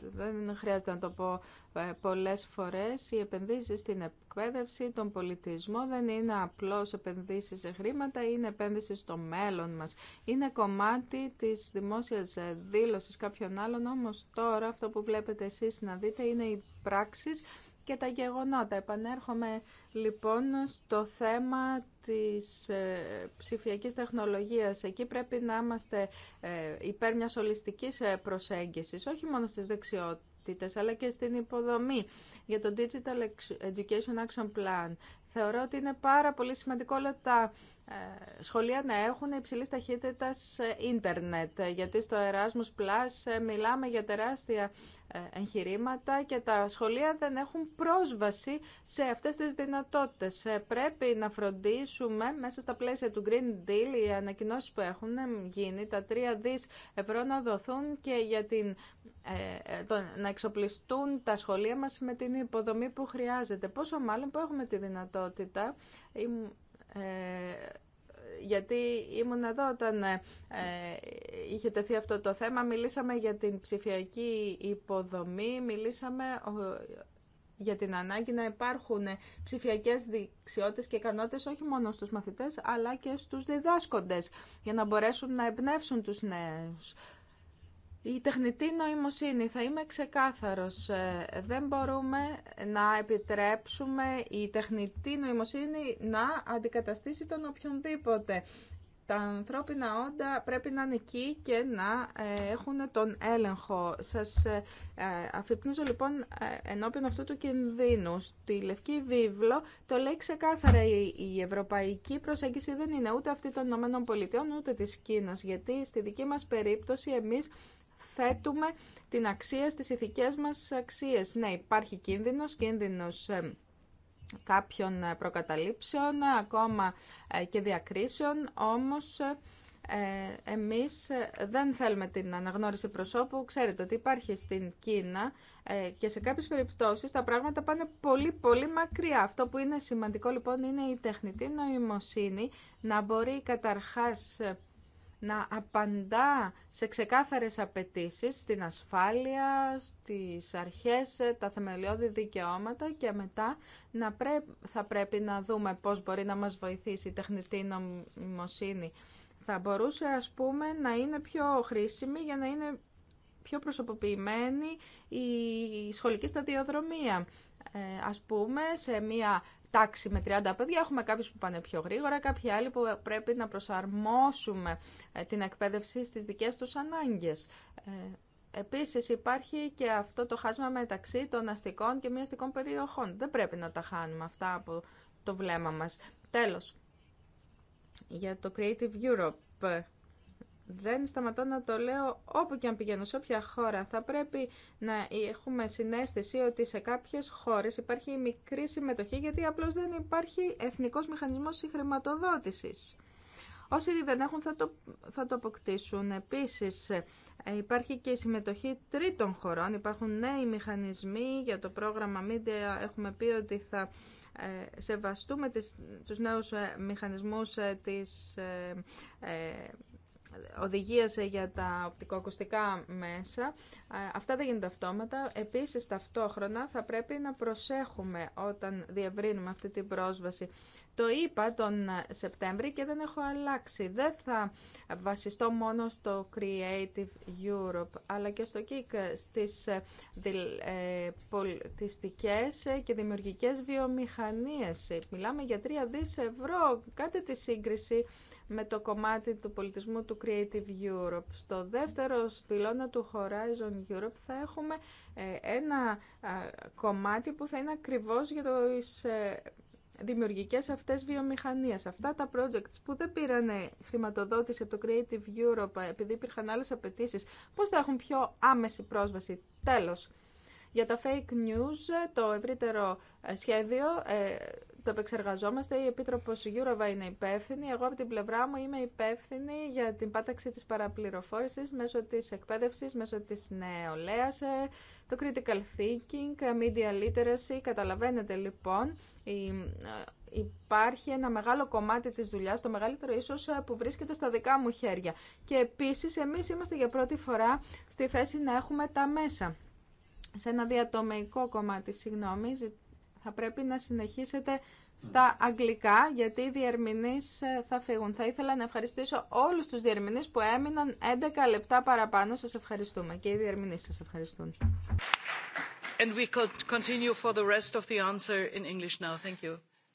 δεν χρειάζεται να το πω ε, πολλές φορές. Οι επενδύσεις στην εκπαίδευση, τον πολιτισμό δεν είναι απλώς επενδύσεις σε χρήματα, είναι επένδυση στο μέλλον μας. Είναι κομμάτι της δημόσιας δήλωσης κάποιων άλλων, όμως τώρα αυτό που βλέπετε εσείς να δείτε είναι οι πράξεις και τα γεγονότα. Επανέρχομαι λοιπόν στο θέμα της ε, ψηφιακής τεχνολογίας. Εκεί πρέπει να είμαστε ε, υπέρ μιας ολιστικής ε, προσέγγισης, όχι μόνο στις δεξιότητες αλλά και στην υποδομή για το Digital Education Action Plan. Θεωρώ ότι είναι πάρα πολύ σημαντικό όλα τα ε, σχολεία να έχουν υψηλής ταχύτητας ε, ίντερνετ, ε, γιατί στο Erasmus Plus μιλάμε για τεράστια εγχειρήματα και τα σχολεία δεν έχουν πρόσβαση σε αυτές τις δυνατότητες. Πρέπει να φροντίσουμε μέσα στα πλαίσια του Green Deal οι ανακοινώσεις που έχουν γίνει, τα 3 δις ευρώ να δοθούν και για την, να εξοπλιστούν τα σχολεία μας με την υποδομή που χρειάζεται. Πόσο μάλλον που έχουμε τη δυνατότητα ε, γιατί ήμουν εδώ όταν ε, είχε τεθεί αυτό το θέμα. Μιλήσαμε για την ψηφιακή υποδομή, μιλήσαμε ε, για την ανάγκη να υπάρχουν ψηφιακές δεξιότητες και ικανότητες όχι μόνο στους μαθητές αλλά και στους διδάσκοντες για να μπορέσουν να εμπνεύσουν τους νέους. Η τεχνητή νοημοσύνη, θα είμαι ξεκάθαρος, ε, δεν μπορούμε να επιτρέψουμε η τεχνητή νοημοσύνη να αντικαταστήσει τον οποιονδήποτε. Τα ανθρώπινα όντα πρέπει να είναι εκεί και να ε, έχουν τον έλεγχο. Σας ε, αφυπνίζω λοιπόν ενώπιον αυτού του κινδύνου. Στη Λευκή Βίβλο το λέει ξεκάθαρα η ευρωπαϊκή προσέγγιση δεν είναι ούτε αυτή των ΗΠΑ ούτε της Κίνας γιατί στη δική μας περίπτωση εμείς θέτουμε την αξία στις ηθικές μας αξίες. Ναι, υπάρχει κίνδυνος, κίνδυνος ε, κάποιων ε, προκαταλήψεων, ε, ακόμα και διακρίσεων, όμως εμείς δεν θέλουμε την αναγνώριση προσώπου. Ξέρετε ότι υπάρχει στην Κίνα και σε κάποιες περιπτώσεις τα πράγματα πάνε πολύ πολύ μακριά. Αυτό που είναι σημαντικό λοιπόν είναι η τεχνητή νοημοσύνη να μπορεί καταρχάς να απαντά σε ξεκάθαρες απαιτήσεις στην ασφάλεια, στις αρχές, ε, τα θεμελιώδη δικαιώματα και μετά να θα πρέπει να δούμε πώς μπορεί να μας βοηθήσει η τεχνητή νομοσύνη. Θα μπορούσε ας πούμε να είναι πιο χρήσιμη για να είναι πιο προσωποποιημένη η σχολική σταδιοδρομία. Ε, ας πούμε σε μια τάξη με 30 παιδιά, έχουμε κάποιους που πάνε πιο γρήγορα, κάποιοι άλλοι που πρέπει να προσαρμόσουμε ε, την εκπαίδευση στις δικές τους ανάγκες. Ε, επίσης υπάρχει και αυτό το χάσμα μεταξύ των αστικών και μη περιοχών. Δεν πρέπει να τα χάνουμε αυτά από το βλέμμα μας. Τέλος, για το Creative Europe δεν σταματώ να το λέω όπου και αν πηγαίνω, σε όποια χώρα. Θα πρέπει να έχουμε συνέστηση ότι σε κάποιες χώρες υπάρχει μικρή συμμετοχή γιατί απλώς δεν υπάρχει εθνικός μηχανισμός συγχρηματοδότησης. Όσοι δεν έχουν θα το, θα το αποκτήσουν. Επίσης υπάρχει και η συμμετοχή τρίτων χωρών. Υπάρχουν νέοι μηχανισμοί για το πρόγραμμα Media. Έχουμε πει ότι θα ε, σεβαστούμε τις, τους νέους ε, μηχανισμούς ε, της Οδηγίασε για τα οπτικοακουστικά μέσα. Ε, αυτά δεν γίνονται αυτόματα. Επίσης, ταυτόχρονα θα πρέπει να προσέχουμε όταν διευρύνουμε αυτή την πρόσβαση το είπα τον Σεπτέμβρη και δεν έχω αλλάξει. Δεν θα βασιστώ μόνο στο Creative Europe, αλλά και στο κίκ στις ε, ε, πολιτιστικές και δημιουργικές βιομηχανίες. Μιλάμε για 3 δις ευρώ. Κάντε τη σύγκριση με το κομμάτι του πολιτισμού του Creative Europe. Στο δεύτερο πυλώνα του Horizon Europe θα έχουμε ε, ένα κομμάτι που θα είναι ακριβώς για το δημιουργικές αυτές βιομηχανίες. Αυτά τα projects που δεν πήραν χρηματοδότηση από το Creative Europe επειδή υπήρχαν άλλες απαιτήσει, πώς θα έχουν πιο άμεση πρόσβαση. Τέλος, για τα fake news, το ευρύτερο ε, σχέδιο ε, το επεξεργαζόμαστε. Η Επίτροπο Γιούροβα είναι υπεύθυνη. Εγώ από την πλευρά μου είμαι υπεύθυνη για την πάταξη τη παραπληροφόρηση μέσω τη εκπαίδευση, μέσω τη νεολαία, ε, το critical thinking, media literacy. Καταλαβαίνετε λοιπόν, ε, υπάρχει ένα μεγάλο κομμάτι της δουλειάς, το μεγαλύτερο ίσως ε, που βρίσκεται στα δικά μου χέρια. Και επίσης εμείς είμαστε για πρώτη φορά στη θέση να έχουμε τα μέσα. Σε ένα διατομεϊκό κομμάτι, συγγνώμη, θα πρέπει να συνεχίσετε στα αγγλικά, γιατί οι διερμηνείς ε, θα φύγουν. Θα ήθελα να ευχαριστήσω όλους τους διερμηνείς που έμειναν 11 λεπτά παραπάνω. Σας ευχαριστούμε και οι διερμηνείς σας ευχαριστούν. And we continue for the rest of the answer in English now. Thank you.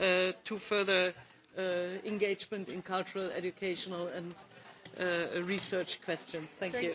to further engagement in cultural, educational and research questions. Thank you.